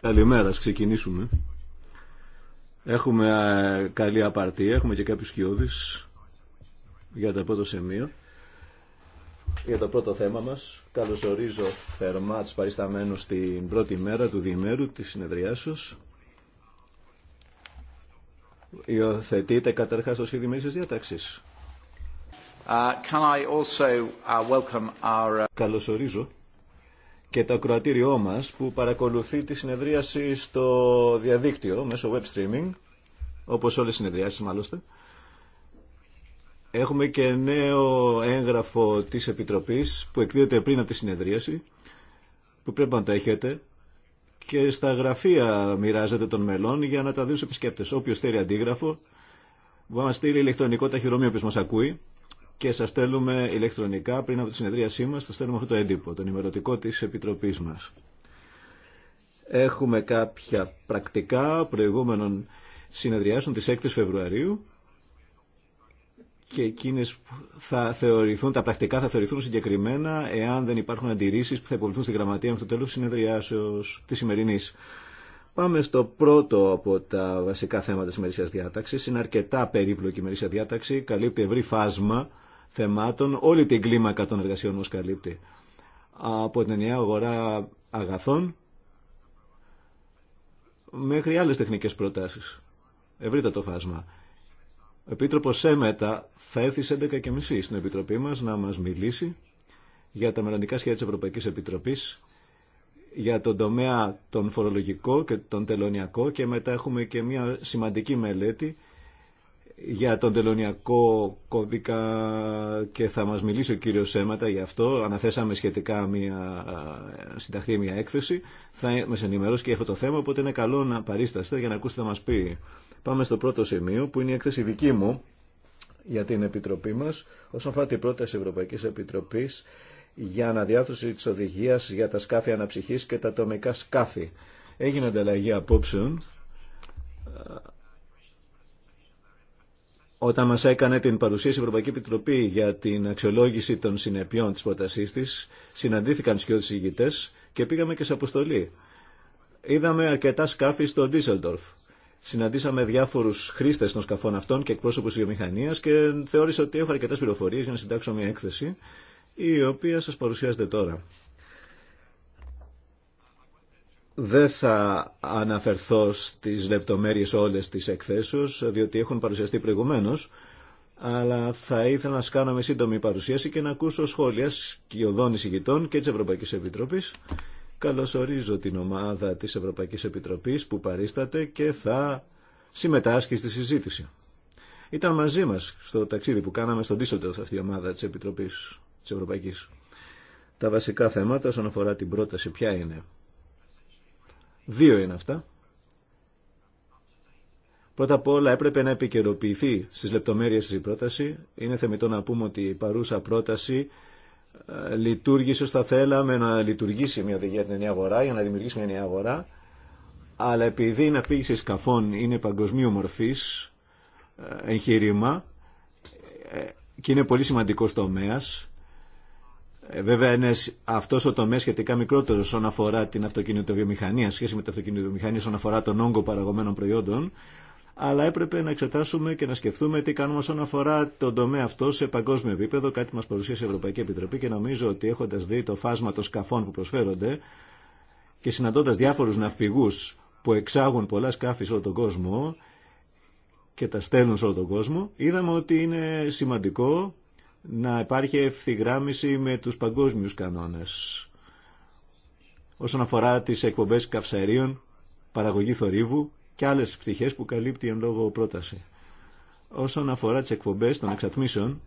Καλημέρα, ξεκινήσουμε. Έχουμε ε, καλή απαρτία, έχουμε και κάποιους κοιόδης για το πρώτο σημείο. Για το πρώτο θέμα μας, καλωσορίζω θερμά τους παρισταμένους την πρώτη μέρα του διημέρου της συνεδριάσεως. Υιοθετείτε καταρχάς το σχέδιο μέσης διάταξης. Uh, uh, uh, Καλωσορίζω και το ακροατήριό μας που παρακολουθεί τη συνεδρίαση στο διαδίκτυο μέσω web streaming, όπως όλες οι συνεδριάσεις μάλωστε. Έχουμε και νέο έγγραφο της Επιτροπής που εκδίδεται πριν από τη συνεδρίαση, που πρέπει να το έχετε και στα γραφεία μοιράζεται των μελών για να τα δει στους επισκέπτες. Όποιος θέλει αντίγραφο, μπορεί να στείλει ηλεκτρονικό ταχυδρομείο που μας ακούει και σας στέλνουμε ηλεκτρονικά πριν από τη συνεδρίασή μας, σας στέλνουμε αυτό το έντυπο, τον ημερωτικό της Επιτροπής μας. Έχουμε κάποια πρακτικά προηγούμενων συνεδριάσεων της 6ης Φεβρουαρίου και εκείνες θα θεωρηθούν, τα πρακτικά θα θεωρηθούν συγκεκριμένα εάν δεν υπάρχουν αντιρρήσεις που θα υποβληθούν στη γραμματεία με το τέλος τη συνεδριάσεως της σημερινής. Πάμε στο πρώτο από τα βασικά θέματα της ημερήσιας διάταξης. Είναι αρκετά περίπλοκη η ημερήσια διάταξη, καλύπτει ευρύ φάσμα θεμάτων όλη την κλίμακα των εργασιών μας καλύπτει. Από την ενιαία αγορά αγαθών μέχρι άλλες τεχνικές προτάσεις. Ευρύτα το φάσμα. Ο Επίτροπος Σέμετα θα έρθει στις 11.30 στην Επιτροπή μας να μας μιλήσει για τα μελλοντικά σχέδια της Ευρωπαϊκής Επιτροπής, για τον τομέα τον φορολογικό και τον τελωνιακό και μετά έχουμε και μια σημαντική μελέτη για τον τελωνιακό κώδικα και θα μας μιλήσει ο κύριος Σέματα γι' αυτό. Αναθέσαμε σχετικά μια, συνταχθεί μια έκθεση. Θα με ενημερώσει και αυτό το θέμα, οπότε είναι καλό να παρίσταστε για να ακούσετε να μας πει. Πάμε στο πρώτο σημείο που είναι η έκθεση δική μου για την Επιτροπή μας όσον αφορά την πρόταση Ευρωπαϊκής Επιτροπής για αναδιάθρωση της οδηγίας για τα σκάφη αναψυχής και τα ατομικά σκάφη. Έγινε ανταλλαγή απόψεων όταν μας έκανε την παρουσίαση η Ευρωπαϊκή Επιτροπή για την αξιολόγηση των συνεπειών της πρότασής της, συναντήθηκαν κοιότητες ηγητές και πήγαμε και σε αποστολή. Είδαμε αρκετά σκάφη στο Ντίσελντορφ. Συναντήσαμε διάφορου χρήστε των σκαφών αυτών και εκπρόσωπου βιομηχανία και θεώρησα ότι έχω αρκετέ πληροφορίε για να συντάξω μια έκθεση, η οποία σα παρουσιάζεται τώρα. Δεν θα αναφερθώ στις λεπτομέρειες όλες της εκθέσεως, διότι έχουν παρουσιαστεί προηγουμένως, αλλά θα ήθελα να σας κάνω με σύντομη παρουσίαση και να ακούσω σχόλια σκιωδών εισηγητών και της Ευρωπαϊκής Επιτροπής. ορίζω την ομάδα της Ευρωπαϊκής Επιτροπής που παρίσταται και θα συμμετάσχει στη συζήτηση. Ήταν μαζί μας στο ταξίδι που κάναμε στον σε αυτή η ομάδα της Επιτροπής της Ευρωπαϊκής. Τα βασικά θέματα όσον αφορά την πρόταση ποια είναι. Δύο είναι αυτά. Πρώτα απ' όλα έπρεπε να επικαιροποιηθεί στις λεπτομέρειες η πρόταση. Είναι θεμητό να πούμε ότι η παρούσα πρόταση ε, λειτουργήσε όσο θα θέλαμε να λειτουργήσει μια οδηγία την αγορά για να δημιουργήσει μια νέα αγορά. Αλλά επειδή είναι αφήγηση σκαφών είναι παγκοσμίου μορφής ε, εγχείρημα ε, και είναι πολύ σημαντικός τομέας, ε, βέβαια είναι αυτό ο τομέα σχετικά μικρότερο όσον αφορά την αυτοκινητοβιομηχανία, σχέση με την αυτοκινητοβιομηχανία όσον αφορά τον όγκο παραγωμένων προϊόντων. Αλλά έπρεπε να εξετάσουμε και να σκεφτούμε τι κάνουμε όσον αφορά τον τομέα αυτό σε παγκόσμιο επίπεδο, κάτι μα παρουσίασε η Ευρωπαϊκή Επιτροπή και νομίζω ότι έχοντα δει το φάσμα των σκαφών που προσφέρονται και συναντώντα διάφορου ναυπηγού που εξάγουν πολλά σκάφη σε όλο τον κόσμο και τα στέλνουν σε όλο τον κόσμο, είδαμε ότι είναι σημαντικό να υπάρχει ευθυγράμμιση με τους παγκόσμιους κανόνες. Όσον αφορά τις εκπομπές καυσαερίων, παραγωγή θορύβου και άλλες πτυχές που καλύπτει εν λόγω πρόταση. Όσον αφορά τις εκπομπές των εξατμίσεων,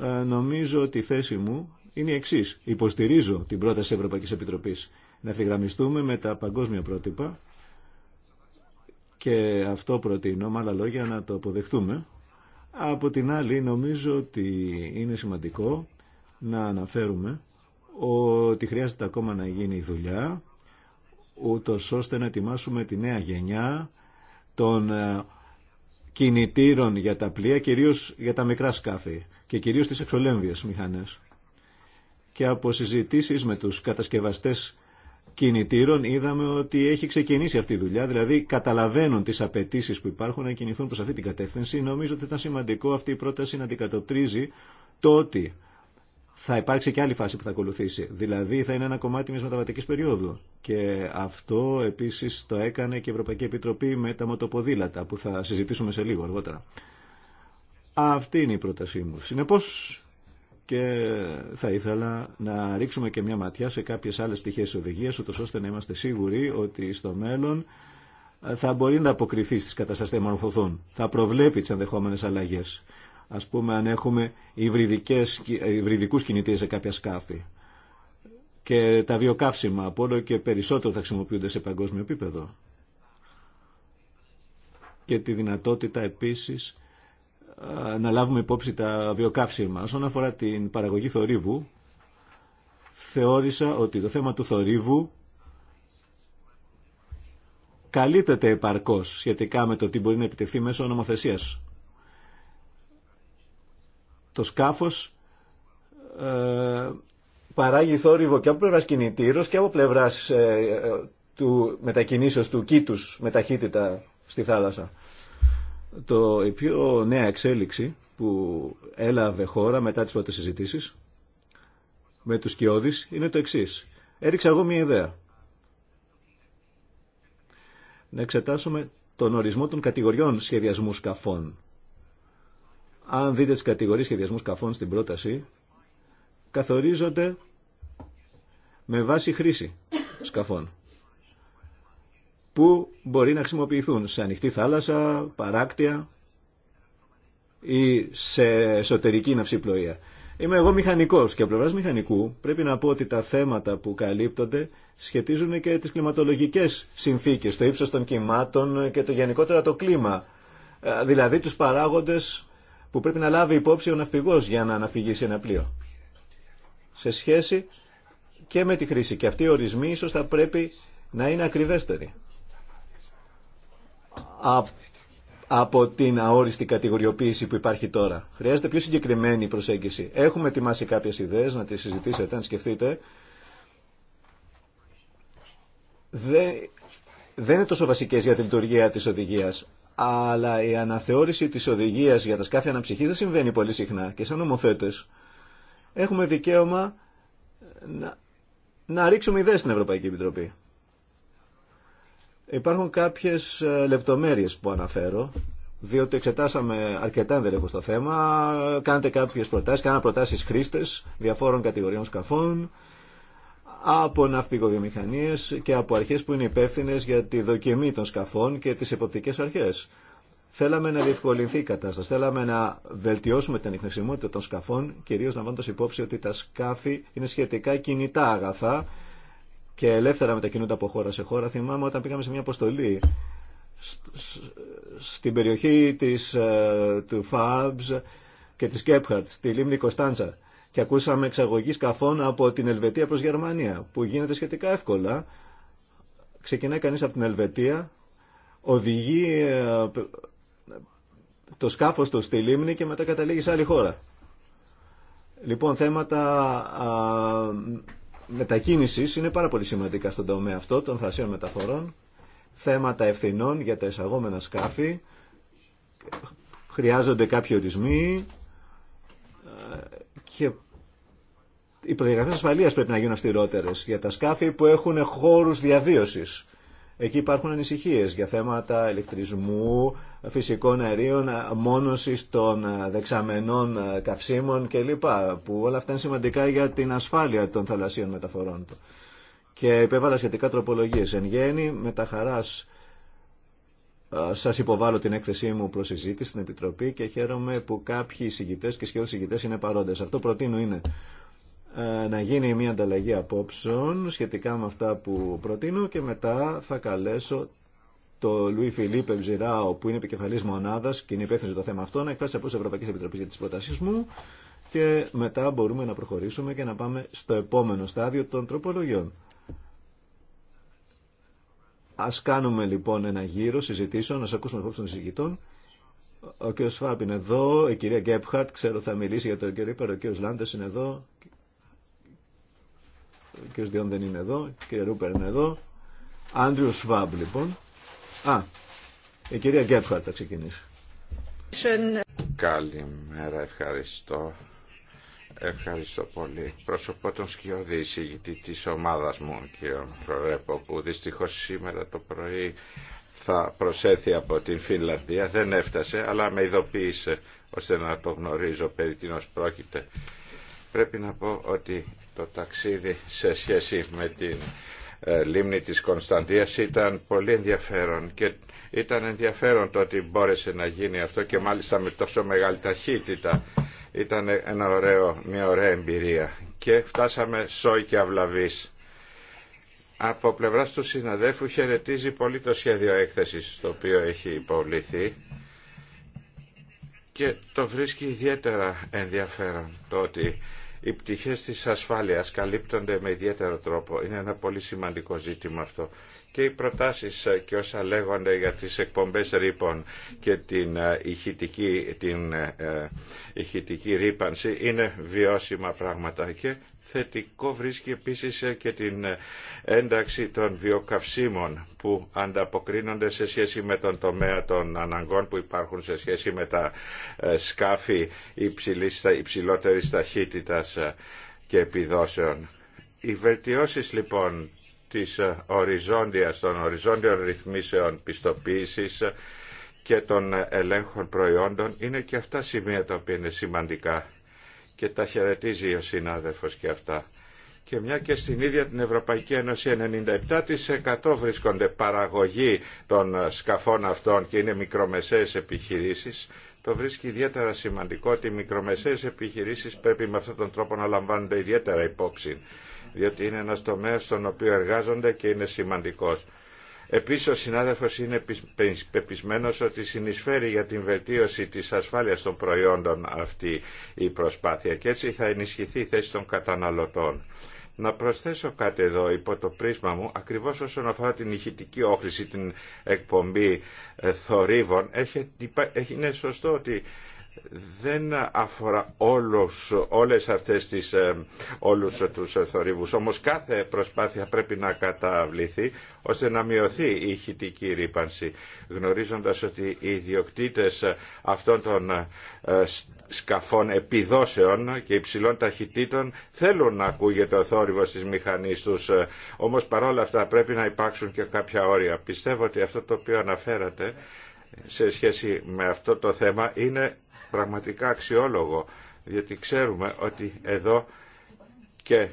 ε, νομίζω ότι η θέση μου είναι η εξής. Υποστηρίζω την πρόταση της Ευρωπαϊκής Επιτροπής να ευθυγραμμιστούμε με τα παγκόσμια πρότυπα και αυτό προτείνω, με άλλα λόγια, να το αποδεχτούμε από την άλλη, νομίζω ότι είναι σημαντικό να αναφέρουμε ότι χρειάζεται ακόμα να γίνει η δουλειά, ούτω ώστε να ετοιμάσουμε τη νέα γενιά των ε, κινητήρων για τα πλοία, κυρίως για τα μικρά σκάφη και κυρίως τις εξολέμβιες μηχανές. Και από συζητήσεις με τους κατασκευαστές κινητήρων είδαμε ότι έχει ξεκινήσει αυτή η δουλειά, δηλαδή καταλαβαίνουν τις απαιτήσει που υπάρχουν να κινηθούν προς αυτή την κατεύθυνση. Νομίζω ότι ήταν σημαντικό αυτή η πρόταση να αντικατοπτρίζει το ότι θα υπάρξει και άλλη φάση που θα ακολουθήσει. Δηλαδή θα είναι ένα κομμάτι μιας μεταβατική περίοδου. Και αυτό επίσης το έκανε και η Ευρωπαϊκή Επιτροπή με τα μοτοποδήλατα που θα συζητήσουμε σε λίγο αργότερα. Αυτή είναι η πρότασή μου. Συνεπώς και θα ήθελα να ρίξουμε και μια ματιά σε κάποιες άλλες πτυχές οδηγίας, ώστε να είμαστε σίγουροι ότι στο μέλλον ε, θα μπορεί να αποκριθεί στις καταστάσεις που μορφωθούν. Θα προβλέπει τις ενδεχόμενες αλλαγές. Ας πούμε αν έχουμε ε, υβριδικούς κινητήρες σε κάποια σκάφη και τα βιοκαύσιμα από όλο και περισσότερο θα χρησιμοποιούνται σε παγκόσμιο επίπεδο. Και τη δυνατότητα επίσης να λάβουμε υπόψη τα βιοκαύσιμα. Όσον αφορά την παραγωγή θορύβου, θεώρησα ότι το θέμα του θορύβου καλύπτεται επαρκώς σχετικά με το τι μπορεί να επιτευχθεί μέσω νομοθεσίας. Το σκάφος ε, παράγει θόρυβο και από πλευράς κινητήρως και από πλευράς ε, ε, του μετακινήσεως του κήτους με ταχύτητα στη θάλασσα. Το, η πιο νέα εξέλιξη που έλαβε χώρα μετά τις πρώτες συζητήσεις με τους Κιώδης είναι το εξής. Έριξα εγώ μια ιδέα. Να εξετάσουμε τον ορισμό των κατηγοριών σχεδιασμού σκαφών. Αν δείτε τις κατηγορίες σχεδιασμού σκαφών στην πρόταση, καθορίζονται με βάση χρήση σκαφών που μπορεί να χρησιμοποιηθούν σε ανοιχτή θάλασσα, παράκτια ή σε εσωτερική ναυσιπλοεία. Είμαι εγώ μηχανικός και από πλευράς μηχανικού πρέπει να πω ότι τα θέματα που καλύπτονται σχετίζουν και τις κλιματολογικές συνθήκες, το ύψος των κυμάτων και το γενικότερα το κλίμα. Ε, δηλαδή τους παράγοντες που πρέπει να λάβει υπόψη ο ναυπηγός για να αναφυγήσει ένα πλοίο. Σε σχέση και με τη χρήση. Και αυτοί οι ορισμοί ίσως θα πρέπει να είναι ακριβέστεροι από την αόριστη κατηγοριοποίηση που υπάρχει τώρα. Χρειάζεται πιο συγκεκριμένη προσέγγιση. Έχουμε ετοιμάσει κάποιες ιδέες, να τις συζητήσετε, αν σκεφτείτε. Δεν είναι τόσο βασικές για τη λειτουργία της οδηγία. αλλά η αναθεώρηση της οδηγία για τα σκάφη αναψυχή δεν συμβαίνει πολύ συχνά και σαν νομοθέτε, έχουμε δικαίωμα να, να ρίξουμε ιδέες στην Ευρωπαϊκή Επιτροπή. Υπάρχουν κάποιες ε, λεπτομέρειες που αναφέρω, διότι εξετάσαμε αρκετά ενδελεχώς το θέμα, Κάνετε κάποιες προτάσεις, κάναμε προτάσεις χρήστες διαφόρων κατηγοριών σκαφών, από ναυπηγοβιομηχανίες και από αρχές που είναι υπεύθυνε για τη δοκιμή των σκαφών και τις εποπτικές αρχές. Θέλαμε να διευκολυνθεί η κατάσταση, θέλαμε να βελτιώσουμε την εκνευσιμότητα των σκαφών, κυρίως λαμβάνοντας υπόψη ότι τα σκάφη είναι σχετικά κινητά αγαθά και ελεύθερα μετακινούνται από χώρα σε χώρα. Θυμάμαι όταν πήγαμε σε μια αποστολή στην περιοχή της, ε, του Φάμπς και της Κέπχαρτ, στη λίμνη Κωνσταντζα και ακούσαμε εξαγωγή σκαφών από την Ελβετία προς Γερμανία που γίνεται σχετικά εύκολα. Ξεκινάει κανείς από την Ελβετία, οδηγεί ε, το σκάφος του στη λίμνη και μετά καταλήγει σε άλλη χώρα. Λοιπόν, θέματα Μετακίνηση είναι πάρα πολύ σημαντικά στον τομέα αυτό των θρασίων μεταφορών. Θέματα ευθυνών για τα εισαγόμενα σκάφη. Χρειάζονται κάποιοι ορισμοί και οι προδιαγραφέ ασφαλεία πρέπει να γίνουν αυστηρότερε για τα σκάφη που έχουν χώρου διαβίωση Εκεί υπάρχουν ανησυχίες για θέματα ηλεκτρισμού, φυσικών αερίων, μόνωσης των ε, δεξαμενών ε, καυσίμων κλπ. που όλα αυτά είναι σημαντικά για την ασφάλεια των θαλασσίων μεταφορών. Και υπέβαλα σχετικά τροπολογίες. Εν γέννη, με τα χαράς ε, σας υποβάλλω την έκθεσή μου προς συζήτηση στην Επιτροπή και χαίρομαι που κάποιοι συγγητές και σχεδόν συγγητές είναι παρόντες. Αυτό προτείνω είναι ε, να γίνει μια ανταλλαγή απόψεων σχετικά με αυτά που προτείνω και μετά θα καλέσω το Λουί Φιλίπ Ευζηράο που είναι επικεφαλής μονάδας και είναι υπεύθυνος για το θέμα αυτό να εκφράσει από Ευρωπαϊκή Επιτροπή για τις προτάσεις μου και μετά μπορούμε να προχωρήσουμε και να πάμε στο επόμενο στάδιο των τροπολογιών. Ας κάνουμε λοιπόν ένα γύρο συζητήσεων, να σας ακούσουμε απόψεων των συζητητών. Ο κ. Σφάπ είναι εδώ, η κυρία Γκέπχαρτ, ξέρω θα μιλήσει για τον κ. Ρίπερ, ο κ. είναι εδώ, ο κ. Διόν δεν είναι εδώ. Ο κ. Ρούπερ είναι εδώ. Άντριο Σβάμπ, λοιπόν. Α, η κυρία Γκέφχαρτ θα ξεκινήσει. Καλημέρα, ευχαριστώ. Ευχαριστώ πολύ. Προσωπώ τον σκιώδη εισηγητή της ομάδας μου, κύριο Ρορέπο, που δυστυχώ σήμερα το πρωί θα προσέθει από την Φινλανδία. Δεν έφτασε, αλλά με ειδοποίησε ώστε να το γνωρίζω περί τίνος πρόκειται. Πρέπει να πω ότι το ταξίδι σε σχέση με την ε, λίμνη της Κωνσταντίας ήταν πολύ ενδιαφέρον και ήταν ενδιαφέρον το ότι μπόρεσε να γίνει αυτό και μάλιστα με τόσο μεγάλη ταχύτητα ήταν ένα ωραίο, μια ωραία εμπειρία και φτάσαμε σόι και αυλαβής από πλευράς του συναδέφου χαιρετίζει πολύ το σχέδιο έκθεσης στο οποίο έχει υποβληθεί και το βρίσκει ιδιαίτερα ενδιαφέρον το ότι οι πτυχέ τη ασφάλεια καλύπτονται με ιδιαίτερο τρόπο. Είναι ένα πολύ σημαντικό ζήτημα αυτό. Και οι προτάσει ε, και όσα λέγονται για τι εκπομπέ ρήπων και την ε, ηχητική, την ε, ηχητική ρήπανση είναι βιώσιμα πράγματα και θετικό βρίσκει επίσης και την ένταξη των βιοκαυσίμων που ανταποκρίνονται σε σχέση με τον τομέα των αναγκών που υπάρχουν σε σχέση με τα ε, σκάφη υψηλής, υψηλότερης ταχύτητας ε, και επιδόσεων. Οι βελτιώσεις λοιπόν της ε, οριζόντιας, των οριζόντιων ρυθμίσεων πιστοποίησης και των ελέγχων προϊόντων είναι και αυτά σημεία τα οποία είναι σημαντικά και τα χαιρετίζει ο συνάδελφος και αυτά. Και μια και στην ίδια την Ευρωπαϊκή Ένωση 97% βρίσκονται παραγωγή των σκαφών αυτών και είναι μικρομεσαίες επιχειρήσεις, το βρίσκει ιδιαίτερα σημαντικό ότι οι μικρομεσαίες επιχειρήσεις πρέπει με αυτόν τον τρόπο να λαμβάνονται ιδιαίτερα υπόψη, διότι είναι ένας τομέας στον οποίο εργάζονται και είναι σημαντικός. Επίσης ο συνάδελφος είναι πεπισμένος ότι συνεισφέρει για την βελτίωση της ασφάλειας των προϊόντων αυτή η προσπάθεια και έτσι θα ενισχυθεί η θέση των καταναλωτών. Να προσθέσω κάτι εδώ υπό το πρίσμα μου, ακριβώς όσον αφορά την ηχητική όχληση, την εκπομπή ε, θορύβων, είναι σωστό ότι δεν αφορά όλους, όλες αυτές τις, ε, όλους τους θορύβους. Όμως κάθε προσπάθεια πρέπει να καταβληθεί ώστε να μειωθεί η ηχητική ρήπανση, γνωρίζοντας ότι οι ιδιοκτήτες αυτών των ε, σκαφών επιδόσεων και υψηλών ταχυτήτων θέλουν να ακούγεται ο θόρυβος της μηχανής τους, ε, όμως παρόλα αυτά πρέπει να υπάρξουν και κάποια όρια. Πιστεύω ότι αυτό το οποίο αναφέρατε σε σχέση με αυτό το θέμα είναι πραγματικά αξιόλογο, διότι ξέρουμε ότι εδώ και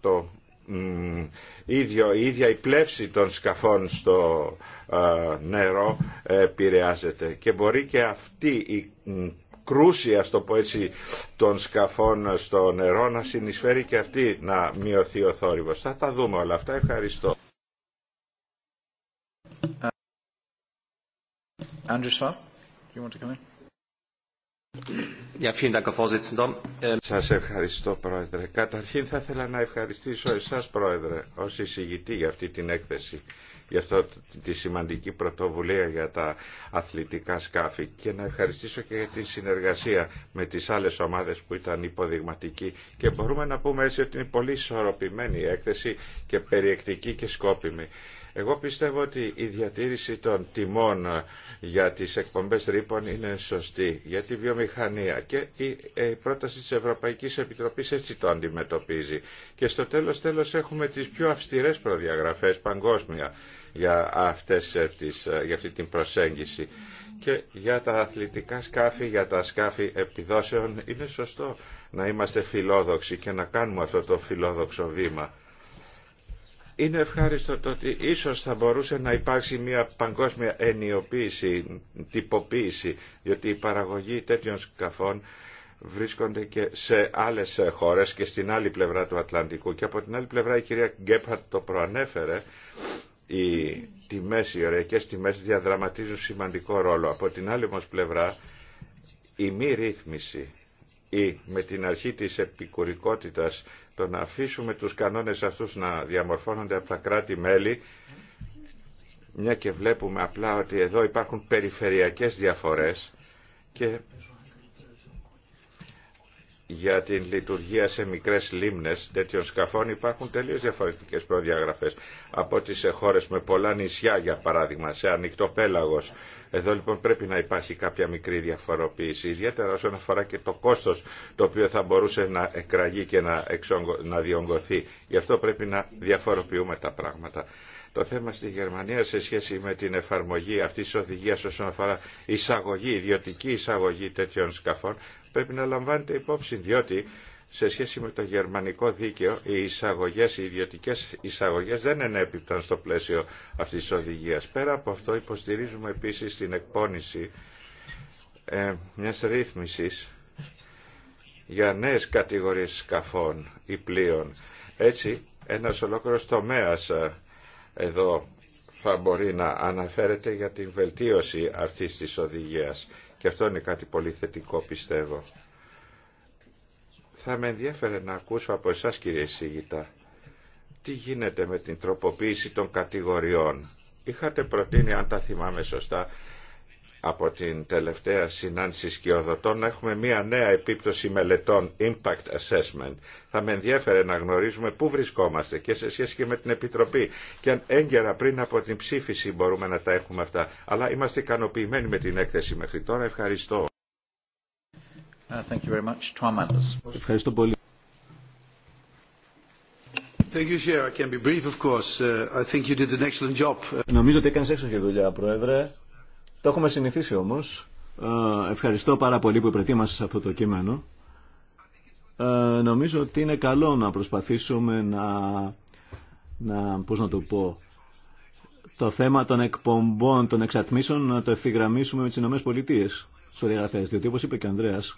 το ίδιο, η ίδια η πλεύση των σκαφών στο ε, νερό επηρεάζεται και μπορεί και αυτή η κρούσια ας το των σκαφών στο νερό να συνεισφέρει και αυτή να μειωθεί ο θόρυβος. Θα τα δούμε όλα αυτά. Ευχαριστώ. Ähm, Σας ευχαριστώ Πρόεδρε. Καταρχήν θα ήθελα να ευχαριστήσω εσάς Πρόεδρε ως εισηγητή για αυτή την έκθεση, για αυτή τη σημαντική πρωτοβουλία για τα αθλητικά σκάφη και να ευχαριστήσω και για τη συνεργασία με τις άλλες ομάδες που ήταν υποδειγματικοί. και μπορούμε να πούμε έτσι ότι είναι πολύ ισορροπημένη η έκθεση και περιεκτική και σκόπιμη. Εγώ πιστεύω ότι η διατήρηση των τιμών ε, για τις εκπομπές ρήπων είναι σωστή για τη βιομηχανία και η ε, πρόταση της Ευρωπαϊκής Επιτροπής έτσι το αντιμετωπίζει. Και στο τέλος τέλος έχουμε τις πιο αυστηρές προδιαγραφές παγκόσμια για, αυτές ε, τις, για αυτή την προσέγγιση. Και για τα αθλητικά σκάφη, για τα σκάφη επιδόσεων είναι σωστό να είμαστε φιλόδοξοι και να κάνουμε αυτό το φιλόδοξο βήμα. Είναι ευχάριστο το ότι ίσως θα μπορούσε να υπάρξει μια παγκόσμια ενιοποίηση, τυποποίηση, διότι η παραγωγή τέτοιων σκαφών βρίσκονται και σε άλλες χώρες και στην άλλη πλευρά του Ατλαντικού. Και από την άλλη πλευρά η κυρία Γκέπχαρτ το προανέφερε, οι τιμές, οι ωριακές τιμές διαδραματίζουν σημαντικό ρόλο. Από την άλλη πλευρά η μη ρύθμιση ή με την αρχή της επικουρικότητας το να αφήσουμε τους κανόνες αυτούς να διαμορφώνονται από τα κράτη-μέλη, μια και βλέπουμε απλά ότι εδώ υπάρχουν περιφερειακές διαφορές και για την λειτουργία σε μικρέ λίμνες τέτοιων σκαφών υπάρχουν τελείω διαφορετικέ προδιαγραφέ από ό,τι σε με πολλά νησιά για παράδειγμα, σε ανοιχτό πέλαγος. Εδώ λοιπόν πρέπει να υπάρχει κάποια μικρή διαφοροποίηση, ιδιαίτερα όσον αφορά και το κόστο το οποίο θα μπορούσε να εκραγεί και να, εξογω... να διονγκωθεί. Γι' αυτό πρέπει να διαφοροποιούμε τα πράγματα. Το θέμα στη Γερμανία σε σχέση με την εφαρμογή αυτή τη οδηγία όσον αφορά εισαγωγή, ιδιωτική εισαγωγή τέτοιων σκαφών πρέπει να λαμβάνεται υπόψη, διότι σε σχέση με το γερμανικό δίκαιο, οι εισαγωγέ, οι ιδιωτικές εισαγωγές δεν ενέπιπταν στο πλαίσιο αυτής τη οδηγίας. Πέρα από αυτό υποστηρίζουμε επίσης την εκπόνηση ε, μιας ρύθμισης για νέε κατηγορίες σκαφών ή πλοίων. Έτσι, ένας ολόκληρος τομέας ε, εδώ θα μπορεί να αναφέρεται για την βελτίωση αυτής της οδηγίας και αυτό είναι κάτι πολύ θετικό πιστεύω. Θα με ενδιαφέρε να ακούσω από εσάς κύριε Σίγητα τι γίνεται με την τροποποίηση των κατηγοριών. Είχατε προτείνει, αν τα θυμάμαι σωστά, από την τελευταία συνάντηση σκιοδοτών έχουμε μία νέα επίπτωση μελετών Impact Assessment. Θα με ενδιαφέρε να γνωρίζουμε πού βρισκόμαστε και σε σχέση και με την Επιτροπή. Και αν έγκαιρα πριν από την ψήφιση μπορούμε να τα έχουμε αυτά. Αλλά είμαστε ικανοποιημένοι με την έκθεση μέχρι τώρα. Ευχαριστώ. Uh, thank you very much. Ευχαριστώ πολύ. Νομίζω ότι έξω και δουλειά, Πρόεδρε. Το έχουμε συνηθίσει όμως. Ε, ευχαριστώ πάρα πολύ που σε αυτό το κείμενο. Ε, νομίζω ότι είναι καλό να προσπαθήσουμε να, να, πώς να το πω, το θέμα των εκπομπών, των εξατμίσεων, να το ευθυγραμμίσουμε με τις Ηνωμένες Πολιτείες στο διαγραφές. Διότι όπως είπε και ο Ανδρέας,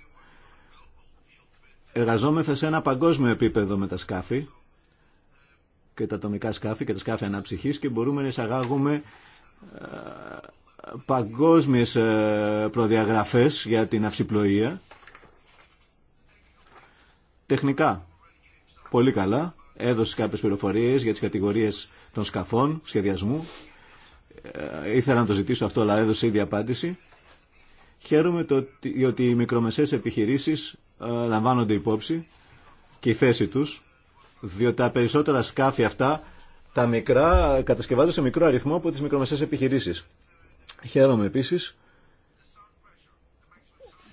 εργαζόμεθα σε ένα παγκόσμιο επίπεδο με τα σκάφη και τα ατομικά σκάφη και τα σκάφη αναψυχής και μπορούμε να εισαγάγουμε ε, παγκόσμιες ε, προδιαγραφές για την αυσιπλοεία. Τεχνικά, πολύ καλά. Έδωσε κάποιες πληροφορίες για τις κατηγορίες των σκαφών, σχεδιασμού. Ε, ήθελα να το ζητήσω αυτό, αλλά έδωσε ήδη απάντηση. Χαίρομαι το, ότι οι μικρομεσαίες επιχειρήσεις ε, λαμβάνονται υπόψη και η θέση τους, διότι τα περισσότερα σκάφη αυτά, τα μικρά, κατασκευάζονται σε μικρό αριθμό από τις μικρομεσαίες επιχειρήσεις. Χαίρομαι επίσης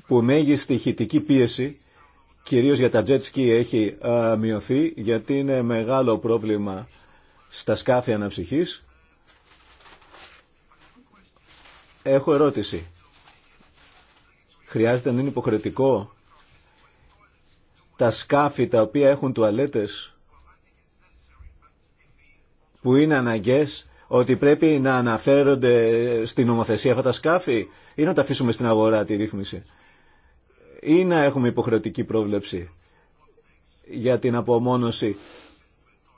που μέγιστη ηχητική πίεση κυρίως για τα jet έχει μειωθεί γιατί είναι μεγάλο πρόβλημα στα σκάφη αναψυχής. Έχω ερώτηση. Χρειάζεται να είναι υποχρεωτικό τα σκάφη τα οποία έχουν τουαλέτες που είναι αναγκαίες ότι πρέπει να αναφέρονται στην νομοθεσία αυτά τα σκάφη ή να τα αφήσουμε στην αγορά τη ρύθμιση ή να έχουμε υποχρεωτική πρόβλεψη για την απομόνωση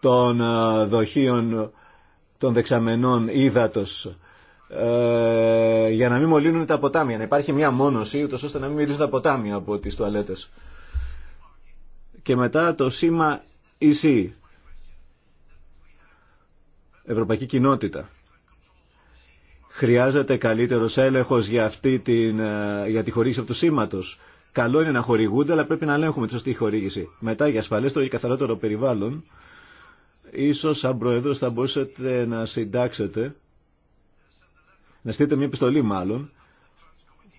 των ε, δοχείων των δεξαμενών ύδατος ε, για να μην μολύνουν τα ποτάμια, να υπάρχει μια μόνωση ούτως ώστε να μην μυρίζουν τα ποτάμια από τις τουαλέτες. Και μετά το σήμα ΙΣΥ e ευρωπαϊκή κοινότητα. Χρειάζεται καλύτερος έλεγχος για, ε, για τη χορήγηση αυτού του σήματος. Καλό είναι να χορηγούνται, αλλά πρέπει να ελέγχουμε τη σωστή χορήγηση. Μετά, για ασφαλέστερο και καθαρότερο περιβάλλον, ίσως σαν πρόεδρο θα μπορούσατε να συντάξετε, να στείλετε μια επιστολή μάλλον,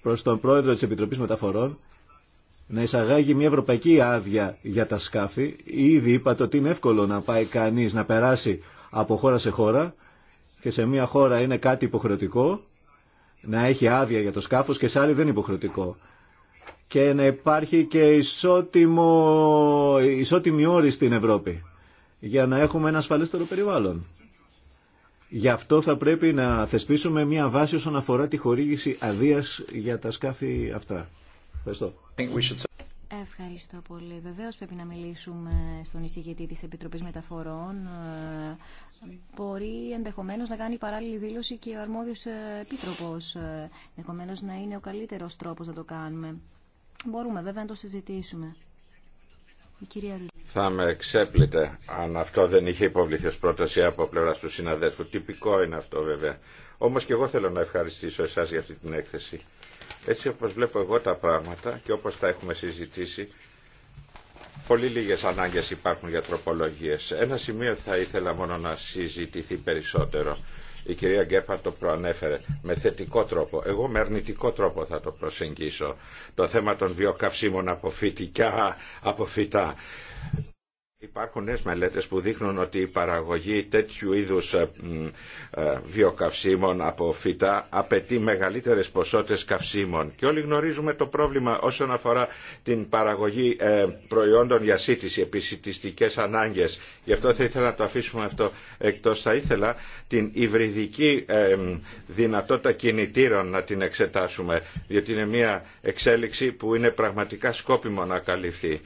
προς τον Πρόεδρο της Επιτροπής Μεταφορών, να εισαγάγει μια ευρωπαϊκή άδεια για τα σκάφη. Ήδη είπατε ότι είναι εύκολο να πάει κανείς να περάσει από χώρα σε χώρα και σε μια χώρα είναι κάτι υποχρεωτικό να έχει άδεια για το σκάφος και σε άλλη δεν είναι υποχρεωτικό και να υπάρχει και ισότιμο, ισότιμη όρη στην Ευρώπη για να έχουμε ένα ασφαλέστερο περιβάλλον. Γι' αυτό θα πρέπει να θεσπίσουμε μια βάση όσον αφορά τη χορήγηση αδείας για τα σκάφη αυτά. Ευχαριστώ. Ευχαριστώ πολύ. Βεβαίως πρέπει να μιλήσουμε στον εισηγητή της Επιτροπής Μεταφορών. Ε, μπορεί ενδεχομένως να κάνει παράλληλη δήλωση και ο αρμόδιος ε, επίτροπος. Ε, ενδεχομένως να είναι ο καλύτερος τρόπος να το κάνουμε. Μπορούμε βέβαια να το συζητήσουμε. Η κυρία... Θα με εξέπλητε αν αυτό δεν είχε υποβληθεί ως πρόταση από πλευρά του συναδέλφου. Τυπικό είναι αυτό βέβαια. Όμως και εγώ θέλω να ευχαριστήσω εσάς για αυτή την έκθεση. Έτσι όπως βλέπω εγώ τα πράγματα και όπως τα έχουμε συζητήσει, πολύ λίγες ανάγκες υπάρχουν για τροπολογίες. Ένα σημείο θα ήθελα μόνο να συζητηθεί περισσότερο. Η κυρία Γκέπα το προανέφερε με θετικό τρόπο. Εγώ με αρνητικό τρόπο θα το προσεγγίσω. Το θέμα των βιοκαυσίμων από φυτικά, από φυτά. Υπάρχουν νέε μελέτε που δείχνουν ότι η παραγωγή τέτοιου είδου ε, ε, βιοκαυσίμων από φυτά απαιτεί μεγαλύτερες ποσότητες καυσίμων. Και όλοι γνωρίζουμε το πρόβλημα όσον αφορά την παραγωγή ε, προϊόντων για σύντηση επισητιστικές ανάγκες. Γι' αυτό θα ήθελα να το αφήσουμε αυτό εκτός. Θα ήθελα την υβριδική δυνατότητα κινητήρων να την εξετάσουμε, διότι είναι μια εξέλιξη που είναι πραγματικά σκόπιμο να καλυφθεί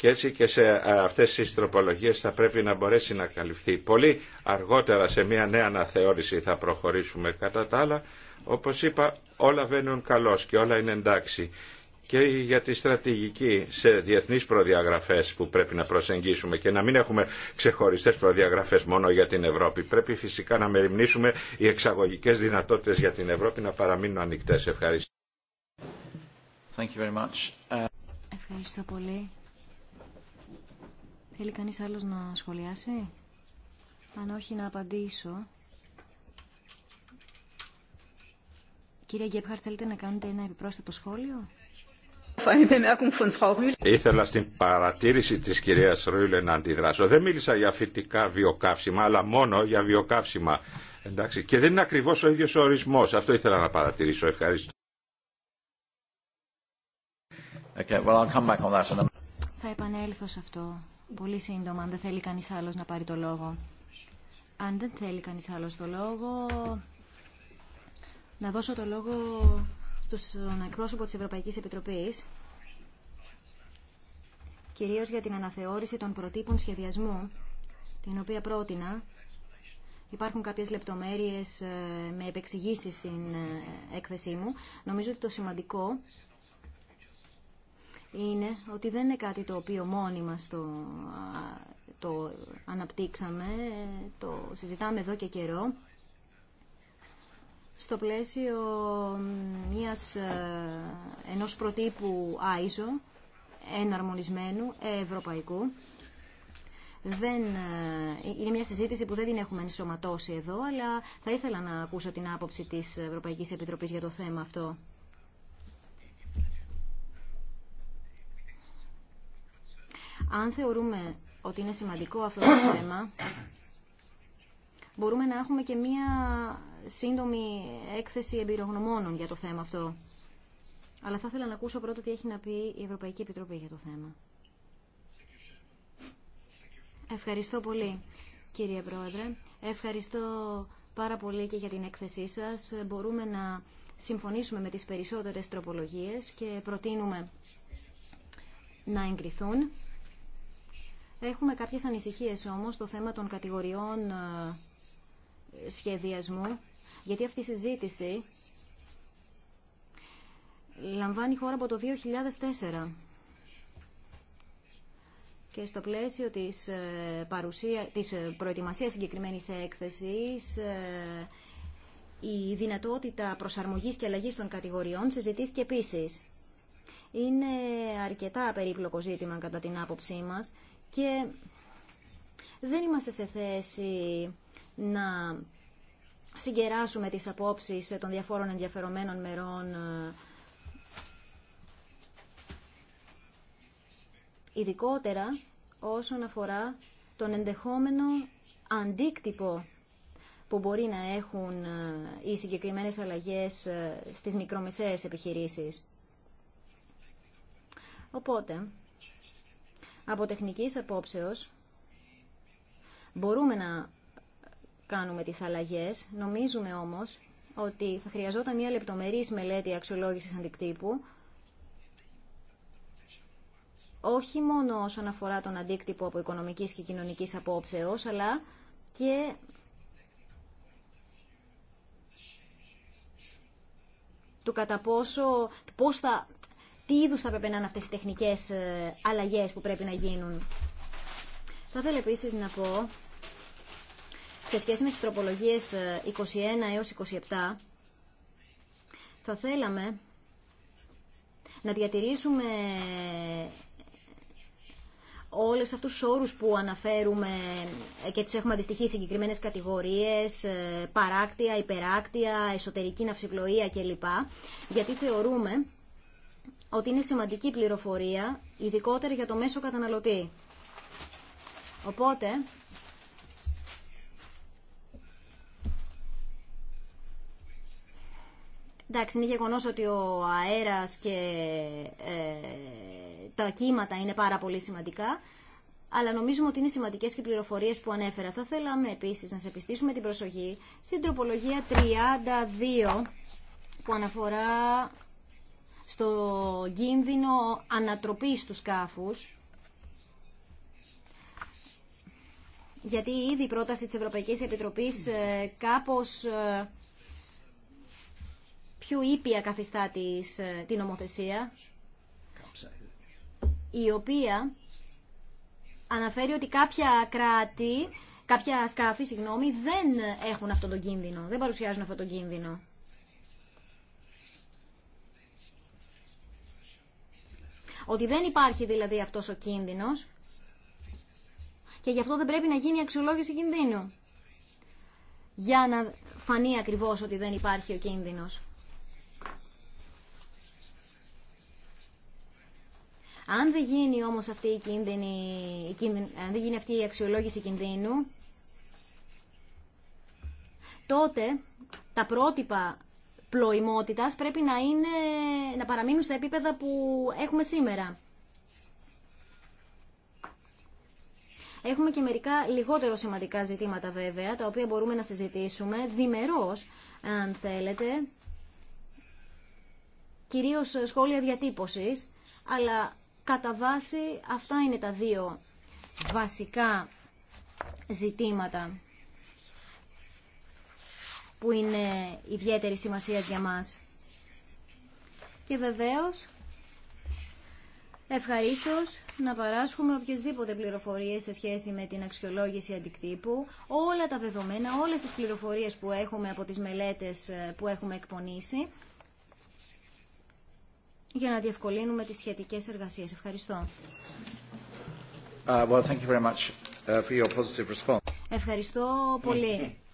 και έτσι και σε ε, αυτές τις τροπολογίες θα πρέπει να μπορέσει να καλυφθεί. Πολύ αργότερα σε μια νέα αναθεώρηση θα προχωρήσουμε κατά τα άλλα. Όπως είπα όλα βαίνουν καλώς και όλα είναι εντάξει και για τη στρατηγική σε διεθνείς προδιαγραφές που πρέπει να προσεγγίσουμε και να μην έχουμε ξεχωριστές προδιαγραφές μόνο για την Ευρώπη. Πρέπει φυσικά να μεριμνήσουμε οι εξαγωγικές δυνατότητες για την Ευρώπη να παραμείνουν ανοιχτές. Ευχαριστώ. Ε, Ευχαριστώ πολύ. Θέλει κανείς άλλος να σχολιάσει. Αν όχι να απαντήσω. Κύριε Γκέπχαρ, θέλετε να κάνετε ένα επιπρόσθετο σχόλιο. Ήθελα στην παρατήρηση της κυρίας Ρούλε να αντιδράσω. Δεν μίλησα για φυτικά βιοκαύσιμα, αλλά μόνο για βιοκαύσιμα. Εντάξει. Και δεν είναι ακριβώς ο ίδιος ο ορισμός. Αυτό ήθελα να παρατηρήσω. Ευχαριστώ. Okay, well, I'll come back on that. Θα επανέλθω σε αυτό Πολύ σύντομα, αν δεν θέλει κανείς άλλος να πάρει το λόγο. Αν δεν θέλει κανείς άλλος το λόγο, να δώσω το λόγο στον εκπρόσωπο της Ευρωπαϊκής Επιτροπής, κυρίως για την αναθεώρηση των προτύπων σχεδιασμού, την οποία πρότεινα. Υπάρχουν κάποιες λεπτομέρειες ε, με επεξηγήσεις στην ε, έκθεσή μου. Νομίζω ότι το σημαντικό είναι ότι δεν είναι κάτι το οποίο μόνοι μας το, αναπτύξαμε, το συζητάμε εδώ και καιρό. Στο πλαίσιο μιας, ε, ενός προτύπου ISO, εναρμονισμένου, ευρωπαϊκού, δεν, ε, είναι μια συζήτηση που δεν την έχουμε ενσωματώσει εδώ, αλλά θα ήθελα να ακούσω την άποψη της Ευρωπαϊκής Επιτροπής για το θέμα αυτό. Αν θεωρούμε ότι είναι σημαντικό αυτό το θέμα, μπορούμε να έχουμε και μία σύντομη έκθεση εμπειρογνωμόνων για το θέμα αυτό. Αλλά θα ήθελα να ακούσω πρώτα τι έχει να πει η Ευρωπαϊκή Επιτροπή για το θέμα. Ευχαριστώ πολύ, κύριε Πρόεδρε. Ευχαριστώ πάρα πολύ και για την έκθεσή σας. Μπορούμε να συμφωνήσουμε με τις περισσότερες τροπολογίες και προτείνουμε να εγκριθούν. Έχουμε κάποιες ανησυχίες όμως στο θέμα των κατηγοριών ε, σχεδιασμού, γιατί αυτή η συζήτηση λαμβάνει χώρα από το 2004. Και στο πλαίσιο της, ε, παρουσία, της ε, προετοιμασίας συγκεκριμένης έκθεσης, η δυνατότητα προσαρμογής και αλλαγής των κατηγοριών συζητήθηκε επίσης. Είναι αρκετά περίπλοκο ζήτημα κατά την άποψή μας και δεν είμαστε σε θέση να συγκεράσουμε τις απόψεις των διαφόρων ενδιαφερομένων μερών ε, ειδικότερα όσον αφορά τον ενδεχόμενο αντίκτυπο που μπορεί να έχουν ε, οι συγκεκριμένες αλλαγές ε, στις μικρομεσαίες επιχειρήσεις. Οπότε, από τεχνικής απόψεως μπορούμε να κάνουμε τις αλλαγές. Νομίζουμε όμως ότι θα χρειαζόταν μια λεπτομερής μελέτη αξιολόγησης αντικτύπου όχι μόνο όσον αφορά τον αντίκτυπο από οικονομικής και κοινωνικής απόψεως, αλλά και του κατά πόσο, πώς θα τι είδους θα πρέπει να είναι αυτές οι τεχνικές ε, αλλαγές που πρέπει να γίνουν. Θα ήθελα επίση να πω, σε σχέση με τις τροπολογίες 21 ε, έως 27, θα θέλαμε να διατηρήσουμε όλες αυτούς τους όρους που αναφέρουμε και τους έχουμε αντιστοιχεί συγκεκριμένες κατηγορίες, ε, παράκτια, υπεράκτια, εσωτερική ναυσιπλοεία κλπ. Γιατί θεωρούμε ότι είναι σημαντική πληροφορία, ειδικότερα για το μέσο καταναλωτή. Οπότε, Εντάξει, είναι γεγονό ότι ο αέρα και ε, τα κύματα είναι πάρα πολύ σημαντικά, αλλά νομίζουμε ότι είναι σημαντικέ και οι πληροφορίε που ανέφερα. Θα θέλαμε επίση να σε επιστήσουμε την προσοχή στην τροπολογία 32 που αναφορά στο κίνδυνο ανατροπής του σκάφους, γιατί ήδη η πρόταση της Ευρωπαϊκής Επιτροπής ε, κάπως ε, πιο ήπια καθιστά της, ε, την νομοθεσία, η οποία αναφέρει ότι κάποια κράτη, κάποια σκάφη, συγγνώμη, δεν έχουν αυτόν τον κίνδυνο, δεν παρουσιάζουν αυτόν τον κίνδυνο. ότι δεν υπάρχει δηλαδή αυτός ο κίνδυνος και γι' αυτό δεν πρέπει να γίνει αξιολόγηση κινδύνου για να φανεί ακριβώς ότι δεν υπάρχει ο κίνδυνος. Αν δεν γίνει όμως αυτή η, κίνδυνη, η κίνδυνη, αν δεν γίνει αυτή η αξιολόγηση κινδύνου, τότε τα πρότυπα πλοημότητας πρέπει να, είναι, να παραμείνουν στα επίπεδα που έχουμε σήμερα. Έχουμε και μερικά λιγότερο σημαντικά ζητήματα βέβαια, τα οποία μπορούμε να συζητήσουμε διμερώς, αν θέλετε, κυρίως σχόλια διατύπωσης, αλλά κατά βάση αυτά είναι τα δύο βασικά ζητήματα που είναι ιδιαίτερη σημασία για μας. Και βεβαίως Ευχαρίστω να παράσχουμε οποιασδήποτε πληροφορίες σε σχέση με την αξιολόγηση αντικτύπου. Όλα τα δεδομένα, όλες τις πληροφορίες που έχουμε από τις μελέτες ε, που έχουμε εκπονήσει για να διευκολύνουμε τις σχετικές εργασίες. Ευχαριστώ. Uh, well, thank you very much uh, for your Ευχαριστώ πολύ.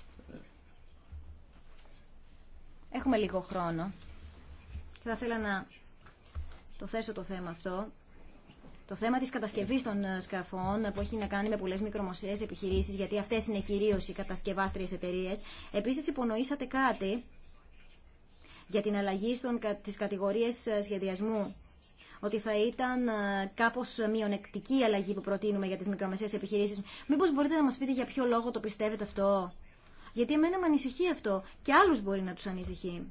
Έχουμε λίγο χρόνο και θα ήθελα να το θέσω το θέμα αυτό. Το θέμα της κατασκευής των ε, σκαφών ε, που έχει να κάνει με πολλές μικρομοσίες επιχειρήσεις, γιατί αυτές είναι κυρίως οι κατασκευάστριες εταιρείε. Επίσης υπονοήσατε κάτι για την αλλαγή στον, κατηγορίε κατηγορίες ε, σχεδιασμού ότι θα ήταν κάπω μειονεκτική η αλλαγή που προτείνουμε για τι μικρομεσαίε επιχειρήσει. Μήπω μπορείτε να μα πείτε για ποιο λόγο το πιστεύετε αυτό. Γιατί εμένα με ανησυχεί αυτό και άλλους μπορεί να τους ανησυχεί.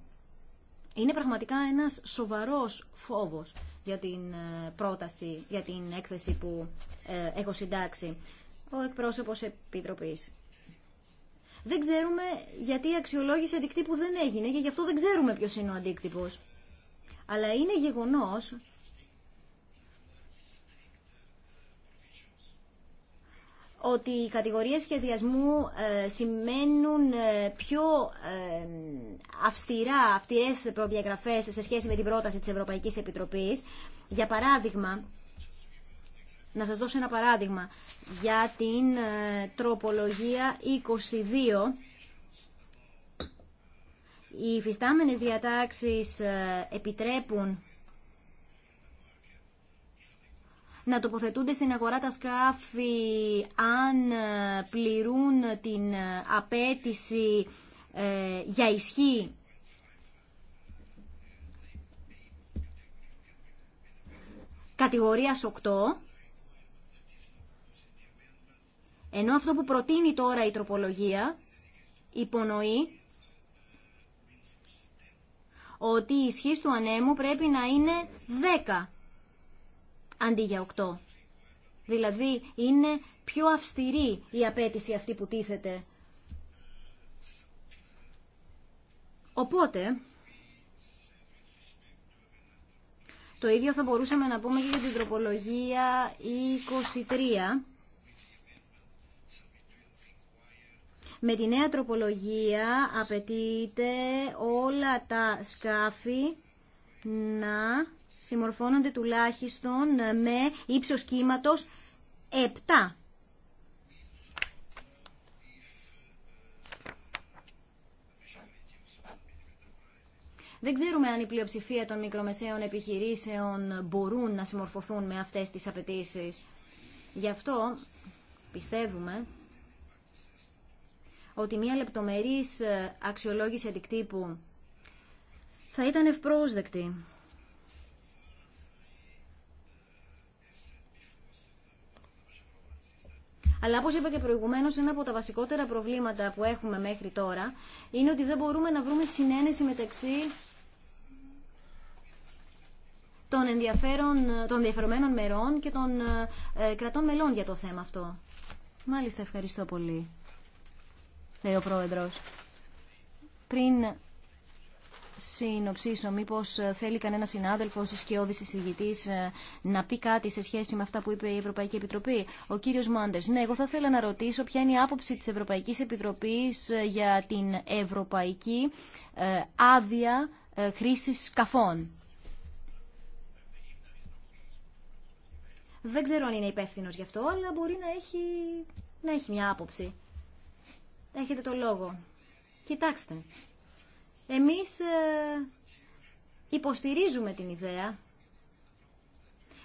Είναι πραγματικά ένας σοβαρός φόβος για την ε, πρόταση, για την έκθεση που ε, έχω συντάξει. Ο εκπρόσωπος Επιτροπής. Δεν ξέρουμε γιατί η αξιολόγηση αντικτύπου δεν έγινε και γι' αυτό δεν ξέρουμε ποιος είναι ο αντίκτυπος. Αλλά είναι γεγονός ότι οι κατηγορίες σχεδιασμού ε, σημαίνουν ε, πιο ε, αυστηρά, αυστηρές προδιαγραφές σε σχέση με την πρόταση της Ευρωπαϊκής Επιτροπής. Για παράδειγμα, να σας δώσω ένα παράδειγμα για την τροπολογία 22 οι υφιστάμενες διατάξεις επιτρέπουν να τοποθετούνται στην αγορά τα σκάφη αν ε, πληρούν την ε, απέτηση ε, για ισχύ κατηγορία 8 ενώ αυτό που προτείνει τώρα η τροπολογία υπονοεί ότι η ισχύ του ανέμου πρέπει να είναι 10 αντί για 8. Δηλαδή είναι πιο αυστηρή η απέτηση αυτή που τίθεται. Οπότε, το ίδιο θα μπορούσαμε να πούμε και για την τροπολογία 23. Με τη νέα τροπολογία απαιτείται όλα τα σκάφη να συμμορφώνονται τουλάχιστον ε, με ύψος κύματος 7. Δεν ξέρουμε αν η πλειοψηφία των μικρομεσαίων επιχειρήσεων μπορούν να συμμορφωθούν με αυτές τις απαιτήσει. Γι' αυτό πιστεύουμε ότι μια λεπτομερής ε, αξιολόγηση αντικτύπου θα ήταν ευπρόσδεκτη. Αλλά όπω είπα και προηγουμένως, ένα από τα βασικότερα προβλήματα που έχουμε μέχρι τώρα είναι ότι δεν μπορούμε να βρούμε συνένεση μεταξύ των, ενδιαφέρον, των ενδιαφερομένων μερών και των ε, κρατών μελών για το θέμα αυτό. Μάλιστα, ευχαριστώ πολύ, λέει ο Πρόεδρος. Πριν συνοψίσω. Μήπως ε, θέλει κανένα συνάδελφος ή σκιώδη εισηγητής ε, να πει κάτι σε σχέση με αυτά που είπε η Ευρωπαϊκή Επιτροπή. Ο κύριος Μάντες. Ναι, εγώ θα ήθελα να ρωτήσω ποια είναι η άποψη της Ευρωπαϊκής Επιτροπής ε, για την ευρωπαϊκή άδεια χρήση σκαφών. Δεν ξέρω αν είναι υπεύθυνο γι' αυτό, αλλά μπορεί να έχει, να έχει μια άποψη. Έχετε το λόγο. Κοιτάξτε, εμείς ε, υποστηρίζουμε την ιδέα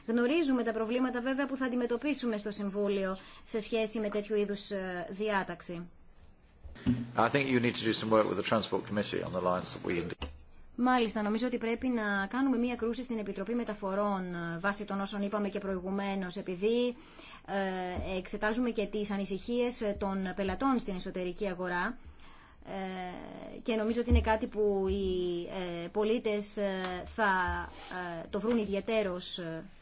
Γνωρίζουμε τα προβλήματα βέβαια που θα αντιμετωπίσουμε στο Συμβούλιο σε σχέση με τέτοιου είδους διάταξη. Μάλιστα, νομίζω ότι πρέπει να κάνουμε μία κρούση στην Επιτροπή Μεταφορών ε, βάσει των όσων είπαμε και προηγουμένως, επειδή ε, εξετάζουμε και τις ανησυχίες των πελατών στην εσωτερική αγορά ε, και νομίζω ότι είναι κάτι που οι ε, πολίτες ε, θα το βρουν ιδιαίτερος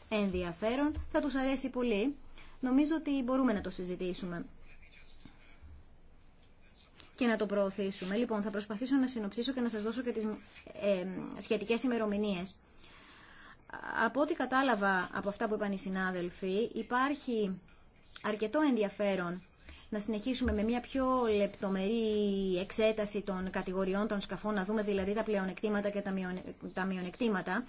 ενδιαφέρον, θα τους αρέσει πολύ. Νομίζω ότι μπορούμε να το συζητήσουμε και να το προωθήσουμε. Λοιπόν, θα προσπαθήσω να συνοψίσω και να σας δώσω και τις σχετικές ημερομηνίε. Από ό,τι κατάλαβα από αυτά που είπαν οι συνάδελφοι, υπάρχει αρκετό ενδιαφέρον να συνεχίσουμε με μια πιο λεπτομερή εξέταση των κατηγοριών των σκαφών, να δούμε δηλαδή τα πλεονεκτήματα και τα μειονεκτήματα.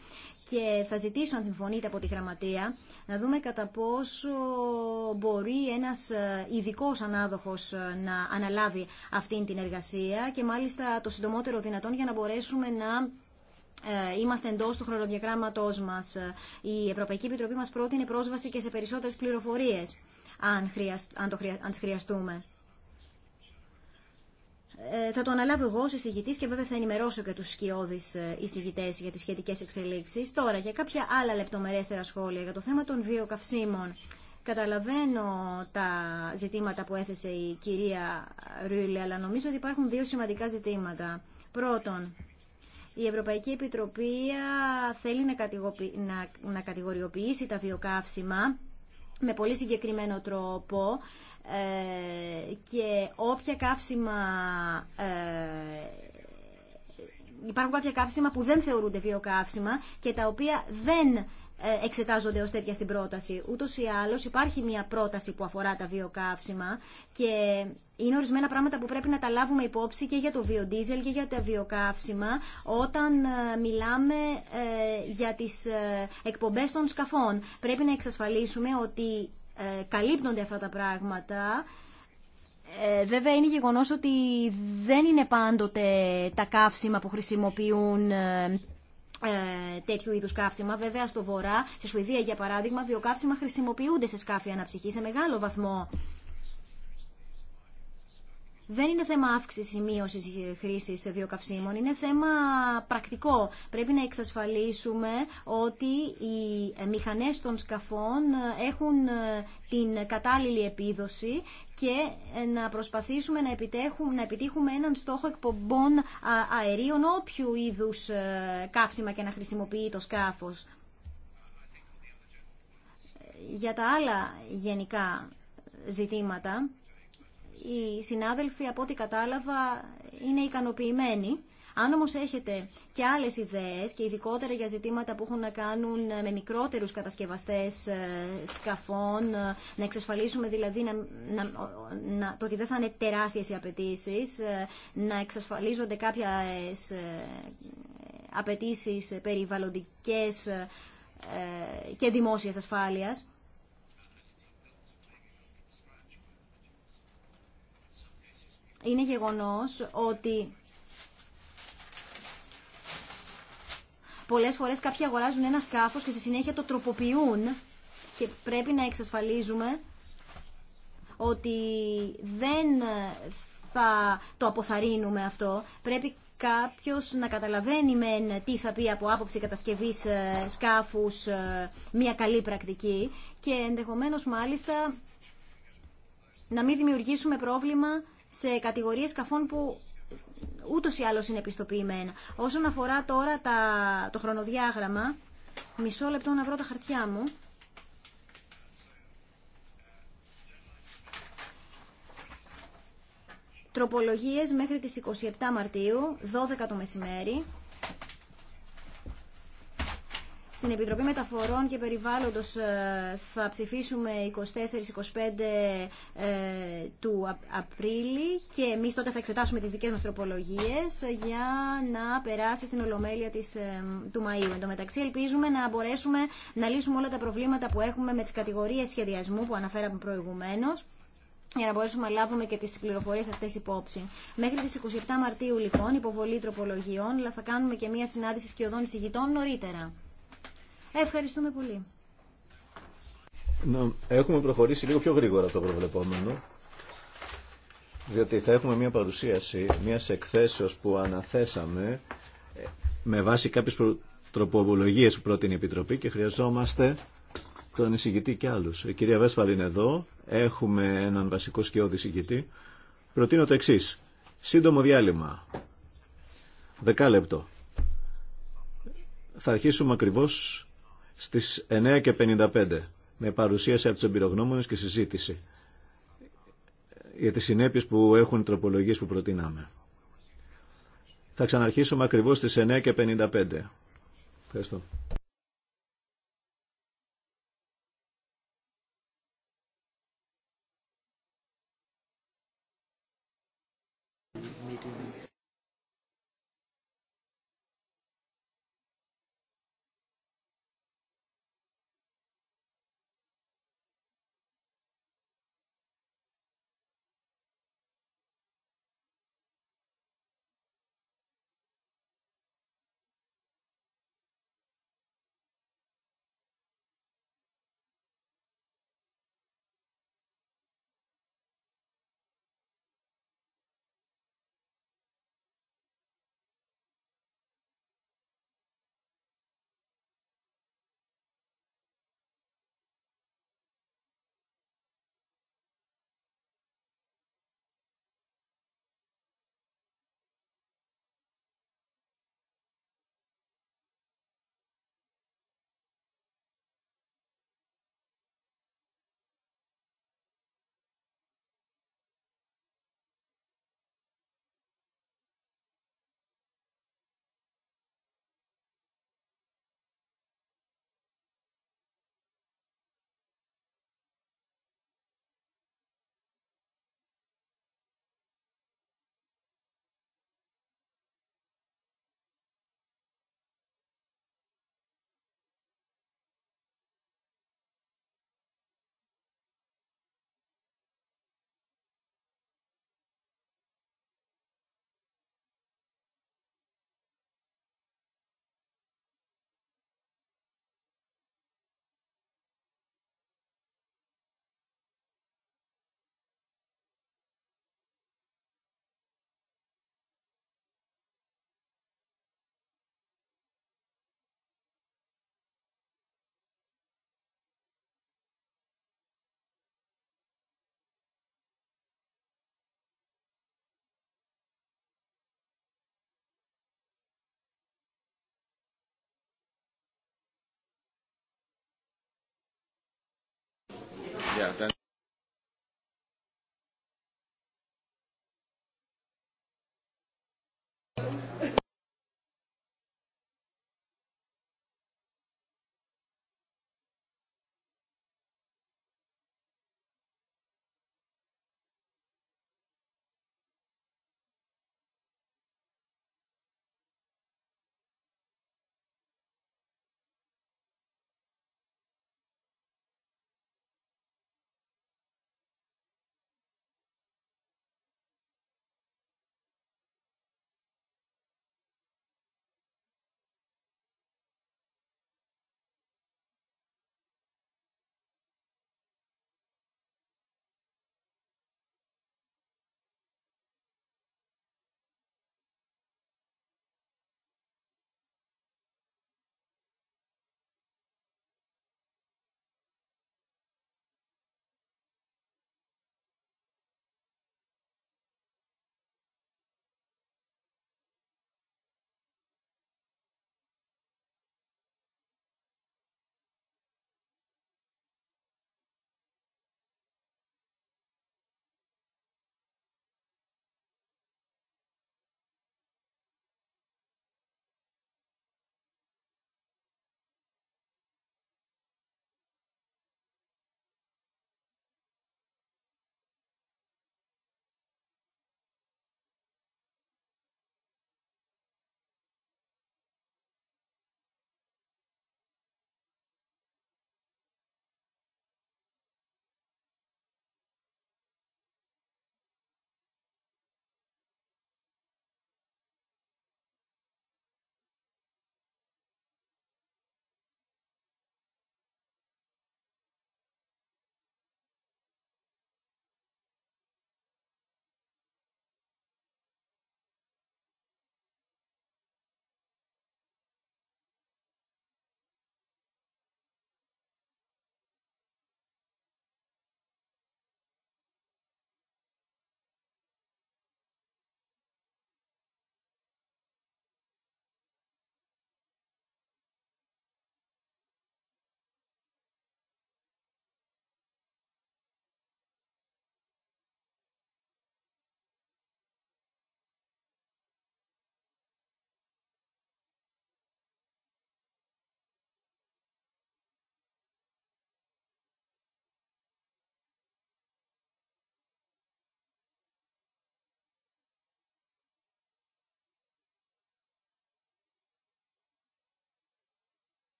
Και θα ζητήσω, αν συμφωνείτε από τη Γραμματεία, να δούμε κατά πόσο μπορεί ένας ε, ειδικό ανάδοχος ε, να αναλάβει αυτή την εργασία και μάλιστα το συντομότερο δυνατόν για να μπορέσουμε να ε, είμαστε εντό του χρονοδιαγράμματό μα. Η Ευρωπαϊκή Επιτροπή μα πρότεινε πρόσβαση και σε περισσότερε πληροφορίε αν, χρειασ... αν, το αν τις χρειαστούμε. Ε, θα το αναλάβω εγώ ως εισηγητής και βέβαια θα ενημερώσω και τους σκιώδεις ε, εισηγητές για τις σχετικές εξελίξεις. Τώρα, για κάποια άλλα λεπτομερέστερα σχόλια για το θέμα των βιοκαυσίμων. Καταλαβαίνω τα ζητήματα που έθεσε η κυρία Ρούλη, αλλά νομίζω ότι υπάρχουν δύο σημαντικά ζητήματα. Πρώτον, η Ευρωπαϊκή Επιτροπή θέλει να κατηγοριοποιήσει τα βιοκαύσιμα με πολύ συγκεκριμένο τρόπο ε, και όποια καύσιμα ε, υπάρχουν κάποια καύσιμα που δεν θεωρούνται βιοκαύσιμα και τα οποία δεν ε, εξετάζονται ως τέτοια στην πρόταση. Ούτως ή άλλως υπάρχει μια πρόταση που αφορά τα βιοκαύσιμα και είναι ορισμένα πράγματα που πρέπει να τα λάβουμε υπόψη και για το βιοδίζελ και για τα βιοκαύσιμα όταν ε, μιλάμε ε, για τις εκπομπές των σκαφών. Πρέπει να εξασφαλίσουμε ότι καλύπτονται αυτά τα πράγματα βέβαια είναι γεγονός ότι δεν είναι πάντοτε τα καύσιμα που χρησιμοποιούν ε, τέτοιου είδου καύσιμα. Βέβαια, στο Βορρά, στη Σουηδία για παράδειγμα, βιοκαύσιμα χρησιμοποιούνται σε σκάφη αναψυχή σε μεγάλο βαθμό δεν είναι θέμα αύξηση ή μείωση χρήση βιοκαυσίμων, είναι θέμα πρακτικό. Πρέπει να εξασφαλίσουμε ότι οι ε, μηχανέ των σκαφών ε, έχουν ε, την κατάλληλη επίδοση και να προσπαθήσουμε να, να επιτύχουμε έναν στόχο εκπομπών αερίων όποιου είδους καύσιμα και να χρησιμοποιεί το σκάφος. Για τα άλλα γενικά ζητήματα, οι συνάδελφοι από ό,τι κατάλαβα είναι ικανοποιημένοι. Αν όμως έχετε και άλλες ιδέες και ειδικότερα για ζητήματα που έχουν να κάνουν με μικρότερους κατασκευαστές ε, σκαφών, ε, να εξασφαλίσουμε δηλαδή να, να, να, το ότι δεν θα είναι τεράστιες οι απαιτήσει, ε, να εξασφαλίζονται κάποιες απαιτήσει περιβαλλοντικές και δημόσιας ασφάλειας, είναι γεγονός ότι πολλές φορές κάποιοι αγοράζουν ένα σκάφος και στη συνέχεια το τροποποιούν και πρέπει να εξασφαλίζουμε ότι δεν θα το αποθαρρύνουμε αυτό. Πρέπει κάποιος να καταλαβαίνει μεν τι θα πει από άποψη κατασκευής ε, σκάφους ε, μια καλή πρακτική και ενδεχομένως μάλιστα να μην δημιουργήσουμε πρόβλημα σε κατηγορίες καφών που ούτω ή άλλω είναι επιστοποιημένα. Όσον αφορά τώρα τα, το χρονοδιάγραμμα, μισό λεπτό να βρω τα χαρτιά μου. Τροπολογίες μέχρι τις 27 Μαρτίου, 12 το μεσημέρι. Στην Επιτροπή Μεταφορών και Περιβάλλοντος ε, θα ψηφίσουμε 24-25 ε, του Απρίλη και εμείς τότε θα εξετάσουμε τις δικές μας τροπολογίες για να περάσει στην Ολομέλεια της, ε, του Μαΐου. Εν τω μεταξύ ελπίζουμε να μπορέσουμε να λύσουμε όλα τα προβλήματα που έχουμε με τις κατηγορίες σχεδιασμού που αναφέραμε προηγουμένως για να μπορέσουμε να λάβουμε και τις πληροφορίες αυτές υπόψη. Μέχρι τις 27 Μαρτίου λοιπόν υποβολή τροπολογιών, αλλά θα κάνουμε και μια συνάντηση σκιωδών εισηγητών νωρίτερα. Ευχαριστούμε πολύ. Να έχουμε προχωρήσει λίγο πιο γρήγορα το προβλεπόμενο, διότι θα έχουμε μια παρουσίαση μια εκθέσεω που αναθέσαμε ε, με βάση κάποιες τροποβολογίε που πρότεινε η Επιτροπή και χρειαζόμαστε τον εισηγητή και άλλους. Η κυρία Βέσφαλ είναι εδώ, έχουμε έναν βασικό σκιώδη εισηγητή. Προτείνω το εξή. Σύντομο διάλειμμα. Δεκάλεπτο. Θα αρχίσουμε ακριβώς στις 9.55 με παρουσίαση από τους εμπειρογνώμονες και συζήτηση για τις συνέπειες που έχουν οι τροπολογίες που προτείναμε. Θα ξαναρχίσουμε ακριβώς στις 9.55. Ευχαριστώ. για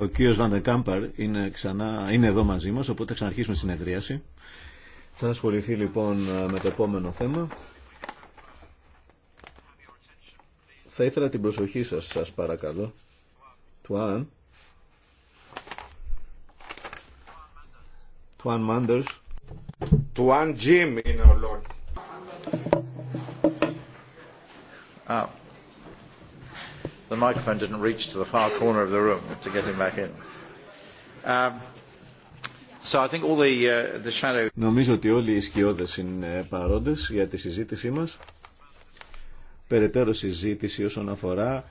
Ο κύριος Βαντεκάμπαρ είναι, ξανά, είναι εδώ μαζί μας, οπότε ξαναρχίσουμε συνεδρίαση. Θα ασχοληθεί λοιπόν ε, με το επόμενο θέμα. Θα ήθελα την προσοχή σας, σας παρακαλώ, Τουάν Τουάν Μάντερς. Τουάν Τζιμ είναι ο λόγος. Νομίζω ότι όλοι οι σκιώδες είναι παρόντες για τη συζήτησή μας. Περαιτέρω συζήτηση όσον αφορά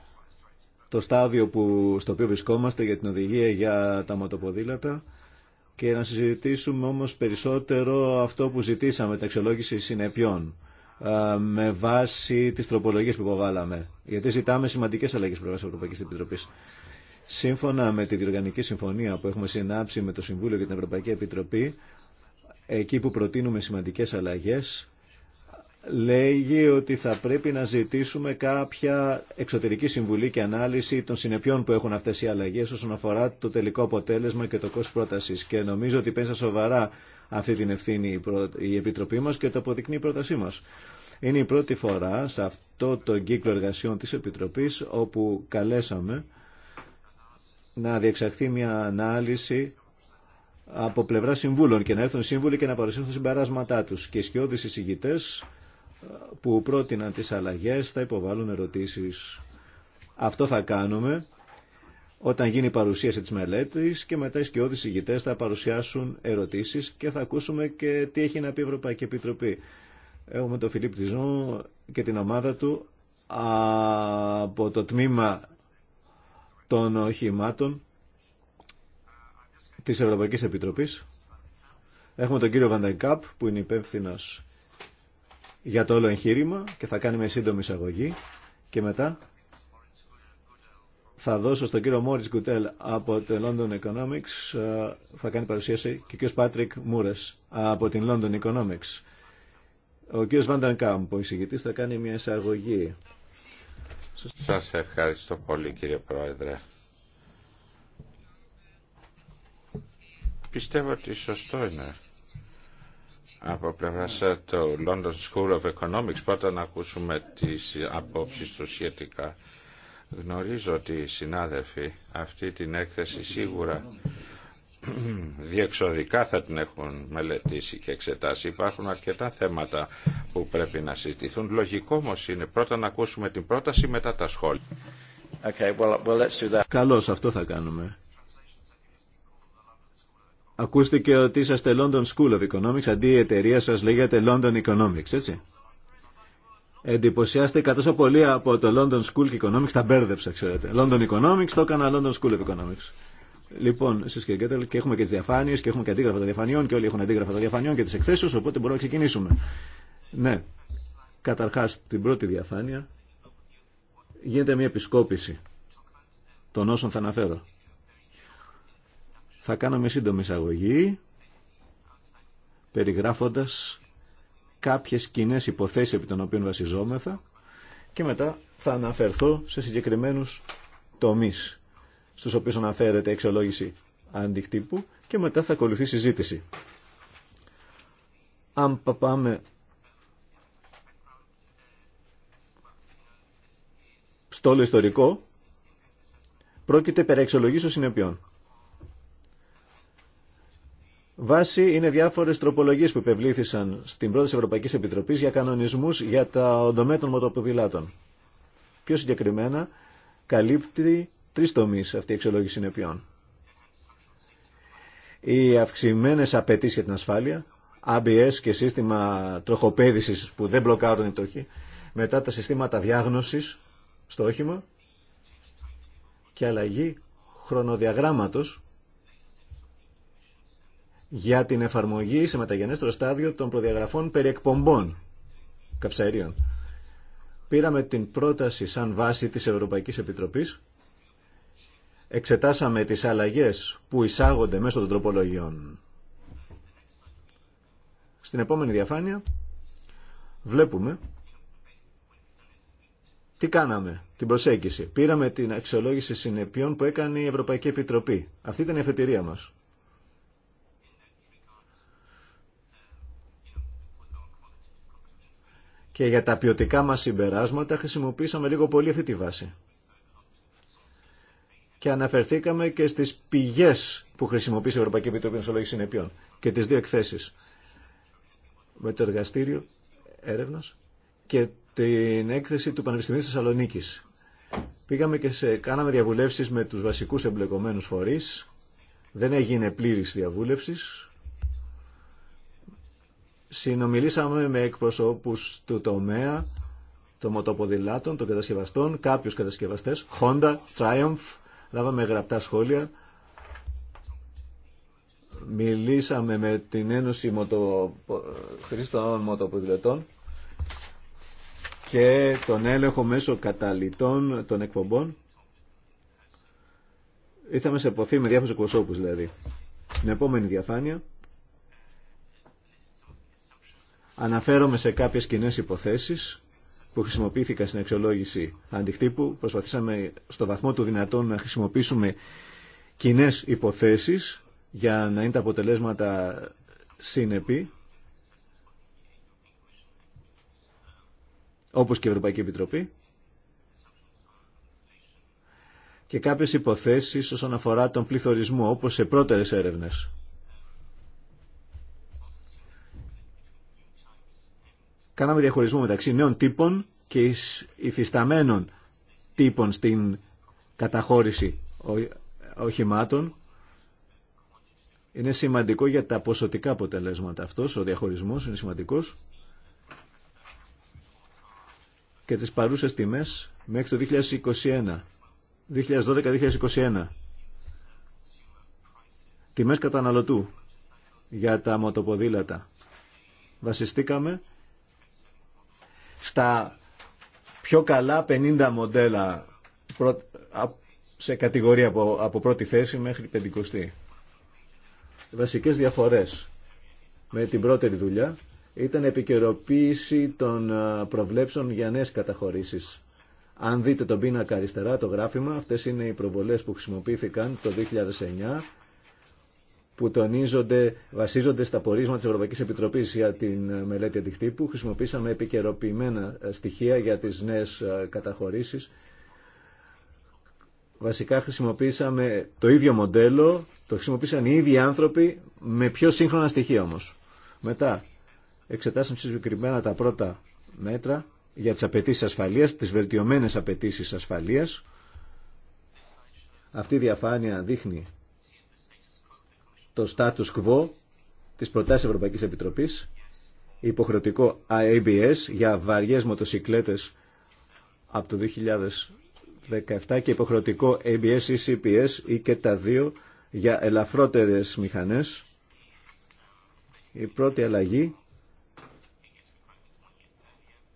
το στάδιο που, στο οποίο βρισκόμαστε για την οδηγία για τα μοτοποδήλατα και να συζητήσουμε όμως περισσότερο αυτό που ζητήσαμε, την αξιολόγηση συνεπιών. Ε, με βάση τις τροπολογίες που υποβάλαμε. Γιατί ζητάμε σημαντικές αλλαγές προς την Ευρωπαϊκή Επιτροπή Σύμφωνα με τη διοργανική συμφωνία που έχουμε συνάψει με το Συμβούλιο και την Ευρωπαϊκή Επιτροπή, εκεί που προτείνουμε σημαντικές αλλαγές, λέγει ότι θα πρέπει να ζητήσουμε κάποια εξωτερική συμβουλή και ανάλυση των συνεπειών που έχουν αυτές οι αλλαγές όσον αφορά το τελικό αποτέλεσμα και το κόστος πρότασης. Και νομίζω ότι παίρνει σοβαρά αυτή την ευθύνη η Επιτροπή μας και το αποδεικνύει η πρότασή μας. Είναι η πρώτη φορά σε αυτό το κύκλο εργασιών της Επιτροπής όπου καλέσαμε να διεξαχθεί μια ανάλυση από πλευρά συμβούλων και να έρθουν σύμβουλοι και να παρουσιάσουν τα συμπεράσματά τους. Και οι σκιώδεις εισηγητές που πρότειναν τις αλλαγές θα υποβάλουν ερωτήσεις. Αυτό θα κάνουμε όταν γίνει η παρουσίαση της μελέτης και μετά οι σκιώδεις εισηγητέ θα παρουσιάσουν ερωτήσεις και θα ακούσουμε και τι έχει να πει η Ευρωπαϊκή Επιτροπή. Έχουμε τον Φιλίπ Τιζού και την ομάδα του από το τμήμα των οχημάτων της Ευρωπαϊκής Επιτροπής. Έχουμε τον κύριο Βανταϊκάπ που είναι υπεύθυνο για το όλο εγχείρημα και θα κάνει με σύντομη εισαγωγή και μετά θα δώσω στον κύριο Μόρις Γκουτέλ από το London Economics ε, θα κάνει παρουσίαση και ο κύριος Πάτρικ Μούρες από την London Economics ο κ. Βάνταν ο εισηγητή, θα κάνει μια εισαγωγή. Σα ευχαριστώ πολύ κύριε Πρόεδρε. Πιστεύω ότι σωστό είναι από πλευρά ε, του London School of Economics πρώτα να ακούσουμε τι απόψει του σχετικά. Γνωρίζω ότι οι συνάδελφοι αυτή την έκθεση σίγουρα διεξοδικά θα την έχουν μελετήσει και εξετάσει. Υπάρχουν αρκετά θέματα που πρέπει να συζητηθούν. Λογικό όμω είναι πρώτα να ακούσουμε την πρόταση, μετά τα σχόλια. Okay, well, well, let's do that. Καλώς, αυτό θα κάνουμε. Ακούστηκε ότι είσαστε London School of Economics, αντί η εταιρεία σας λέγεται London Economics, έτσι. Εντυπωσιάστηκα τόσο πολύ από το London School of Economics, τα μπέρδεψα, ξέρετε. London Economics, το έκανα London School of Economics. Λοιπόν, εσεί κύριε και έχουμε και τι διαφάνειε και έχουμε και αντίγραφα των διαφανειών και όλοι έχουν αντίγραφα των διαφανειών και τι εκθέσει, οπότε μπορούμε να ξεκινήσουμε. Ναι, καταρχά την πρώτη διαφάνεια γίνεται μια επισκόπηση των όσων θα αναφέρω. Θα κάνω μια σύντομη εισαγωγή περιγράφοντας κάποιες κοινέ υποθέσεις επί των οποίων βασιζόμεθα και μετά θα αναφερθώ σε συγκεκριμένους τομείς στους οποίους αναφέρεται η αξιολόγηση αντικτύπου και μετά θα ακολουθεί συζήτηση. Αν πάμε στο όλο ιστορικό, πρόκειται περί των συνεπειών. Βάση είναι διάφορες τροπολογίες που υπευλήθησαν στην πρώτη ευρωπαϊκή Επιτροπής για κανονισμούς για τα οντομέτων μοτοποδηλάτων. Πιο συγκεκριμένα, καλύπτει Τρει τομεί αυτή η αξιολόγηση συνεπειών. Οι αυξημένε απαιτήσει για την ασφάλεια, ABS και σύστημα τροχοπέδησης που δεν μπλοκάρουν οι πτωχοί, μετά τα συστήματα διάγνωσης στο όχημα και αλλαγή χρονοδιαγράμματος για την εφαρμογή σε μεταγενέστερο στάδιο των προδιαγραφών περί εκπομπών καυσαερίων. Πήραμε την πρόταση σαν βάση της Ευρωπαϊκής Επιτροπής εξετάσαμε τις αλλαγές που εισάγονται μέσω των τροπολογιών. Στην επόμενη διαφάνεια βλέπουμε τι κάναμε, την προσέγγιση. Πήραμε την αξιολόγηση συνεπειών που έκανε η Ευρωπαϊκή Επιτροπή. Αυτή ήταν η αφετηρία μας. Και για τα ποιοτικά μας συμπεράσματα χρησιμοποίησαμε λίγο πολύ αυτή τη βάση και αναφερθήκαμε και στις πηγές που χρησιμοποίησε η Ευρωπαϊκή Επιτροπή Νοσολογικής Συνεπιών και τις δύο εκθέσεις με το εργαστήριο έρευνας και την έκθεση του Πανεπιστημίου Θεσσαλονίκη. Πήγαμε και σε, κάναμε διαβουλεύσεις με τους βασικούς εμπλεκομένους φορείς. Δεν έγινε πλήρης διαβούλευσης. Συνομιλήσαμε με εκπροσώπους του τομέα, των μοτοποδηλάτων, των κατασκευαστών, κάποιους κατασκευαστές, Honda, Triumph, λάβαμε γραπτά σχόλια. Μιλήσαμε με την Ένωση Μοτο... Χρήστων Μοτοποδηλωτών και τον έλεγχο μέσω καταλητών των εκπομπών. Ήρθαμε σε επαφή με διάφορους εκπροσώπους δηλαδή. Στην επόμενη διαφάνεια αναφέρομαι σε κάποιες κοινέ υποθέσεις που χρησιμοποιήθηκαν στην αξιολόγηση αντιχτύπου. Προσπαθήσαμε στο βαθμό του δυνατόν να χρησιμοποιήσουμε κοινέ υποθέσεις για να είναι τα αποτελέσματα σύνεπη, όπως και η Ευρωπαϊκή Επιτροπή. Και κάποιες υποθέσεις όσον αφορά τον πληθωρισμό, όπως σε πρώτερες έρευνες. κάναμε διαχωρισμό μεταξύ νέων τύπων και υφισταμένων τύπων στην καταχώρηση οχημάτων. Είναι σημαντικό για τα ποσοτικά αποτελέσματα αυτός, ο διαχωρισμός είναι σημαντικός. Και τις παρούσες τιμές μέχρι το 2021, 2012-2021. Τιμές καταναλωτού για τα μοτοποδήλατα. Βασιστήκαμε στα πιο καλά 50 μοντέλα σε κατηγορία από, από πρώτη θέση μέχρι πεντηκοστή. Βασικές διαφορές με την πρώτερη δουλειά ήταν επικαιροποίηση των προβλέψεων για νέες καταχωρήσεις. Αν δείτε τον πίνακα αριστερά, το γράφημα, αυτές είναι οι προβολές που χρησιμοποιήθηκαν το 2009 που τονίζονται, βασίζονται στα πορίσματα της Ευρωπαϊκής Επιτροπής για την ε, μελέτη αντικτύπου. Χρησιμοποίησαμε επικαιροποιημένα ε, στοιχεία για τις νέες ε, καταχωρήσεις. Βασικά χρησιμοποίησαμε το ίδιο μοντέλο, το χρησιμοποίησαν οι ίδιοι άνθρωποι με πιο σύγχρονα στοιχεία όμως. Μετά εξετάσαμε συγκεκριμένα τα πρώτα μέτρα για τις απαιτήσει ασφαλείας, τις βελτιωμένες απαιτήσει ασφαλείας. Αυτή η διαφάνεια δείχνει το status quo της Πρωτάς Ευρωπαϊκής Επιτροπής υποχρεωτικό ABS για βαριές μοτοσυκλέτες από το 2017 και υποχρεωτικό ABS ή e CPS ή και τα δύο για ελαφρότερες μηχανές. Η πρώτη αλλαγή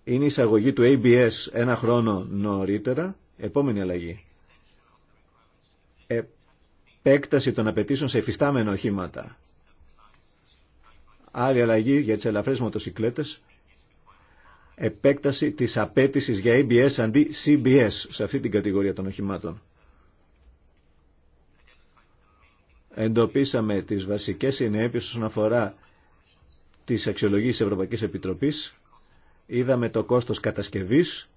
είναι η εισαγωγή του ABS ένα χρόνο νωρίτερα. Επόμενη αλλαγή. Ε, επέκταση των απαιτήσεων σε εφιστάμενα οχήματα. Άλλη αλλαγή για τις ελαφρές μοτοσυκλέτες, επέκταση της απέτηση για ABS αντί CBS σε αυτή την κατηγορία των οχημάτων. Εντοπίσαμε τις βασικές συνέπειες όσον αφορά τις αξιολογήσεις Ευρωπαϊκής Επιτροπής. Είδαμε το κόστος κατασκευής,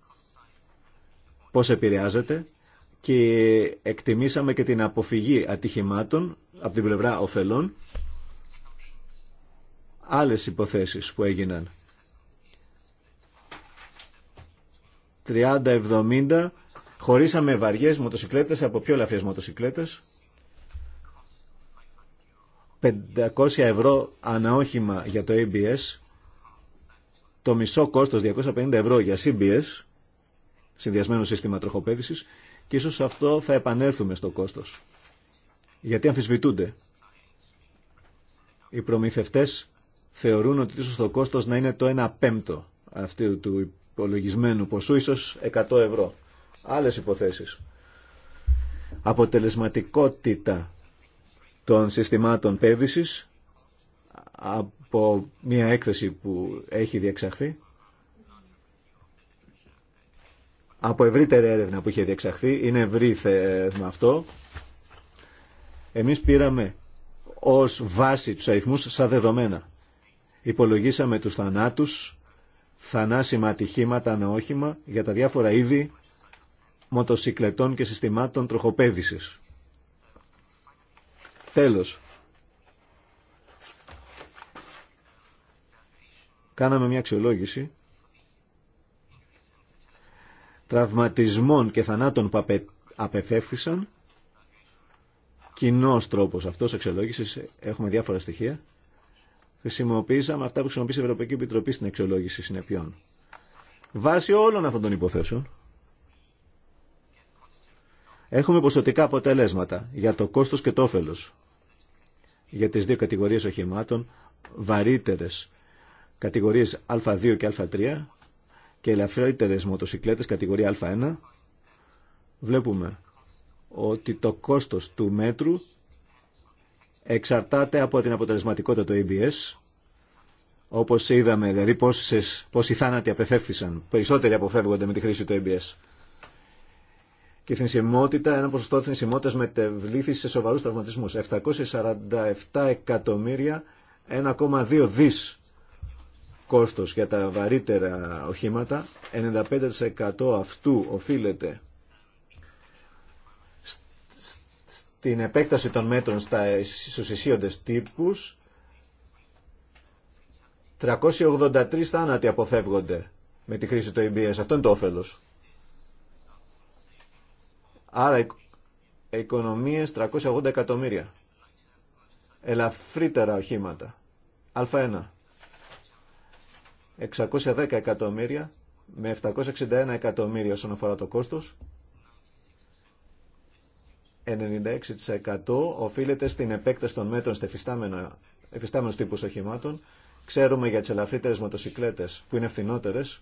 πώς επηρεάζεται και εκτιμήσαμε και την αποφυγή ατυχημάτων από την πλευρά ωφελών άλλες υποθέσεις που έγιναν 30-70 χωρίσαμε βαριές μοτοσυκλέτες από πιο ελαφριές μοτοσυκλέτες 500 ευρώ αναόχημα για το ABS το μισό κόστος 250 ευρώ για CBS συνδυασμένο σύστημα τροχοπέδησης και ίσως αυτό θα επανέλθουμε στο κόστος. Γιατί αμφισβητούνται. Οι προμηθευτές θεωρούν ότι ίσως το κόστος να είναι το 1 πέμπτο αυτού του υπολογισμένου ποσού, ίσως 100 ευρώ. Άλλες υποθέσεις. Αποτελεσματικότητα των συστημάτων πέδησης από μια έκθεση που έχει διεξαχθεί από ευρύτερη έρευνα που είχε διεξαχθεί. Είναι ευρύ θέμα αυτό. Εμείς πήραμε ως βάση τους αριθμούς σαν δεδομένα. Υπολογίσαμε τους θανάτους, θανάσιμα ατυχήματα ανεόχημα όχημα για τα διάφορα είδη μοτοσυκλετών και συστημάτων τροχοπέδησης. Τέλος. Κάναμε μια αξιολόγηση τραυματισμών και θανάτων που απεφεύθησαν. Κοινό τρόπο αυτό αξιολόγηση, έχουμε διάφορα στοιχεία. Χρησιμοποίησαμε αυτά που χρησιμοποίησε η Ευρωπαϊκή Επιτροπή στην αξιολόγηση συνεπειών. Βάσει όλων αυτών των υποθέσεων, έχουμε ποσοτικά αποτελέσματα για το κόστος και το όφελο για τις δύο κατηγορίες οχημάτων, βαρύτερες κατηγορίες Α2 και Α3 και ελαφρύτερες μοτοσυκλέτες κατηγορία Α1 βλέπουμε ότι το κόστος του μέτρου εξαρτάται από την αποτελεσματικότητα του ABS όπως είδαμε, δηλαδή πόσοι θάνατοι απεφεύθησαν. Περισσότεροι αποφεύγονται με τη χρήση του ABS. Και η θνησιμότητα, ένα ποσοστό θνησιμότητας μετεβλήθη σε σοβαρούς τραυματισμούς. 747 εκατομμύρια, 1,2 δις κόστος για τα βαρύτερα οχήματα, 95% αυτού οφείλεται στην επέκταση των μέτρων στα ισοσυσίοντες τύπους, 383 θάνατοι αποφεύγονται με τη χρήση του EBS. Αυτό είναι το όφελος. Άρα οικονομίες 380 εκατομμύρια. Ελαφρύτερα οχήματα. Α1. 610 εκατομμύρια με 761 εκατομμύρια όσον αφορά το κόστος. 96% οφείλεται στην επέκταση των μέτρων στα εφιστάμενος τύπους οχημάτων. Ξέρουμε για τις ελαφρύτερες μοτοσυκλέτες που είναι φθηνότερες.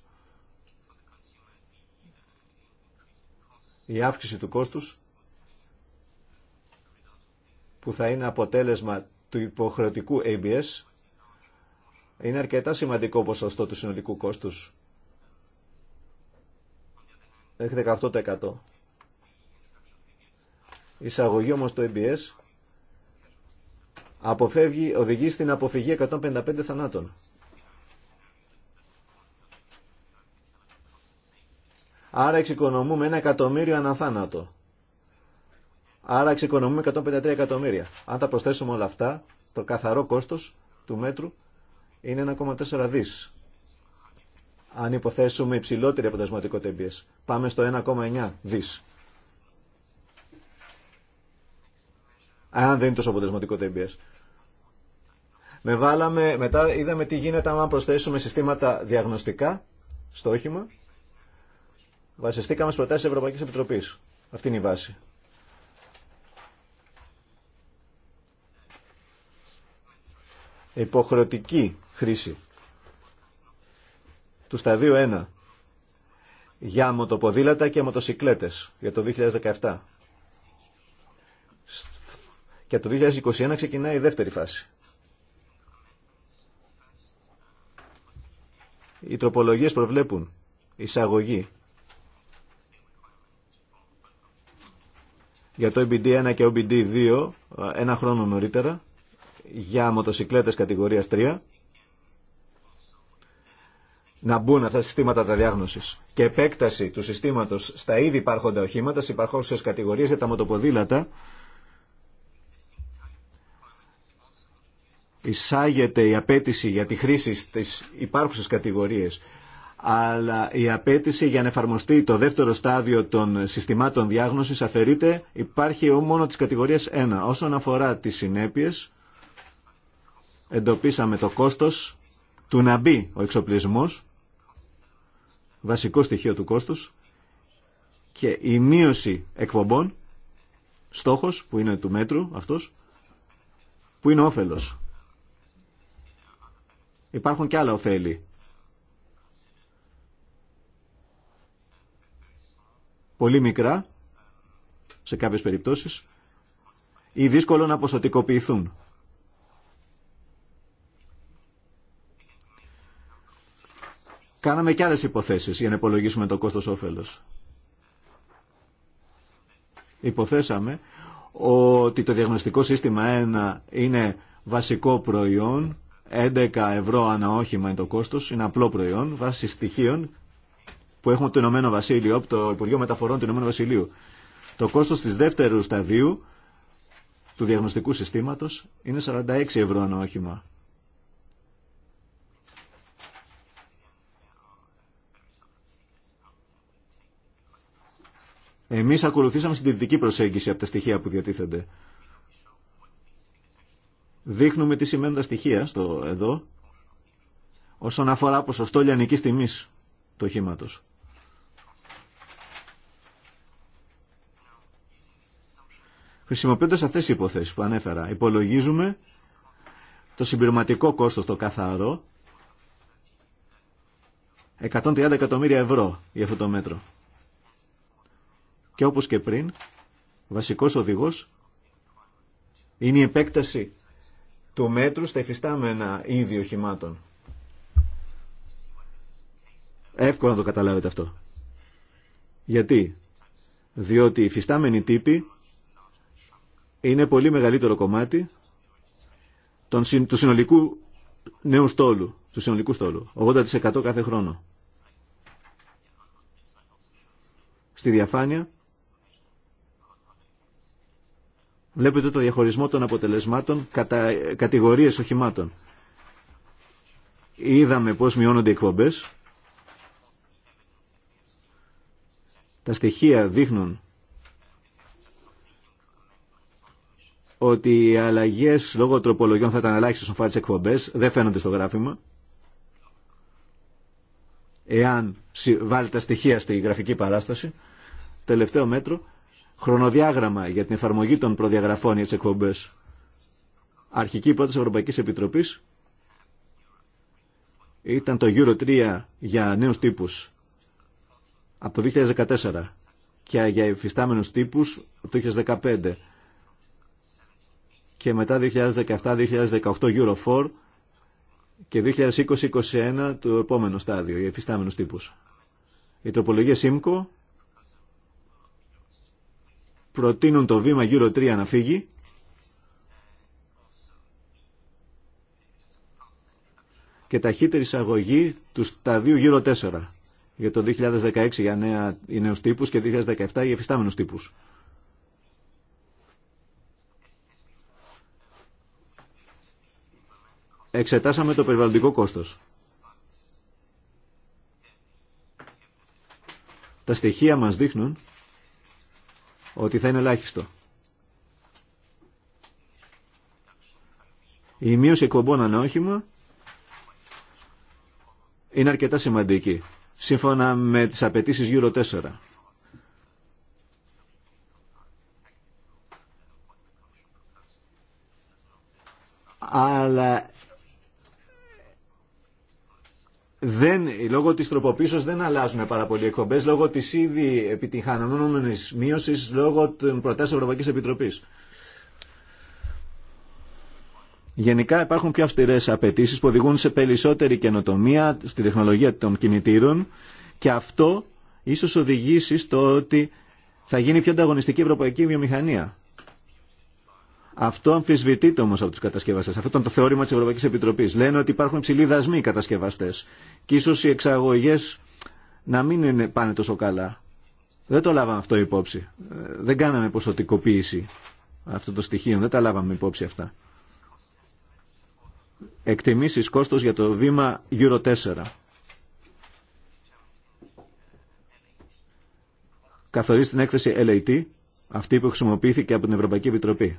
Η αύξηση του κόστους που θα είναι αποτέλεσμα του υποχρεωτικού ABS είναι αρκετά σημαντικό ποσοστό του συνολικού κόστους. Έχει 18%. Η εισαγωγή όμως το EBS αποφεύγει, οδηγεί στην αποφυγή 155 θανάτων. Άρα εξοικονομούμε ένα εκατομμύριο αναθάνατο. Άρα εξοικονομούμε 153 εκατομμύρια. Αν τα προσθέσουμε όλα αυτά, το καθαρό κόστος του μέτρου είναι 1,4 δις. Αν υποθέσουμε υψηλότερη αποτελεσματικότητα εμπειρίας, πάμε στο 1,9 δις. Αν δεν είναι τόσο αποτελεσματικότητα εμπειρίας. Με βάλαμε, μετά είδαμε τι γίνεται αν προσθέσουμε συστήματα διαγνωστικά στο όχημα. Βασιστήκαμε στις προτάσεις της Ευρωπαϊκής Επιτροπής. Αυτή είναι η βάση. Υποχρεωτική χρήση. Του σταδίου 1 για μοτοποδήλατα και μοτοσικλέτες για το 2017. Και το 2021 ξεκινάει η δεύτερη φάση. Οι τροπολογίες προβλέπουν εισαγωγή για το OBD1 και OBD2 ε, ένα χρόνο νωρίτερα για μοτοσικλέτες κατηγορίας 3 να μπουν αυτά τα συστήματα τα διάγνωση Και επέκταση του συστήματος στα ήδη υπάρχοντα οχήματα, σε υπάρχουσες κατηγορίες για τα μοτοποδήλατα, εισάγεται η απέτηση για τη χρήση στι υπάρχουσες κατηγορίες αλλά η απέτηση για να εφαρμοστεί το δεύτερο στάδιο των συστημάτων διάγνωσης αφαιρείται, υπάρχει μόνο τη κατηγορία 1. Όσον αφορά τι συνέπειε, εντοπίσαμε το κόστο του να μπει ο εξοπλισμός βασικό στοιχείο του κόστους και η μείωση εκπομπών, στόχος που είναι του μέτρου αυτός, που είναι όφελος. Υπάρχουν και άλλα ωφέλη. Πολύ μικρά, σε κάποιες περιπτώσεις, ή δύσκολο να ποσοτικοποιηθούν. Κάναμε και άλλες υποθέσεις για να υπολογίσουμε το κόστος όφελος. Υποθέσαμε ότι το διαγνωστικό σύστημα 1 είναι βασικό προϊόν, 11 ευρώ ανά όχημα είναι το κόστος, είναι απλό προϊόν, βάσει στοιχείων που έχουμε από το Ηνωμένο Βασίλειο, από το Υπουργείο Μεταφορών του Ηνωμένου Βασιλείου. Το κόστος της δεύτερου σταδίου του διαγνωστικού συστήματος είναι 46 ευρώ ανά όχημα. Εμείς ακολουθήσαμε συντηρητική προσέγγιση από τα στοιχεία που διατίθενται. Δείχνουμε τι σημαίνουν τα στοιχεία στο εδώ όσον αφορά ποσοστό λιανικής τιμής του οχήματος. Χρησιμοποιώντας αυτές τις υποθέσεις που ανέφερα, υπολογίζουμε το συμπληρωματικό κόστος το καθαρό 130 εκατομμύρια ευρώ για αυτό το μέτρο. Και όπως και πριν, βασικός οδηγός είναι η επέκταση του μέτρου στα υφιστάμενα ίδιο οχημάτων. Εύκολο να το καταλάβετε αυτό. Γιατί. Διότι οι υφιστάμενοι τύποι είναι πολύ μεγαλύτερο κομμάτι του συνολικού νέου στόλου, του συνολικού στόλου, 80% κάθε χρόνο. Στη διαφάνεια Βλέπετε το διαχωρισμό των αποτελεσμάτων κατά κατηγορίες οχημάτων. Είδαμε πώς μειώνονται οι εκπομπές. Τα στοιχεία δείχνουν ότι οι αλλαγές λόγω τροπολογιών θα ήταν ελάχιστες στον φάρτης εκπομπές. Δεν φαίνονται στο γράφημα. Εάν βάλει τα στοιχεία στη γραφική παράσταση. Τελευταίο μέτρο χρονοδιάγραμμα για την εφαρμογή των προδιαγραφών για τι εκπομπέ. Αρχική πρώτη Ευρωπαϊκής Επιτροπής ήταν το Euro 3 για νέους τύπους από το 2014 και για υφιστάμενους τύπους το 2015 και μετά 2017-2018 Euro 4 και 2020-2021 το επόμενο στάδιο, για υφιστάμενου τύπους. Η τροπολογία ΣΥΜΚΟ προτείνουν το βήμα γύρω 3 να φύγει. και ταχύτερη εισαγωγή του σταδίου γύρω 4 για το 2016 για νέα, οι νέους τύπους και 2017 για εφιστάμενους τύπους. Εξετάσαμε το περιβαλλοντικό κόστος. Τα στοιχεία μας δείχνουν ότι θα είναι ελάχιστο. Η μείωση εκπομπών ανά είναι αρκετά σημαντική, σύμφωνα με τις απαιτήσεις Euro 4. αλλά δεν, λόγω της τροποποίησης δεν αλλάζουν πάρα πολλοί εκπομπές, λόγω της ήδη επιτυχανόμενης μείωσης, λόγω των προτάσεων Ευρωπαϊκής Επιτροπής. Γενικά υπάρχουν πιο αυστηρές απαιτήσεις που οδηγούν σε περισσότερη καινοτομία στη τεχνολογία των κινητήρων και αυτό ίσως οδηγήσει στο ότι θα γίνει πιο ανταγωνιστική ευρωπαϊκή βιομηχανία. Αυτό αμφισβητείται όμω από του κατασκευαστέ. Αυτό ήταν το θεώρημα τη Ευρωπαϊκή Επιτροπή. Λένε ότι υπάρχουν υψηλοί δασμοί κατασκευαστέ. Και ίσω οι εξαγωγέ να μην είναι, πάνε τόσο καλά. Δεν το λάβαμε αυτό υπόψη. Ε, δεν κάναμε ποσοτικοποίηση αυτών των στοιχείων. Δεν τα λάβαμε υπόψη αυτά. Εκτιμήσει κόστο για το βήμα Euro 4. Καθορίζει την έκθεση LAT, αυτή που χρησιμοποιήθηκε από την Ευρωπαϊκή Επιτροπή.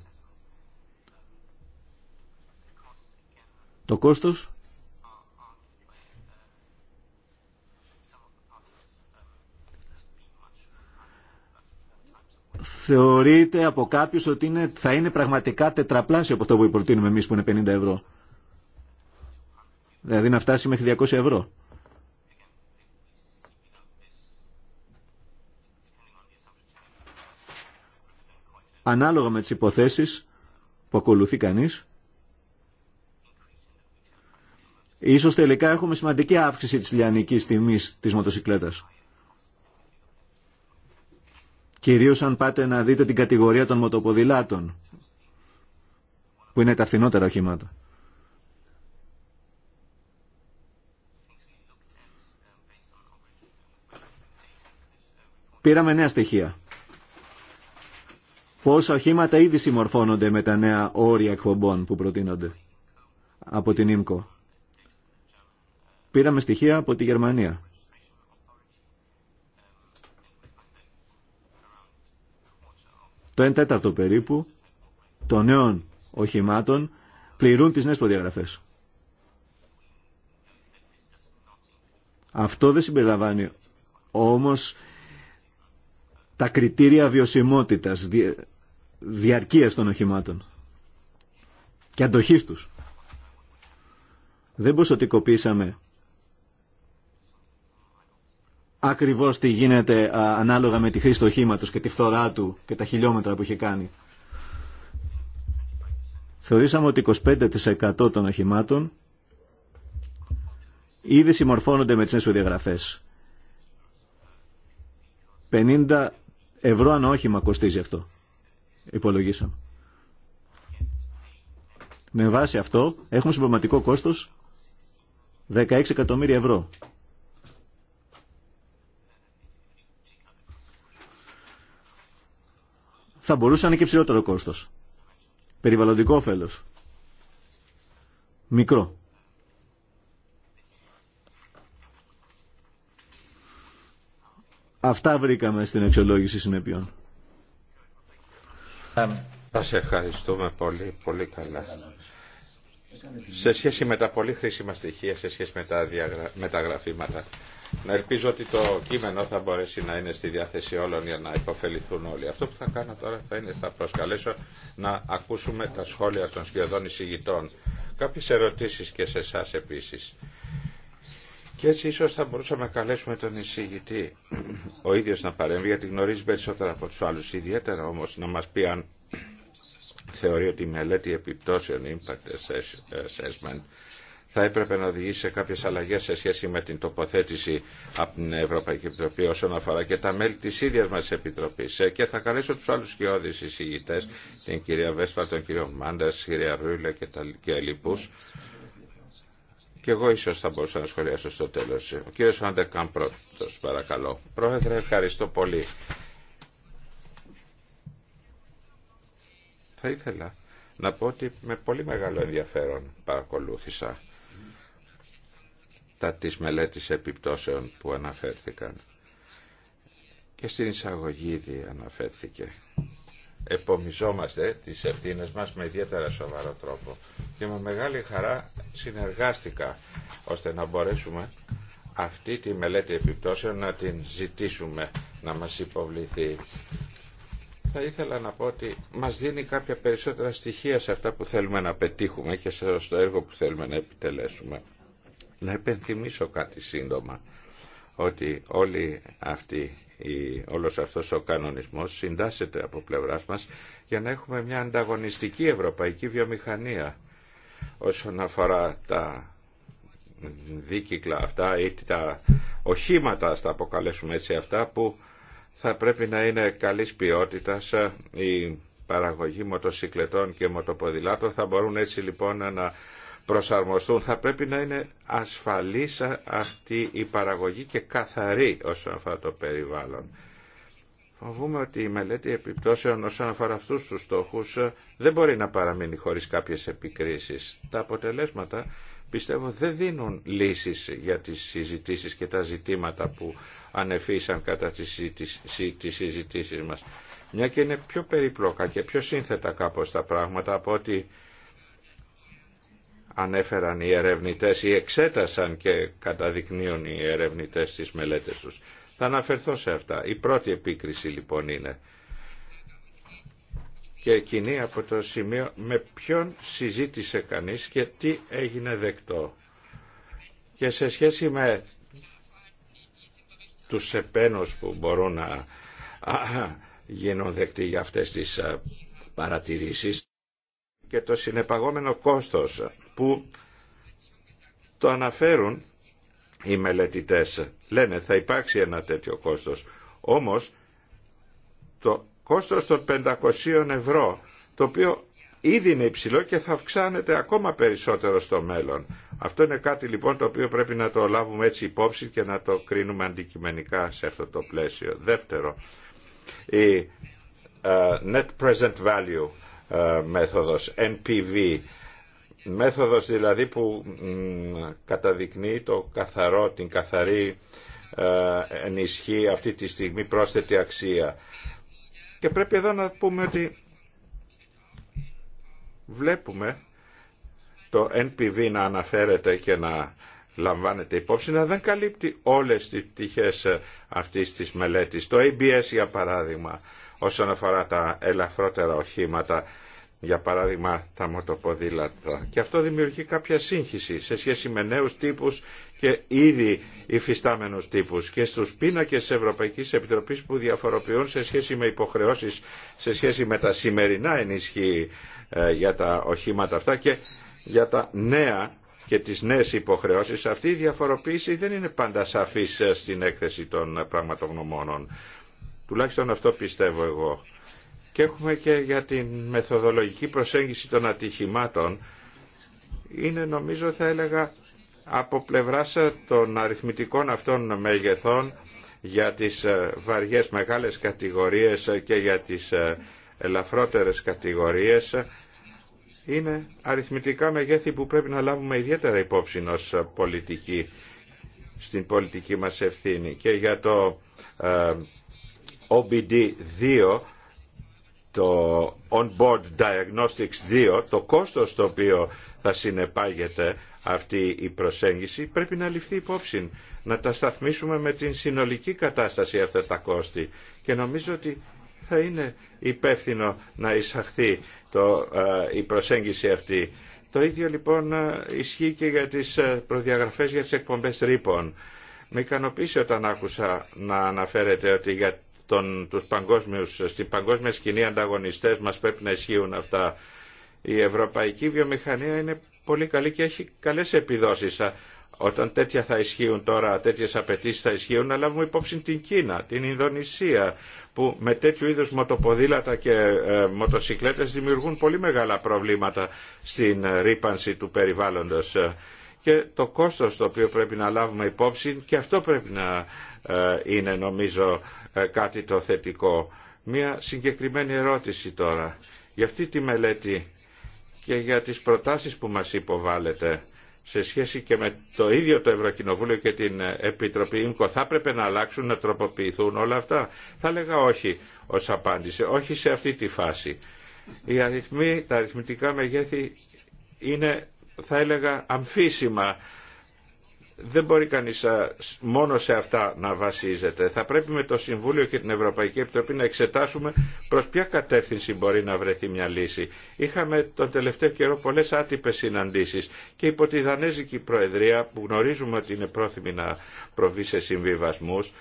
Το κόστος θεωρείται από κάποιους ότι είναι, θα είναι πραγματικά τετραπλάσιο από αυτό που υπολογίζουμε εμείς που είναι 50 ευρώ. Δηλαδή να φτάσει μέχρι 200 ευρώ. Ανάλογα με τις υποθέσεις που ακολουθεί κανείς, Ίσως τελικά έχουμε σημαντική αύξηση της λιανικής τιμής της μοτοσυκλέτας. Κυρίως αν πάτε να δείτε την κατηγορία των μοτοποδηλάτων, που είναι τα φθηνότερα οχήματα. Πήραμε νέα στοιχεία. Πόσα οχήματα ήδη συμμορφώνονται με τα νέα όρια εκπομπών που προτείνονται από την ΙΜΚΟ. Πήραμε στοιχεία από τη Γερμανία. Το 1 τέταρτο περίπου των νέων οχημάτων πληρούν τις νέες προδιαγραφές. Αυτό δεν συμπεριλαμβάνει όμως τα κριτήρια βιωσιμότητας, διαρκείας των οχημάτων και αντοχής τους. Δεν ποσοτικοποίησαμε ακριβώς τι γίνεται ανάλογα με τη χρήση του οχήματος και τη φθορά του και τα χιλιόμετρα που είχε κάνει. Θεωρήσαμε ότι 25% των οχημάτων ήδη συμμορφώνονται με τις νέες διαγραφές. 50 ευρώ αν όχημα κοστίζει αυτό. Υπολογίσαμε. Με βάση αυτό έχουμε συμπληρωματικό κόστος 16 εκατομμύρια ευρώ θα μπορούσε να είναι και ψηλότερο κόστο. Περιβαλλοντικό όφελο. Μικρό. Αυτά βρήκαμε στην αξιολόγηση συνεπειών. Σα ευχαριστούμε πολύ, πολύ καλά. Σε σχέση με τα πολύ χρήσιμα στοιχεία, σε σχέση με τα, διαγρα... με τα γραφήματα, να ελπίζω ότι το κείμενο θα μπορέσει να είναι στη διάθεση όλων για να υποφεληθούν όλοι. Αυτό που θα κάνω τώρα θα είναι θα προσκαλέσω να ακούσουμε τα σχόλια των σχεδόν εισηγητών. Κάποιες ερωτήσεις και σε εσά επίσης. Και έτσι ίσως θα μπορούσαμε να καλέσουμε τον εισηγητή ο ίδιος να παρέμβει γιατί γνωρίζει περισσότερα από τους άλλους. Ιδιαίτερα όμως να μας πει αν θεωρεί ότι η μελέτη επιπτώσεων, impact assessment, θα έπρεπε να οδηγήσει σε κάποιες αλλαγές σε σχέση με την τοποθέτηση από την Ευρωπαϊκή Επιτροπή όσον αφορά και τα μέλη της ίδιας μας Επιτροπής. Ε, και θα καλέσω τους άλλους σκιώδεις εισηγητές, την κυρία Βέσφα, τον κύριο Μάντας, την κυρία Ρούλα και, τα, και Και εγώ ίσω θα μπορούσα να σχολιάσω στο τέλο. Ο κύριο Φάντερ πρώτο παρακαλώ. Πρόεδρε, ευχαριστώ πολύ. Θα ήθελα να πω ότι με πολύ μεγάλο ενδιαφέρον παρακολούθησα τα της μελέτης επιπτώσεων που αναφέρθηκαν. Και στην εισαγωγή ήδη αναφέρθηκε. Επομιζόμαστε τις ευθύνε μας με ιδιαίτερα σοβαρό τρόπο και με μεγάλη χαρά συνεργάστηκα ώστε να μπορέσουμε αυτή τη μελέτη επιπτώσεων να την ζητήσουμε να μας υποβληθεί. Θα ήθελα να πω ότι μας δίνει κάποια περισσότερα στοιχεία σε αυτά που θέλουμε να πετύχουμε και στο έργο που θέλουμε να επιτελέσουμε. Να επενθυμίσω κάτι σύντομα, ότι όλη αυτή η, όλος αυτός ο κανονισμός συντάσσεται από πλευράς μας για να έχουμε μια ανταγωνιστική ευρωπαϊκή βιομηχανία όσον αφορά τα δίκυκλα αυτά ή τα οχήματα, στα αποκαλέσουμε έτσι αυτά, που θα πρέπει να είναι καλής ποιότητας ε, η παραγωγή μοτοσυκλετών και μοτοποδηλάτων. Θα μπορούν έτσι λοιπόν να προσαρμοστούν. Θα πρέπει να είναι ασφαλής αυτή η παραγωγή και καθαρή όσον αφορά το περιβάλλον. Φοβούμαι ότι η μελέτη επιπτώσεων όσον αφορά αυτούς τους στόχους ε, δεν μπορεί να παραμείνει χωρίς κάποιες επικρίσεις. Τα αποτελέσματα πιστεύω δεν δίνουν λύσεις για τις συζητήσεις και τα ζητήματα που ανεφίσαν κατά τις συζητήσεις μας. Μια και είναι πιο περιπλόκα και πιο σύνθετα κάπως τα πράγματα από ότι ανέφεραν οι ερευνητές ή εξέτασαν και καταδεικνύουν οι ερευνητές στις μελέτες τους. Θα αναφερθώ σε αυτά. Η πρώτη επίκριση λοιπόν είναι και εκείνη από το σημείο με ποιον συζήτησε κανείς και τι έγινε δεκτό. Και σε σχέση με τους επένους που μπορούν να γίνουν δεκτοί για αυτές τις παρατηρήσεις και το συνεπαγόμενο κόστος που το αναφέρουν οι μελετητές. Λένε θα υπάρξει ένα τέτοιο κόστος. Όμως το κόστος των 500 ευρώ το οποίο ήδη είναι υψηλό και θα αυξάνεται ακόμα περισσότερο στο μέλλον. Αυτό είναι κάτι λοιπόν το οποίο πρέπει να το λάβουμε έτσι υπόψη και να το κρίνουμε αντικειμενικά σε αυτό το πλαίσιο. Δεύτερο, η ε, Net Present Value uh, μέθοδος, NPV, μέθοδος δηλαδή που καταδεικνύει το καθαρό, την καθαρή ε, ενισχύ αυτή τη στιγμή πρόσθετη αξία. Και πρέπει εδώ να πούμε ότι βλέπουμε το NPV να αναφέρεται και να λαμβάνεται υπόψη να δεν καλύπτει όλες τις πτυχές αυτής της μελέτης. Το ABS για παράδειγμα όσον αφορά τα ελαφρότερα οχήματα για παράδειγμα τα μοτοποδήλατα. Και αυτό δημιουργεί κάποια σύγχυση σε σχέση με νέους τύπους και ήδη υφιστάμενους τύπους και στους πίνακες της Ευρωπαϊκής Επιτροπής που διαφοροποιούν σε σχέση με υποχρεώσεις, σε σχέση με τα σημερινά ενισχύει ε, για τα οχήματα αυτά και για τα νέα και τις νέες υποχρεώσεις. Αυτή η διαφοροποίηση δεν είναι πάντα σαφής ε, στην έκθεση των πραγματογνωμόνων. Τουλάχιστον αυτό πιστεύω εγώ και έχουμε και για την μεθοδολογική προσέγγιση των ατυχημάτων είναι νομίζω θα έλεγα από πλευράς των αριθμητικών αυτών μεγεθών για τις ε, βαριές μεγάλες κατηγορίες και για τις ε, ελαφρότερες κατηγορίες είναι αριθμητικά μεγέθη που πρέπει να λάβουμε ιδιαίτερα υπόψη ως πολιτική στην πολιτική μας ευθύνη και για το OBD2 ε, το on diagnostics 2, το κόστος το οποίο θα συνεπάγεται αυτή η προσέγγιση πρέπει να ληφθεί υπόψη, να τα σταθμίσουμε με την συνολική κατάσταση αυτά τα κόστη και νομίζω ότι θα είναι υπεύθυνο να εισαχθεί το, ε, η προσέγγιση αυτή. Το ίδιο λοιπόν ε, ισχύει και για τις ε, προδιαγραφές για τις εκπομπές ρήπων. Με ικανοποίησε όταν άκουσα να αναφέρεται ότι για τον, τους παγκόσμιους, στην παγκόσμια σκηνή ανταγωνιστές μας πρέπει να ισχύουν αυτά. Η ευρωπαϊκή βιομηχανία είναι πολύ καλή και έχει καλές επιδόσεις. Όταν τέτοια θα ισχύουν τώρα, τέτοιες απαιτήσει θα ισχύουν, να λάβουμε υπόψη την Κίνα, την Ινδονησία, που με τέτοιου είδους μοτοποδήλατα και ε, μοτοσυκλέτες δημιουργούν πολύ μεγάλα προβλήματα στην ρήπανση του περιβάλλοντος και το κόστος το οποίο πρέπει να λάβουμε υπόψη και αυτό πρέπει να ε, είναι νομίζω ε, κάτι το θετικό. Μία συγκεκριμένη ερώτηση τώρα. Για αυτή τη μελέτη και για τις προτάσεις που μας υποβάλλετε σε σχέση και με το ίδιο το Ευρωκοινοβούλιο και την ε, Επιτροπή ΙΜΚΟ θα έπρεπε να αλλάξουν, να τροποποιηθούν όλα αυτά. Θα λέγα όχι ως απάντηση, όχι σε αυτή τη φάση. Οι αριθμοί, τα αριθμητικά μεγέθη είναι θα έλεγα αμφίσιμα. Δεν μπορεί κανείς μόνο σε αυτά να βασίζεται. Θα πρέπει με το Συμβούλιο και την Ευρωπαϊκή Επιτροπή να εξετάσουμε προς ποια κατεύθυνση μπορεί να βρεθεί μια λύση. Είχαμε τον τελευταίο καιρό πολλές άτυπες συναντήσεις και υπό τη Δανέζικη Προεδρία που γνωρίζουμε ότι είναι πρόθυμη να προβεί σε συμβιβασμούς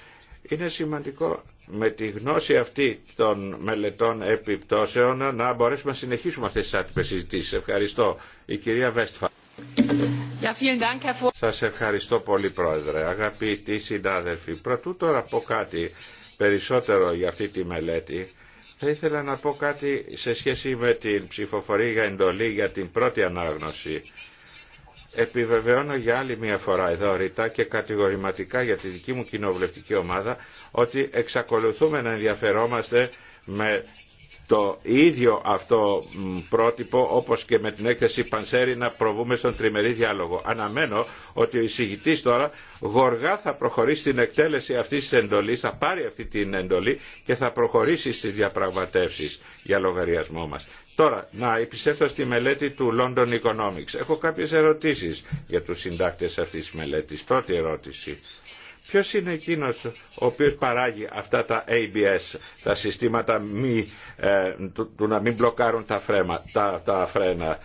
είναι σημαντικό με τη γνώση αυτή των μελετών επιπτώσεων να μπορέσουμε να συνεχίσουμε αυτές τις άτυπες συζητήσεις. Ευχαριστώ. Η κυρία Βέστφα. Σας ευχαριστώ πολύ Πρόεδρε. Αγαπητοί συνάδελφοι, πρωτού τώρα πω κάτι περισσότερο για αυτή τη μελέτη. Θα ήθελα να πω κάτι σε σχέση με την ψηφοφορία για εντολή για την πρώτη ανάγνωση. Επιβεβαιώνω για άλλη μια φορά εδώ ρητά και κατηγορηματικά για τη δική μου κοινοβουλευτική ομάδα ότι εξακολουθούμε να ενδιαφερόμαστε με το ίδιο αυτό πρότυπο όπως και με την έκθεση Πανσέρι να προβούμε στον τριμερή διάλογο. Αναμένω ότι ο εισηγητής τώρα γοργά θα προχωρήσει στην εκτέλεση αυτής της εντολής, θα πάρει αυτή την εντολή και θα προχωρήσει στις διαπραγματεύσεις για λογαριασμό μας. Τώρα, να επισέλθω στη μελέτη του London Economics. Έχω κάποιες ερωτήσεις για τους συντάκτες αυτής της μελέτης. Πρώτη ερώτηση. Ποιος είναι εκείνος ο οποίος παράγει αυτά τα ABS, τα συστήματα μη, ε, του, να μην μπλοκάρουν τα, φρέμα, τα, τα φρένα.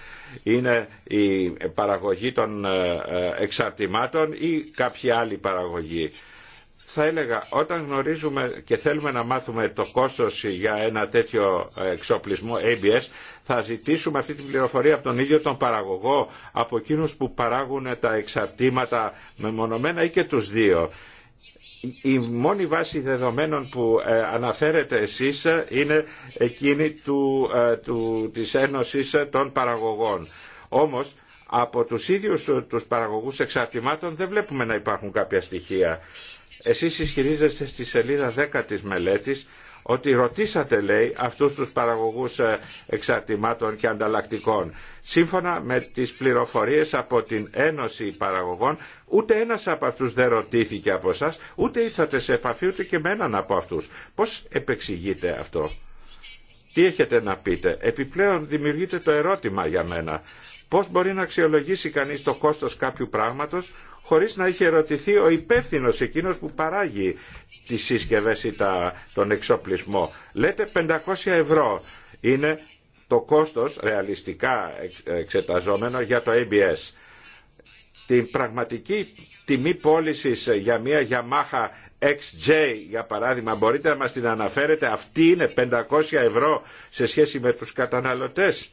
Είναι η παραγωγή των ε, ε, εξαρτημάτων ή κάποια άλλη παραγωγή θα έλεγα όταν γνωρίζουμε και θέλουμε να μάθουμε το κόστος για ένα τέτοιο εξοπλισμό ABS θα ζητήσουμε αυτή την πληροφορία από τον ίδιο τον παραγωγό, από εκείνους που παράγουν τα εξαρτήματα μεμονωμένα ή και τους δύο. Η μόνη βάση δεδομένων που ε, αναφέρετε εσείς είναι εκείνη του, ε, του, της Ένωσης των Παραγωγών. Όμως από τους ίδιους τους παραγωγούς εξαρτημάτων δεν βλέπουμε να υπάρχουν κάποια στοιχεία. Εσείς ισχυρίζεστε στη σελίδα 10 της μελέτης ότι ρωτήσατε λέει αυτούς τους παραγωγούς ε, εξαρτημάτων και ανταλλακτικών. Σύμφωνα με τις πληροφορίες από την Ένωση Παραγωγών, ούτε ένας από αυτούς δεν ρωτήθηκε από εσά, ούτε ήρθατε σε επαφή ούτε και με έναν από αυτούς. Πώς επεξηγείτε αυτό. Τι έχετε να πείτε. Επιπλέον δημιουργείται το ερώτημα για μένα. Πώς μπορεί να αξιολογήσει κανείς το κόστος κάποιου πράγματος χωρίς να είχε ερωτηθεί ο υπεύθυνο εκείνος που παράγει τις συσκευές ή τον εξοπλισμό. Λέτε 500 ευρώ είναι το κόστος ρεαλιστικά εξεταζόμενο για το ABS. Την πραγματική τιμή πώλησης για μια Yamaha XJ για παράδειγμα μπορείτε να μας την αναφέρετε αυτή είναι 500 ευρώ σε σχέση με τους καταναλωτές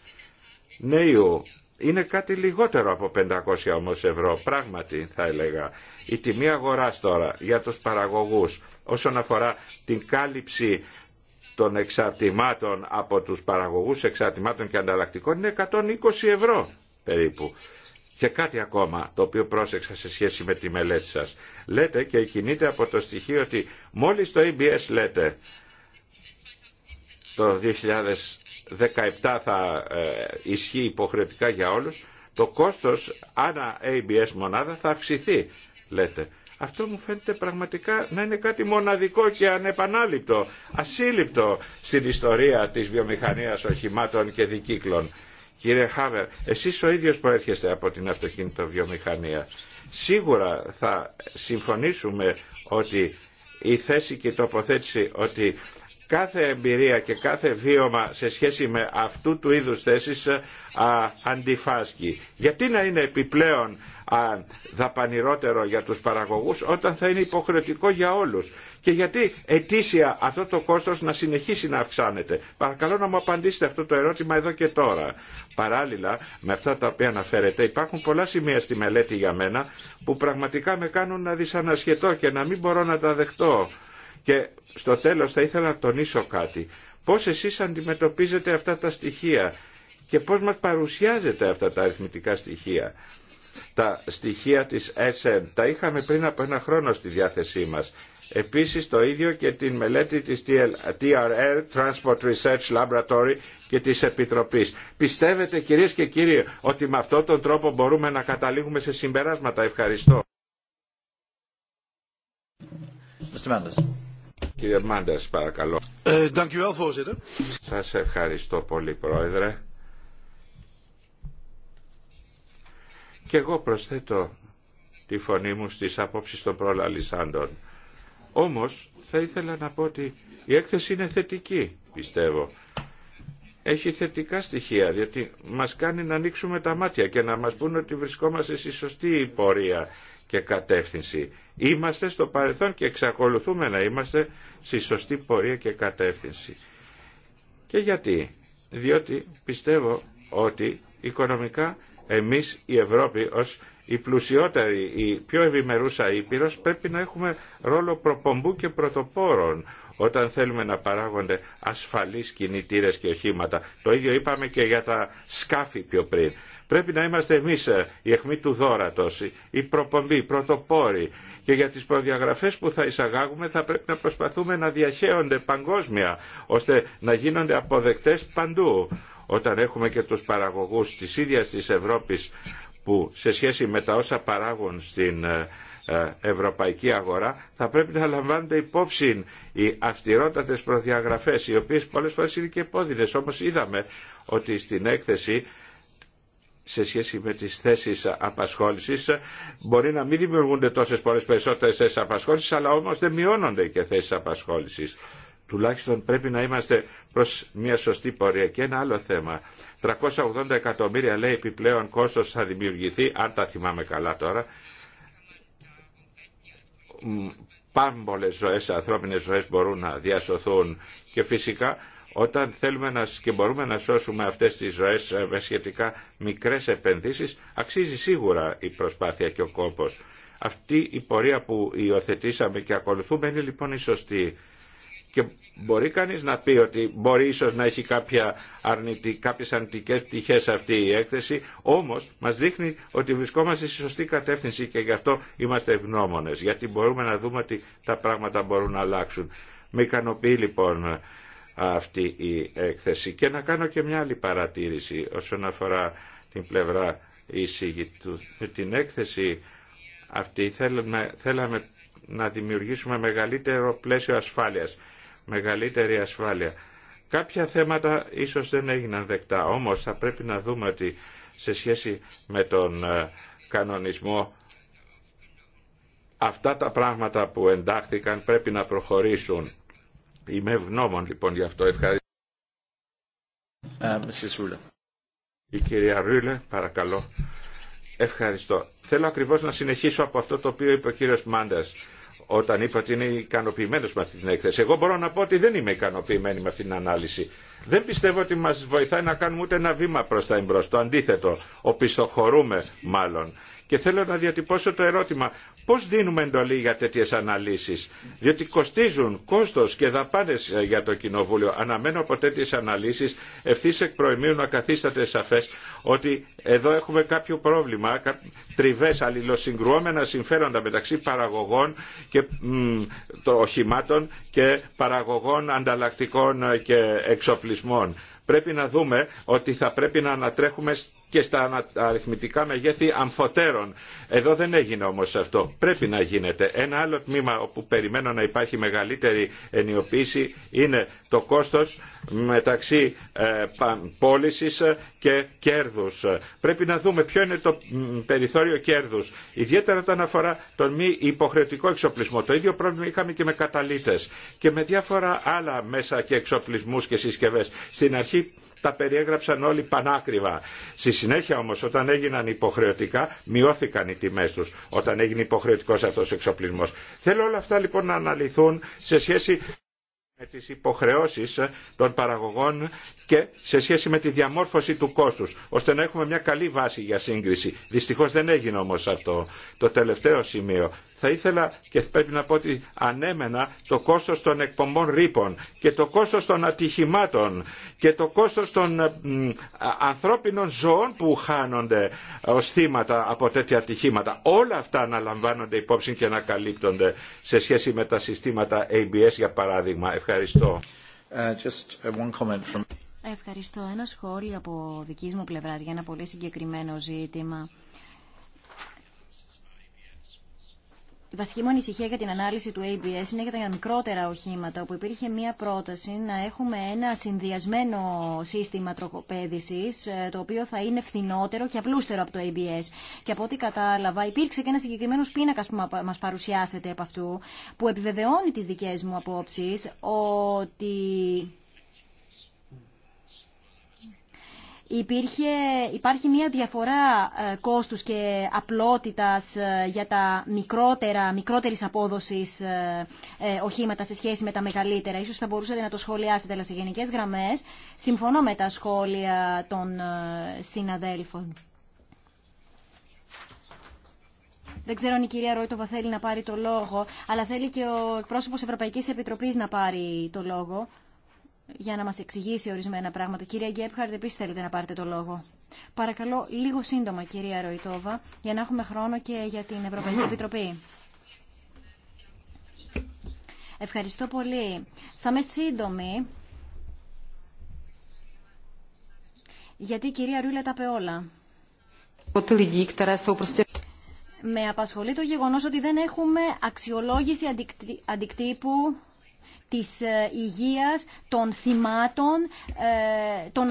νέου είναι κάτι λιγότερο από 500 όμω ευρώ, πράγματι θα έλεγα. Η τιμή αγοράς τώρα για τους παραγωγούς όσον αφορά την κάλυψη των εξαρτημάτων από τους παραγωγούς εξαρτημάτων και ανταλλακτικών είναι 120 ευρώ περίπου. Και κάτι ακόμα το οποίο πρόσεξα σε σχέση με τη μελέτη σας. Λέτε και κινείται από το στοιχείο ότι μόλις το EBS λέτε το 17 θα ε, ισχύει υποχρεωτικά για όλους, το κόστος ανά ABS μονάδα θα αυξηθεί, λέτε. Αυτό μου φαίνεται πραγματικά να είναι κάτι μοναδικό και ανεπανάληπτο, ασύλληπτο στην ιστορία της βιομηχανίας οχημάτων και δικύκλων. Κύριε Χάβερ, εσείς ο ίδιος προέρχεστε από την αυτοκίνητο βιομηχανία. Σίγουρα θα συμφωνήσουμε ότι η θέση και η τοποθέτηση ότι κάθε εμπειρία και κάθε βίωμα σε σχέση με αυτού του είδους θέσεις α, αντιφάσκει. Γιατί να είναι επιπλέον α, δαπανηρότερο για τους παραγωγούς όταν θα είναι υποχρεωτικό για όλους. Και γιατί ετήσια αυτό το κόστος να συνεχίσει να αυξάνεται. Παρακαλώ να μου απαντήσετε αυτό το ερώτημα εδώ και τώρα. Παράλληλα με αυτά τα οποία αναφέρετε υπάρχουν πολλά σημεία στη μελέτη για μένα που πραγματικά με κάνουν να δυσανασχετώ και να μην μπορώ να τα δεχτώ και στο τέλος θα ήθελα να τονίσω κάτι. Πώς εσείς αντιμετωπίζετε αυτά τα στοιχεία και πώς μας παρουσιάζετε αυτά τα αριθμητικά στοιχεία. Τα στοιχεία της SM τα είχαμε πριν από ένα χρόνο στη διάθεσή μας. Επίσης το ίδιο και την μελέτη της TRR, Transport Research Laboratory και της Επιτροπής. Πιστεύετε κυρίες και κύριοι ότι με αυτόν τον τρόπο μπορούμε να καταλήγουμε σε συμπεράσματα. Ευχαριστώ. Κύριε παρακαλώ. Σα ε, Σας ευχαριστώ πολύ, Πρόεδρε. Και εγώ προσθέτω τη φωνή μου στις απόψεις των προλαλισάντων. Όμως, θα ήθελα να πω ότι η έκθεση είναι θετική, πιστεύω. Έχει θετικά στοιχεία, διότι μας κάνει να ανοίξουμε τα μάτια και να μας πούν ότι βρισκόμαστε στη σωστή πορεία και κατεύθυνση. Είμαστε στο παρελθόν και εξακολουθούμε να είμαστε στη σωστή πορεία και κατεύθυνση. Και γιατί. Διότι πιστεύω ότι οικονομικά εμείς η Ευρώπη ως η πλουσιότερη, η πιο ευημερούσα Ήπειρος πρέπει να έχουμε ρόλο προπομπού και πρωτοπόρων όταν θέλουμε να παράγονται ασφαλείς κινητήρες και οχήματα. Το ίδιο είπαμε και για τα σκάφη πιο πριν. Πρέπει να είμαστε εμείς ε, η αιχμοί του δόρατος, η προπομπή, οι πρωτοπόροι και για τις προδιαγραφές που θα εισαγάγουμε θα πρέπει να προσπαθούμε να διαχέονται παγκόσμια ώστε να γίνονται αποδεκτές παντού. Όταν έχουμε και τους παραγωγούς της ίδιας της Ευρώπης που σε σχέση με τα όσα παράγουν στην ε, ε, ευρωπαϊκή αγορά θα πρέπει να λαμβάνονται υπόψη οι αυστηρότατες προδιαγραφές οι οποίες πολλές φορές είναι και επώδυνες. Όμως είδαμε ότι στην έκθεση σε σχέση με τις θέσεις απασχόλησης μπορεί να μην δημιουργούνται τόσες πολλές περισσότερες θέσεις απασχόλησης αλλά όμως δεν μειώνονται και θέσεις απασχόλησης. Τουλάχιστον πρέπει να είμαστε προς μια σωστή πορεία. Και ένα άλλο θέμα. 380 εκατομμύρια λέει επιπλέον κόστος θα δημιουργηθεί, αν τα θυμάμαι καλά τώρα, πάμπολες ζωές, ανθρώπινες ζωές μπορούν να διασωθούν και φυσικά όταν θέλουμε να, και μπορούμε να σώσουμε αυτές τις ζωές ε, με σχετικά μικρές επενδύσεις, αξίζει σίγουρα η προσπάθεια και ο κόπος. Αυτή η πορεία που υιοθετήσαμε και ακολουθούμε είναι λοιπόν η σωστή. Και μπορεί κανείς να πει ότι μπορεί ίσως να έχει κάποια αρνητή, κάποιες αρνητικές πτυχές αυτή η έκθεση, όμως μας δείχνει ότι βρισκόμαστε στη σωστή κατεύθυνση και γι' αυτό είμαστε ευγνώμονες, γιατί μπορούμε να δούμε ότι τα πράγματα μπορούν να αλλάξουν. Με ικανοποιεί λοιπόν αυτή η έκθεση. Και να κάνω και μια άλλη παρατήρηση όσον αφορά την πλευρά εισηγητού. Την έκθεση αυτή θέλαμε, θέλαμε να δημιουργήσουμε μεγαλύτερο πλαίσιο ασφάλειας, μεγαλύτερη ασφάλεια. Κάποια θέματα ίσως δεν έγιναν δεκτά, όμως θα πρέπει να δούμε ότι σε σχέση με τον ε, κανονισμό αυτά τα πράγματα που εντάχθηκαν πρέπει να προχωρήσουν Είμαι ευγνώμων λοιπόν γι' αυτό. Ευχαριστώ. Ε, Η κυρία Ρούλε, παρακαλώ. Ευχαριστώ. Θέλω ακριβώ να συνεχίσω από αυτό το οποίο είπε ο κύριο Μάντα, όταν είπε ότι είναι ικανοποιημένο με αυτή την έκθεση. Εγώ μπορώ να πω ότι δεν είμαι ικανοποιημένη με αυτή την ανάλυση. Δεν πιστεύω ότι μα βοηθάει να κάνουμε ούτε ένα βήμα προ τα εμπρό. Το αντίθετο, οπισθοχωρούμε μάλλον. Και θέλω να διατυπώσω το ερώτημα, Πώς δίνουμε εντολή για τέτοιες αναλύσεις, διότι κοστίζουν κόστος και δαπάνες ε, για το Κοινοβούλιο. Αναμένω από τέτοιες αναλύσεις ευθύ εκ προημίου να καθίσταται σαφές ότι εδώ έχουμε κάποιο πρόβλημα, τριβές αλληλοσυγκρουόμενα συμφέροντα μεταξύ παραγωγών και το οχημάτων και παραγωγών ανταλλακτικών ε, και εξοπλισμών πρέπει να δούμε ότι θα πρέπει να ανατρέχουμε και στα αριθμητικά μεγέθη αμφωτέρων. Εδώ δεν έγινε όμως αυτό. Πρέπει να γίνεται. Ένα άλλο τμήμα όπου περιμένω να υπάρχει μεγαλύτερη ενιοποίηση είναι το κόστος μεταξύ ε, πώλησης ε, και κέρδους. Πρέπει να δούμε ποιο είναι το περιθώριο κέρδους, ιδιαίτερα όταν αφορά τον μη υποχρεωτικό εξοπλισμό. Το ίδιο πρόβλημα είχαμε και με καταλήτες και με διάφορα άλλα μέσα και εξοπλισμούς και συσκευές. Στην αρχή τα περιέγραψαν όλοι πανάκριβα. Στη συνέχεια όμως όταν έγιναν υποχρεωτικά μειώθηκαν οι τιμές τους όταν έγινε υποχρεωτικός αυτός ο εξοπλισμός. Θέλω όλα αυτά λοιπόν να αναλυθούν σε σχέση με τις υποχρεώσεις των παραγωγών και σε σχέση με τη διαμόρφωση του κόστους, ώστε να έχουμε μια καλή βάση για σύγκριση. Δυστυχώς δεν έγινε όμως αυτό. Το τελευταίο σημείο. Θα ήθελα και πρέπει να πω ότι ανέμενα το κόστος των εκπομπών ρήπων και το κόστος των ατυχημάτων και το κόστος των ε, ανθρώπινων ζωών που χάνονται ως θύματα από τέτοια ατυχήματα. Όλα αυτά να λαμβάνονται υπόψη και να καλύπτονται σε σχέση με τα συστήματα ABS για παράδειγμα. Uh, uh, Ευχαριστώ. Ένα σχόλιο από δική μου πλευρά για ένα πολύ συγκεκριμένο ζήτημα. Η βασική μου ανησυχία για την ανάλυση του ABS είναι για τα μικρότερα οχήματα, όπου υπήρχε μία πρόταση να έχουμε ένα συνδυασμένο σύστημα τροχοπαίδηση, ε, το οποίο θα είναι φθηνότερο και απλούστερο από το ABS. Και από ό,τι κατάλαβα, υπήρξε και ένα συγκεκριμένο πίνακα που μα παρουσιάσετε από αυτού, που επιβεβαιώνει τι δικέ μου απόψει ότι υπάρχει μια διαφορά ε, κόστους και απλότητας ε, για τα μικρότερα, μικρότερης απόδοσης ε, οχήματα σε σχέση με τα μεγαλύτερα. Ίσως θα μπορούσατε να το σχολιάσετε, αλλά σε γενικές γραμμές συμφωνώ με τα σχόλια των συναδέλφων. Δεν ξέρω αν η κυρία Ρόιτοβα θέλει να πάρει το λόγο, αλλά θέλει και ο πρόσωπος Ευρωπαϊκής Επιτροπής να πάρει το λόγο για να μας εξηγήσει ορισμένα πράγματα. Κυρία Γκέπχαρτ, επίσης θέλετε να πάρετε το λόγο. Παρακαλώ, λίγο σύντομα, κυρία Ροϊτόβα, για να έχουμε χρόνο και για την Ευρωπαϊκή Επιτροπή. Ευχαριστώ πολύ. Θα είμαι σύντομη, γιατί η κυρία Ρούλα τα πεόλα. Με απασχολεί το γεγονός ότι δεν έχουμε αξιολόγηση αντικτύπου της ε, υγείας των θυμάτων,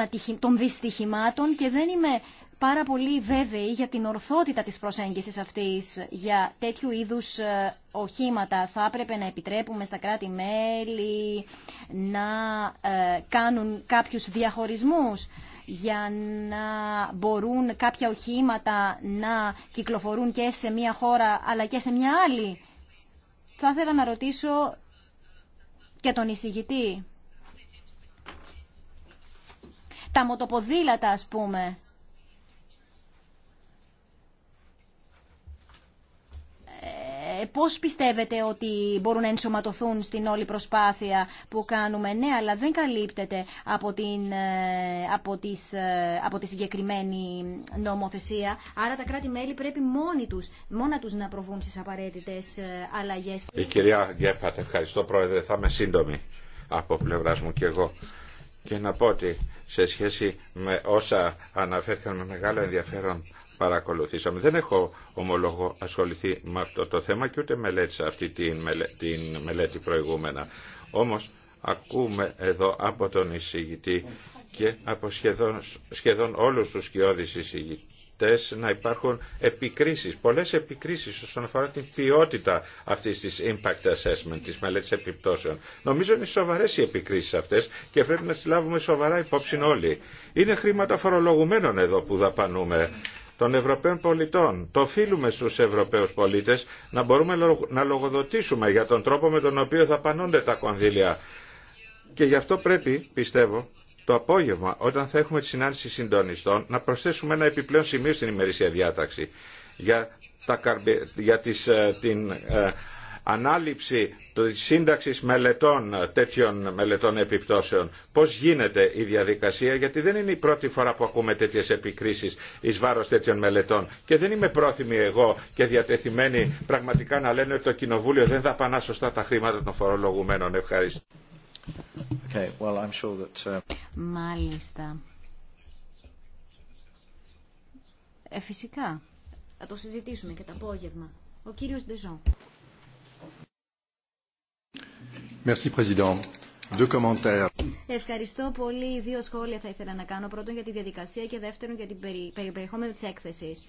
ε, των δυστυχημάτων και δεν είμαι πάρα πολύ βέβαιη για την ορθότητα της προσέγγισης αυτής για τέτοιου είδους ε, οχήματα. Θα έπρεπε να επιτρέπουμε στα κράτη-μέλη να κάνουν κάποιους διαχωρισμούς για να μπορούν κάποια οχήματα να κυκλοφορούν και σε μία χώρα αλλά και σε μία άλλη. Θα ήθελα να ρωτήσω και τον εισηγητή. Τα μοτοποδήλατα, ας πούμε, πώς πιστεύετε ότι μπορούν να ενσωματωθούν στην όλη προσπάθεια που κάνουμε. Ναι, αλλά δεν καλύπτεται από, την, ε, από, τις, ε, από τη συγκεκριμένη νομοθεσία. Άρα τα κράτη-μέλη πρέπει μόνοι τους, μόνα τους να προβούν στις απαραίτητες ε, αλλαγές. Η κυρία Γκέπατ, ευχαριστώ πρόεδρε, θα είμαι σύντομη από πλευρά μου και εγώ. Και να πω ότι σε σχέση με όσα αναφέρθηκαν με μεγάλο ενδιαφέρον παρακολουθήσαμε. Δεν έχω ομολογώ ασχοληθεί με αυτό το θέμα και ούτε μελέτησα αυτή τη μελέτη προηγούμενα. Όμως ακούμε εδώ από τον εισηγητή και από σχεδόν, σχεδόν όλους τους σκιώδεις εισηγητές να υπάρχουν επικρίσεις, πολλές επικρίσεις όσον αφορά την ποιότητα αυτής της impact assessment, της μελέτης επιπτώσεων. Νομίζω είναι σοβαρές οι επικρίσεις αυτές και πρέπει να τις λάβουμε σοβαρά υπόψη όλοι. Είναι χρήματα φορολογουμένων εδώ που δαπανούμε των Ευρωπαίων πολιτών. Το οφείλουμε στους Ευρωπαίους πολίτες να μπορούμε να λογοδοτήσουμε για τον τρόπο με τον οποίο θα πανώνται τα κονδύλια. Και γι' αυτό πρέπει, πιστεύω, το απόγευμα, όταν θα έχουμε τη συνάντηση συντονιστών, να προσθέσουμε ένα επιπλέον σημείο στην ημερήσια διάταξη για, τα, για τις, ε, την ε, ανάληψη της σύνταξης μελετών, τέτοιων μελετών επιπτώσεων. Πώς γίνεται η διαδικασία, γιατί δεν είναι η πρώτη φορά που ακούμε τέτοιες επικρίσεις εις βάρος τέτοιων μελετών. Και δεν είμαι πρόθυμη εγώ και διατεθειμένη πραγματικά να λένε ότι το Κοινοβούλιο δεν δαπανά σωστά τα χρήματα των φορολογουμένων. Ευχαριστώ. Okay, well, I'm sure that... Uh, Μάλιστα. Ε, φυσικά. Θα το συζητήσουμε και το απόγευμα. Ο κύριος Ντεζόν. Ευχαριστώ πολύ. Δύο σχόλια θα ήθελα να κάνω. Πρώτον για τη διαδικασία και δεύτερον για την περι... περιεχόμενο της έκθεσης.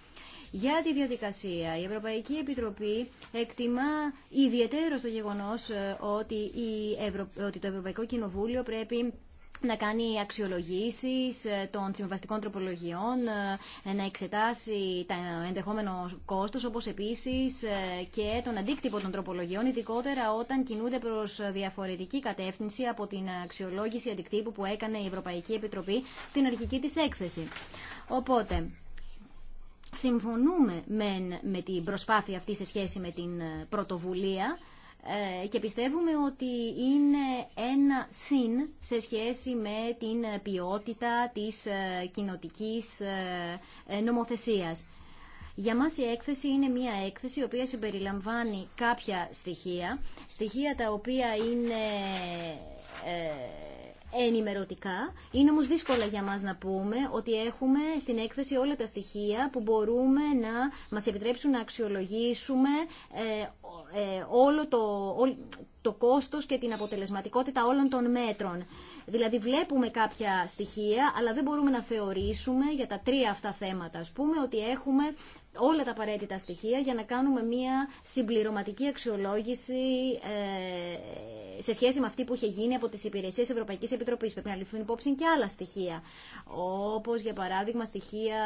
Για τη διαδικασία, η Ευρωπαϊκή Επιτροπή εκτιμά ιδιαίτερο το γεγονός ε, ότι, η Ευρω... ότι το Ευρωπαϊκό Κοινοβούλιο πρέπει να κάνει αξιολογήσεις ε, των συμβαστικών τροπολογιών, ε, να εξετάσει τα ενδεχόμενο κόστος, όπως επίσης ε, και τον αντίκτυπο των τροπολογιών, ειδικότερα όταν κινούνται προς διαφορετική κατεύθυνση από την αξιολόγηση αντικτύπου που έκανε η Ευρωπαϊκή Επιτροπή στην αρχική της έκθεση. Οπότε, συμφωνούμε με, με την προσπάθεια αυτή σε σχέση με την πρωτοβουλία, ε, και πιστεύουμε ότι είναι ένα συν σε σχέση με την ποιότητα της ε, κοινοτικής ε, νομοθεσίας. Για μας η έκθεση είναι μια έκθεση η οποία συμπεριλαμβάνει κάποια στοιχεία, στοιχεία τα οποία είναι ενημερωτικά. Είναι όμως δύσκολα για μας να πούμε ότι έχουμε στην έκθεση όλα τα στοιχεία που μπορούμε να μας επιτρέψουν να αξιολογήσουμε ε, ε, όλο το, το κόστος και την αποτελεσματικότητα όλων των μέτρων. Δηλαδή βλέπουμε κάποια στοιχεία, αλλά δεν μπορούμε να θεωρήσουμε για τα τρία αυτά θέματα, ας πούμε, ότι έχουμε όλα τα απαραίτητα στοιχεία για να κάνουμε μία συμπληρωματική αξιολόγηση ε, σε σχέση με αυτή που είχε γίνει από τις υπηρεσίες Ευρωπαϊκής Επιτροπής. Πρέπει να ληφθούν υπόψη και άλλα στοιχεία, όπως για παράδειγμα στοιχεία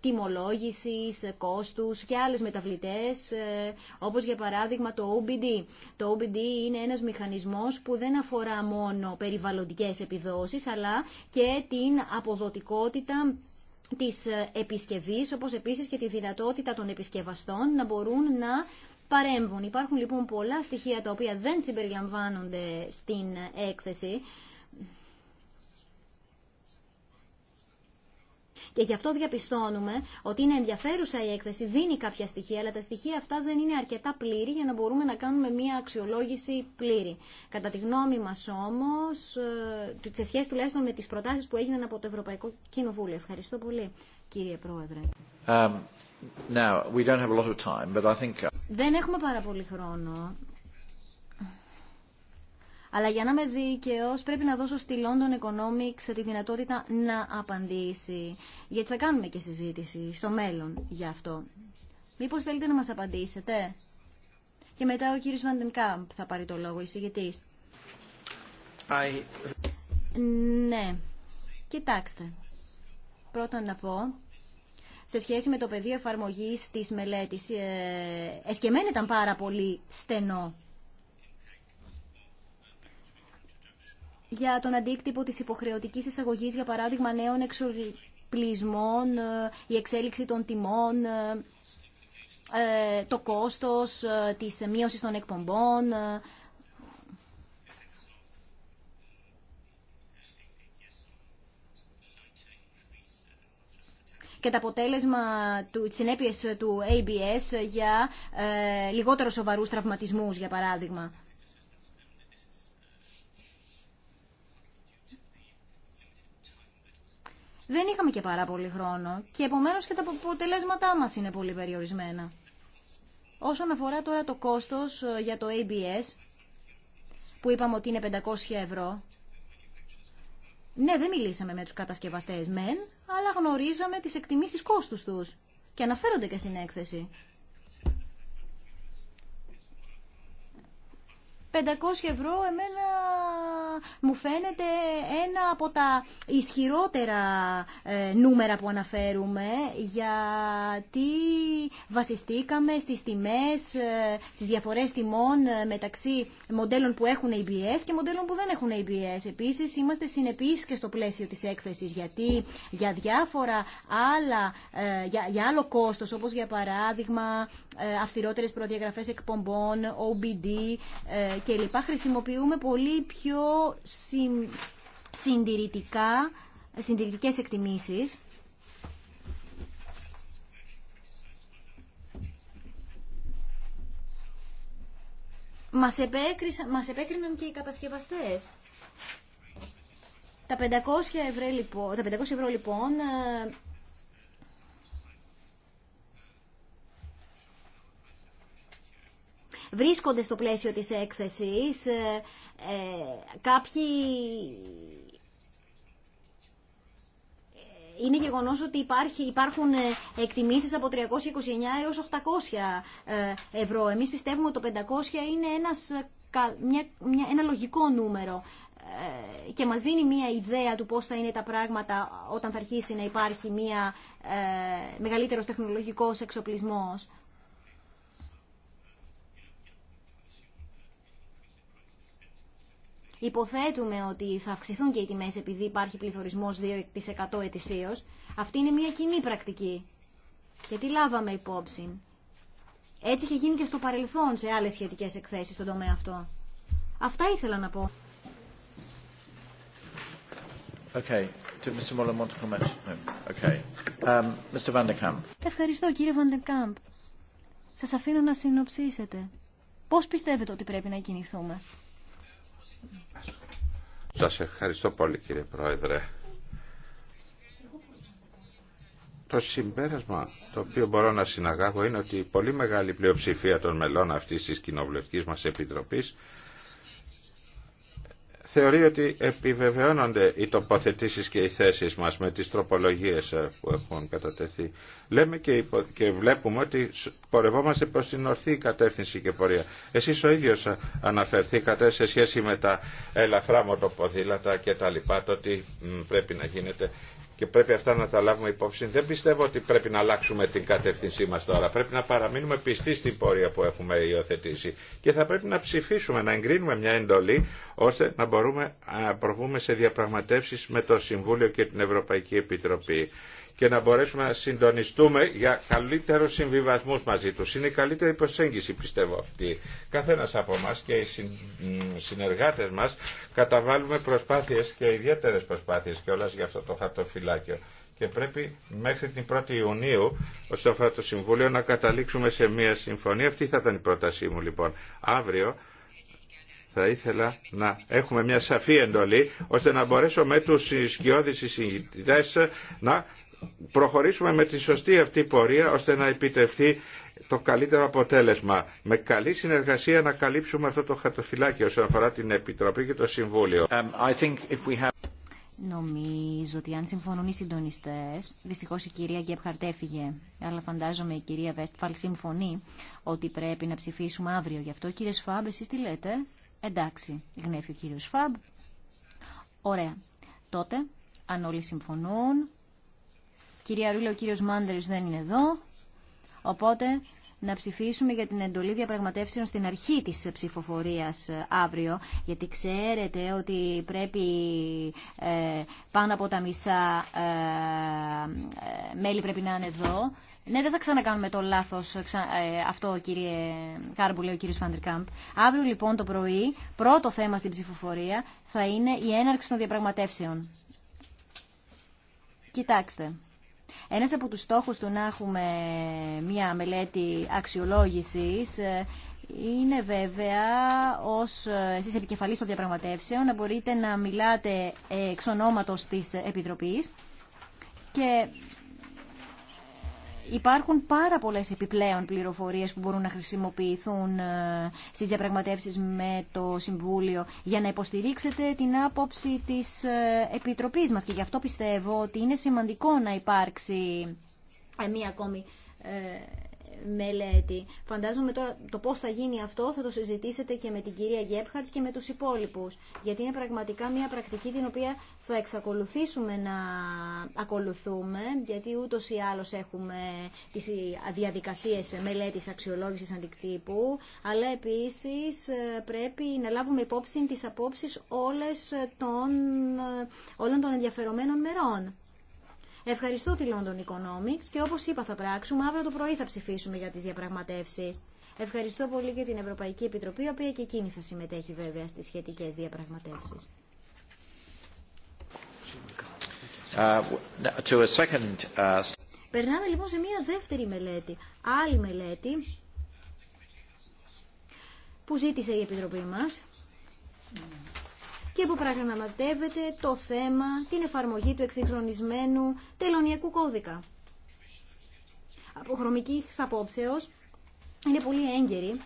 τιμολόγησης, κόστους και άλλες μεταβλητές, ε, όπως για παράδειγμα το OBD. Το OBD είναι ένας μηχανισμός που δεν αφορά μόνο περιβαλλοντικές επιδόσεις, αλλά και την αποδοτικότητα της ε, επισκευής, όπως επίσης και τη δυνατότητα των επισκευαστών να μπορούν να παρέμβουν. Υπάρχουν λοιπόν πολλά στοιχεία τα οποία δεν συμπεριλαμβάνονται στην έκθεση. Και γι' αυτό διαπιστώνουμε ότι είναι ενδιαφέρουσα η έκθεση, δίνει κάποια στοιχεία, αλλά τα στοιχεία αυτά δεν είναι αρκετά πλήρη για να μπορούμε να κάνουμε μια αξιολόγηση πλήρη. Κατά τη γνώμη μα όμω, ε, σε σχέση τουλάχιστον με τι προτάσει που έγιναν από το Ευρωπαϊκό Κοινοβούλιο. Ευχαριστώ πολύ, κύριε Πρόεδρε. Um, now, we don't have a lot of time, but I think... Uh, δεν έχουμε πάρα πολύ χρόνο, αλλά για να είμαι δίκαιο, πρέπει να δώσω στη London Economics τη δυνατότητα να απαντήσει. Γιατί θα κάνουμε και συζήτηση στο μέλλον για αυτό. Μήπω θέλετε να μα απαντήσετε. Και μετά ο κύριο Βαντενκάμπ θα πάρει το λόγο, εισηγητή. I... Ναι. Κοιτάξτε. Πρώτα να πω σε σχέση με το πεδίο εφαρμογής της μελέτης. Ε, πάρα πολύ στενό για τον αντίκτυπο της υποχρεωτικής εισαγωγής, για παράδειγμα, νέων εξοπλισμών, ε, η εξέλιξη των τιμών, ε, ε, το κόστος της μείωσης των εκπομπών. και τα αποτέλεσμα του συνέπειες του ABS για λιγότερο σοβαρούς τραυματισμούς, για παράδειγμα. δεν είχαμε και πάρα πολύ χρόνο και επομένως και τα αποτελέσματά μας είναι πολύ περιορισμένα. Όσον αφορά τώρα το κόστος ε, για το ABS, που είπαμε ότι είναι 500 ευρώ, ναι, δεν μιλήσαμε με τους κατασκευαστές μεν, αλλά γνωρίζαμε τις εκτιμήσεις κόστους τους και αναφέρονται και στην έκθεση. 500 ευρώ εμένα μου φαίνεται ένα από τα ισχυρότερα ε, νούμερα που αναφέρουμε γιατί βασιστήκαμε στις τιμές, ε, στις διαφορές τιμών ε, μεταξύ μοντέλων που έχουν ABS και μοντέλων που δεν έχουν ABS. Επίσης είμαστε συνεπείς και στο πλαίσιο της έκθεσης γιατί για διάφορα άλλα, για, για άλλο κόστος όπως για παράδειγμα αυστηρότερες προδιαγραφές εκπομπών, OBD και λοιπά χρησιμοποιούμε πολύ πιο συντηρητικά, συντηρητικές εκτιμήσεις. Μας, μας επέκριναν και οι κατασκευαστές. Τα 500 ευρώ λοιπόν, τα 500 ευρώ, λοιπόν ε, βρίσκονται στο πλαίσιο της έκθεσης. Ε, ε, κάποιοι ε, είναι γεγονός ότι υπάρχει, υπάρχουν εκτιμήσεις από 329 έως 800 ευρώ. Εμείς πιστεύουμε ότι το 500 είναι ένας, μια, μια, ένα λογικό νούμερο και μας δίνει μια ιδέα του πώς θα είναι τα πράγματα όταν θα αρχίσει να υπάρχει μια ε, μεγαλύτερος τεχνολογικός εξοπλισμός. Υποθέτουμε ότι θα αυξηθούν και οι τιμές επειδή υπάρχει πληθωρισμός 2% ετησίως. Αυτή είναι μια κοινή πρακτική και τι λάβαμε υπόψη. Έτσι είχε γίνει και στο παρελθόν σε άλλες σχετικές εκθέσεις στον τομέα αυτό. Αυτά ήθελα να πω. Okay. Okay. Um, Mr. Van Ευχαριστώ κύριε Βαντεκάμπ. Σας αφήνω να συνοψίσετε. Πώς πιστεύετε ότι πρέπει να κινηθούμε. Σας ευχαριστώ πολύ κύριε Πρόεδρε. Το συμπέρασμα το οποίο μπορώ να συναγάγω είναι ότι η πολύ μεγάλη πλειοψηφία των μελών αυτής της κοινοβουλευτικής μας επιτροπής θεωρεί ότι επιβεβαιώνονται οι τοποθετήσεις και οι θέσεις μας με τις τροπολογίες ε, που έχουν κατατεθεί. Λέμε και, βλέπουμε ότι πορευόμαστε προς την ορθή κατεύθυνση και πορεία. Εσείς ο ίδιος ε, αναφερθήκατε σε σχέση με τα ελαφρά μοτοποδήλατα και τα λοιπά, το τι πρέπει να γίνεται και πρέπει αυτά να τα λάβουμε υπόψη. Δεν πιστεύω ότι πρέπει να αλλάξουμε την κατεύθυνσή μα τώρα. Πρέπει να παραμείνουμε πιστοί στην πορεία που έχουμε υιοθετήσει και θα πρέπει να ψηφίσουμε, να εγκρίνουμε μια εντολή ώστε να μπορούμε να προβούμε σε διαπραγματεύσει με το Συμβούλιο και την Ευρωπαϊκή Επιτροπή και να μπορέσουμε να συντονιστούμε για καλύτερου συμβιβασμού μαζί του. Είναι η καλύτερη προσέγγιση, πιστεύω αυτή. Κάθε ένα από εμά και οι συνεργάτε μα καταβάλουμε προσπάθειε και ιδιαίτερε προσπάθειε όλα για αυτό το χαρτοφυλάκιο. Και πρέπει μέχρι την 1η Ιουνίου, ώστε αφορά το Συμβούλιο, να καταλήξουμε σε μια συμφωνία. Αυτή θα ήταν η πρότασή μου λοιπόν. Αύριο θα ήθελα να έχουμε μια σαφή εντολή ώστε να μπορέσω με τους σκιώδεις συζητητές να προχωρήσουμε με τη σωστή αυτή πορεία ώστε να επιτευχθεί το καλύτερο αποτέλεσμα. Με καλή συνεργασία να καλύψουμε αυτό το χατοφυλάκι όσον αφορά την Επιτροπή και το Συμβούλιο. Um, Νομίζω ότι αν συμφωνούν οι συντονιστέ, δυστυχώ η κυρία Γκέπχαρτ έφυγε, αλλά φαντάζομαι η κυρία Βέστφαλ συμφωνεί ότι πρέπει να ψηφίσουμε αύριο. Γι' αυτό κύριε Σφαμπ, εσεί τι λέτε. Εντάξει, γνέφει ο κύριο Σφαμπ. Ωραία. Τότε, αν όλοι συμφωνούν, Κυρία Ρούλα, ο κύριος Μάντερς δεν είναι εδώ, οπότε να ψηφίσουμε για την εντολή διαπραγματεύσεων στην αρχή της ψηφοφορίας ε, αύριο, γιατί ξέρετε ότι πρέπει ε, πάνω από τα μισά ε, ε, μέλη πρέπει να είναι εδώ. Ναι, δεν θα ξανακάνουμε το λάθος ε, αυτό, κύριε Κάρμπου, ο κύριος Φαντρικάμπ. Αύριο, λοιπόν, το πρωί, πρώτο θέμα στην ψηφοφορία θα είναι η έναρξη των διαπραγματεύσεων. Κοιτάξτε, ένας από τους στόχους του να έχουμε μια μελέτη αξιολόγησης ε, είναι βέβαια ως ε, εσείς επικεφαλής των διαπραγματεύσεων να μπορείτε να μιλάτε εξ ονόματος της Επιτροπής και Υπάρχουν πάρα πολλές επιπλέον πληροφορίες που μπορούν να χρησιμοποιηθούν ε, στις διαπραγματεύσεις με το Συμβούλιο για να υποστηρίξετε την άποψη της ε, Επιτροπής μας και γι' αυτό πιστεύω ότι είναι σημαντικό να υπάρξει ε, μία ακόμη μελέτη. Φαντάζομαι τώρα το πώς θα γίνει αυτό θα το συζητήσετε και με την κυρία Γκέπχαρτ και με τους υπόλοιπους. Γιατί είναι πραγματικά μια πρακτική την οποία θα εξακολουθήσουμε να ακολουθούμε, γιατί ούτως ή άλλως έχουμε τις διαδικασίες μελέτης αξιολόγησης αντικτύπου, αλλά επίσης ε, πρέπει να λάβουμε υπόψη τις απόψεις όλες των, ε, όλων των ενδιαφερομένων μερών. Ευχαριστώ τη London Economics και όπως είπα θα πράξουμε, αύριο το πρωί θα ψηφίσουμε για τις διαπραγματεύσεις. Ευχαριστώ πολύ και την Ευρωπαϊκή Επιτροπή, η οποία και εκείνη θα συμμετέχει βέβαια στις σχετικές διαπραγματεύσεις. Uh, second, uh, Περνάμε λοιπόν σε μια δεύτερη μελέτη, άλλη μελέτη που ζήτησε η Επιτροπή μας και που πραγματεύεται το θέμα, την εφαρμογή του εξυγχρονισμένου τελωνιακού κώδικα. Από χρωμική απόψεως, είναι πολύ έγκαιρη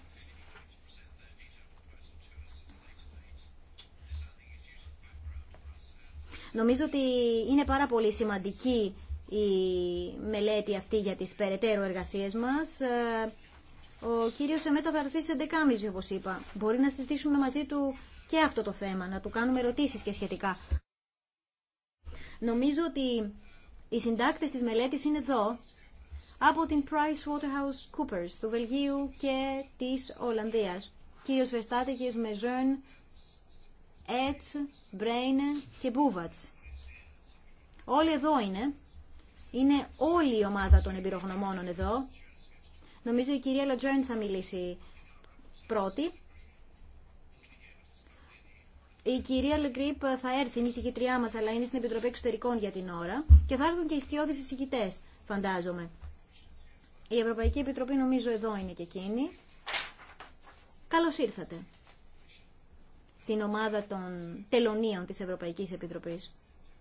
Νομίζω ότι είναι πάρα πολύ σημαντική η μελέτη αυτή για τις περαιτέρω εργασίες μας. Ο κύριος Εμέτα θα έρθει σε 11.30 όπως είπα. Μπορεί να συζητήσουμε μαζί του και αυτό το θέμα, να του κάνουμε ερωτήσεις και σχετικά. Νομίζω ότι οι συντάκτες της μελέτης είναι εδώ, από την Price PricewaterhouseCoopers του Βελγίου και της Ολλανδίας. Κύριος Βεστάτε, κύριος Μεζόν, Έτς, Μπρέινε και Μπούβατς. Όλοι εδώ είναι. Είναι όλη η ομάδα των εμπειρογνωμόνων εδώ. Νομίζω η κυρία Λατζέρν θα μιλήσει πρώτη. Η κυρία Λεγκρίπ θα έρθει, είναι η συγκητριά μα, αλλά είναι στην Επιτροπή Εξωτερικών για την ώρα και θα έρθουν και οι σκιώδει εισηγητέ, φαντάζομαι. Η Ευρωπαϊκή Επιτροπή νομίζω εδώ είναι και εκείνη. Καλώ ήρθατε στην ομάδα των τελωνίων της Ευρωπαϊκής Επιτροπής.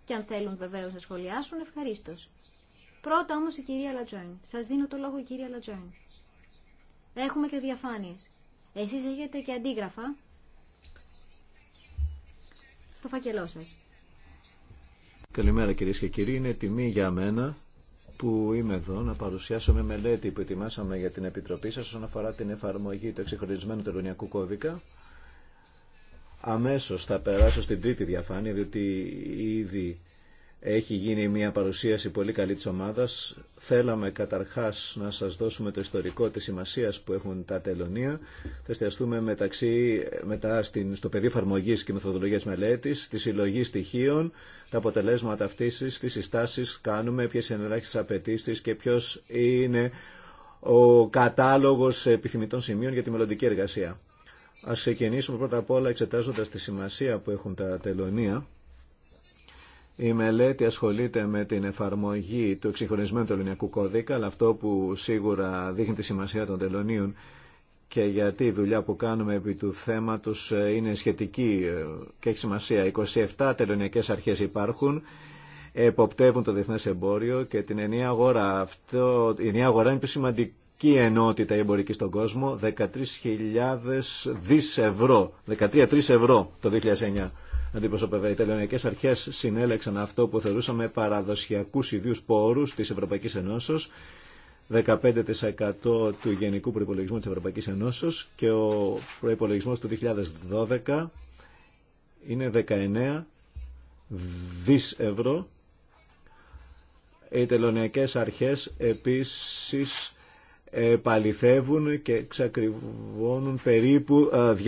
Και αν θέλουν βεβαίω να σχολιάσουν, ευχαρίστω. Πρώτα όμω η κυρία Λατζόιν. Σα δίνω το λόγο, η κυρία Λατζόιν. Έχουμε και διαφάνειε. Εσεί έχετε και αντίγραφα στο φακελό σας. Καλημέρα κυρίες και κύριοι. Είναι τιμή για μένα που είμαι εδώ να παρουσιάσω με μελέτη που ετοιμάσαμε για την Επιτροπή σας όσον αφορά την εφαρμογή του εξεχωρισμένου τελωνιακού κώδικα. Αμέσως θα περάσω στην τρίτη διαφάνεια διότι ήδη έχει γίνει μια παρουσίαση πολύ καλή της ομάδας. Θέλαμε καταρχάς να σας δώσουμε το ιστορικό της σημασίας που έχουν τα τελωνία. Θα εστιαστούμε μεταξύ, μετά στην, στο πεδίο εφαρμογή και μεθοδολογίας μελέτης, τη συλλογή στοιχείων, τα αποτελέσματα αυτής, τι συστάσεις κάνουμε, ποιες είναι ελάχιστες απαιτήσει και ποιο είναι ο κατάλογος επιθυμητών σημείων για τη μελλοντική εργασία. Ας ξεκινήσουμε πρώτα απ' όλα εξετάζοντας τη σημασία που έχουν τα τελωνία η μελέτη ασχολείται με την εφαρμογή του εξυγχρονισμένου του κώδικα, αλλά αυτό που σίγουρα δείχνει τη σημασία των τελωνίων και γιατί η δουλειά που κάνουμε επί του θέματος ε, είναι σχετική ε, και έχει σημασία. 27 τελωνιακές αρχές υπάρχουν, εποπτεύουν το διεθνές εμπόριο και την ενιαία αγορά. Αυτό, η ενιαία αγορά είναι πιο σημαντική ενότητα εμπορική στον κόσμο, 13.000 δις ευρώ, 13 ευρώ το 2009 αντιπροσωπεύει. Οι τελωνιακέ αρχέ συνέλεξαν αυτό που θεωρούσαμε παραδοσιακού ιδίου πόρου τη Ευρωπαϊκή Ενώσεω, 15% του γενικού προπολογισμού τη Ευρωπαϊκή Ενώσεω και ο προπολογισμό του 2012 είναι 19 δις ευρώ. Οι Τελωνιακέ αρχές επίσης Παληθεύουν και ξακριβώνουν περίπου 200.000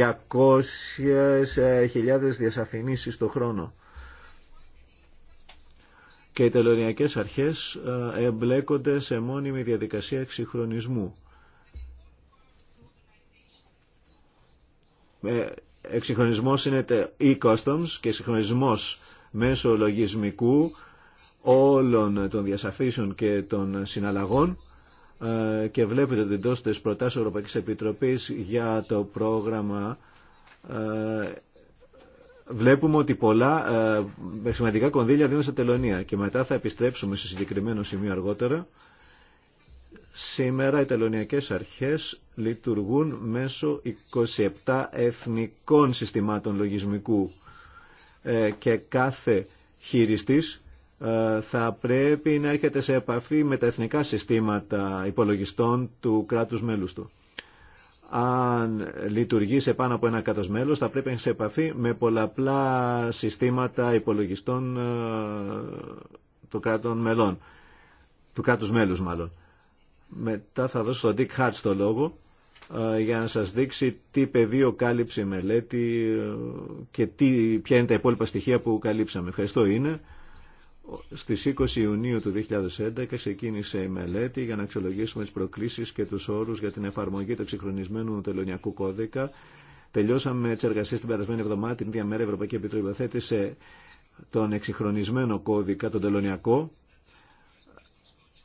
ε, ε, διασαφηνίσεις το χρόνο. Και οι τελωνιακές αρχές ε, εμπλέκονται σε μόνιμη διαδικασία εξυγχρονισμού. Εξυγχρονισμός είναι e-customs και συγχρονισμός μέσω λογισμικού όλων των διασαφήσεων και των συναλλαγών ε, και βλέπετε ότι εντό τη προτάσει Ευρωπαϊκής Επιτροπής για το πρόγραμμα ε, βλέπουμε ότι πολλά ε, σημαντικά κονδύλια δίνουν στα τελωνία και μετά θα επιστρέψουμε σε συγκεκριμένο σημείο αργότερα. Σήμερα οι τελωνιακές αρχές λειτουργούν μέσω 27 εθνικών συστημάτων λογισμικού και κάθε χειριστής ε, θα πρέπει να έρχεται σε επαφή με τα εθνικά συστήματα υπολογιστών του κράτους μέλους του. Αν λειτουργεί σε πάνω από ένα κράτος μέλος, θα πρέπει να έρχεται σε επαφή με πολλαπλά συστήματα υπολογιστών ε, του κράτων μελών, του κράτους μέλους μάλλον. Μετά θα δώσω στον Dick Hart το λόγο ε, για να σας δείξει τι πεδίο κάλυψε μελέτη και τι, ποια είναι τα υπόλοιπα στοιχεία που καλύψαμε. Ευχαριστώ είναι. Στις 20 Ιουνίου του 2011 ξεκίνησε η μελέτη για να αξιολογήσουμε τις προκλήσεις και τους όρους για την εφαρμογή του εξυγχρονισμένου τελωνιακού κώδικα. Τελειώσαμε τι εργασίε την περασμένη εβδομάδα, την ίδια μέρα η Ευρωπαϊκή Επιτροπή υποθέτησε τον εξυγχρονισμένο κώδικα, τον τελωνιακό.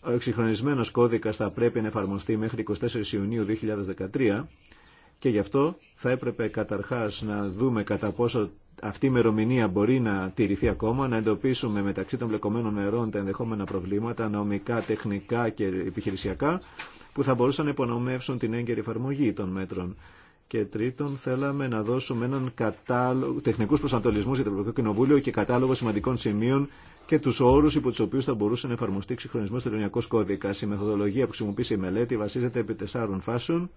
Ο εξυγχρονισμένος κώδικας θα πρέπει να εφαρμοστεί μέχρι 24 Ιουνίου 2013 και γι' αυτό θα έπρεπε καταρχάς να δούμε κατά πόσο αυτή η ημερομηνία μπορεί να τηρηθεί ακόμα, να εντοπίσουμε μεταξύ των βλεκομένων μερών τα ενδεχόμενα προβλήματα, νομικά, τεχνικά και επιχειρησιακά, που θα μπορούσαν να υπονομεύσουν την έγκαιρη εφαρμογή των μέτρων. Και τρίτον, θέλαμε να δώσουμε έναν κατάλογο, τεχνικού προσανατολισμού για το Ευρωπαϊκό Κοινοβούλιο και κατάλογο σημαντικών σημείων και του όρου υπό του οποίου θα μπορούσε να εφαρμοστεί ξεχρονισμό του Ελληνικού Κώδικα. Η μεθοδολογία που χρησιμοποιεί η μελέτη βασίζεται επί τεσσάρων φάσεων.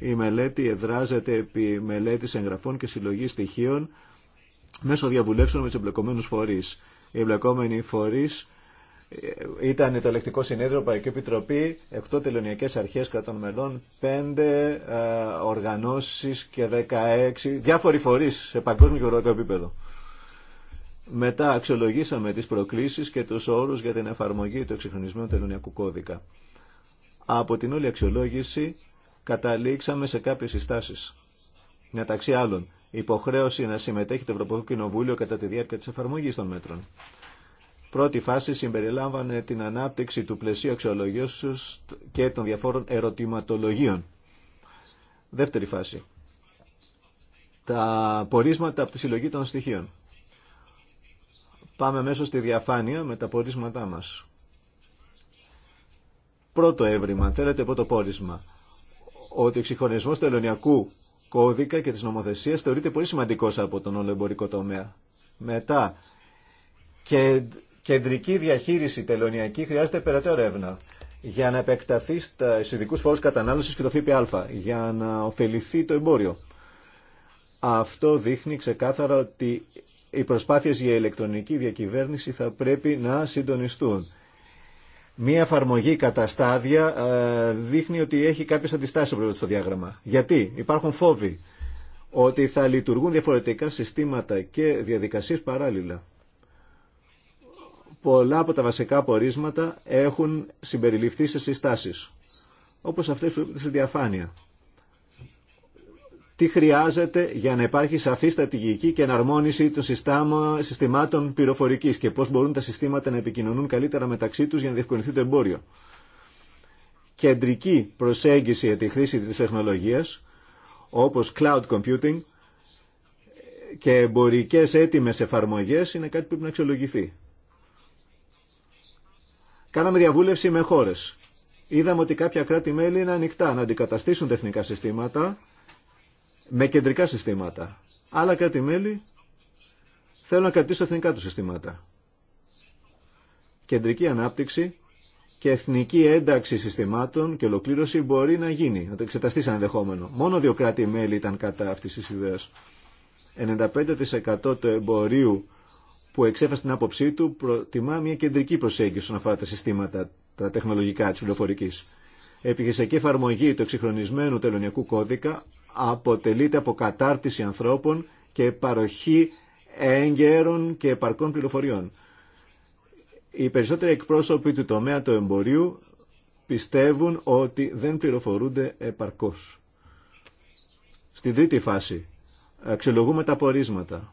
Η μελέτη εδράζεται επί μελέτη εγγραφών και συλλογή στοιχείων μέσω διαβουλεύσεων με του εμπλεκομένου φορεί. Οι εμπλεκόμενοι φορεί ε, ήταν το Ελεκτικό Συνέδριο, Παϊκή Επιτροπή, 8 τελωνιακέ αρχέ κρατών μελών, 5 ε, οργανώσεις και 16 διάφοροι φορεί σε παγκόσμιο και ευρωπαϊκό επίπεδο. Μετά αξιολογήσαμε τις προκλήσεις και τους όρους για την εφαρμογή του εξυγχρονισμένου τελωνιακού κώδικα. Από την όλη αξιολόγηση καταλήξαμε σε κάποιες συστάσεις. Μεταξύ άλλων, υποχρέωση να συμμετέχει το Ευρωπαϊκό Κοινοβούλιο κατά τη διάρκεια της εφαρμογής των μέτρων. Πρώτη φάση συμπεριλάμβανε την ανάπτυξη του πλαισίου αξιολογήσεω και των διαφόρων ερωτηματολογίων. Δεύτερη φάση. Τα πορίσματα από τη συλλογή των στοιχείων. Πάμε μέσω στη διαφάνεια με τα πορίσματά μας. Πρώτο έβριμα, θέλετε το πόρισμα, ότι ο εξυγχρονισμό του ελληνιακού κώδικα και τις νομοθεσίες θεωρείται πολύ σημαντικός από τον όλο εμπορικό τομέα. Μετά, και, κεντρική διαχείριση τελωνιακή χρειάζεται περαιτέρω έρευνα για να επεκταθεί στα ειδικού φόρου κατανάλωση και το ΦΠΑ, για να ωφεληθεί το εμπόριο. Αυτό δείχνει ξεκάθαρα ότι οι προσπάθειες για ηλεκτρονική διακυβέρνηση θα πρέπει να συντονιστούν Μία εφαρμογή κατά στάδια ε, δείχνει ότι έχει κάποιες αντιστάσεις στο διάγραμμα. Γιατί υπάρχουν φόβοι ότι θα λειτουργούν διαφορετικά συστήματα και διαδικασίες παράλληλα. Πολλά από τα βασικά πορίσματα έχουν συμπεριληφθεί σε συστάσεις, όπως αυτές που στη διαφάνεια τι χρειάζεται για να υπάρχει σαφή στρατηγική και εναρμόνιση των συστημάτων πληροφορική και πώ μπορούν τα συστήματα να επικοινωνούν καλύτερα μεταξύ του για να διευκολυνθεί το εμπόριο. Κεντρική προσέγγιση για τη χρήση τη τεχνολογία, όπω cloud computing και εμπορικέ έτοιμε εφαρμογέ, είναι κάτι που πρέπει να αξιολογηθεί. Κάναμε διαβούλευση με χώρε. Είδαμε ότι κάποια κράτη-μέλη είναι ανοιχτά να αντικαταστήσουν τεχνικά συστήματα με κεντρικά συστήματα. Άλλα κράτη-μέλη θέλουν να κρατήσουν εθνικά του συστήματα. Κεντρική ανάπτυξη και εθνική ένταξη συστημάτων και ολοκλήρωση μπορεί να γίνει, να το εξεταστεί σαν ενδεχόμενο. Μόνο δύο κράτη-μέλη ήταν κατά αυτή τη ιδέα. 95% του εμπορίου που εξέφασε την άποψή του προτιμά μια κεντρική προσέγγιση όσον αφορά τα συστήματα, τα τεχνολογικά τη πληροφορική. Επιχειρησιακή εφαρμογή του εξυγχρονισμένου τελωνιακού κώδικα αποτελείται από κατάρτιση ανθρώπων και παροχή έγκαιρων και επαρκών πληροφοριών. Οι περισσότεροι εκπρόσωποι του τομέα του εμπορίου πιστεύουν ότι δεν πληροφορούνται επαρκώς. Στην τρίτη φάση, αξιολογούμε τα πορίσματα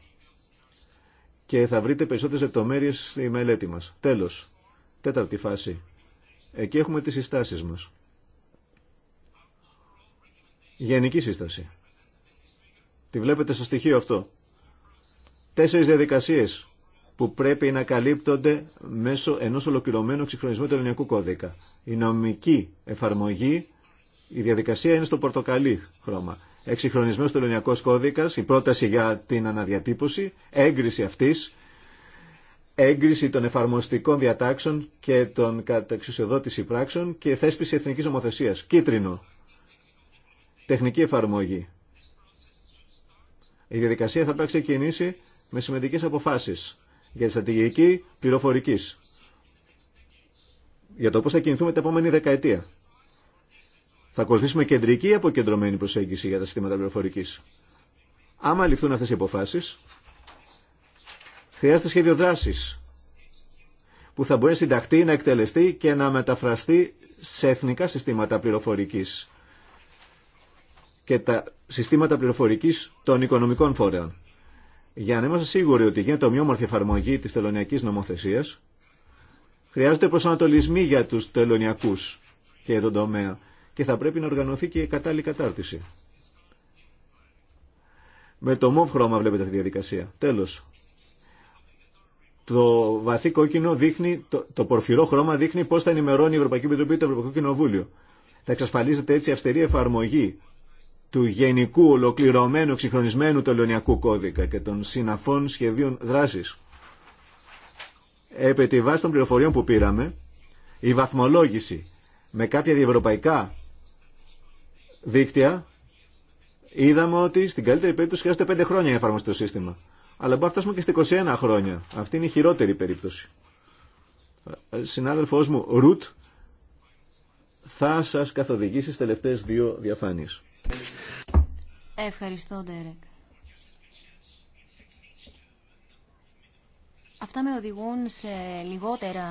και θα βρείτε περισσότερες λεπτομέρειες στη μελέτη μας. Τέλος, τέταρτη φάση. Εκεί έχουμε τις συστάσεις μας. Γενική σύσταση. Τη βλέπετε στο στοιχείο αυτό. Τέσσερις διαδικασίες που πρέπει να καλύπτονται μέσω ενός ολοκληρωμένου εξυγχρονισμού του ελληνικού κώδικα. Η νομική εφαρμογή, η διαδικασία είναι στο πορτοκαλί χρώμα. Εξυγχρονισμός του ελληνικού κώδικα, η πρόταση για την αναδιατύπωση, έγκριση αυτής, έγκριση των εφαρμοστικών διατάξεων και των καταξιωσιοδότηση πράξεων και θέσπιση εθνικής ομοθεσίας. Κίτρινο τεχνική εφαρμογή. Η διαδικασία θα πρέπει να ξεκινήσει με σημαντικέ αποφάσει για τη στρατηγική πληροφορική. Για το πώ θα κινηθούμε την επόμενη δεκαετία. Θα ακολουθήσουμε κεντρική ή αποκεντρωμένη προσέγγιση για τα συστήματα πληροφορική. Άμα ληφθούν αυτέ οι αποφάσει, χρειάζεται σχέδιο δράση που θα μπορεί να συνταχθεί, να εκτελεστεί και να μεταφραστεί σε εθνικά συστήματα πληροφορικής και τα συστήματα πληροφορική των οικονομικών φορέων. Για να είμαστε σίγουροι ότι γίνεται ομοιόμορφη εφαρμογή τη τελωνιακή νομοθεσία, χρειάζονται προσανατολισμοί για του τελωνιακού και τον τομέα και θα πρέπει να οργανωθεί και η κατάλληλη κατάρτιση. Με το μοβ χρώμα βλέπετε αυτή τη διαδικασία. Τέλο. Το βαθύ κόκκινο δείχνει, το, το πορφυρό χρώμα δείχνει πώ θα ενημερώνει η Ευρωπαϊκή Επιτροπή το Ευρωπαϊκό Κοινοβούλιο. Θα εξασφαλίζεται έτσι η αυστηρή εφαρμογή του γενικού ολοκληρωμένου εξυγχρονισμένου τελωνιακού κώδικα και των συναφών σχεδίων δράσης. Επί τη βάση των πληροφοριών που πήραμε, η βαθμολόγηση με κάποια διευρωπαϊκά δίκτυα, είδαμε ότι στην καλύτερη περίπτωση χρειάζεται 5 χρόνια για εφαρμοστεί το σύστημα. Αλλά μπορεί να φτάσουμε και στα 21 χρόνια. Αυτή είναι η χειρότερη περίπτωση. Συνάδελφός μου, Ρουτ, θα σας καθοδηγήσει στις τελευταίες δύο διαφάνειες. Ευχαριστώ, Ντέρεκ. Αυτά με οδηγούν σε λιγότερα,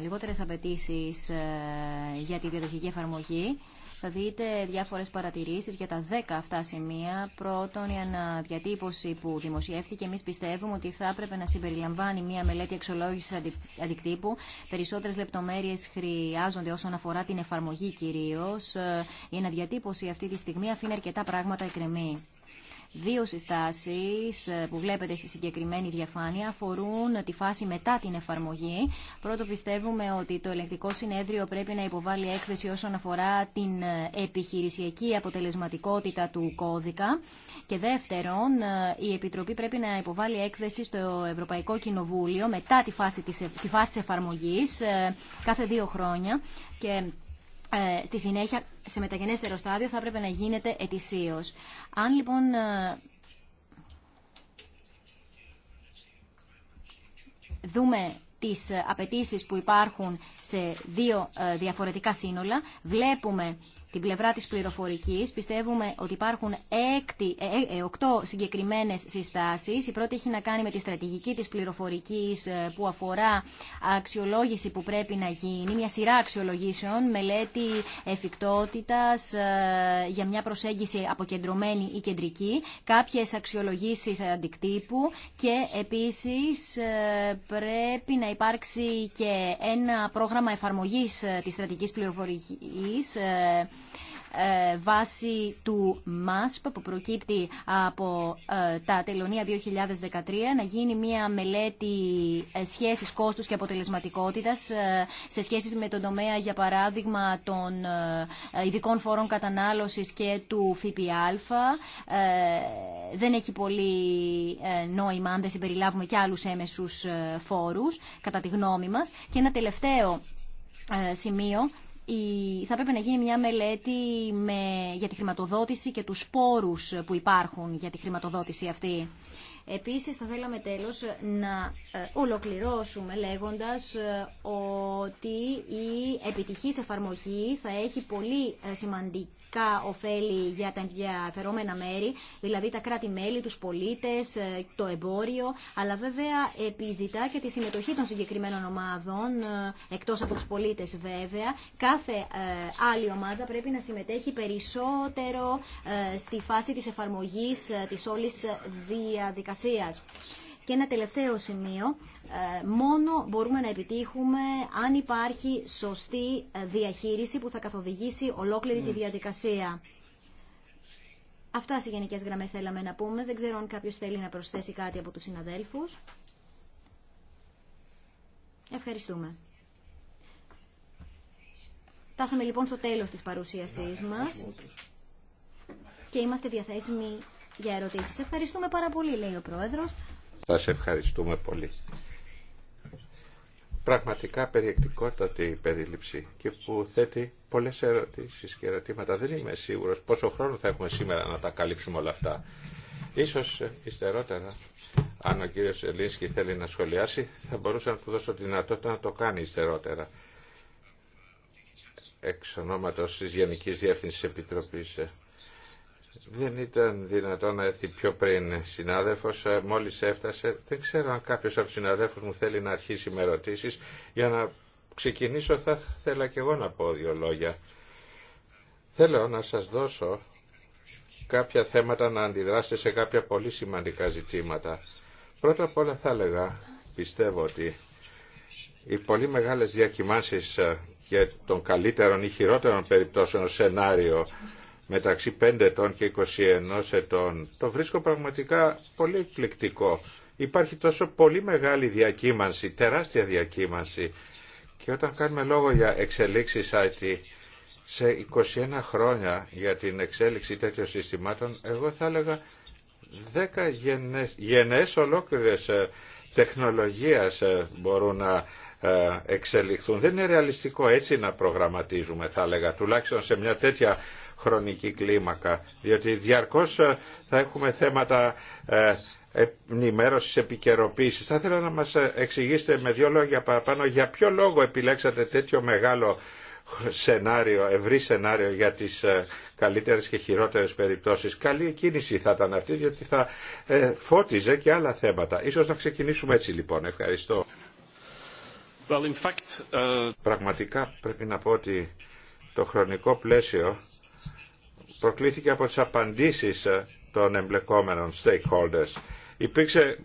λιγότερες απαιτήσει ε, για τη διαδοχική εφαρμογή θα δείτε διάφορες παρατηρήσεις για τα 10 αυτά σημεία. Πρώτον, η αναδιατύπωση που δημοσιεύτηκε. εμείς πιστεύουμε ότι θα έπρεπε να συμπεριλαμβάνει μια μελέτη εξολόγηση αντικτύπου. Περισσότερες λεπτομέρειες χρειάζονται όσον αφορά την εφαρμογή κυρίω ε, Η αναδιατύπωση αυτή τη στιγμή αφήνει αρκετά πράγματα εκκρεμή. Δύο συστάσεις ε, που βλέπετε στη συγκεκριμένη διαφάνεια αφορούν τη φάση μετά την εφαρμογή. Πρώτο πιστεύουμε ότι το ελεγκτικό συνέδριο πρέπει να υποβάλει έκθεση όσον αφορά την ε, επιχειρησιακή αποτελεσματικότητα του κώδικα. Και δεύτερον, ε, η Επιτροπή πρέπει να υποβάλει έκθεση στο Ευρωπαϊκό Κοινοβούλιο μετά τη φάση της, τη φάση εφαρμογής κάθε δύο χρόνια. Ε, στη συνέχεια, σε μεταγενέστερο στάδιο, θα έπρεπε να γίνεται ετησίως. Αν λοιπόν... Ε, δούμε τις ε, απαιτήσεις που υπάρχουν σε δύο διαφορετικά σύνολα. Βλέπουμε την πλευρά της πληροφορικής. Πιστεύουμε ότι υπάρχουν έκτη, ε, ε, ε, οκτώ συγκεκριμένες συστάσεις. Η πρώτη έχει να κάνει με τη στρατηγική της πληροφορικής που αφορά αξιολόγηση που πρέπει να γίνει, μια σειρά αξιολογήσεων, μελέτη εφικτότητας για μια προσέγγιση αποκεντρωμένη ή κεντρική, κάποιες αξιολογήσεις αντικτύπου και επίσης πρέπει να υπάρξει και ένα πρόγραμμα εφαρμογής της στρατηγικής πληροφορικής ε, βάση του ΜΑΣΠ που προκύπτει από ε, τα τελωνία 2013 να γίνει μια μελέτη ε, σχέσης κόστους και αποτελεσματικότητας σε σχέση με τον τομέα για παράδειγμα των ειδικών φόρων κατανάλωσης και του ΦΠΑ. Δεν έχει πολύ νόημα αν δεν συμπεριλάβουμε και άλλους έμεσους φόρους κατά τη γνώμη μας. Και ένα τελευταίο σημείο θα πρέπει να γίνει μια μελέτη με, για τη χρηματοδότηση και τους σπόρους που υπάρχουν για τη χρηματοδότηση αυτή. Επίσης θα θέλαμε τέλος να ε, ολοκληρώσουμε λέγοντας ε, ότι η επιτυχής εφαρμογή θα έχει πολύ ε, σημαντική πραγματικά ωφέλη για τα ενδιαφερόμενα μέρη, δηλαδή τα κράτη-μέλη, τους πολίτες, ε, το εμπόριο, αλλά βέβαια επιζητά και τη συμμετοχή των συγκεκριμένων ομάδων, ε, εκτός από τους πολίτες βέβαια. Κάθε ε, άλλη ομάδα πρέπει να συμμετέχει περισσότερο στη φάση της εφαρμογής της όλης διαδικασίας. Και ένα τελευταίο σημείο, ε, μόνο μπορούμε να επιτύχουμε αν υπάρχει σωστή ε, διαχείριση που θα καθοδηγήσει ολόκληρη τη ναι. διαδικασία. Αυτά σε γενικές γραμμές θέλαμε να πούμε. Δεν ξέρω αν κάποιος θέλει να προσθέσει κάτι από τους συναδέλφους. Ευχαριστούμε. Τάσαμε λοιπόν στο τέλος της παρουσίασής μας και είμαστε διαθέσιμοι για ερωτήσεις. Ευχαριστούμε πάρα πολύ, λέει ο Πρόεδρος. Θα σε ευχαριστούμε πολύ. Πραγματικά περιεκτικότατη η περίληψη και που θέτει πολλές ερωτήσεις και ερωτήματα. Δεν είμαι σίγουρος πόσο χρόνο θα έχουμε σήμερα να τα καλύψουμε όλα αυτά. Ίσως υστερότερα, αν ο κύριος Ελίνσκι θέλει να σχολιάσει, θα μπορούσα να του δώσω τη δυνατότητα να το κάνει υστερότερα. Εξ ονόματο τη Γενική Διεύθυνση Επιτροπή. Ε, δεν ήταν δυνατόν να έρθει πιο πριν συνάδελφο. Ε, Μόλι έφτασε. Δεν ξέρω αν κάποιος από του συναδέλφους μου θέλει να αρχίσει με ερωτήσει Για να ξεκινήσω θα ήθελα και εγώ να πω δύο λόγια. Θέλω να σας δώσω κάποια θέματα να αντιδράσετε σε κάποια πολύ σημαντικά ζητήματα. Πρώτα απ' όλα θα έλεγα, πιστεύω ότι οι πολύ μεγάλες διακοιμάνσεις και ε, των καλύτερων ή χειρότερων περιπτώσεων σενάριο μεταξύ 5 ετών και 21 ετών. Το βρίσκω πραγματικά πολύ εκπληκτικό. Υπάρχει τόσο πολύ μεγάλη διακύμανση, τεράστια διακύμανση. Και όταν κάνουμε λόγο για εξελίξει IT, σε 21 χρόνια για την εξέλιξη τέτοιων συστημάτων, εγώ θα έλεγα 10 γενές, γενές ολόκληρες ε, τεχνολογίας ε, μπορούν να ε, εξελιχθούν. Δεν είναι ρεαλιστικό έτσι να προγραμματίζουμε, θα έλεγα, τουλάχιστον σε μια τέτοια χρονική κλίμακα, διότι διαρκώς ε, θα έχουμε θέματα ε, ενημέρωση επικαιροποίηση. Θα ήθελα να μας ε, εξηγήσετε με δύο λόγια παραπάνω για ποιο λόγο επιλέξατε τέτοιο μεγάλο σενάριο, ευρύ σενάριο για τις καλύτερες και χειρότερες περιπτώσεις. Καλή κίνηση θα ήταν αυτή, διότι θα φώτιζε και άλλα θέματα. Ίσως να ξεκινήσουμε έτσι λοιπόν. Ευχαριστώ. Πραγματικά πρέπει να πω ότι το χρονικό πλαίσιο προκλήθηκε από τις απαντήσεις ε, των εμπλεκόμενων stakeholders. Υπήρξε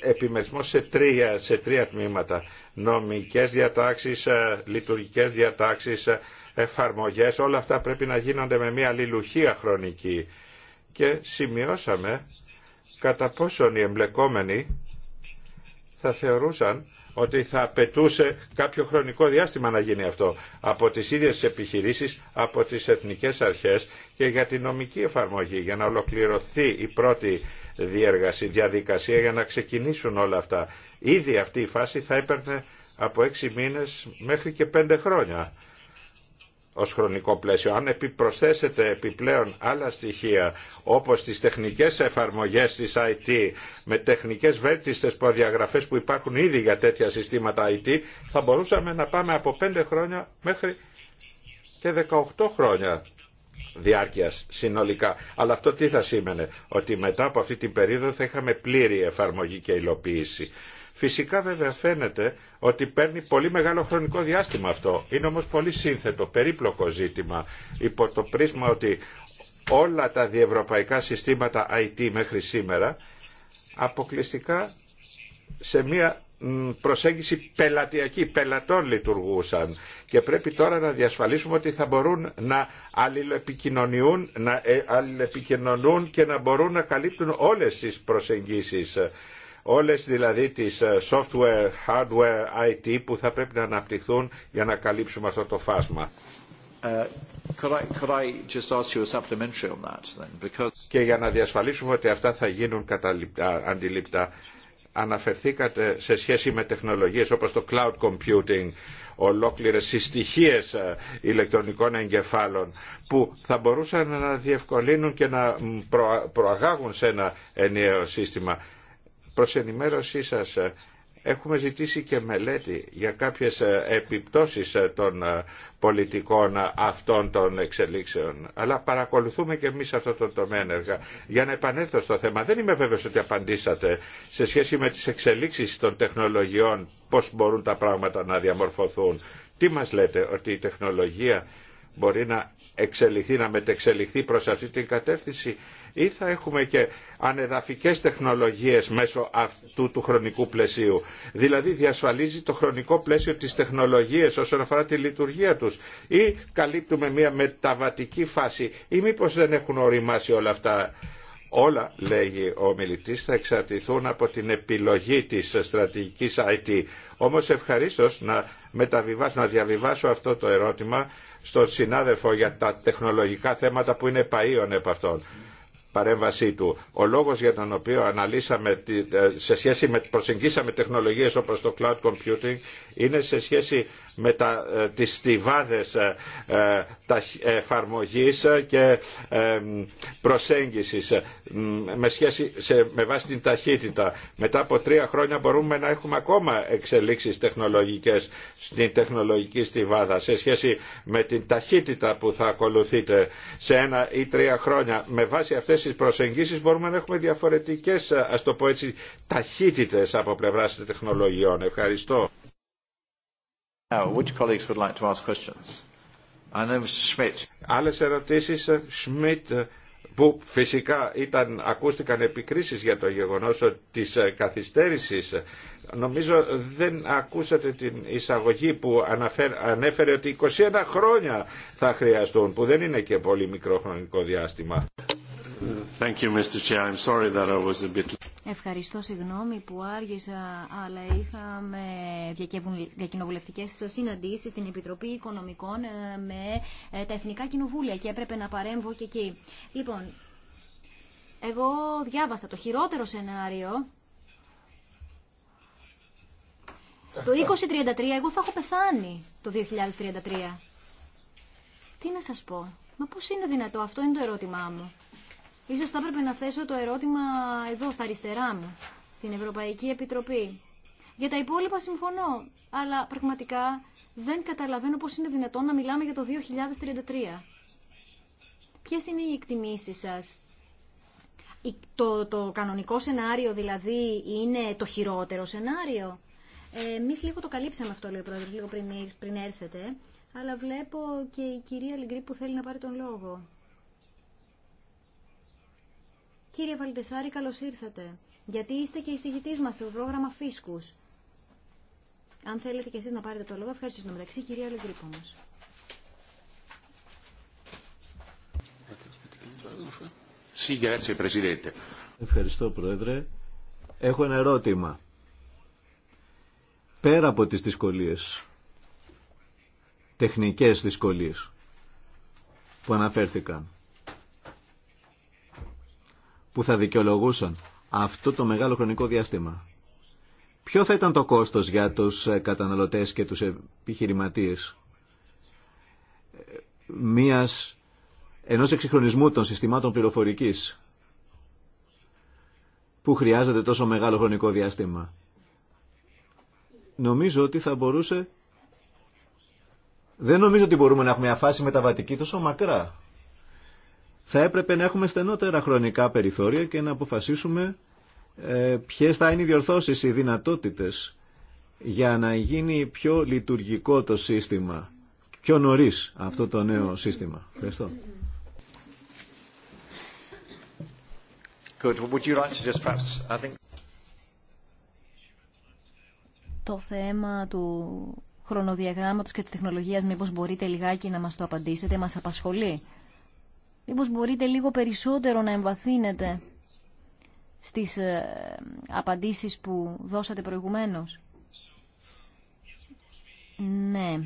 επιμερισμό σε τρία, σε τρία τμήματα. Νομικές διατάξεις, ε, λειτουργικές διατάξεις, ε, εφαρμογές. Όλα αυτά πρέπει να γίνονται με μια αλληλουχία χρονική. Και σημειώσαμε κατά πόσον οι εμπλεκόμενοι θα θεωρούσαν ότι θα απαιτούσε κάποιο χρονικό διάστημα να γίνει αυτό από τις ίδιες τις επιχειρήσεις, από τις εθνικές αρχές και για την νομική εφαρμογή, για να ολοκληρωθεί η πρώτη διεργασία, διαδικασία για να ξεκινήσουν όλα αυτά. Ήδη αυτή η φάση θα έπαιρνε από έξι μήνες μέχρι και πέντε χρόνια ως χρονικό πλαίσιο. Αν προσθέσετε επιπλέον άλλα στοιχεία όπως τις τεχνικές εφαρμογές της IT με τεχνικές βέλτιστες προδιαγραφέ που υπάρχουν ήδη για τέτοια συστήματα IT θα μπορούσαμε να πάμε από 5 χρόνια μέχρι και 18 χρόνια διάρκειας συνολικά. Αλλά αυτό τι θα σήμαινε, ότι μετά από αυτή την περίοδο θα είχαμε πλήρη εφαρμογή και υλοποίηση. Φυσικά βέβαια φαίνεται ότι παίρνει πολύ μεγάλο χρονικό διάστημα αυτό. Είναι όμως πολύ σύνθετο, περίπλοκο ζήτημα υπό το πρίσμα ότι όλα τα διευρωπαϊκά συστήματα IT μέχρι σήμερα αποκλειστικά σε μια προσέγγιση πελατειακή, πελατών λειτουργούσαν και πρέπει τώρα να διασφαλίσουμε ότι θα μπορούν να αλληλεπικοινωνούν, να ε, αλληλεπικοινωνούν και να μπορούν να καλύπτουν όλες τις προσεγγίσεις όλες δηλαδή τις ε, software, hardware, IT που θα πρέπει να αναπτυχθούν για να καλύψουμε αυτό το φάσμα. Και για να διασφαλίσουμε ότι αυτά θα γίνουν αντιλήπτα, αναφερθήκατε σε σχέση με τεχνολογίες όπως το cloud computing, ολόκληρες συστοιχίες ε, ηλεκτρονικών εγκεφάλων που θα μπορούσαν να διευκολύνουν και να προαγάγουν σε ένα ενιαίο σύστημα. Προς ενημέρωσή σας, ε, έχουμε ζητήσει και μελέτη για κάποιες ε, επιπτώσεις ε, των πολιτικών αυτών των εξελίξεων. Αλλά παρακολουθούμε και εμείς αυτό το τομέα έργα. Για να επανέλθω στο θέμα, δεν είμαι βέβαιος ότι απαντήσατε σε σχέση με τις εξελίξεις των τεχνολογιών, πώς μπορούν τα πράγματα να διαμορφωθούν. Τι μας λέτε, ότι η τεχνολογία μπορεί να εξελιχθεί, να μετεξελιχθεί προς αυτή την κατεύθυνση ή θα έχουμε και ανεδαφικές τεχνολογίες μέσω αυτού του χρονικού πλαισίου. Δηλαδή διασφαλίζει το χρονικό πλαίσιο της τεχνολογίας όσον αφορά τη λειτουργία τους ή καλύπτουμε μια μεταβατική φάση ή μήπως δεν έχουν οριμάσει όλα αυτά. Όλα, λέγει ο μιλητής, θα εξαρτηθούν από την επιλογή της στρατηγικής IT. Όμως ευχαρίστως να να διαβιβάσω αυτό το ερώτημα στον συνάδελφο για τα τεχνολογικά θέματα που είναι παίων επ' παρέμβασή του. Ο λόγος για τον οποίο αναλύσαμε ε, σε σχέση με, προσεγγίσαμε τεχνολογίες όπως το cloud computing είναι σε σχέση με τα, ε, τις στιβάδες ε, τα εφαρμογής και προσέγγισης με, σχέση, σε, με βάση την ταχύτητα. Μετά από τρία χρόνια μπορούμε να έχουμε ακόμα εξελίξεις τεχνολογικές στην τεχνολογική στιβάδα σε σχέση με την ταχύτητα που θα ακολουθείτε σε ένα ή τρία χρόνια με βάση αυτές αυτές τις προσεγγίσεις μπορούμε να έχουμε διαφορετικές, ας το πω έτσι, ταχύτητες από πλευράς τεχνολογιών. Ευχαριστώ. Now, which Άλλες ερωτήσεις, Σμιτ, ε, ε, που φυσικά ήταν, ακούστηκαν επικρίσεις για το γεγονός ε, της καθυστέρησης. Νομίζω δεν ακούσατε την εισαγωγή που αναφέρ, ανέφερε ότι 21 χρόνια θα χρειαστούν, που δεν είναι και πολύ μικρό χρονικό διάστημα. Ευχαριστώ, συγγνώμη που άργησα, αλλά είχαμε διακοινοβουλευτικέ συναντήσει στην Επιτροπή Οικονομικών ε, με ε, τα Εθνικά Κοινοβούλια και έπρεπε να παρέμβω και εκεί. Λοιπόν, εγώ διάβασα το χειρότερο σενάριο. Το 2033 εγώ θα έχω πεθάνει το 2033. Τι να σας πω. Μα πώς είναι δυνατό, αυτό είναι το ερώτημά μου. Ίσως θα έπρεπε να θέσω το ερώτημα εδώ, στα αριστερά μου, στην Ευρωπαϊκή Επιτροπή. Για τα υπόλοιπα συμφωνώ, αλλά πραγματικά δεν καταλαβαίνω πώς είναι δυνατόν να μιλάμε για το 2033. Ποιες είναι οι εκτιμήσεις σας. Το, το κανονικό σενάριο δηλαδή είναι το χειρότερο σενάριο. Ε, Εμεί λίγο το καλύψαμε αυτό, λέει ο Πρόεδρος, λίγο πριν, πριν έρθετε. Αλλά βλέπω και η κυρία Λιγκρή που θέλει να πάρει τον λόγο. Κύριε Βαλτεσάρη, καλώς ήρθατε. Γιατί είστε και εισηγητής μας στο πρόγραμμα Φίσκους. Αν θέλετε και εσείς να πάρετε το λόγο, ευχαριστώ στο μεταξύ, κυρία Λεγκρίπ Ευχαριστώ, Πρόεδρε. Έχω ένα ερώτημα. Πέρα από τις δυσκολίες, τεχνικές δυσκολίες που αναφέρθηκαν, που θα δικαιολογούσαν αυτό το μεγάλο χρονικό διάστημα. Ποιο θα ήταν το κόστος για τους ε, καταναλωτές και τους επιχειρηματίες ε, μίας, ενός εξυγχρονισμού των συστημάτων πληροφορικής που χρειάζεται τόσο μεγάλο χρονικό διάστημα. Νομίζω ότι θα μπορούσε... Δεν νομίζω ότι μπορούμε να έχουμε φάση μεταβατική τόσο μακρά θα έπρεπε να έχουμε στενότερα χρονικά περιθώρια και να αποφασίσουμε ε, ποιες θα είναι οι διορθώσεις, οι δυνατότητες για να γίνει πιο λειτουργικό το σύστημα, πιο νωρίς αυτό το νέο σύστημα. Ευχαριστώ. Το θέμα του χρονοδιαγράμματος και της τεχνολογίας, μήπως μπορείτε λιγάκι να μας το απαντήσετε, μας απασχολεί. Μήπως μπορείτε λίγο περισσότερο να εμβαθύνετε στις ε, απαντήσεις που δώσατε προηγουμένως. Ναι.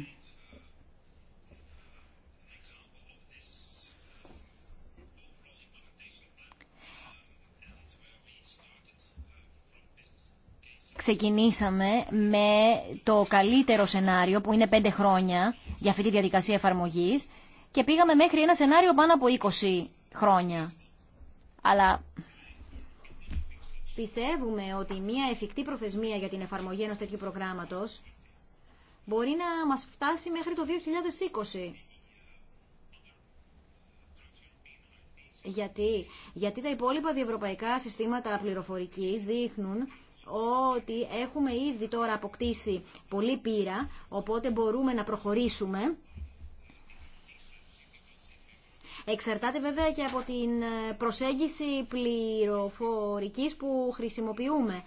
ξεκινήσαμε με το καλύτερο σενάριο που είναι πέντε χρόνια για αυτή τη διαδικασία εφαρμογής και πήγαμε μέχρι ένα σενάριο πάνω από 20 χρόνια. Αλλά πιστεύουμε ότι μια εφικτή προθεσμία για την εφαρμογή ενός τέτοιου προγράμματος μπορεί να μας φτάσει μέχρι το 2020. Γιατί, Γιατί τα υπόλοιπα διευρωπαϊκά συστήματα πληροφορικής δείχνουν ότι έχουμε ήδη τώρα αποκτήσει πολύ πείρα, οπότε μπορούμε να προχωρήσουμε Εξαρτάται βέβαια και από την ε, προσέγγιση πληροφορικής που χρησιμοποιούμε.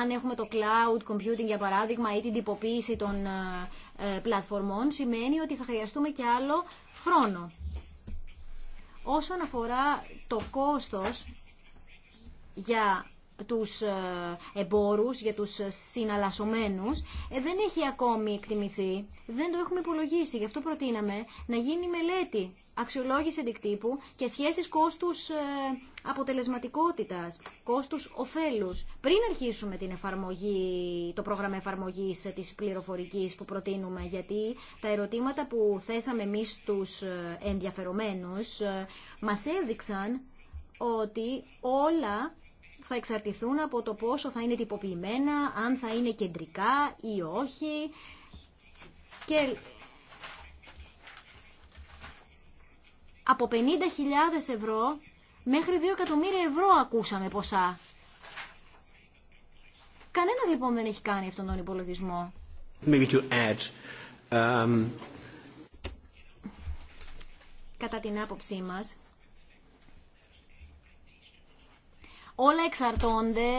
Αν έχουμε το cloud computing για παράδειγμα ή την τυποποίηση των ε, ε, πλατφορμών σημαίνει ότι θα χρειαστούμε και άλλο χρόνο. Όσον αφορά το κόστος για τους εμπόρους, για τους συναλλασσομένους, δεν έχει ακόμη εκτιμηθεί, δεν το έχουμε υπολογίσει. Γι' αυτό προτείναμε να γίνει μελέτη αξιολόγηση αντικτύπου και σχέσεις κόστους ε, αποτελεσματικότητας, κόστους ωφέλου. πριν αρχίσουμε την εφαρμογή, το πρόγραμμα εφαρμογής ε, της πληροφορικής που προτείνουμε, γιατί τα ερωτήματα που θέσαμε εμεί τους ε, ενδιαφερομένους μας έδειξαν ότι όλα θα εξαρτηθούν από το πόσο θα είναι τυποποιημένα, αν θα είναι κεντρικά ή όχι. Και από 50.000 ευρώ μέχρι 2 εκατομμύρια ευρώ ακούσαμε ποσά. Κανένας λοιπόν δεν έχει κάνει αυτόν τον υπολογισμό. Maybe to add, um, Κατά την άποψή μας, Όλα εξαρτώνται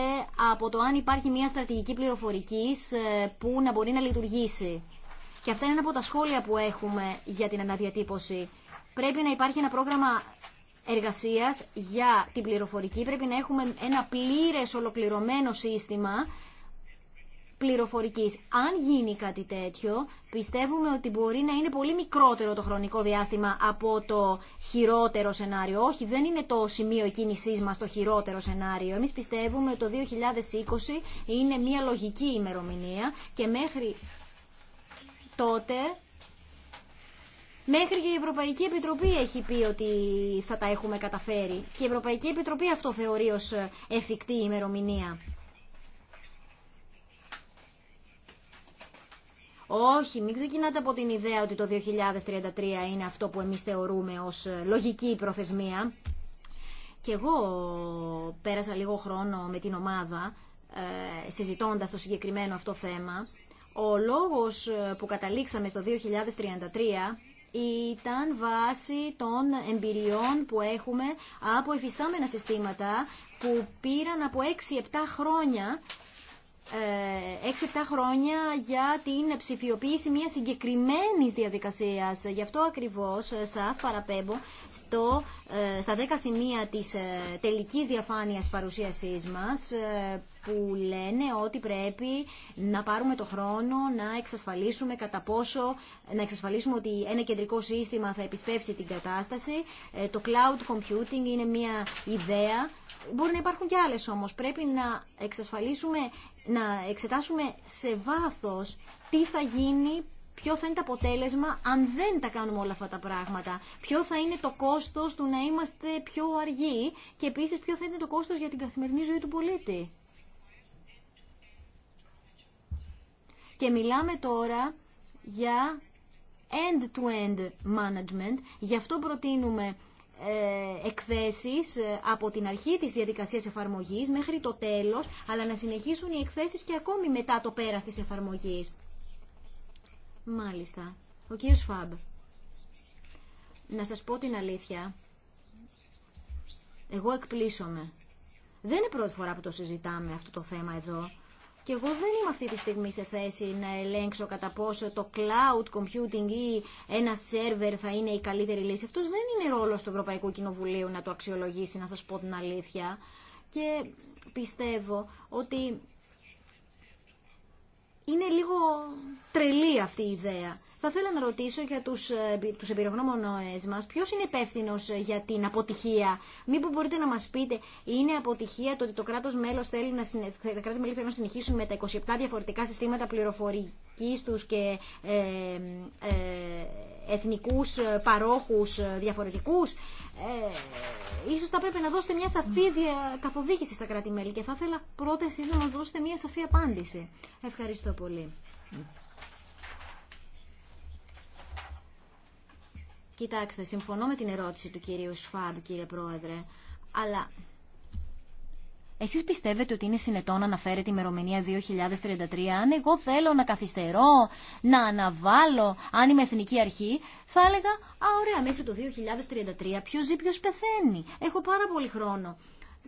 από το αν υπάρχει μια στρατηγική πληροφορικής ε, που να μπορεί να λειτουργήσει. Και αυτά είναι από τα σχόλια που έχουμε για την αναδιατύπωση πρέπει να υπάρχει ένα πρόγραμμα εργασίας για την πληροφορική. Πρέπει να έχουμε ένα πλήρες ολοκληρωμένο σύστημα πληροφορικής. Αν γίνει κάτι τέτοιο, πιστεύουμε ότι μπορεί να είναι πολύ μικρότερο το χρονικό διάστημα από το χειρότερο σενάριο. Όχι, δεν είναι το σημείο κίνησής μας το χειρότερο σενάριο. Εμείς πιστεύουμε ότι το 2020 είναι μια λογική ημερομηνία και μέχρι τότε Μέχρι και η Ευρωπαϊκή Επιτροπή έχει πει ότι θα τα έχουμε καταφέρει. Και η Ευρωπαϊκή Επιτροπή αυτό θεωρεί ως ε, εφικτή ημερομηνία. Όχι, μην ξεκινάτε από την ιδέα ότι το 2033 είναι αυτό που εμείς θεωρούμε ως ε, λογική προθεσμία. Και εγώ πέρασα λίγο χρόνο με την ομάδα ε, συζητώντας το συγκεκριμένο αυτό θέμα. Ο λόγος ε, που καταλήξαμε στο 2033 ήταν βάση των εμπειριών που έχουμε από εφιστάμενα συστήματα που πήραν από 6-7 χρόνια 6-7 ε, χρόνια για την ψηφιοποίηση μια συγκεκριμένη διαδικασία. Γι' αυτό ακριβώ ε, σα παραπέμπω στο, ε, στα 10 σημεία τη τελική διαφάνεια παρουσίασή μα που λένε ότι πρέπει να πάρουμε το χρόνο να εξασφαλίσουμε κατά πόσο, να εξασφαλίσουμε ότι ένα κεντρικό σύστημα θα επισπεύσει την κατάσταση. Ε, το cloud computing είναι μια ιδέα. Μπορεί να υπάρχουν και άλλες όμως. Πρέπει να εξασφαλίσουμε, να εξετάσουμε σε βάθος τι θα γίνει, ποιο θα είναι το αποτέλεσμα αν δεν τα κάνουμε όλα αυτά τα πράγματα. Ποιο θα είναι το κόστος του να είμαστε πιο αργοί και επίσης ποιο θα είναι το κόστος για την καθημερινή ζωή του πολίτη. Και μιλάμε τώρα για end-to-end management. Γι' αυτό προτείνουμε ε, εκθέσεις ε, από την αρχή της διαδικασίας εφαρμογής μέχρι το τέλος, αλλά να συνεχίσουν οι εκθέσεις και ακόμη μετά το πέρας της εφαρμογής. Μάλιστα. Ο κύριος Φαμπ. Να σας πω την αλήθεια. Εγώ εκπλήσωμαι. Δεν είναι πρώτη φορά που το συζητάμε αυτό το θέμα εδώ. Και εγώ δεν είμαι αυτή τη στιγμή σε θέση να ελέγξω κατά πόσο το cloud computing ή ένα server θα είναι η καλύτερη λύση. Αυτός δεν είναι ρόλος του Ευρωπαϊκού Κοινοβουλίου να το αξιολογήσει, να σας πω την αλήθεια. Και πιστεύω ότι είναι λίγο τρελή αυτή η ιδέα. Θα ήθελα να ρωτήσω για τους, ε, τους εμπειρογνώμονες μας ποιος είναι υπεύθυνο ε, για την αποτυχία. Μήπως μπορείτε να μας πείτε είναι αποτυχία το ότι το κράτος μέλος θέλει να, τα κράτη μέλη θέλουν να συνεχίσουν με τα 27 διαφορετικά συστήματα πληροφορικής τους και ε, ε, εθνικούς ε, παρόχους διαφορετικούς. ίσως θα πρέπει να δώσετε μια σαφή καθοδήγηση στα κράτη-μέλη και θα ήθελα πρώτα εσείς να μας δώσετε μια σαφή απάντηση. Ευχαριστώ πολύ. Κοιτάξτε, συμφωνώ με την ερώτηση του κυρίου Σφάμπ, κύριε Πρόεδρε, αλλά εσείς πιστεύετε ότι είναι συνετό να αναφέρετε ημερομηνία 2033 αν εγώ θέλω να καθυστερώ, να αναβάλω, αν είμαι εθνική αρχή, θα έλεγα, α ωραία, μέχρι το 2033 ποιος ζει, ποιος πεθαίνει. Έχω πάρα πολύ χρόνο.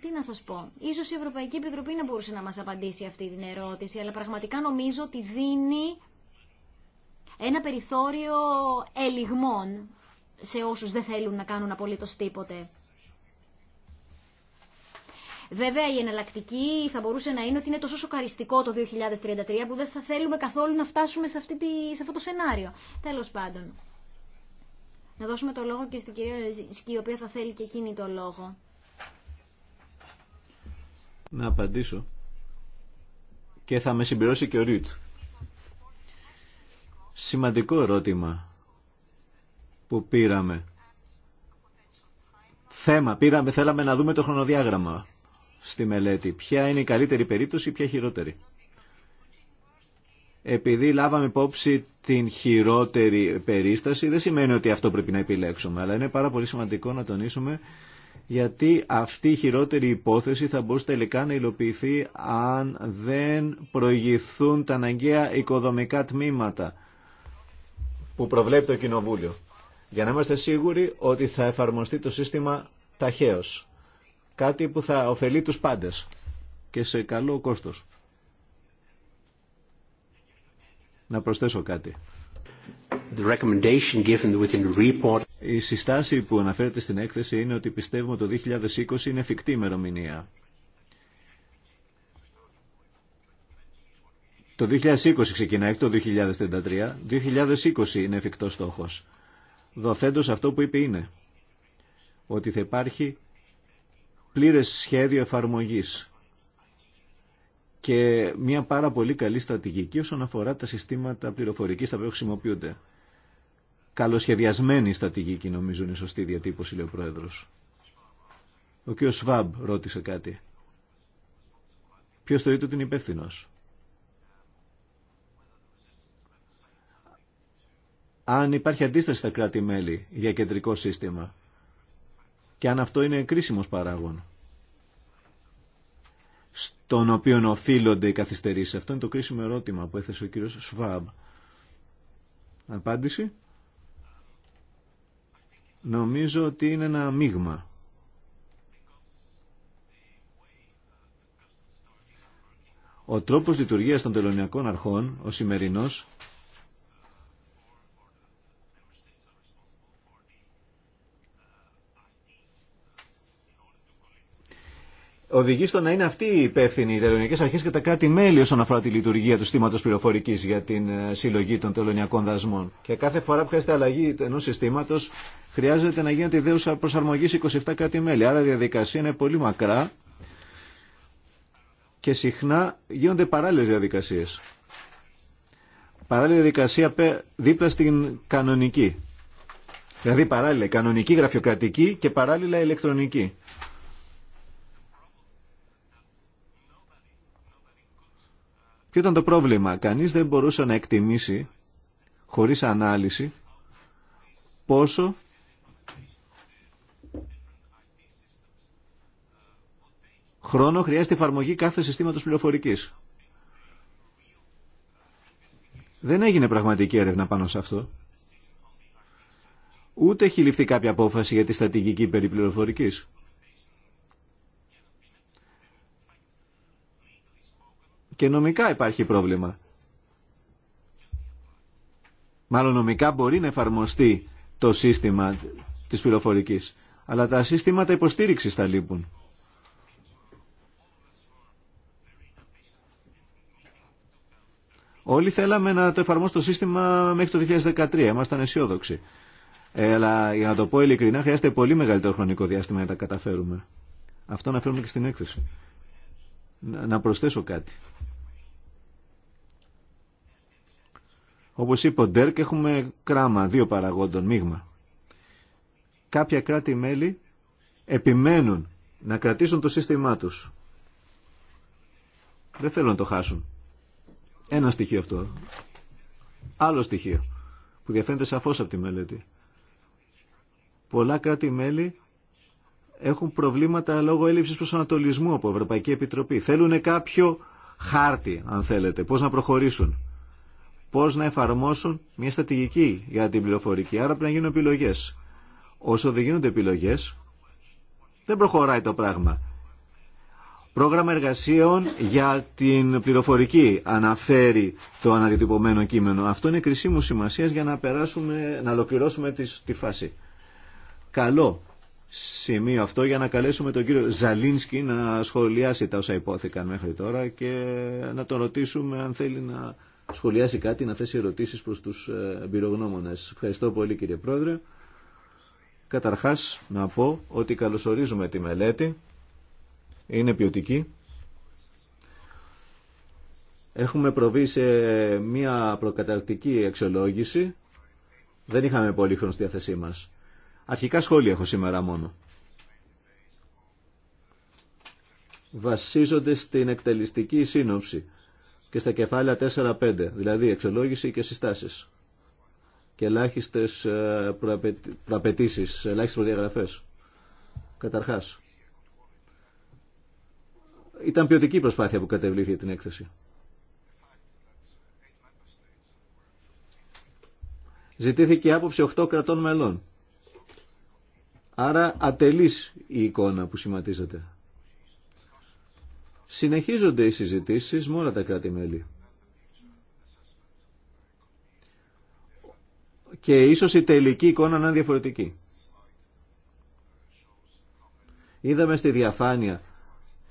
Τι να σας πω, ίσως η Ευρωπαϊκή Επιτροπή να μπορούσε να μας απαντήσει αυτή την ερώτηση, αλλά πραγματικά νομίζω ότι δίνει ένα περιθώριο ελιγμών σε όσους δεν θέλουν να κάνουν απολύτως τίποτε. Βέβαια, η εναλλακτική θα μπορούσε να είναι ότι είναι τόσο σοκαριστικό το 2033 που δεν θα θέλουμε καθόλου να φτάσουμε σε, αυτή τη, σε αυτό το σενάριο. Τέλος πάντων. Να δώσουμε το λόγο και στην κυρία Σκή, η οποία θα θέλει και εκείνη το λόγο. Να απαντήσω. Και θα με συμπληρώσει και ο Ρίτ. Σημαντικό ερώτημα που πήραμε. Θέμα πήραμε, θέλαμε να δούμε το χρονοδιάγραμμα στη μελέτη. Ποια είναι η καλύτερη περίπτωση, ποια χειρότερη. Επειδή λάβαμε υπόψη την χειρότερη περίσταση, δεν σημαίνει ότι αυτό πρέπει να επιλέξουμε, αλλά είναι πάρα πολύ σημαντικό να τονίσουμε γιατί αυτή η χειρότερη υπόθεση θα μπορούσε τελικά να υλοποιηθεί αν δεν προηγηθούν τα αναγκαία οικοδομικά τμήματα που προβλέπει το Κοινοβούλιο για να είμαστε σίγουροι ότι θα εφαρμοστεί το σύστημα ταχαίως. Κάτι που θα ωφελεί τους πάντες και σε καλό κόστος. Να προσθέσω κάτι. The recommendation given within the report. Η συστάση που αναφέρεται στην έκθεση είναι ότι πιστεύουμε το 2020 είναι εφικτή ημερομηνία. Το 2020 ξεκινάει, το 2033. 2020 είναι εφικτός στόχος. Δοθέντως αυτό που είπε είναι ότι θα υπάρχει πλήρες σχέδιο εφαρμογής και μια πάρα πολύ καλή στρατηγική όσον αφορά τα συστήματα πληροφορικής τα οποία χρησιμοποιούνται. Καλοσχεδιασμένη στρατηγική νομίζω είναι σωστή διατύπωση, λέει ο Πρόεδρος. Ο κ. Σβάμπ ρώτησε κάτι. Ποιος είπε ότι είναι υπεύθυνο. αν υπάρχει αντίσταση στα κράτη-μέλη για κεντρικό σύστημα και αν αυτό είναι κρίσιμος παράγον στον οποίο οφείλονται οι καθυστερήσεις. Αυτό είναι το κρίσιμο ερώτημα που έθεσε ο κύριος Σβάμπ. Απάντηση. Νομίζω ότι είναι ένα μείγμα. Ο τρόπος λειτουργίας των τελωνιακών αρχών, ο σημερινός, οδηγεί στο να είναι αυτή η υπεύθυνοι οι τελωνιακέ αρχέ και τα κράτη-μέλη όσον αφορά τη λειτουργία του στήματο πληροφορική για την ε, συλλογή των τελωνιακών δασμών. Και κάθε φορά που χρειάζεται αλλαγή ενό συστήματο, χρειάζεται να γίνεται ιδέουσα προσαρμογή 27 κράτη-μέλη. Άρα η διαδικασία είναι πολύ μακρά και συχνά γίνονται παράλληλε διαδικασίε. Παράλληλη διαδικασία δίπλα στην κανονική. Δηλαδή παράλληλα κανονική γραφειοκρατική και παράλληλα ηλεκτρονική. Ποιο ήταν το πρόβλημα. Κανείς δεν μπορούσε να εκτιμήσει, χωρίς ανάλυση, πόσο χρόνο χρειάζεται εφαρμογή κάθε συστήματος πληροφορικής. Δεν έγινε πραγματική έρευνα πάνω σε αυτό. Ούτε έχει ληφθεί κάποια απόφαση για τη στατηγική περιπληροφορικής. και νομικά υπάρχει πρόβλημα. Μάλλον νομικά μπορεί να εφαρμοστεί το σύστημα της πληροφορικής, αλλά τα σύστηματα υποστήριξης θα λείπουν. Όλοι θέλαμε να το εφαρμόσουμε το σύστημα μέχρι το 2013, ήμασταν αισιόδοξοι. Ε, αλλά για να το πω ειλικρινά, χρειάζεται πολύ μεγαλύτερο χρονικό διάστημα για να τα καταφέρουμε. Αυτό να φέρουμε και στην έκθεση. Να προσθέσω κάτι. Όπως είπε ο Ντέρκ, έχουμε κράμα, δύο παραγόντων, μείγμα. Κάποια κράτη-μέλη επιμένουν να κρατήσουν το σύστημά τους. Δεν θέλουν να το χάσουν. Ένα στοιχείο αυτό. Άλλο στοιχείο που διαφαίνεται σαφώς από τη μελέτη. Πολλά κράτη-μέλη έχουν προβλήματα λόγω έλλειψης προσανατολισμού από Ευρωπαϊκή Επιτροπή. Θέλουν κάποιο χάρτη, αν θέλετε, πώς να προχωρήσουν πώς να εφαρμόσουν μια στρατηγική για την πληροφορική. Άρα πρέπει να γίνουν επιλογές. Όσο δεν γίνονται επιλογές, δεν προχωράει το πράγμα. Πρόγραμμα εργασίων για την πληροφορική αναφέρει το αναδιατυπωμένο κείμενο. Αυτό είναι κρισίμου σημασία για να, περάσουμε, να ολοκληρώσουμε τη, τη φάση. Καλό σημείο αυτό για να καλέσουμε τον κύριο Ζαλίνσκι να σχολιάσει τα όσα υπόθηκαν μέχρι τώρα και να τον ρωτήσουμε αν θέλει να σχολιάσει κάτι, να θέσει ερωτήσεις προς τους ε, εμπειρογνώμονες. Ευχαριστώ πολύ κύριε Πρόεδρε. Καταρχάς να πω ότι καλωσορίζουμε τη μελέτη. Είναι ποιοτική. Έχουμε προβεί σε μια προκαταρκτική αξιολόγηση. Δεν είχαμε πολύ χρόνο στη διάθεσή μας. Αρχικά σχόλια έχω σήμερα μόνο. Βασίζονται στην εκτελιστική σύνοψη και στα κεφάλαια 4-5, δηλαδή εξολόγηση και συστάσεις και ελάχιστε ε, προαπαιτήσει, ελάχιστε προδιαγραφέ. Καταρχά. Ήταν ποιοτική προσπάθεια που κατεβλήθηκε την έκθεση. Ζητήθηκε άποψη 8 κρατών μελών. Άρα ατελής η εικόνα που σχηματίζεται. Συνεχίζονται οι συζητήσεις με όλα τα κράτη-μέλη. Και ίσως η τελική εικόνα να είναι διαφορετική. Είδαμε στη διαφάνεια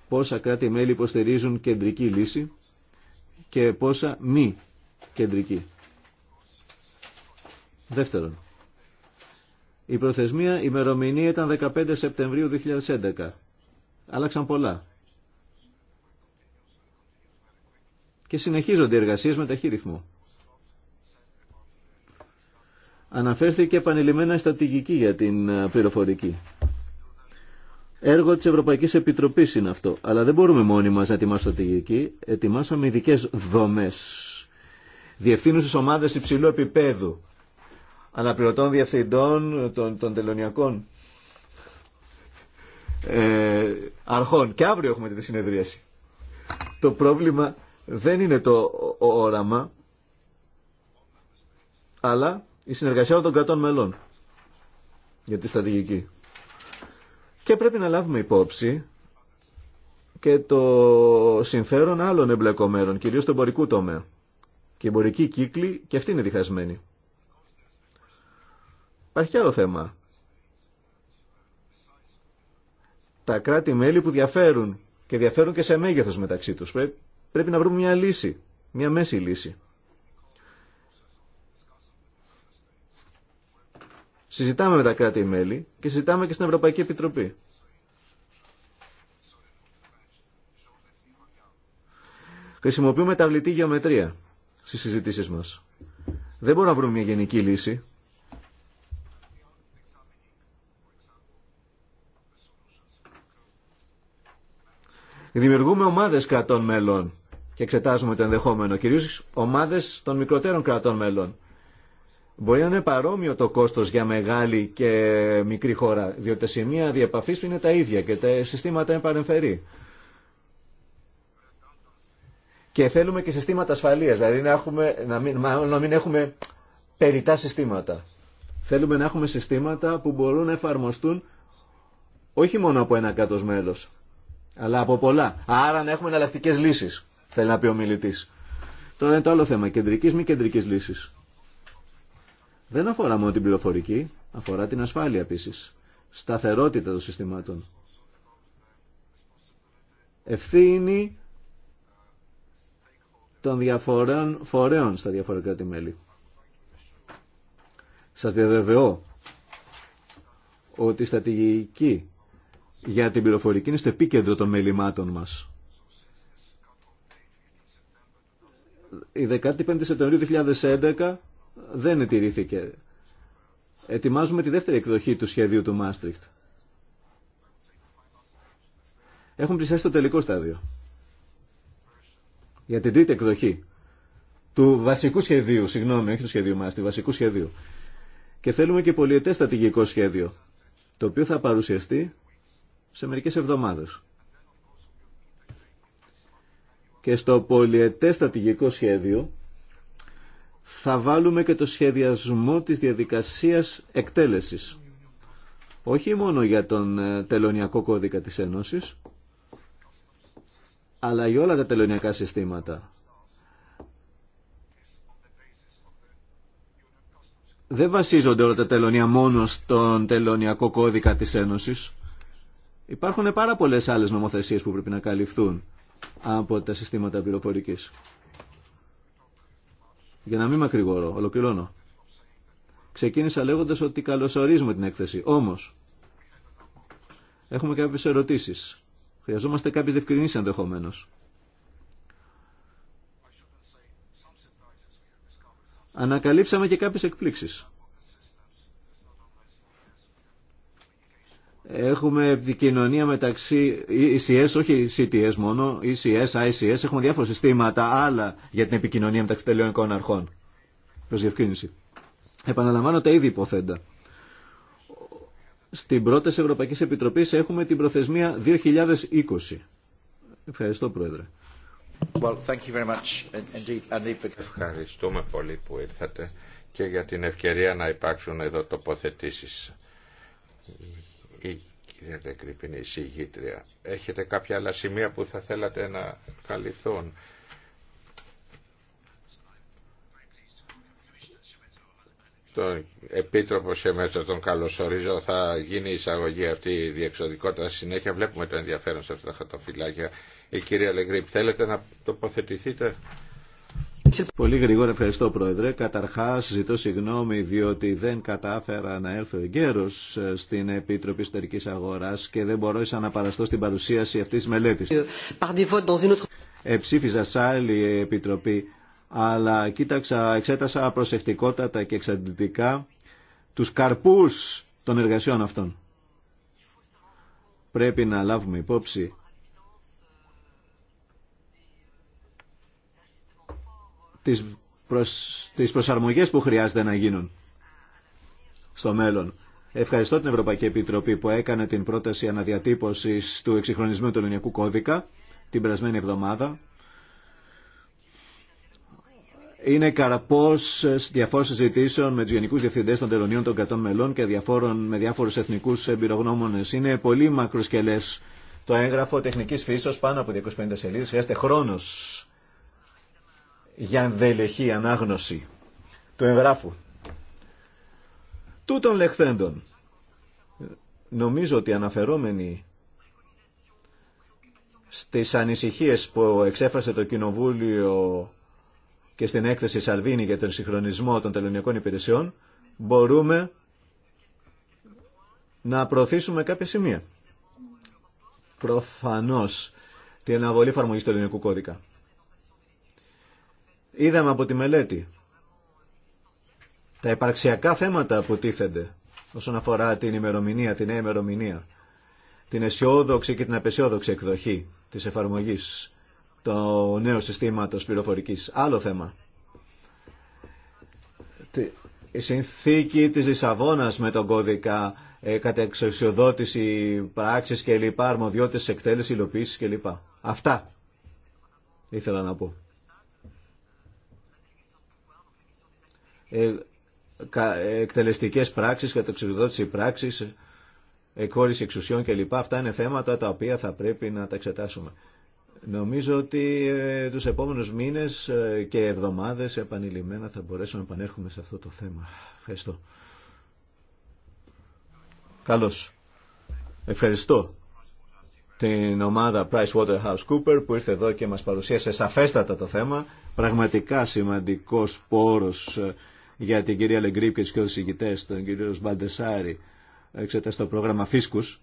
πόσα κράτη-μέλη υποστηρίζουν κεντρική λύση και πόσα μη κεντρική. Δεύτερον, η προθεσμία ημερομηνία ήταν 15 Σεπτεμβρίου 2011. Άλλαξαν πολλά. και συνεχίζονται οι εργασίες με ταχύ ρυθμό. Αναφέρθηκε επανειλημμένα η στρατηγική για την ε, πληροφορική. Έργο της Ευρωπαϊκής Επιτροπής είναι αυτό, αλλά δεν μπορούμε μόνοι μας να ετοιμάσουμε στρατηγική. Ετοιμάσαμε ειδικέ δομές. Διευθύνουσες ομάδες υψηλού επίπεδου, αναπληρωτών διευθυντών των, των τελωνιακών ε, αρχών. Και αύριο έχουμε τη συνεδρίαση. Το πρόβλημα δεν είναι το όραμα, αλλά η συνεργασία των κρατών μελών για τη στρατηγική. Και πρέπει να λάβουμε υπόψη και το συμφέρον άλλων εμπλεκομένων, κυρίως του εμπορικού τομέα. Και οι εμπορικοί κύκλοι και αυτοί είναι διχασμένοι. Υπάρχει άλλο θέμα. Τα κράτη-μέλη που διαφέρουν και διαφέρουν και σε μέγεθος μεταξύ τους. Πρέπει Πρέπει να βρούμε μια λύση, μια μέση λύση. Συζητάμε με τα κράτη-μέλη και συζητάμε και στην Ευρωπαϊκή Επιτροπή. Χρησιμοποιούμε ταυλιτή γεωμετρία στις συζητήσεις μας. Δεν μπορούμε να βρούμε μια γενική λύση. Δημιουργούμε ομάδες κρατών μέλων και εξετάζουμε το ενδεχόμενο, κυρίως ομάδες των μικροτέρων κρατών μέλων. Μπορεί να είναι παρόμοιο το κόστος για μεγάλη και μικρή χώρα, διότι τα σημεία διαπαφής είναι τα ίδια και τα συστήματα είναι παρεμφερή. Και θέλουμε και συστήματα ασφαλείας, δηλαδή να, έχουμε, να, μην, έχουμε περιτά συστήματα. Θέλουμε να έχουμε συστήματα που μπορούν να εφαρμοστούν όχι μόνο από ένα κάτω μέλος, αλλά από πολλά. Άρα να έχουμε εναλλακτικέ λύσεις θέλει να πει ο μιλητή. Τώρα είναι το άλλο θέμα, κεντρική μη κεντρική λύση. Δεν αφορά μόνο την πληροφορική, αφορά την ασφάλεια επίση. Σταθερότητα των συστημάτων. Ευθύνη των διαφορεών φορέων στα διαφορετικά τη κράτη-μέλη. Σας διαβεβαιώ ότι η στρατηγική για την πληροφορική είναι στο επίκεντρο των μελημάτων μας. η 15η Σεπτεμβρίου 2011 δεν ετηρήθηκε. Ετοιμάζουμε τη δεύτερη εκδοχή του σχεδίου του Μάστριχτ. Έχουν πλησιάσει το τελικό στάδιο. Για την τρίτη εκδοχή του βασικού σχεδίου, συγγνώμη, όχι του σχεδίου Μάστριχτ, του βασικού σχεδίου. Και θέλουμε και πολιετές στρατηγικό σχέδιο, το οποίο θα παρουσιαστεί σε μερικές εβδομάδες και στο πολιετέ στρατηγικό σχέδιο θα βάλουμε και το σχεδιασμό της διαδικασίας εκτέλεσης. Όχι μόνο για τον ε, τελωνιακό κώδικα της Ένωσης, αλλά για όλα τα τελωνιακά συστήματα. Δεν βασίζονται όλα τα τελωνία μόνο στον τελωνιακό κώδικα της Ένωσης. Υπάρχουν πάρα πολλές άλλες νομοθεσίες που πρέπει να καλυφθούν από τα συστήματα πληροφορική. Για να μην μακρηγορώ, ολοκληρώνω. Ξεκίνησα λέγοντας ότι καλωσορίζουμε την έκθεση. Όμως, έχουμε κάποιε ερωτήσει. Χρειαζόμαστε κάποιες διευκρινήσει ενδεχομένω. Ανακαλύψαμε και κάποιες εκπλήξεις. Έχουμε επικοινωνία μεταξύ ECS, όχι CTS μόνο, ECS, ICS, έχουμε διάφορα συστήματα άλλα για την επικοινωνία μεταξύ τελειωνικών αρχών. Προς διευκρίνηση. Επαναλαμβάνω τα ήδη υποθέντα. Στην πρώτη Ευρωπαϊκή Επιτροπή έχουμε την προθεσμία 2020. Ευχαριστώ, Πρόεδρε. Well, thank you very much. Indeed, indeed... Ευχαριστούμε πολύ που ήρθατε και για την ευκαιρία να υπάρξουν εδώ τοποθετήσεις η κυρία Τεκρυπίνη, η συγγήτρια. Έχετε κάποια άλλα σημεία που θα θέλατε να καλυφθούν. Το Επίτροπο σε μέσα τον καλωσορίζω. Θα γίνει η εισαγωγή αυτή η διεξοδικότητα. Συνέχεια βλέπουμε το ενδιαφέρον σε αυτά τα χατοφυλάκια. Η κυρία Λεγκρίπ, θέλετε να τοποθετηθείτε. Πολύ γρήγορα ευχαριστώ Πρόεδρε. Καταρχάς ζητώ συγγνώμη διότι δεν κατάφερα να έρθω εγκαίρως ε, στην Επίτροπη Ιστορικής Αγοράς και δεν μπορώ να παραστώ στην παρουσίαση αυτής της μελέτης. Ε, Εψήφιζα σε άλλη επιτροπή, αλλά κοίταξα, εξέτασα προσεκτικότατα και εξαντλητικά τους καρπούς των εργασιών αυτών. Πρέπει να λάβουμε υπόψη τις, προσ... τις προσαρμογές που χρειάζεται να γίνουν στο μέλλον. Ευχαριστώ την Ευρωπαϊκή Επιτροπή που έκανε την πρόταση αναδιατύπωσης του εξυγχρονισμού του Ελληνικού Κώδικα την περασμένη εβδομάδα. Είναι καραπός διαφόρων συζητήσεων με του Γενικού Διευθυντέ των Τελωνίων των Κρατών Μελών και διαφόρων, με διάφορου εθνικού εμπειρογνώμονε. Είναι πολύ μακροσκελέ το έγγραφο τεχνική φύσεω, πάνω από 250 σελίδε. Χρειάζεται χρόνο για ενδελεχή ανάγνωση του εγγράφου. Τούτων λεχθέντων. Νομίζω ότι αναφερόμενοι στις ανησυχίες που εξέφρασε το Κοινοβούλιο και στην έκθεση Σαλβίνη για τον συγχρονισμό των τελωνιακών υπηρεσιών, μπορούμε να προωθήσουμε κάποια σημεία. Προφανώς την αναβολή εφαρμογή του ελληνικού κώδικα. Είδαμε από τη μελέτη τα υπαρξιακά θέματα που τίθενται όσον αφορά την ημερομηνία, την νέα ημερομηνία, την αισιόδοξη και την απεσιόδοξη εκδοχή της εφαρμογής του νέου συστήματος πληροφορικής. Άλλο θέμα. Η συνθήκη της Λισαβόνας με τον κώδικα ε, κατά εξουσιοδότηση πράξης και λοιπά, αρμοδιότητες εκτέλεση, υλοποίηση και λοιπά. Αυτά ήθελα να πω. Ε, εκτελεστικές πράξεις, κατεξοδότηση πράξης, εκχώρηση εξουσιών κλπ. Αυτά είναι θέματα τα οποία θα πρέπει να τα εξετάσουμε. Νομίζω ότι ε, τους επόμενους μήνες ε, και εβδομάδες επανειλημμένα θα μπορέσουμε να επανέρχουμε σε αυτό το θέμα. Ευχαριστώ. Καλώς. Ευχαριστώ την ομάδα Cooper που ήρθε εδώ και μας παρουσίασε σαφέστατα το θέμα. Πραγματικά σημαντικός πόρος για την κυρία Λεγκρίπ και τους κύριους τον κύριο Σμπαντεσάρη, εξετάσει το πρόγραμμα Φίσκους,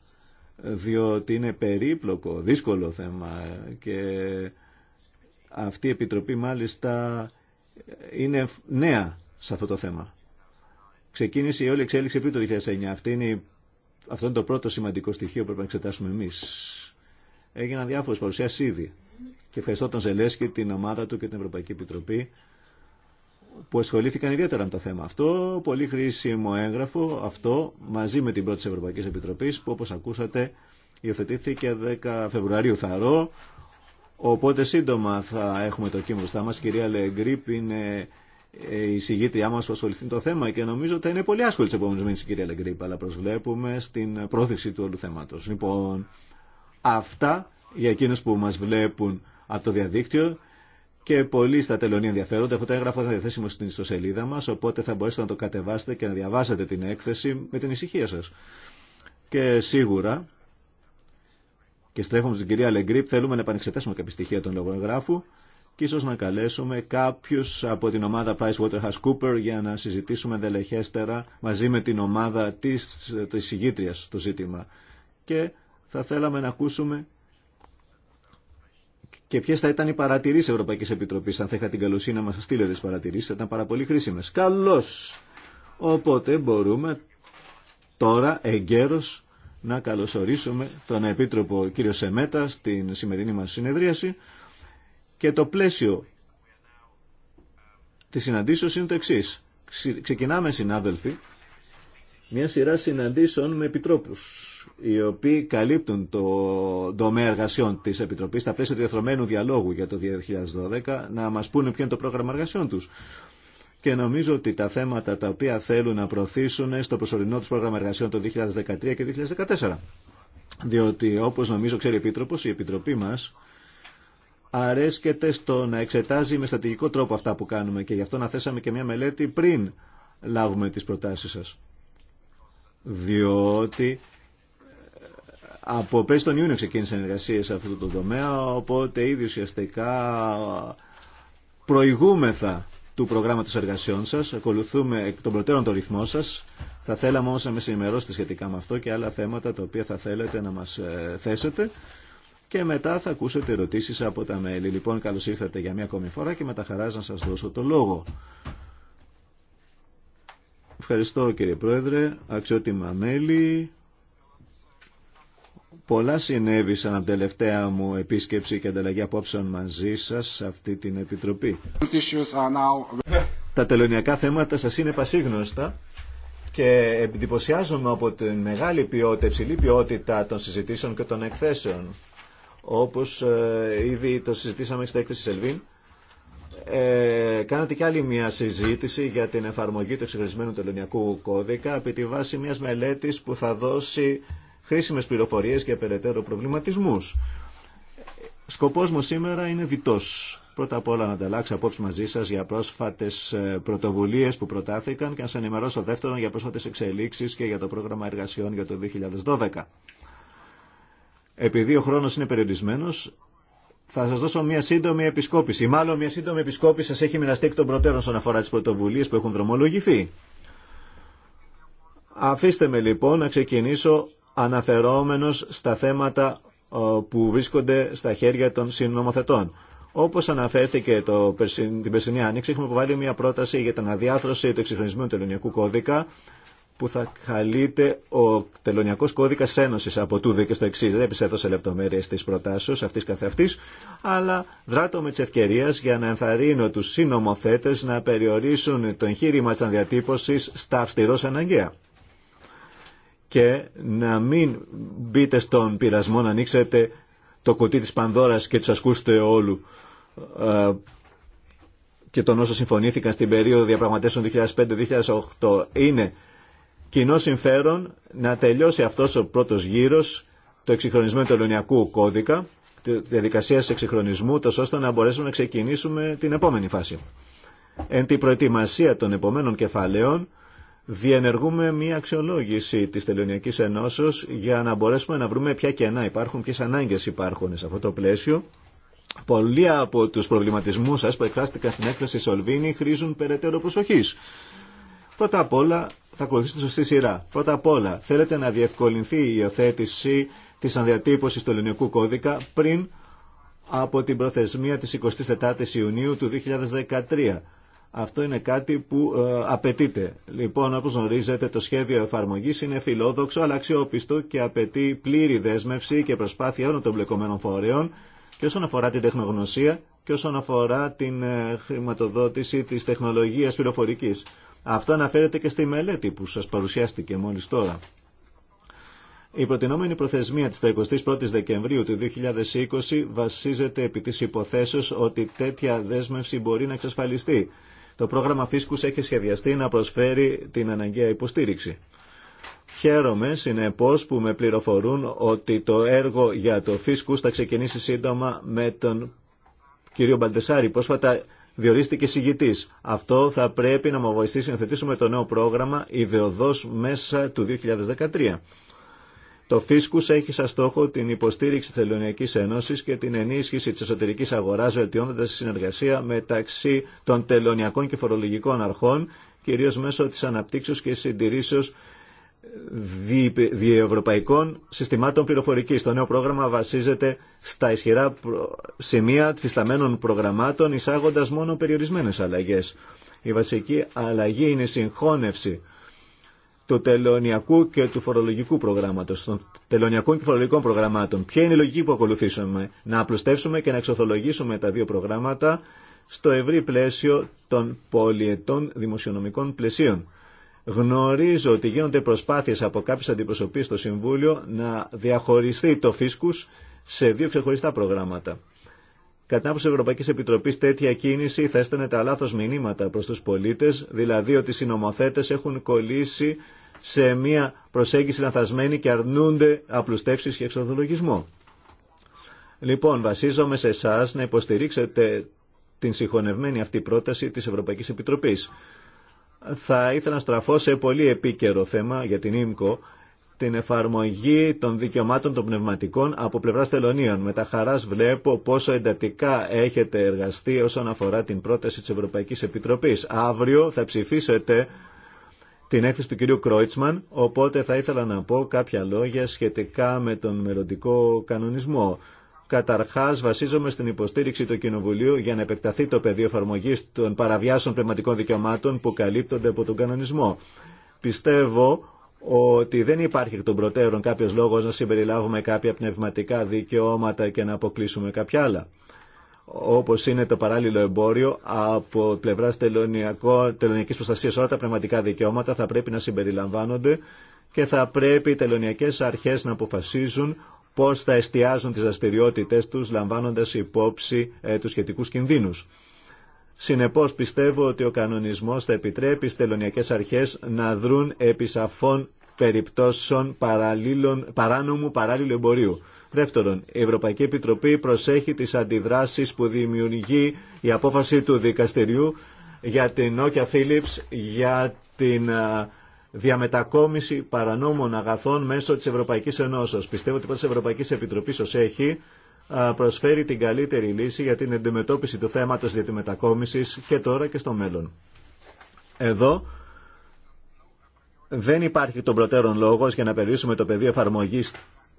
διότι είναι περίπλοκο, δύσκολο θέμα και αυτή η Επιτροπή μάλιστα είναι νέα σε αυτό το θέμα. Ξεκίνησε η όλη εξέλιξη πριν το 2009. Αυτή είναι, αυτό είναι το πρώτο σημαντικό στοιχείο που πρέπει να εξετάσουμε εμείς. Έγιναν διάφορες παρουσιάσεις ήδη. Και ευχαριστώ τον Ζελέσκη, την ομάδα του και την Ευρωπαϊκή Επιτροπή που ασχολήθηκαν ιδιαίτερα με το θέμα αυτό. Πολύ χρήσιμο έγγραφο αυτό μαζί με την πρώτη Ευρωπαϊκή Ευρωπαϊκής Επιτροπής που όπω ακούσατε υιοθετήθηκε 10 Φεβρουαρίου θαρώ. Οπότε σύντομα θα έχουμε το κύμα μπροστά μα, Η κυρία Λεγκρίπ είναι ε, η συγγήτριά μας που ασχοληθεί με το θέμα και νομίζω ότι θα είναι πολύ άσχολη τι επόμενη μήνε η κυρία Λεγκρίπ αλλά προσβλέπουμε στην πρόθεση του όλου θέματο. Λοιπόν, αυτά για εκείνου που μα βλέπουν από το διαδίκτυο και πολλοί στα τελωνία ενδιαφέρονται. Αυτό το έγγραφο θα διαθέσιμο στην ιστοσελίδα μα, οπότε θα μπορέσετε να το κατεβάσετε και να διαβάσετε την έκθεση με την ησυχία σα. Και σίγουρα, και στρέφομαι στην κυρία Λεγκρίπ, θέλουμε να επανεξετάσουμε κάποια στοιχεία των λογογράφου και ίσω να καλέσουμε κάποιου από την ομάδα PricewaterhouseCooper για να συζητήσουμε δελεχέστερα μαζί με την ομάδα τη ηγήτρια το ζήτημα. Και θα θέλαμε να ακούσουμε και ποιε θα ήταν οι παρατηρήσει Ευρωπαϊκή Επιτροπή. Αν θα είχα την καλοσύνη να μα στείλετε τι παρατηρήσει, θα ήταν πάρα πολύ χρήσιμε. Καλώ. Οπότε μπορούμε τώρα εγκαίρω να καλωσορίσουμε τον Επίτροπο κύριο Σεμέτα στην σημερινή μα συνεδρίαση και το πλαίσιο τη συναντήσεω είναι το εξή. Ξεκινάμε, συνάδελφοι, μια σειρά συναντήσεων με επιτρόπους οι οποίοι καλύπτουν το τομέα εργασιών της Επιτροπής στα πλαίσια του διαθρωμένου διαλόγου για το 2012 να μας πούνε ποιο είναι το πρόγραμμα εργασιών τους. Και νομίζω ότι τα θέματα τα οποία θέλουν να προωθήσουν στο προσωρινό τους πρόγραμμα εργασιών το 2013 και 2014. Διότι όπως νομίζω ξέρει η Επίτροπος, η Επιτροπή μας αρέσκεται στο να εξετάζει με στατηγικό τρόπο αυτά που κάνουμε και γι' αυτό να θέσαμε και μια μελέτη πριν λάβουμε τις προτάσεις σας διότι από πέρσι τον Ιούνιο ξεκίνησαν εργασίε σε αυτό το τομέα, οπότε ήδη ουσιαστικά προηγούμεθα του προγράμματος εργασιών σας, ακολουθούμε τον των προτέρων το ρυθμό σας. Θα θέλαμε όμως να με συνημερώσετε σχετικά με αυτό και άλλα θέματα τα οποία θα θέλετε να μας ε, θέσετε και μετά θα ακούσετε ερωτήσεις από τα μέλη. Λοιπόν, καλώς ήρθατε για μία ακόμη φορά και με τα να σας δώσω το λόγο. Ευχαριστώ κύριε Πρόεδρε, αξιότιμα μέλη. Πολλά συνέβησαν από τελευταία μου επίσκεψη και ανταλλαγή απόψεων μαζί σας σε αυτή την Επιτροπή. Τα τελωνιακά θέματα σας είναι πασίγνωστα και εντυπωσιάζομαι από την μεγάλη ποιότητα, υψηλή ποιότητα των συζητήσεων και των εκθέσεων. Όπως ε, ήδη το συζητήσαμε στην έκθεση Σελβίν, ε, κάνατε και άλλη μια συζήτηση για την εφαρμογή του εξεχωρισμένου τελωνιακού κώδικα επί τη βάση μιας μελέτης που θα δώσει χρήσιμες πληροφορίες και περαιτέρω προβληματισμούς. Σκοπός μου σήμερα είναι διτός. Πρώτα απ' όλα να ανταλλάξω απόψη μαζί σα για πρόσφατε πρωτοβουλίε που προτάθηκαν και να σα ενημερώσω δεύτερον για πρόσφατε εξελίξει και για το πρόγραμμα εργασιών για το 2012. Επειδή ο χρόνο είναι περιορισμένο, θα σα δώσω μια σύντομη επισκόπηση. Μάλλον μια σύντομη επισκόπηση σα έχει μοιραστεί εκ των προτέρων όσον αφορά τι πρωτοβουλίε που έχουν δρομολογηθεί. Αφήστε με λοιπόν να ξεκινήσω αναφερόμενος στα θέματα που βρίσκονται στα χέρια των συνομοθετών. Όπως αναφέρθηκε το, την περσινή άνοιξη, έχουμε βάλει μια πρόταση για την αδιάθρωση του εξυγχρονισμού του ελληνικού κώδικα που θα καλείται ο τελωνιακό κώδικα Ένωση από τούδε και στο εξή. Δεν επισέτω σε λεπτομέρειε τη προτάσεω αυτή καθεαυτή, αλλά δράτω με τη ευκαιρία για να ενθαρρύνω του συνομοθέτε να περιορίσουν το εγχείρημα τη αναδιατύπωση στα αυστηρό αναγκαία. Και να μην μπείτε στον πειρασμό να ανοίξετε το κουτί της Πανδώρας και τους ασκούστε όλου ε, και τον όσο συμφωνήθηκαν στην περίοδο διαπραγματεύσεων 2005-2008 είναι κοινό συμφέρον να τελειώσει αυτός ο πρώτος γύρος το εξυγχρονισμό του ελληνιακού κώδικα, τη διαδικασία εξυγχρονισμού, τόσο ώστε να μπορέσουμε να ξεκινήσουμε την επόμενη φάση. Εν την προετοιμασία των επομένων κεφαλαίων, διενεργούμε μία αξιολόγηση της Τελωνιακής Ενώσεως για να μπορέσουμε να βρούμε ποια κενά υπάρχουν, ποιες ανάγκες υπάρχουν σε αυτό το πλαίσιο. Πολλοί από τους προβληματισμούς σας που εκφράστηκαν στην έκφραση Σολβίνη χρήζουν περαιτέρω προσοχή. Πρώτα απ' όλα θα ακολουθήσουν σωστή σειρά. Πρώτα απ' όλα, θέλετε να διευκολυνθεί η υιοθέτηση της ανδιατύπωσης του ελληνικού κώδικα πριν από την προθεσμία της 24ης Ιουνίου του 2013. Αυτό είναι κάτι που ε, απαιτείται. Λοιπόν, όπως γνωρίζετε, το σχέδιο εφαρμογής είναι φιλόδοξο αλλά αξιόπιστο και απαιτεί πλήρη δέσμευση και προσπάθεια όλων των μπλεκομένων φορέων και όσον αφορά την τεχνογνωσία και όσον αφορά την ε, χρηματοδότηση της τεχνολογίας πληροφορικής. Αυτό αναφέρεται και στη μελέτη που σας παρουσιάστηκε μόλις τώρα. Η προτινόμενη προθεσμία της 21ης Δεκεμβρίου του 2020 βασίζεται επί της υποθέσεως ότι τέτοια δέσμευση μπορεί να εξασφαλιστεί. Το πρόγραμμα Φίσκους έχει σχεδιαστεί να προσφέρει την αναγκαία υποστήριξη. Χαίρομαι, συνεπώς, που με πληροφορούν ότι το έργο για το Φίσκους θα ξεκινήσει σύντομα με τον κύριο Μπαλτεσάρη. Πρόσφατα διορίστηκε συγητή. Αυτό θα πρέπει να μα βοηθήσει να θετήσουμε το νέο πρόγραμμα ιδεοδό μέσα του 2013. Το ΦΙΣΚΟΥΣ έχει σαν στόχο την υποστήριξη τη Ελληνική Ένωση και την ενίσχυση τη εσωτερική αγορά, βελτιώνοντα τη συνεργασία μεταξύ των τελωνιακών και φορολογικών αρχών, κυρίω μέσω τη αναπτύξεω και συντηρήσεω διευρωπαϊκών συστημάτων πληροφορική. Το νέο πρόγραμμα βασίζεται στα ισχυρά σημεία φυσταμένων προγραμμάτων εισάγοντα μόνο περιορισμένε αλλαγέ. Η βασική αλλαγή είναι η συγχώνευση του τελωνιακού και του φορολογικού προγράμματο, των τελωνιακών και φορολογικών προγραμμάτων. Ποια είναι η λογική που ακολουθήσουμε, να απλουστεύσουμε και να εξοθολογήσουμε τα δύο προγράμματα στο ευρύ πλαίσιο των πολιετών δημοσιονομικών πλαισίων. Γνωρίζω ότι γίνονται προσπάθειες από κάποιες αντιπροσωπείς στο Συμβούλιο να διαχωριστεί το φίσκους σε δύο ξεχωριστά προγράμματα. Κατά τη Ευρωπαϊκή Επιτροπή, τέτοια κίνηση θα έστενε τα λάθο μηνύματα προ του πολίτε, δηλαδή ότι οι συνομοθέτε έχουν κολλήσει σε μια προσέγγιση λανθασμένη και αρνούνται απλουστεύσει και εξορθολογισμό. Λοιπόν, βασίζομαι σε εσά να υποστηρίξετε την συγχωνευμένη αυτή πρόταση τη Ευρωπαϊκή Επιτροπή θα ήθελα να στραφώ σε πολύ επίκαιρο θέμα για την ΙΜΚΟ, την εφαρμογή των δικαιωμάτων των πνευματικών από πλευρά τελωνίων. Με τα χαρά βλέπω πόσο εντατικά έχετε εργαστεί όσον αφορά την πρόταση τη Ευρωπαϊκή Επιτροπή. Αύριο θα ψηφίσετε την έκθεση του κυρίου Κρόιτσμαν, οπότε θα ήθελα να πω κάποια λόγια σχετικά με τον μελλοντικό κανονισμό. Καταρχά, βασίζομαι στην υποστήριξη του Κοινοβουλίου για να επεκταθεί το πεδίο εφαρμογή των παραβιάσεων πνευματικών δικαιωμάτων που καλύπτονται από τον κανονισμό. Πιστεύω ότι δεν υπάρχει εκ των προτέρων κάποιο λόγο να συμπεριλάβουμε κάποια πνευματικά δικαιώματα και να αποκλείσουμε κάποια άλλα Όπω είναι το παράλληλο εμπόριο από πλευρά τελωνιακή προστασία, όλα τα πνευματικά δικαιώματα θα πρέπει να συμπεριλαμβάνονται και θα πρέπει οι τελωνιακέ αρχέ να αποφασίζουν πώς θα εστιάζουν τις δραστηριότητε τους λαμβάνοντας υπόψη ε, τους σχετικούς κινδύνους. Συνεπώς πιστεύω ότι ο κανονισμός θα επιτρέπει στις τελωνιακέ αρχές να δρουν επί σαφών περιπτώσεων παράνομου παράλληλου εμπορίου. Δεύτερον, η Ευρωπαϊκή Επιτροπή προσέχει τις αντιδράσεις που δημιουργεί η απόφαση του δικαστηριού για την Nokia Philips για την ε, διαμετακόμιση παρανόμων αγαθών μέσω της Ευρωπαϊκής Ενώσεως. Πιστεύω ότι η Ευρωπαϊκή Ευρωπαϊκής Επιτροπής έχει προσφέρει την καλύτερη λύση για την αντιμετώπιση του θέματος μετακόμιση και τώρα και στο μέλλον. Εδώ δεν υπάρχει τον προτέρων λόγος για να περιορίσουμε το πεδίο εφαρμογής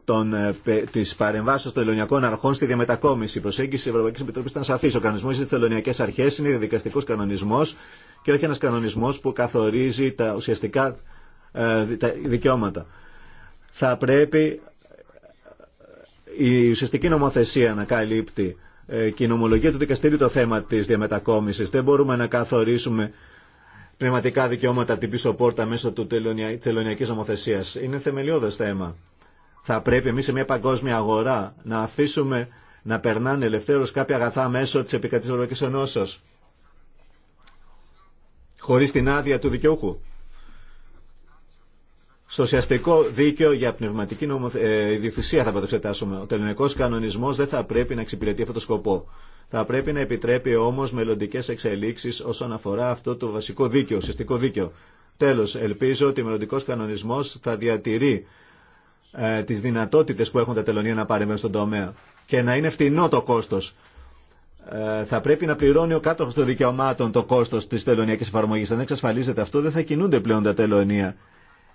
των, ε, της παρεμβάσεως των ελληνικών αρχών στη διαμετακόμιση. Η προσέγγιση της Ευρωπαϊκής Επιτροπής ήταν σαφής. Ο κανονισμός για τις αρχές είναι διαδικαστικός κανονισμός και όχι ένας κανονισμός που καθορίζει τα ουσιαστικά ε, τα δικαιώματα. Θα πρέπει ε, η ουσιαστική νομοθεσία να καλύπτει και η νομολογία του δικαστήριου το θέμα της διαμετακόμισης. Δεν μπορούμε να καθορίσουμε πνευματικά δικαιώματα από την πίσω πόρτα μέσω του τελωνιακής νομοθεσίας. Είναι θεμελιώδες θέμα θα πρέπει εμείς σε μια παγκόσμια αγορά να αφήσουμε να περνάνε ελευθέρως κάποια αγαθά μέσω της επικρατής Ευρωπαϊκής Ενώσεως χωρίς την άδεια του δικαιούχου. Στο ουσιαστικό δίκαιο για πνευματική νομοθε... ε, ιδιοκτησία θα το εξετάσουμε. Ο τελωνικό κανονισμό δεν θα πρέπει να εξυπηρετεί αυτό το σκοπό. Θα πρέπει να επιτρέπει όμω μελλοντικέ εξελίξει όσον αφορά αυτό το βασικό δίκαιο, ουσιαστικό δίκαιο. Τέλο, ελπίζω ότι ο μελλοντικό κανονισμό θα διατηρεί ε, τις δυνατότητες που έχουν τα τελωνία να μέσα στον τομέα και να είναι φτηνό το κόστο. Ε, θα πρέπει να πληρώνει ο κάτοχος των δικαιωμάτων το κόστο τη τελωνιακή εφαρμογή. Αν δεν εξασφαλίζεται αυτό δεν θα κινούνται πλέον τα τελωνία.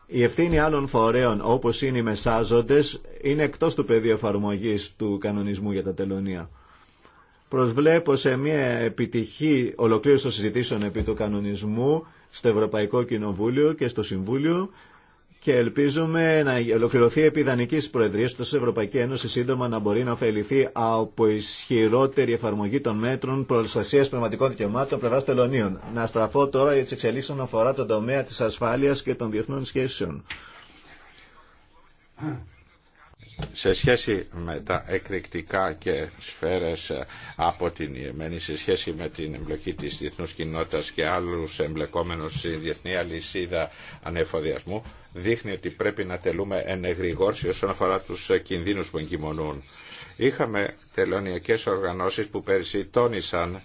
Η ευθύνη άλλων φορέων όπω είναι οι μεσάζοντες είναι εκτό του πεδίου εφαρμογή του κανονισμού για τα τελωνία. Προσβλέπω σε μια επιτυχή ολοκλήρωση των συζητήσεων επί του κανονισμού στο Ευρωπαϊκό Κοινοβούλιο και στο Συμβούλιο και ελπίζουμε να ολοκληρωθεί επί δανεικής προεδρίας της Ευρωπαϊκή Ένωση σύντομα να μπορεί να ωφεληθεί από ισχυρότερη εφαρμογή των μέτρων προστασίας πνευματικών δικαιωμάτων πλευρά τελωνίων. Να στραφώ τώρα για τις εξελίξεις όσον αφορά τον τομέα της ασφάλειας και των διεθνών σχέσεων. Σε σχέση με τα εκρηκτικά και σφαίρες από την Ιεμένη, σε σχέση με την εμπλοκή της διεθνούς κοινότητας και άλλους εμπλεκόμενους στη διεθνή αλυσίδα ανεφοδιασμού, δείχνει ότι πρέπει να τελούμε εγρηγόρση όσον αφορά τους κινδύνους που εγκυμονούν. Είχαμε τελωνιακέ οργανώσεις που πέρσι τόνισαν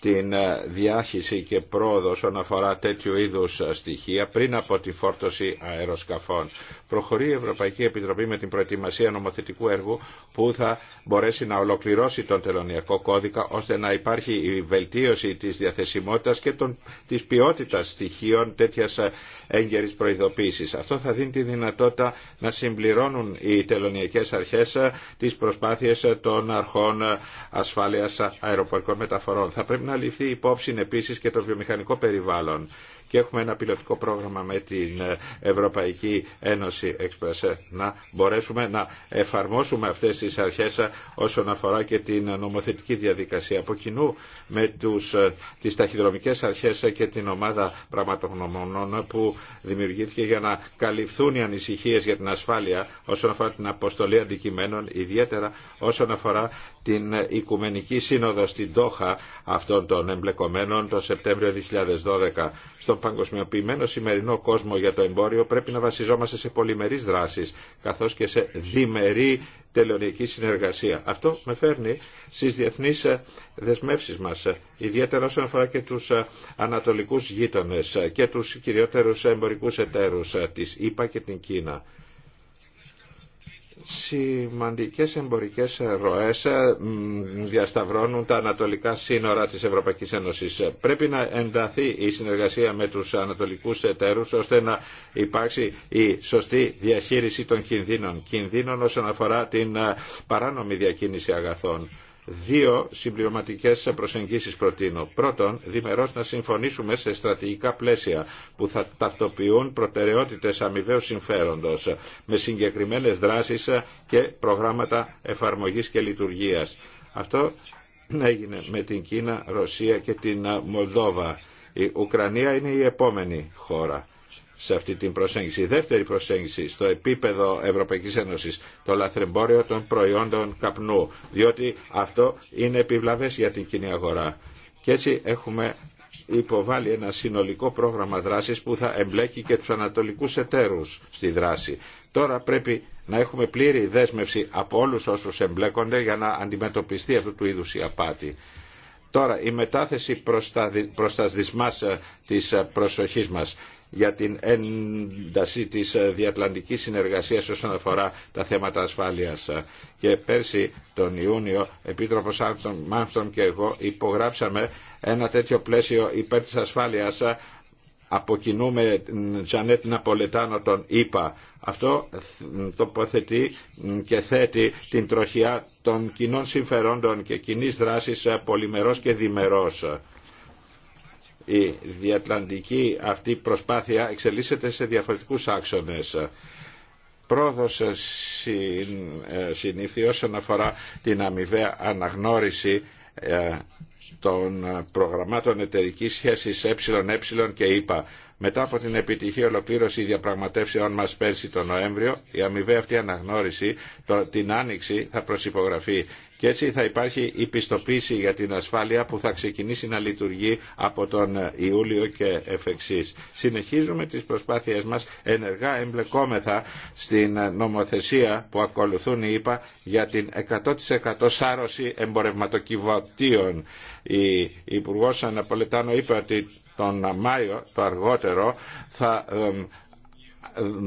την διάχυση και πρόοδο όσον αφορά τέτοιου είδους στοιχεία πριν από τη φόρτωση αεροσκαφών προχωρεί η Ευρωπαϊκή Επιτροπή με την προετοιμασία νομοθετικού έργου που θα μπορέσει να ολοκληρώσει τον τελωνιακό κώδικα ώστε να υπάρχει η βελτίωση της διαθεσιμότητας και των, της ποιότητας στοιχείων τέτοιας ε, έγκαιρης προειδοποίησης. Αυτό θα δίνει τη δυνατότητα να συμπληρώνουν οι τελωνιακές αρχές ε, τις προσπάθειες ε, των αρχών ασφάλειας αεροπορικών μεταφορών. Θα πρέπει να ληφθεί υπόψη επίσης και το βιομηχανικό περιβάλλον και έχουμε ένα πιλωτικό πρόγραμμα με την Ευρωπαϊκή Ένωση Εξπρεσέ να μπορέσουμε να εφαρμόσουμε αυτές τις αρχές ε, όσον αφορά και την νομοθετική διαδικασία από κοινού με τους, ε, τις ταχυδρομικές αρχές ε, και την ομάδα πραγματογνωμονών που δημιουργήθηκε για να καλυφθούν οι ανησυχίες για την ασφάλεια όσον αφορά την αποστολή αντικειμένων ιδιαίτερα όσον αφορά την Οικουμενική Σύνοδο στην Τόχα αυτών των εμπλεκομένων το Σεπτέμβριο 2012. Στον παγκοσμιοποιημένο σημερινό κόσμο για το εμπόριο πρέπει να βασιζόμαστε σε πολυμερείς δράσεις καθώς και σε διμερή τελωνιακή συνεργασία. Αυτό με φέρνει στις διεθνείς ε, δεσμεύσεις μας, ε, ιδιαίτερα όσον αφορά και τους ε, ανατολικούς γείτονες και τους κυριότερους εμπορικούς εταίρους της ΕΠΑ και την Κίνα σημαντικές εμπορικές ροές ε, διασταυρώνουν τα ανατολικά σύνορα της Ευρωπαϊκής Ένωσης. Πρέπει να ενταθεί η συνεργασία με τους ανατολικούς εταίρους ώστε να υπάρξει η σωστή διαχείριση των κινδύνων. Κινδύνων όσον αφορά την ε, παράνομη διακίνηση αγαθών. Δύο συμπληρωματικές προσεγγίσει προτείνω. Πρώτον, διμερώς να συμφωνήσουμε σε στρατηγικά πλαίσια που θα ταυτοποιούν προτεραιότητες αμοιβαίου συμφέροντος με συγκεκριμένες δράσεις και προγράμματα εφαρμογής και λειτουργίας. Αυτό έγινε με την Κίνα, Ρωσία και την Μολδόβα. Η Ουκρανία είναι η επόμενη χώρα σε αυτή την προσέγγιση. Η δεύτερη προσέγγιση στο επίπεδο Ευρωπαϊκή Ένωση, το λαθρεμπόριο των προϊόντων καπνού, διότι αυτό είναι επιβλαβές για την κοινή αγορά. Και έτσι έχουμε υποβάλει ένα συνολικό πρόγραμμα δράσης που θα εμπλέκει και τους ανατολικούς εταίρους στη δράση. Τώρα πρέπει να έχουμε πλήρη δέσμευση από όλους όσους εμπλέκονται για να αντιμετωπιστεί αυτού του είδους η απάτη. Τώρα η μετάθεση προς τα δυσμά ε, της ε, προσοχής μας για την ένταση της διατλαντικής συνεργασίας όσον αφορά τα θέματα ασφάλειας. Και πέρσι τον Ιούνιο, Επίτροπος Μάνστον και εγώ υπογράψαμε ένα τέτοιο πλαίσιο υπέρ της ασφάλειας αποκινούμε Τζανέτ Ναπολετάνο τον ΙΠΑ. Αυτό τοποθετεί και θέτει την τροχιά των κοινών συμφερόντων και κοινή δράσης πολυμερός και διμερός η διατλαντική αυτή προσπάθεια εξελίσσεται σε διαφορετικούς άξονες. Πρόοδος ε, συνήθει όσον αφορά την αμοιβαία αναγνώριση ε, των προγραμμάτων εταιρικής σχέσης ΕΕ και ΕΠΑ. Μετά από την επιτυχή ολοκλήρωση διαπραγματεύσεων μας πέρσι τον Νοέμβριο, η αμοιβαία αυτή αναγνώριση την Άνοιξη θα προσυπογραφεί και έτσι θα υπάρχει η πιστοποίηση για την ασφάλεια που θα ξεκινήσει να λειτουργεί από τον Ιούλιο και εφ' Συνεχίζουμε τις προσπάθειές μας ενεργά εμπλεκόμεθα στην νομοθεσία που ακολουθούν οι για την 100% σάρωση εμπορευματοκιβωτίων. Η Υπουργός Αναπολετάνο είπε ότι τον Μάιο το αργότερο θα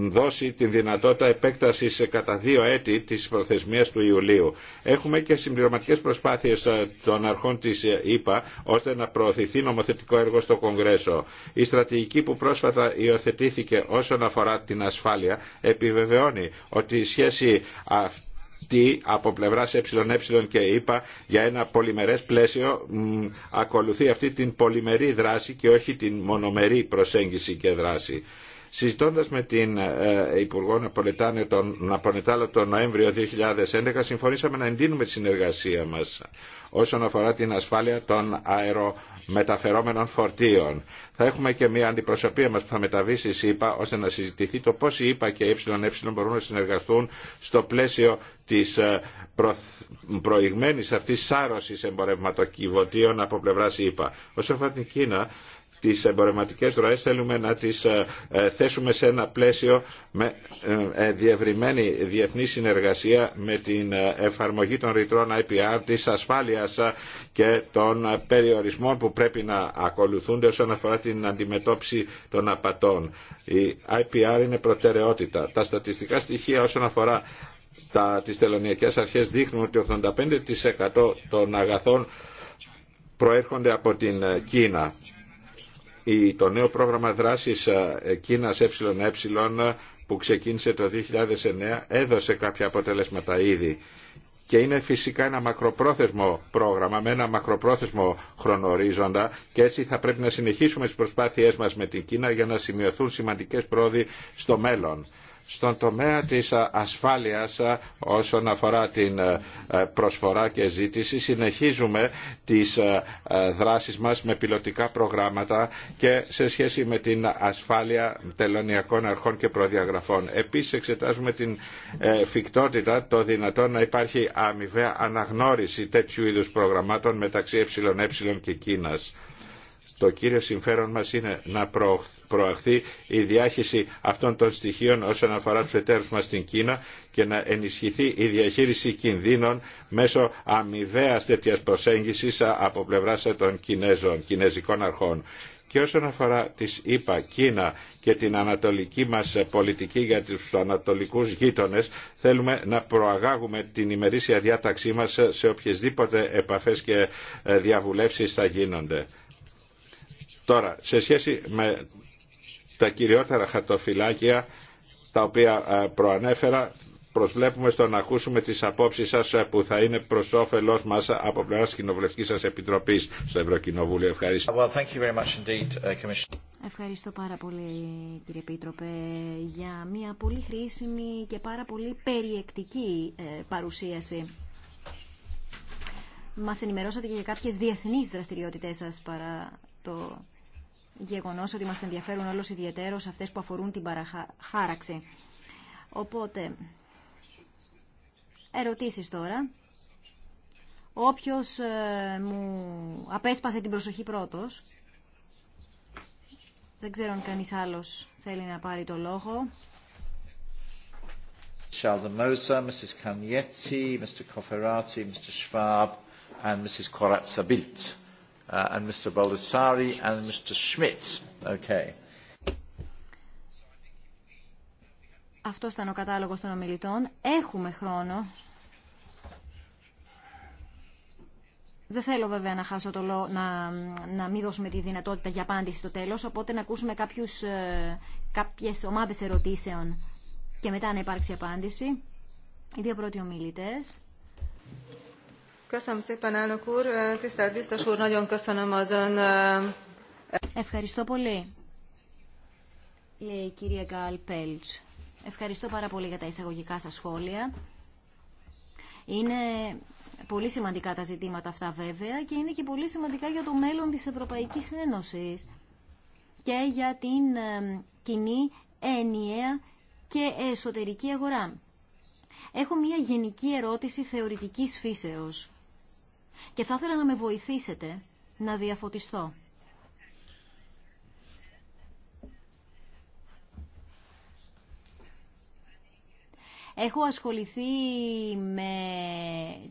δώσει τη δυνατότητα επέκτασης κατά δύο έτη τη προθεσμία του Ιουλίου. Έχουμε και συμπληρωματικέ προσπάθειε ε, των αρχών τη ε, ΕΠΑ ώστε να προωθηθεί νομοθετικό έργο στο Κογκρέσο. Η στρατηγική που πρόσφατα υιοθετήθηκε όσον αφορά την ασφάλεια επιβεβαιώνει ότι η σχέση αυτή από πλευρά ΕΕ και ΕΠΑ για ένα πολυμερέ πλαίσιο ακολουθεί αυτή την πολυμερή δράση και όχι την μονομερή προσέγγιση και δράση. Συζητώντα με την ε, Υπουργό Ναπολετάνο τον, Ναπολετάλο τον Νοέμβριο 2011, συμφωνήσαμε να εντείνουμε τη συνεργασία μα όσον αφορά την ασφάλεια των αερομεταφερόμενων φορτίων. Θα έχουμε και μια αντιπροσωπεία μα που θα μεταβεί στη ΣΥΠΑ ώστε να συζητηθεί το πώ η ΕΠΑ ΕΕ και η ΕΕ μπορούν να συνεργαστούν στο πλαίσιο της ε, προηγμένη προηγμένης αυτής σάρωσης εμπορευματοκιβωτίων από πλευράς ΣΥΠΑ. ΕΕ. Όσον αφορά την Κίνα, τις εμπορευματικέ ροές θέλουμε να τις ε, ε, θέσουμε σε ένα πλαίσιο με ε, διευρυμένη διεθνή συνεργασία με την εφαρμογή των ρητρών IPR, της ασφάλειας και των περιορισμών που πρέπει να ακολουθούνται όσον αφορά την αντιμετώπιση των απατών. Η IPR είναι προτεραιότητα. Τα στατιστικά στοιχεία όσον αφορά τα, τις τελωνιακές αρχές δείχνουν ότι 85% των αγαθών προέρχονται από την Κίνα το νέο πρόγραμμα δράσης ε, ΚΙΝΑ ΕΕ που ξεκίνησε το 2009 έδωσε κάποια αποτελέσματα ήδη και είναι φυσικά ένα μακροπρόθεσμο πρόγραμμα με ένα μακροπρόθεσμο χρονορίζοντα και έτσι θα πρέπει να συνεχίσουμε τις προσπάθειές μας με την Κίνα για να σημειωθούν σημαντικές πρόοδοι στο μέλλον στον τομέα της ασφάλειας όσον αφορά την ε, προσφορά και ζήτηση συνεχίζουμε τις ε, δράσεις μας με πιλωτικά προγράμματα και σε σχέση με την ασφάλεια τελωνιακών αρχών και προδιαγραφών. Επίσης εξετάζουμε την ε, φυκτότητα το δυνατόν να υπάρχει αμοιβαία αναγνώριση τέτοιου είδους προγραμμάτων μεταξύ ΕΕ και Κίνας. Το κύριο συμφέρον μας είναι να προαχθεί η διάχυση αυτών των στοιχείων όσον αφορά τους εταίρους μας στην Κίνα και να ενισχυθεί η διαχείριση κινδύνων μέσω αμοιβαία τέτοια προσέγγιση από πλευρά των Κινέζων, Κινέζικων αρχών. Και όσον αφορά τις ΗΠΑ, Κίνα και την ανατολική μας πολιτική για τους ανατολικούς γείτονες, θέλουμε να προαγάγουμε την ημερήσια διάταξή μας σε οποιασδήποτε επαφές και ε, διαβουλεύσεις θα γίνονται. Τώρα, σε σχέση με τα κυριότερα χαρτοφυλάκια τα οποία ε, προανέφερα, προσβλέπουμε στο να ακούσουμε τις απόψεις σας ε, που θα είναι προς όφελός μας από πλευρά της Κοινοβουλευτικής σας Επιτροπής στο Ευρωκοινοβούλιο. Ευχαριστώ. Uh, Ευχαριστώ πάρα πολύ κύριε Πίτροπε για μια πολύ χρήσιμη και πάρα πολύ περιεκτική ε, παρουσίαση. Μας ενημερώσατε και για κάποιες διεθνείς δραστηριότητές σας παρά το γεγονό ότι μας ενδιαφέρουν όλο ιδιαίτερω αυτές που αφορούν την παραχάραξη. Οπότε, ερωτήσεις τώρα. Όποιος ε, μου απέσπασε την προσοχή πρώτος, δεν ξέρω αν κανείς άλλος θέλει να πάρει το λόγο. Mr. Mr. Mr. Schwab and Mrs. Uh, and Mr. and Mr. Αυτό ήταν ο κατάλογος των ομιλητών. Έχουμε χρόνο. Δεν θέλω βέβαια να, χάσω το λόγο να, να μην δώσουμε τη δυνατότητα για απάντηση στο τέλος, οπότε να ακούσουμε κάποιους, ε, κάποιες ομάδες ερωτήσεων και μετά να υπάρξει απάντηση. Οι δύο πρώτοι ομιλητές. Ευχαριστώ πολύ, λέει η κυρία Γκάλ Πέλτς. Ευχαριστώ πάρα πολύ για τα εισαγωγικά σας σχόλια. Είναι πολύ σημαντικά τα ζητήματα αυτά βέβαια και είναι και πολύ σημαντικά για το μέλλον της Ευρωπαϊκής Ένωσης και για την ε, κοινή ενιαία και εσωτερική αγορά. Έχω μια γενική ερώτηση θεωρητικής φύσεως και θα ήθελα να με βοηθήσετε να διαφωτιστώ. Έχω ασχοληθεί με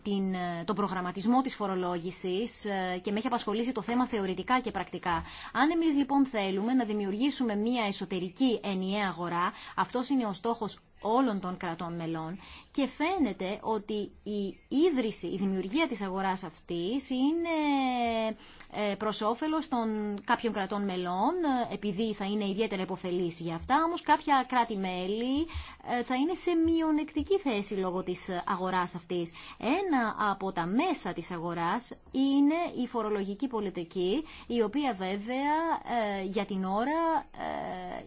την, τον προγραμματισμό της φορολόγησης ε, και με έχει απασχολήσει το θέμα θεωρητικά και πρακτικά. Αν εμείς λοιπόν θέλουμε να δημιουργήσουμε μια εσωτερική ενιαία αγορά, αυτός είναι ο στόχος όλων των κρατών μελών και φαίνεται ότι η ίδρυση, η δημιουργία της αγοράς αυτής είναι ε, προς όφελος των κάποιων κρατών μελών ε, επειδή θα είναι ιδιαίτερα υποφελής για αυτά, όμως κάποια κράτη-μέλη ε, θα είναι σε μειονεκτική θέση λόγω της αγοράς αυτής. Ένα από τα μέσα της αγοράς είναι η φορολογική πολιτική, η οποία βέβαια για την ώρα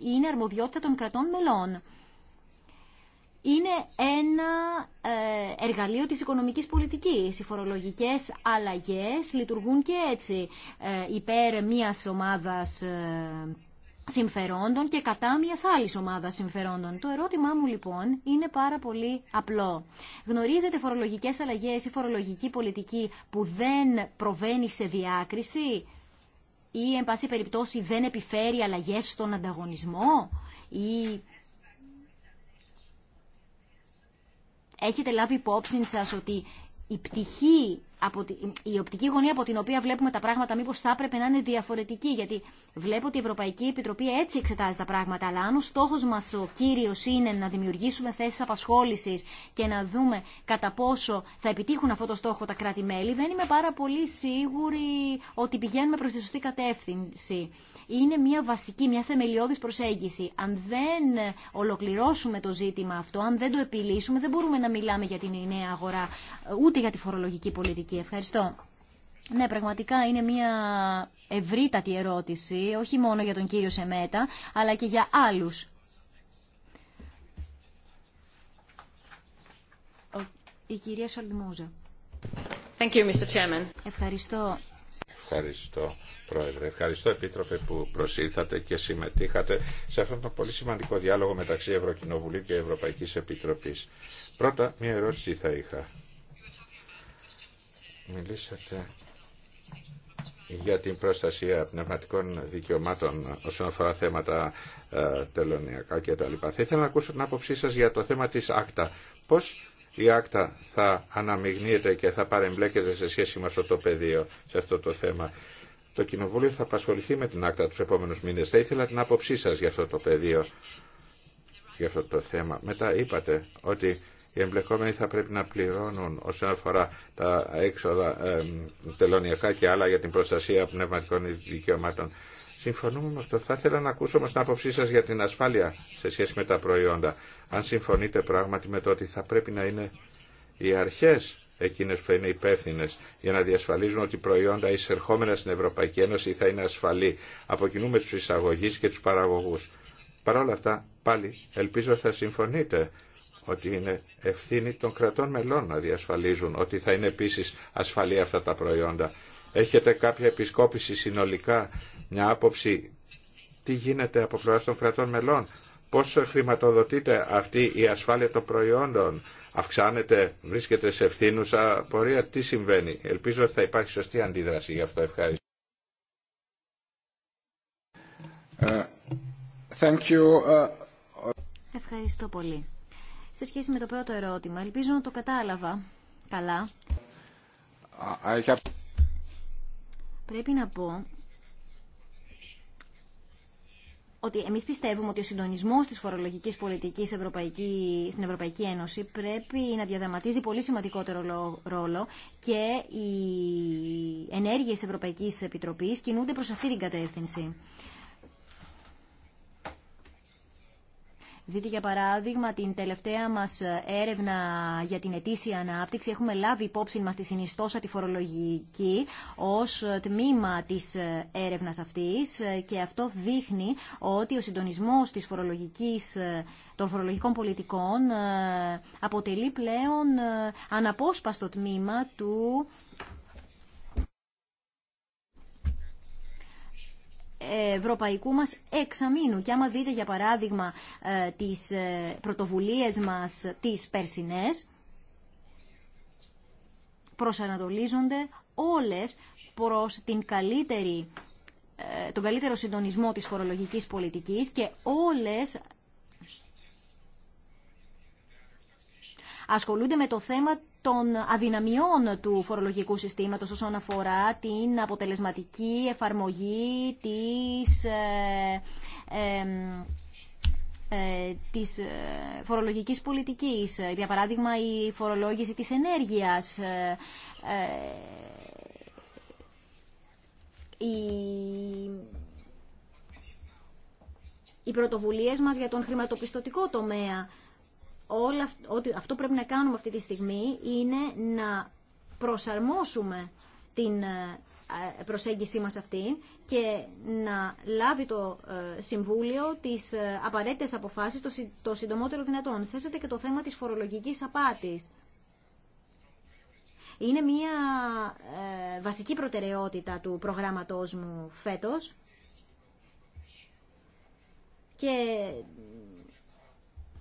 είναι αρμοδιότητα των κρατών μελών είναι ένα ε, εργαλείο της οικονομικής πολιτικής. Οι φορολογικές αλλαγές λειτουργούν και έτσι ε, υπέρ μιας ομάδας ε, συμφερόντων και κατά μιας άλλης ομάδας συμφερόντων. Το ερώτημά μου λοιπόν είναι πάρα πολύ απλό. Γνωρίζετε φορολογικές αλλαγές ή φορολογική πολιτική που δεν προβαίνει σε διάκριση ή εν πάση περιπτώσει δεν επιφέρει αλλαγές στον ανταγωνισμό έχετε λάβει υπόψη σας ότι η πτυχή από τη, η οπτική γωνία από την οποία βλέπουμε τα πράγματα μήπως θα έπρεπε να είναι διαφορετική γιατί βλέπω ότι η Ευρωπαϊκή Επιτροπή έτσι εξετάζει τα πράγματα αλλά αν ο στόχος μας ο κύριος είναι να δημιουργήσουμε θέσεις απασχόλησης και να δούμε κατά πόσο θα επιτύχουν αυτό το στόχο τα κράτη-μέλη δεν είμαι πάρα πολύ σίγουρη ότι πηγαίνουμε προς τη σωστή κατεύθυνση. Είναι μια βασική, μια θεμελιώδης προσέγγιση. Αν δεν ολοκληρώσουμε το ζήτημα αυτό, αν δεν το επιλύσουμε δεν μπορούμε να μιλάμε για την νέα αγορά ούτε για τη φορολογική πολιτική. Ευχαριστώ. Ναι, πραγματικά είναι μια ευρύτατη ερώτηση, όχι μόνο για τον κύριο Σεμέτα, αλλά και για άλλους. Η κυρία Σολτιμούζα. Thank you, Mr. Chairman. Ευχαριστώ. Ευχαριστώ, Πρόεδρε. Ευχαριστώ, Επίτροπε, που προσήλθατε και συμμετείχατε σε αυτόν τον πολύ σημαντικό διάλογο μεταξύ Ευρωκοινοβουλίου και Ευρωπαϊκής Επιτροπής. Πρώτα, μια ερώτηση θα είχα Μιλήσατε για την προστασία πνευματικών δικαιωμάτων όσον αφορά θέματα ε, τελωνιακά κτλ. Θα ήθελα να ακούσω την άποψή σας για το θέμα της άκτα. Πώς η άκτα θα αναμειγνύεται και θα παρεμπλέκεται σε σχέση με αυτό το πεδίο, σε αυτό το θέμα. Το Κοινοβούλιο θα απασχοληθεί με την άκτα τους επόμενους μήνες. Θα ήθελα την άποψή σας για αυτό το πεδίο για αυτό το θέμα. Μετά είπατε ότι οι εμπλεκόμενοι θα πρέπει να πληρώνουν όσον αφορά τα έξοδα ε, τελωνιακά και άλλα για την προστασία πνευματικών δικαιωμάτων. Συμφωνούμε με αυτό. Θα ήθελα να ακούσω όμω την άποψή σα για την ασφάλεια σε σχέση με τα προϊόντα. Αν συμφωνείτε πράγματι με το ότι θα πρέπει να είναι οι αρχέ εκείνες που είναι υπεύθυνε για να διασφαλίζουν ότι προϊόντα εισερχόμενα στην Ευρωπαϊκή Ένωση θα είναι ασφαλή. Από κοινού με και του παραγωγού. Παρ' όλα αυτά, πάλι ελπίζω θα συμφωνείτε ότι είναι ευθύνη των κρατών μελών να διασφαλίζουν ότι θα είναι επίσης ασφαλή αυτά τα προϊόντα. Έχετε κάποια επισκόπηση συνολικά, μια άποψη τι γίνεται από πλευρά των κρατών μελών, πώς χρηματοδοτείται αυτή η ασφάλεια των προϊόντων, αυξάνεται, βρίσκεται σε ευθύνουσα πορεία, τι συμβαίνει. Ελπίζω ότι θα υπάρχει σωστή αντίδραση γι' αυτό. Ευχαριστώ. Ε, Uh, Ευχαριστώ πολύ. Σε σχέση με το πρώτο ερώτημα, ελπίζω να το κατάλαβα καλά. Πρέπει να πω ότι εμείς πιστεύουμε ότι ο συντονισμός της φορολογικής πολιτικής Ευρωπαϊκή, στην Ευρωπαϊκή Ένωση πρέπει να διαδραματίζει πολύ σημαντικότερο ρόλο και οι ενέργειες Ευρωπαϊκής Επιτροπής κινούνται προς αυτή την κατεύθυνση. Δείτε για παράδειγμα την τελευταία μας έρευνα για την ετήσια ανάπτυξη. Έχουμε λάβει υπόψη μας τη συνιστόσα τη φορολογική ως τμήμα της έρευνας αυτής και αυτό δείχνει ότι ο συντονισμός της φορολογικής, των φορολογικών πολιτικών ε, αποτελεί πλέον ε, αναπόσπαστο τμήμα του ευρωπαϊκού μας εξαμήνου. Και άμα δείτε για παράδειγμα ε, τις ε, πρωτοβουλίες μας τις περσινές, προσανατολίζονται όλες προς την καλύτερη, ε, τον καλύτερο συντονισμό της φορολογικής πολιτικής και όλες ασχολούνται με το θέμα των αδυναμιών του φορολογικού συστήματος όσον αφορά την αποτελεσματική εφαρμογή της, ε, ε, της ε, φορολογικής πολιτικής. Για παράδειγμα, η φορολόγηση της ενέργειας, ε, ε, η οι πρωτοβουλίες μας για τον χρηματοπιστωτικό τομέα όλα, ότι αυτό πρέπει να κάνουμε αυτή τη στιγμή είναι να προσαρμόσουμε την ε, ε, προσέγγιση μας αυτήν και να λάβει το ε, Συμβούλιο τις απαραίτητες αποφάσεις το συντομότερο δυνατόν. Θέσατε και το θέμα της φορολογικής απάτης. Είναι μια βασική προτεραιότητα του προγράμματός μου φέτος και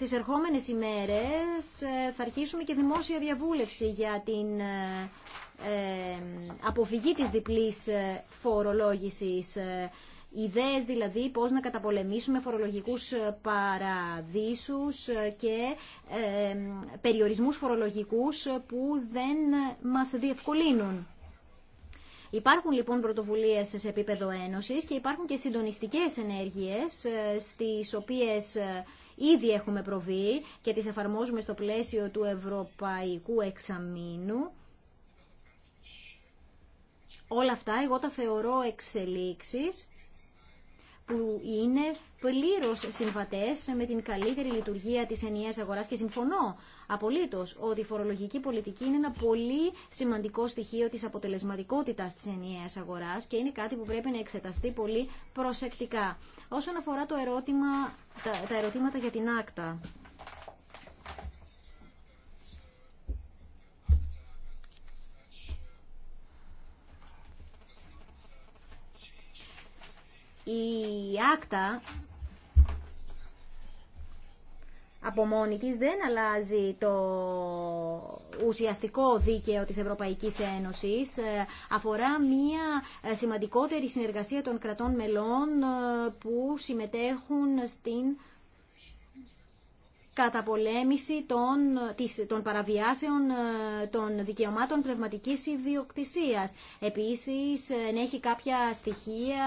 τις ερχόμενες ημέρες ε, θα αρχίσουμε και δημόσια διαβούλευση για την ε, ε, αποφυγή της διπλής φορολόγησης. Ιδέες δηλαδή πώς να καταπολεμήσουμε φορολογικούς παραδείσους και περιορισμούς φορολογικούς που δεν μας διευκολύνουν. Υπάρχουν λοιπόν πρωτοβουλίες σε επίπεδο ένωσης και υπάρχουν και συντονιστικές ενέργειες στις οποίες ήδη έχουμε προβεί και τις εφαρμόζουμε στο πλαίσιο του Ευρωπαϊκού Εξαμήνου. Όλα αυτά εγώ τα θεωρώ εξελίξεις που είναι πλήρως συμβατές με την καλύτερη λειτουργία της ενιαίας αγοράς και συμφωνώ Απολύτω ότι η φορολογική πολιτική είναι ένα πολύ σημαντικό στοιχείο της αποτελεσματικότητας της ενιαία αγοράς και είναι κάτι που πρέπει να εξεταστεί πολύ προσεκτικά. Όσον αφορά το ερώτημα, τα, τα ερωτήματα για την άκτα. Η άκτα από μόνη της δεν αλλάζει το ουσιαστικό δίκαιο της Ευρωπαϊκής Ένωσης. Ε, αφορά μια ε, σημαντικότερη συνεργασία των κρατών μελών ε, που συμμετέχουν στην καταπολέμηση των, της, των παραβιάσεων των δικαιωμάτων πνευματικής ιδιοκτησίας. Επίσης, έχει κάποια στοιχεία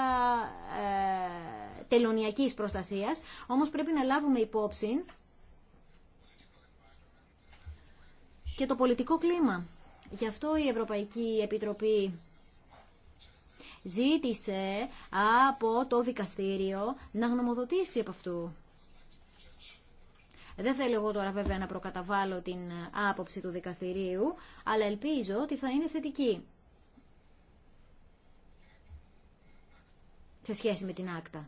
ε, τελωνιακής προστασίας, όμως πρέπει να λάβουμε υπόψη και το πολιτικό κλίμα. Γι' αυτό η Ευρωπαϊκή Επιτροπή ζήτησε από το δικαστήριο να γνωμοδοτήσει από αυτού. Δεν θέλω εγώ τώρα βέβαια να προκαταβάλω την άποψη του δικαστηρίου, αλλά ελπίζω ότι θα είναι θετική. Σε σχέση με την άκτα.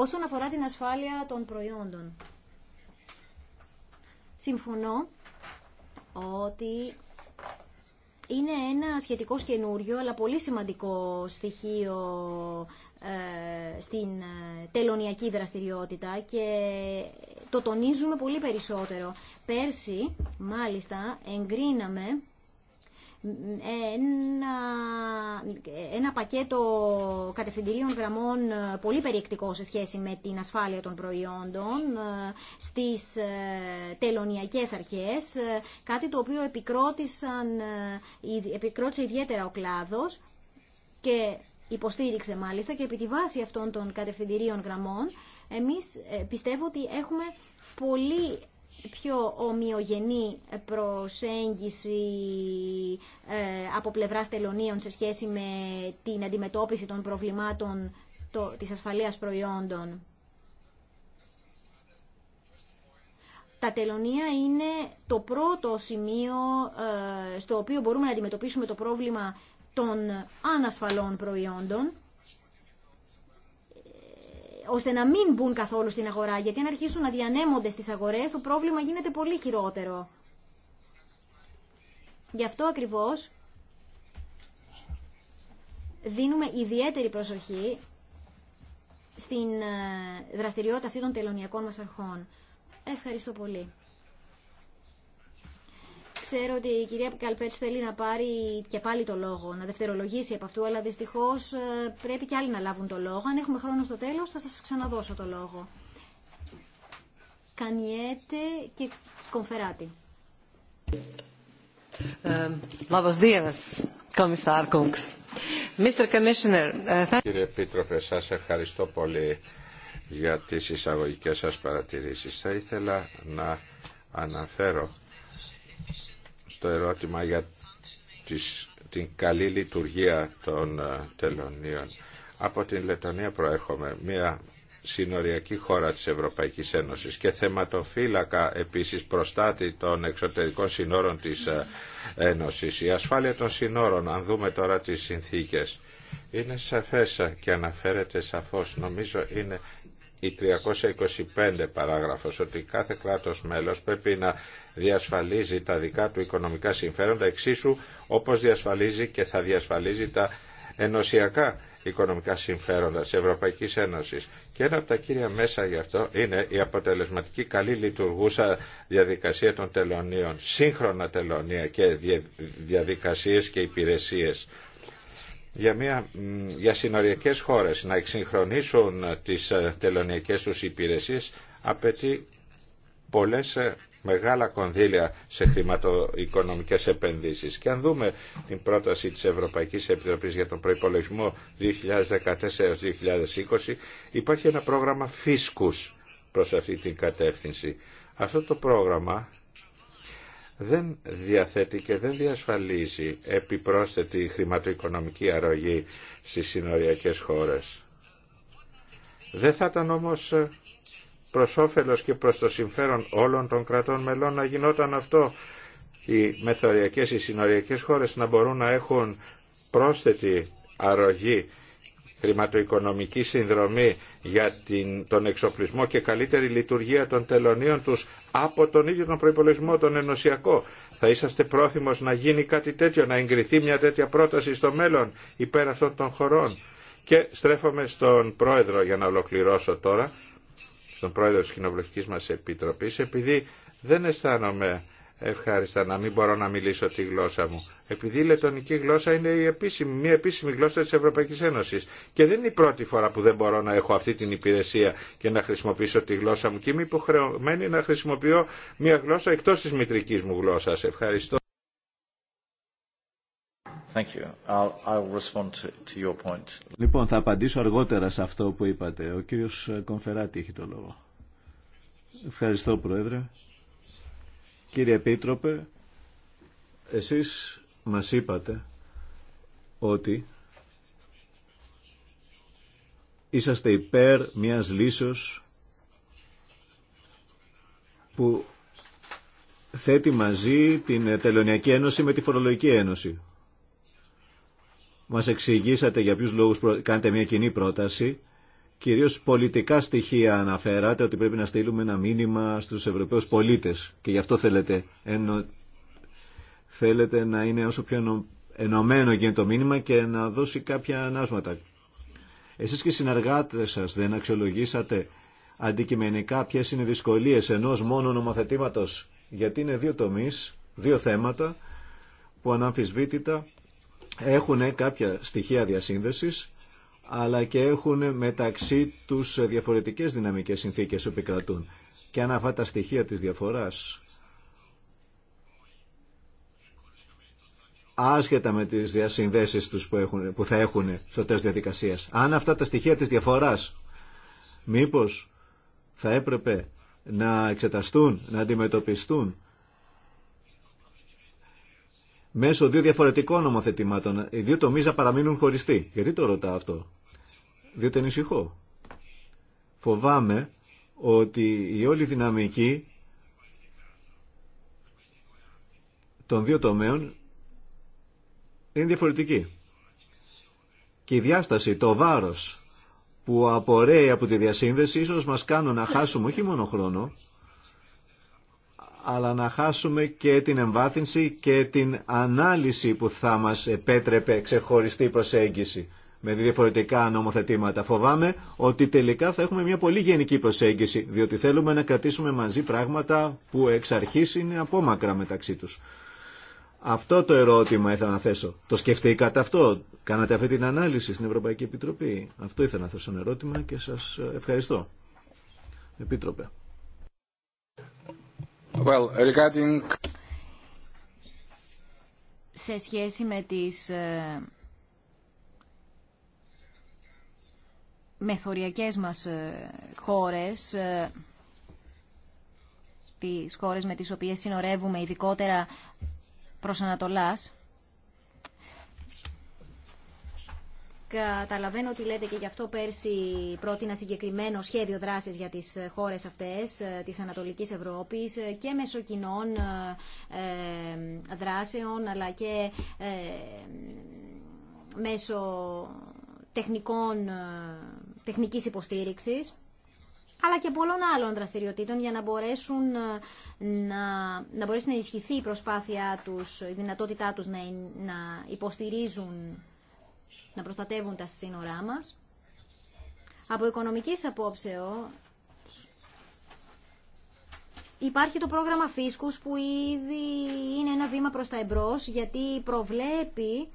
όσον αφορά την ασφάλεια των προϊόντων. Συμφωνώ ότι είναι ένα σχετικό καινούριο, αλλά πολύ σημαντικό στοιχείο ε, στην ε, τελωνιακή δραστηριότητα και το τονίζουμε πολύ περισσότερο. Πέρσι, μάλιστα, εγκρίναμε ένα, ένα πακέτο κατευθυντηρίων γραμμών ε, πολύ περιεκτικό σε σχέση με την ασφάλεια των προϊόντων ε, στις ε, τελωνιακές αρχές, κάτι το οποίο επικρότησαν, επικρότησε ιδιαίτερα ο κλάδος και υποστήριξε μάλιστα και επί τη βάση αυτών των κατευθυντηρίων γραμμών εμείς πιστεύω ότι έχουμε πολύ πιο ομοιογενή προσέγγιση ε, από πλευράς τελωνίων σε σχέση με την αντιμετώπιση των προβλημάτων της ασφαλείας προϊόντων. Τα τελωνία είναι το πρώτο σημείο ε, στο οποίο μπορούμε να αντιμετωπίσουμε το πρόβλημα των ανασφαλών προϊόντων ώστε να μην μπουν καθόλου στην αγορά. Γιατί αν αρχίσουν να διανέμονται στις αγορές, το πρόβλημα γίνεται πολύ χειρότερο. Γι' αυτό ακριβώς δίνουμε ιδιαίτερη προσοχή στην ε, δραστηριότητα αυτή των τελωνιακών μας αρχών. Ευχαριστώ πολύ. Ξέρω ότι η κυρία Καλπέτς θέλει να πάρει και πάλι το λόγο, να δευτερολογήσει από αυτού, αλλά δυστυχώς ε, πρέπει και άλλοι να λάβουν το λόγο. Αν έχουμε χρόνο στο τέλος θα σας ξαναδώσω το λόγο. Κανιέτε και Κομφεράτη. Ε, ε, Κύριε Επίτροπε, σας ευχαριστώ πολύ για τις εισαγωγικές σας παρατηρήσεις. Θα ήθελα να αναφέρω στο ερώτημα για τις, την καλή λειτουργία των ε, τελωνίων. Από την Λετωνία προέρχομαι, μια συνοριακή χώρα της Ευρωπαϊκής Ένωσης και θεματοφύλακα επίσης προστάτη των εξωτερικών συνόρων της ε, Ένωσης. Η ασφάλεια των συνόρων, αν δούμε τώρα τις συνθήκες, είναι σαφές και αναφέρεται σαφώς. Νομίζω είναι η 325 παράγραφος ότι κάθε κράτος μέλος πρέπει να διασφαλίζει τα δικά του οικονομικά συμφέροντα εξίσου όπως διασφαλίζει και θα διασφαλίζει τα ενωσιακά οικονομικά συμφέροντα της Ευρωπαϊκής Ένωσης. Και ένα από τα κύρια μέσα γι' αυτό είναι η αποτελεσματική καλή λειτουργούσα διαδικασία των τελωνίων, σύγχρονα τελωνία και διαδικασίες και υπηρεσίες για, μια, για συνοριακές χώρες να εξυγχρονίσουν τις ε, τελωνιακές τους υπηρεσίες απαιτεί πολλές ε, μεγάλα κονδύλια σε χρηματοοικονομικές επενδύσεις. Και αν δούμε την πρόταση της Ευρωπαϊκής Επιτροπής για τον προϋπολογισμό 2014-2020, υπάρχει ένα πρόγραμμα φίσκους προς αυτή την κατεύθυνση. Αυτό το πρόγραμμα δεν διαθέτει και δεν διασφαλίζει επιπρόσθετη χρηματοοικονομική αρρωγή στις συνοριακές χώρες. Δεν θα ήταν όμως προς όφελος και προς το συμφέρον όλων των κρατών μελών να γινόταν αυτό οι μεθοριακές, οι συνοριακές χώρες να μπορούν να έχουν πρόσθετη αρρωγή χρηματοοικονομική συνδρομή για την, τον εξοπλισμό και καλύτερη λειτουργία των τελωνίων τους από τον ίδιο τον προϋπολογισμό, τον ενωσιακό. Θα είσαστε πρόθυμος να γίνει κάτι τέτοιο, να εγκριθεί μια τέτοια πρόταση στο μέλλον υπέρ αυτών των χωρών. Και στρέφομαι στον πρόεδρο για να ολοκληρώσω τώρα, στον πρόεδρο της Κοινοβουλευτικής μας Επιτροπής, επειδή δεν αισθάνομαι ευχάριστα να μην μπορώ να μιλήσω τη γλώσσα μου. Επειδή η λετωνική γλώσσα είναι η επίσημη, μια επίσημη γλώσσα της Ευρωπαϊκής Ένωσης. Και δεν είναι η πρώτη φορά που δεν μπορώ να έχω αυτή την υπηρεσία και να χρησιμοποιήσω τη γλώσσα μου. Και είμαι υποχρεωμένη να χρησιμοποιώ μια γλώσσα εκτός της μητρικής μου γλώσσας. Ευχαριστώ. Thank you. I'll, I'll respond to, to your point. Λοιπόν, θα απαντήσω αργότερα σε αυτό που είπατε. Ο κύριος Κονφεράτη έχει το λόγο. Ευχαριστώ, Πρόεδρε. Κύριε Επίτροπε, εσείς μας είπατε ότι είσαστε υπέρ μιας λύσεως που θέτει μαζί την Τελωνιακή Ένωση με τη Φορολογική Ένωση. Μας εξηγήσατε για ποιους λόγους κάνετε μια κοινή πρόταση Κυρίως πολιτικά στοιχεία αναφέρατε ότι πρέπει να στείλουμε ένα μήνυμα στους Ευρωπαίους πολίτες και γι' αυτό θέλετε, θέλετε να είναι όσο πιο ενωμένο γίνεται το μήνυμα και να δώσει κάποια ανάσματα. Εσείς και οι συνεργάτες σας δεν αξιολογήσατε αντικειμενικά ποιε είναι οι δυσκολίες ενός μόνο νομοθετήματος γιατί είναι δύο τομείς, δύο θέματα που αναμφισβήτητα έχουν κάποια στοιχεία διασύνδεσης αλλά και έχουν μεταξύ τους διαφορετικές δυναμικές συνθήκες που επικρατούν. Και αν αυτά τα στοιχεία της διαφοράς, άσχετα με τις διασυνδέσεις τους που, έχουν, που θα έχουν στο τέλος διαδικασίας, αν αυτά τα στοιχεία της διαφοράς, μήπως θα έπρεπε να εξεταστούν, να αντιμετωπιστούν μέσω δύο διαφορετικών νομοθετημάτων. Οι δύο τομείς να παραμείνουν χωριστοί. Γιατί το ρωτάω αυτό διότι ανησυχώ. Φοβάμαι ότι η όλη δυναμική των δύο τομέων είναι διαφορετική. Και η διάσταση, το βάρος που απορρέει από τη διασύνδεση ίσως μας κάνουν να χάσουμε όχι μόνο χρόνο, αλλά να χάσουμε και την εμβάθυνση και την ανάλυση που θα μας επέτρεπε ξεχωριστή προσέγγιση με διαφορετικά νομοθετήματα. Φοβάμαι ότι τελικά θα έχουμε μια πολύ γενική προσέγγιση, διότι θέλουμε να κρατήσουμε μαζί πράγματα που εξ αρχή είναι απόμακρα μεταξύ τους. Αυτό το ερώτημα ήθελα να θέσω. Το σκεφτήκατε αυτό. Κάνατε αυτή την ανάλυση στην Ευρωπαϊκή Επιτροπή. Αυτό ήθελα να θέσω ένα ερώτημα και σα ευχαριστώ. Επίτροπε. Well, regarding... Σε σχέση με τις ε, μεθοριακές μας ε, χώρες, ε, τις χώρες με τις οποίες συνορεύουμε ειδικότερα προς Ανατολάς. Καταλαβαίνω ότι λέτε και γι' αυτό πέρσι πρότεινα συγκεκριμένο σχέδιο δράσης για τις χώρες αυτές ε, της Ανατολικής Ευρώπης και μέσω κοινών δράσεων αλλά και μέσω τεχνικών, ε, τεχνικής υποστήριξης αλλά και πολλών άλλων δραστηριοτήτων για να, μπορέσουν ε, να, να μπορέσει να ενισχυθεί η προσπάθειά τους, η δυνατότητά τους να, να υποστηρίζουν, να προστατεύουν τα σύνορά μας. Από οικονομικής απόψεω. Υπάρχει το πρόγραμμα Φίσκους που ήδη είναι ένα βήμα προς τα εμπρός γιατί προβλέπει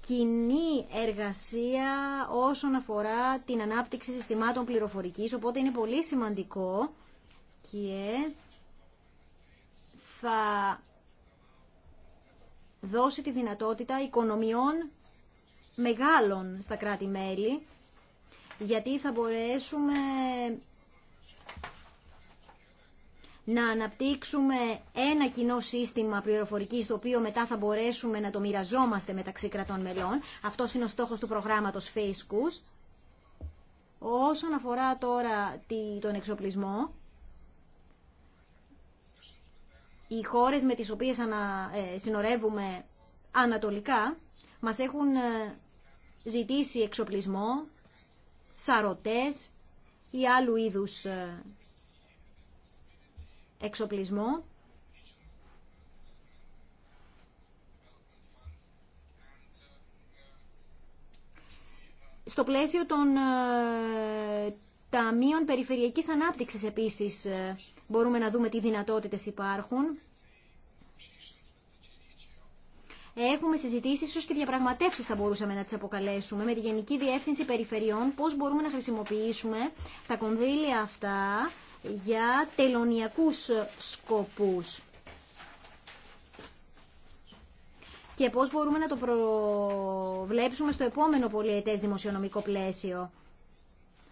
κοινή εργασία όσον αφορά την ανάπτυξη συστημάτων πληροφορικής, οπότε είναι πολύ σημαντικό και θα δώσει τη δυνατότητα οικονομιών μεγάλων στα κράτη-μέλη, γιατί θα μπορέσουμε να αναπτύξουμε ένα κοινό σύστημα πληροφορική, το οποίο μετά θα μπορέσουμε να το μοιραζόμαστε μεταξύ κρατών μελών. Αυτό είναι ο στόχο του προγράμματο FACECUS. Όσον αφορά τώρα τον εξοπλισμό, οι χώρες με τις οποίες ανα, ε, συνορεύουμε ανατολικά μας έχουν ε, ζητήσει εξοπλισμό, σαρωτές ή άλλου είδους ε, εξοπλισμό στο πλαίσιο των ε, ταμείων περιφερειακής ανάπτυξης επίσης ε, μπορούμε να δούμε τι δυνατότητες υπάρχουν. Έχουμε συζητήσει, ίσω και διαπραγματεύσει θα μπορούσαμε να τι αποκαλέσουμε με τη Γενική Διεύθυνση Περιφερειών, πώ μπορούμε να χρησιμοποιήσουμε τα κονδύλια αυτά για τελωνιακούς σκοπούς. Και πώς μπορούμε να το προβλέψουμε στο επόμενο πολιετές δημοσιονομικό πλαίσιο.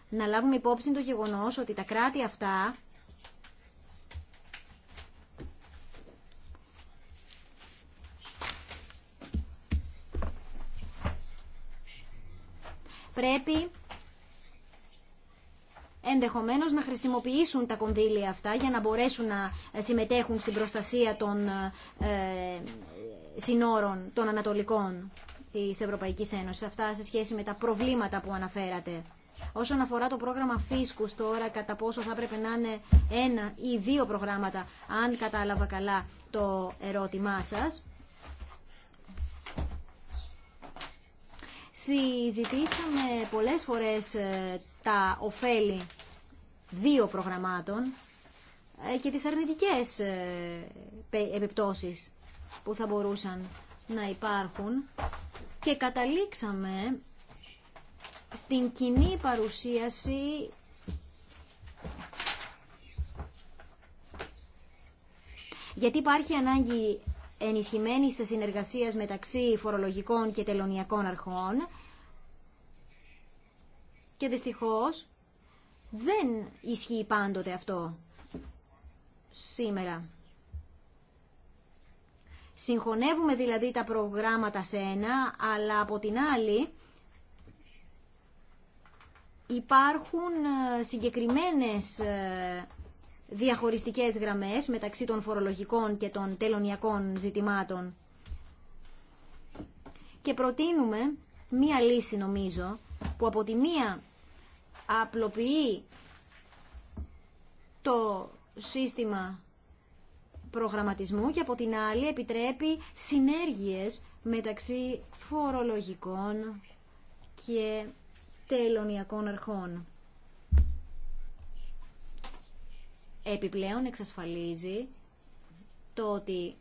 Να λάβουμε υπόψη το γεγονός ότι τα κράτη αυτά πρέπει ενδεχομένως να χρησιμοποιήσουν τα κονδύλια αυτά για να μπορέσουν να συμμετέχουν στην προστασία των ε, συνόρων των ανατολικών της Ευρωπαϊκής Ένωσης. Αυτά σε σχέση με τα προβλήματα που αναφέρατε. Όσον αφορά το πρόγραμμα φίσκους τώρα, κατά πόσο θα πρέπει να είναι ένα ή δύο προγράμματα, αν κατάλαβα καλά το ερώτημά σας. Συζητήσαμε πολλές φορές ε, τα ωφέλη δύο προγραμμάτων ε, και τις αρνητικές ε, επιπτώσεις που θα μπορούσαν να υπάρχουν και καταλήξαμε στην κοινή παρουσίαση γιατί υπάρχει ανάγκη ενισχυμένης συνεργασίας μεταξύ φορολογικών και τελωνιακών αρχών και δυστυχώς δεν ισχύει πάντοτε αυτό σήμερα. Συγχωνεύουμε δηλαδή τα προγράμματα σε ένα, αλλά από την άλλη υπάρχουν ε, συγκεκριμένες ε, διαχωριστικές γραμμές μεταξύ των φορολογικών και των τελωνιακών ζητημάτων. Και προτείνουμε μία λύση νομίζω που από τη μία απλοποιεί το σύστημα προγραμματισμού και από την άλλη επιτρέπει συνέργειες μεταξύ φορολογικών και τελωνιακών αρχών. Επιπλέον εξασφαλίζει το ότι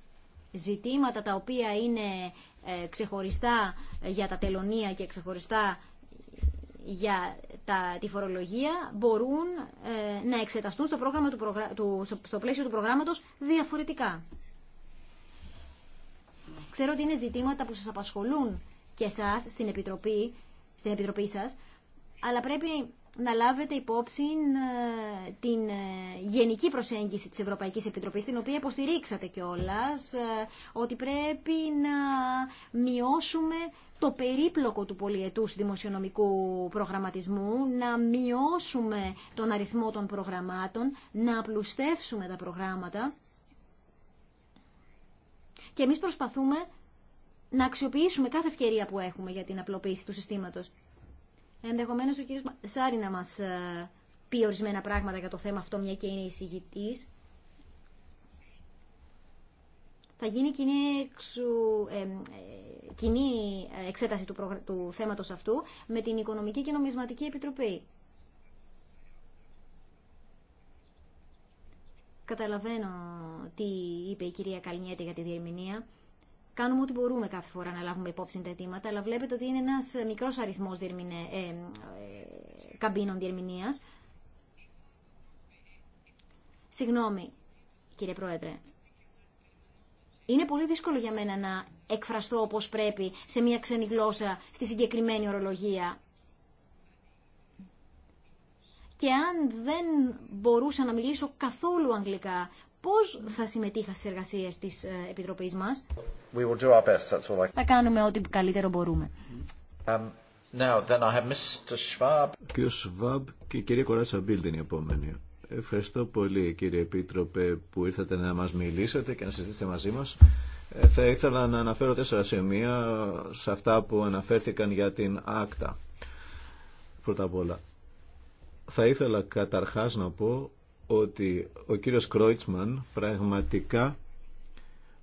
ζητήματα τα οποία είναι ε, ξεχωριστά για τα τελωνία και ξεχωριστά για τα, τη φορολογία μπορούν ε, να εξεταστούν στο, πρόγραμμα του, του στο, πλαίσιο του προγράμματος διαφορετικά. Ξέρω ότι είναι ζητήματα που σας απασχολούν και εσάς στην Επιτροπή, στην Επιτροπή σας, αλλά πρέπει να λάβετε υπόψη ε, την ε, γενική προσέγγιση της Ευρωπαϊκής Επιτροπής, την οποία υποστηρίξατε κιόλας, ότι πρέπει να μειώσουμε το περίπλοκο του πολιετούς δημοσιονομικού προγραμματισμού, να μειώσουμε τον αριθμό των προγραμμάτων, να απλουστεύσουμε τα προγράμματα και εμείς προσπαθούμε να αξιοποιήσουμε κάθε ευκαιρία που έχουμε για την απλοποίηση του συστήματος. Ενδεχομένως ο κύριος Σάρι να μας ε, πει ορισμένα πράγματα για το θέμα αυτό, μια και είναι εισηγητής. Θα γίνει κοινή εξου, ε, κοινή ε, εξέταση του, προγρα... του θέματος αυτού με την Οικονομική και Νομισματική Επιτροπή. Καταλαβαίνω τι είπε η κυρία Καλνιέτη για τη διερμηνία. Κάνουμε ό,τι μπορούμε κάθε φορά να λάβουμε υπόψη τα αιτήματα, αλλά βλέπετε ότι είναι ένας μικρός αριθμός διερμηνε... ε, ε καμπίνων διερμηνίας. Συγγνώμη, κύριε Πρόεδρε, είναι πολύ δύσκολο για μένα να εκφραστώ όπως πρέπει σε μια ξένη γλώσσα στη συγκεκριμένη ορολογία. Και αν δεν μπορούσα να μιλήσω καθόλου αγγλικά, πώς θα συμμετείχα στις εργασίες της ε, Επιτροπής μας. Θα κάνουμε ό,τι καλύτερο μπορούμε. Um, now, then I have Mr. Schwab. και η κυρία Κοράτσα είναι η επόμενη. Ευχαριστώ πολύ κύριε Επίτροπε που ήρθατε να μας μιλήσετε και να συζητήσετε μαζί μας. Ε, θα ήθελα να αναφέρω τέσσερα σημεία σε αυτά που αναφέρθηκαν για την άκτα. Πρώτα απ' όλα. Θα ήθελα καταρχάς να πω ότι ο κύριος Κρόιτσμαν πραγματικά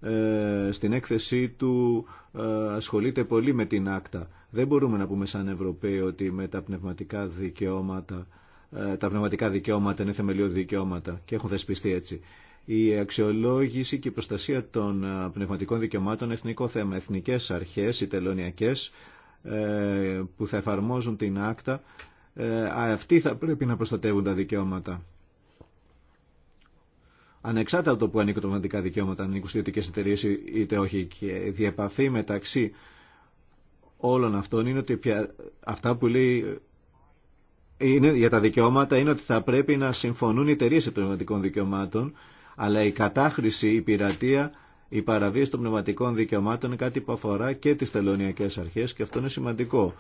ε, στην έκθεσή του ε, ασχολείται πολύ με την άκτα. Δεν μπορούμε να πούμε σαν Ευρωπαίοι ότι με τα πνευματικά δικαιώματα ε, τα πνευματικά δικαιώματα είναι θεμελιώδη δικαιώματα και έχουν θεσπιστεί έτσι. Η αξιολόγηση και η προστασία των ε, πνευματικών δικαιωμάτων είναι εθνικό θέμα. Εθνικές αρχές, οι τελωνιακές, ε, που θα εφαρμόζουν την άκτα, αυτοί θα πρέπει να προστατεύουν τα δικαιώματα. Ανεξάρτητα από το που ανήκουν τα πνευματικά δικαιώματα, αν ανήκουν ιδιωτικέ εταιρείε είτε όχι. Και η διεπαφή μεταξύ όλων αυτών είναι ότι αυτά που λέει για τα δικαιώματα είναι ότι θα πρέπει να συμφωνούν οι εταιρείε των πνευματικών δικαιωμάτων, αλλά η κατάχρηση, η πειρατεία, η παραβίαση των πνευματικών δικαιωμάτων είναι κάτι που αφορά και τις θελωνιακές αρχές και αυτό είναι σημαντικό,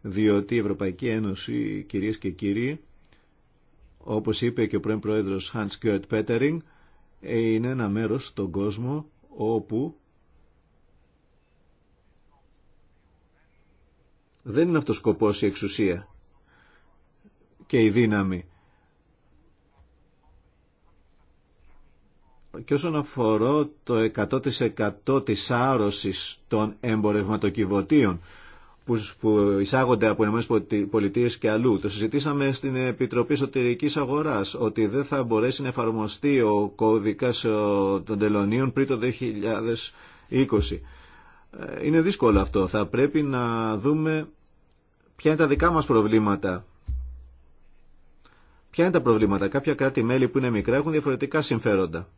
διότι η Ευρωπαϊκή Ένωση, κυρίε και κύριοι, όπως είπε και ο πρώην Πρόεδρο Hans Gert Pettering είναι ένα μέρο στον κόσμο όπου δεν είναι αυτός σκοπό η εξουσία και η δύναμη. Και όσον αφορά το 100% της άρρωσης των εμπορευματοκιβωτίων που εισάγονται από ΗΠΑ και αλλού. Το συζητήσαμε στην Επιτροπή Εσωτερικής Αγοράς ότι δεν θα μπορέσει να εφαρμοστεί ο κώδικας των τελωνίων πριν το 2020. Ε, είναι δύσκολο αυτό. Θα πρέπει να δούμε ποια είναι τα δικά μας προβλήματα Ποια είναι τα προβλήματα. Κάποια κράτη-μέλη που είναι μικρά έχουν διαφορετικά συμφέροντα.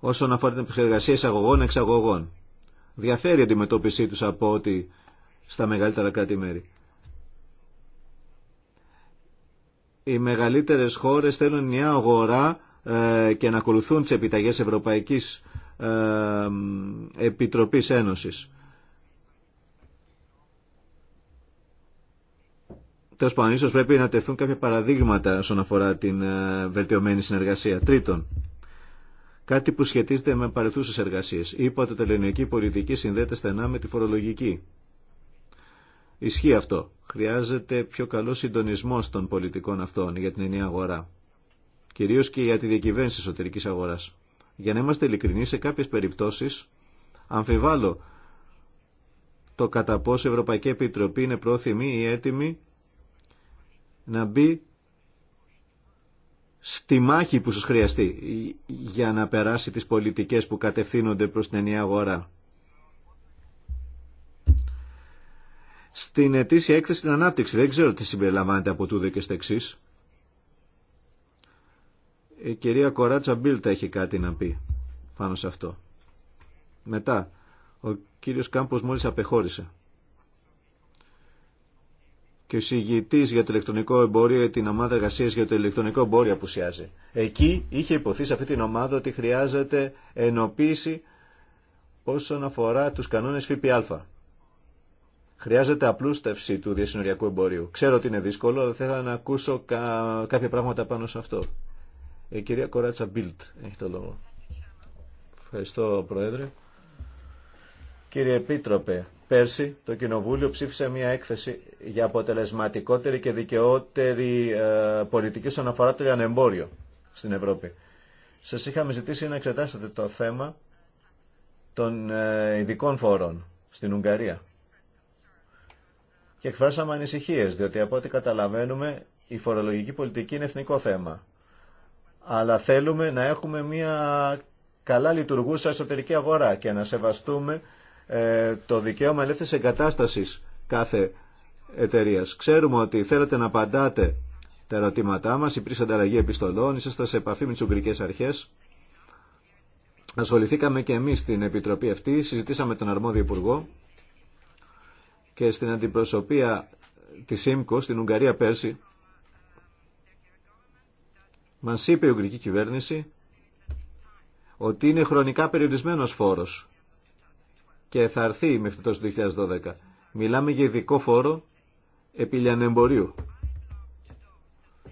Όσον αφορά την επεξεργασία εισαγωγών-εξαγωγών. Διαφέρει η αντιμετώπιση τους από ότι στα μεγαλύτερα κράτη-μέρη. Οι μεγαλύτερες χώρες θέλουν μια αγορά ε, και να ακολουθούν τις επιταγές Ευρωπαϊκής ε, Επιτροπής Ένωσης. Τέλο πάντων, ίσω πρέπει να τεθούν κάποια παραδείγματα όσον αφορά την ε, βελτιωμένη συνεργασία. Τρίτον, κάτι που σχετίζεται με παρελθούσε εργασίε. Είπα ότι η ελληνική πολιτική συνδέεται στενά με τη φορολογική. Ισχύει αυτό. Χρειάζεται πιο καλό συντονισμό των πολιτικών αυτών για την ενιαία αγορά. Κυρίω και για τη διακυβέρνηση εσωτερική αγορά. Για να είμαστε ειλικρινεί, σε κάποιε περιπτώσει αμφιβάλλω το κατά πόσο η Ευρωπαϊκή Επιτροπή είναι πρόθυμη ή έτοιμη να μπει στη μάχη που σας χρειαστεί για να περάσει τις πολιτικές που κατευθύνονται προς την ενιαία αγορά. Στην ετήσια έκθεση στην ανάπτυξη δεν ξέρω τι συμπεριλαμβάνεται από τούδε και στεξής. Η κυρία Κοράτσα Μπίλτα έχει κάτι να πει πάνω σε αυτό. Μετά, ο κύριος Κάμπος μόλις απεχώρησε και ο συγγητή για το ηλεκτρονικό εμπόριο, την ομάδα εργασία για το ηλεκτρονικό εμπόριο απουσιάζει. Εκεί είχε υποθεί σε αυτή την ομάδα ότι χρειάζεται ενοποίηση όσον αφορά του κανόνε ΦΠΑ. Χρειάζεται απλούστευση του διασυνοριακού εμπορίου. Ξέρω ότι είναι δύσκολο, αλλά θέλω να ακούσω κάποια πράγματα πάνω σε αυτό. Η ε, κυρία Κοράτσα Μπίλτ έχει το λόγο. Ευχαριστώ, Πρόεδρε. Κύριε Επίτροπε, Πέρσι το Κοινοβούλιο ψήφισε μια έκθεση για αποτελεσματικότερη και δικαιότερη ε, πολιτική στον αφορά το λιανεμπόριο στην Ευρώπη. Σας είχαμε ζητήσει να εξετάσετε το θέμα των ε, ειδικών φόρων στην Ουγγαρία. Και εκφράσαμε ανησυχίες, διότι από ό,τι καταλαβαίνουμε η φορολογική πολιτική είναι εθνικό θέμα. Αλλά θέλουμε να έχουμε μια καλά λειτουργούσα εσωτερική αγορά και να σεβαστούμε ε, το δικαίωμα ελεύθερης εγκατάστασης κάθε εταιρείας. Ξέρουμε ότι θέλετε να απαντάτε τα ερωτήματά μας, υπήρξε ανταλλαγή επιστολών, είσαστε σε επαφή με τις Ουγγρικές Αρχές. Ασχοληθήκαμε και εμείς στην Επιτροπή αυτή, συζητήσαμε τον αρμόδιο Υπουργό και στην αντιπροσωπεία της ΣΥΜΚΟ στην Ουγγαρία πέρσι μας είπε η Ουγγρική Κυβέρνηση ότι είναι χρονικά περιορισμένος φόρος και θα με αυτό το 2012. Μιλάμε για ειδικό φόρο επί λιανεμπορίου.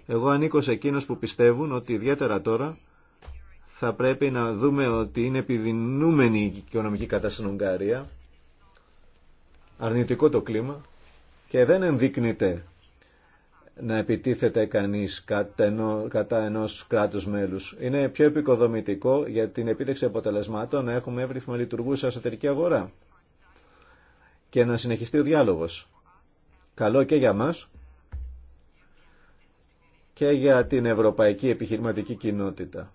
Εγώ ανήκω σε εκείνους που πιστεύουν ότι ιδιαίτερα τώρα θα πρέπει να δούμε ότι είναι επιδεινούμενη η οικονομική κατάσταση στην Ουγγαρία, αρνητικό το κλίμα και δεν ενδείκνυται να επιτίθεται κανείς κατά, ενό, κατά ενός κράτους μέλους. Είναι πιο επικοδομητικό για την επίτευξη αποτελεσμάτων να έχουμε εύρυθμα σε εσωτερική αγορά και να συνεχιστεί ο διάλογος. Καλό και για μας και για την ευρωπαϊκή επιχειρηματική κοινότητα.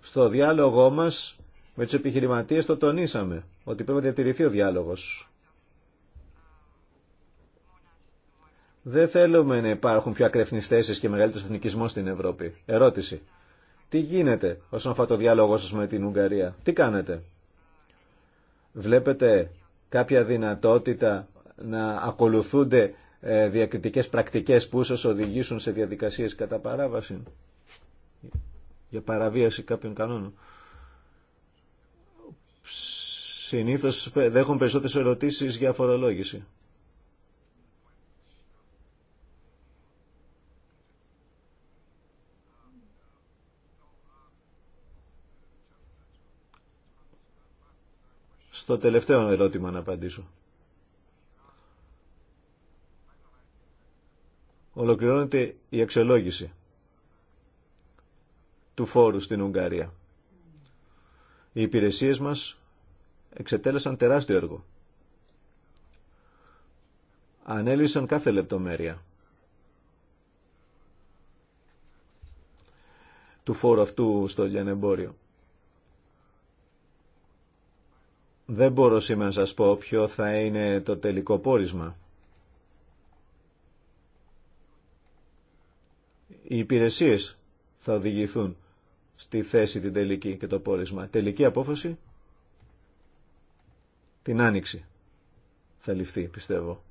Στο διάλογό μας με τους επιχειρηματίες το τονίσαμε ότι πρέπει να διατηρηθεί ο διάλογος Δεν θέλουμε να υπάρχουν πιο ακρεφνείς και μεγαλύτερος εθνικισμό στην Ευρώπη. Ερώτηση. Τι γίνεται όσον αφορά το διάλογο σας με την Ουγγαρία. Τι κάνετε. Βλέπετε κάποια δυνατότητα να ακολουθούνται ε, διακριτικές πρακτικές που σας οδηγήσουν σε διαδικασίες κατά παράβαση για παραβίαση κάποιων κανόνων. Συνήθως ε, δέχομαι περισσότερες ερωτήσεις για φορολόγηση. στο τελευταίο ερώτημα να απαντήσω. Ολοκληρώνεται η αξιολόγηση του φόρου στην Ουγγαρία. Οι υπηρεσίες μας εξετέλεσαν τεράστιο έργο. Ανέλησαν κάθε λεπτομέρεια του φόρου αυτού στο λιανεμπόριο. Δεν μπορώ σήμερα να σας πω ποιο θα είναι το τελικό πόρισμα. Οι υπηρεσίες θα οδηγηθούν στη θέση την τελική και το πόρισμα. Τελική απόφαση την άνοιξη θα ληφθεί, πιστεύω.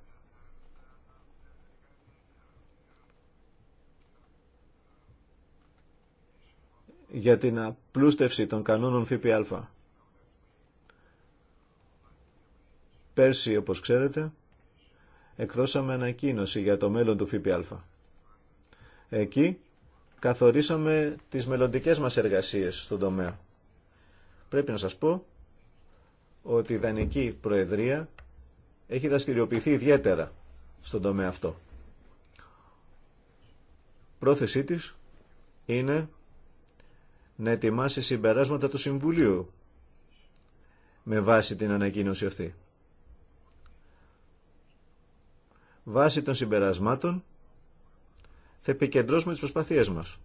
για την απλούστευση των κανόνων ΦΠΑ. Πέρσι, όπως ξέρετε, εκδώσαμε ανακοίνωση για το μέλλον του ΦΠΑ. Εκεί καθορίσαμε τις μελλοντικές μας εργασίες στον τομέα. Πρέπει να σας πω ότι η Δανική Προεδρία έχει δραστηριοποιηθεί ιδιαίτερα στον τομέα αυτό. Πρόθεσή της είναι να ετοιμάσει συμπεράσματα του Συμβουλίου με βάση την ανακοίνωση αυτή. Βάσει των συμπερασμάτων θα επικεντρώσουμε τις προσπαθίες μας.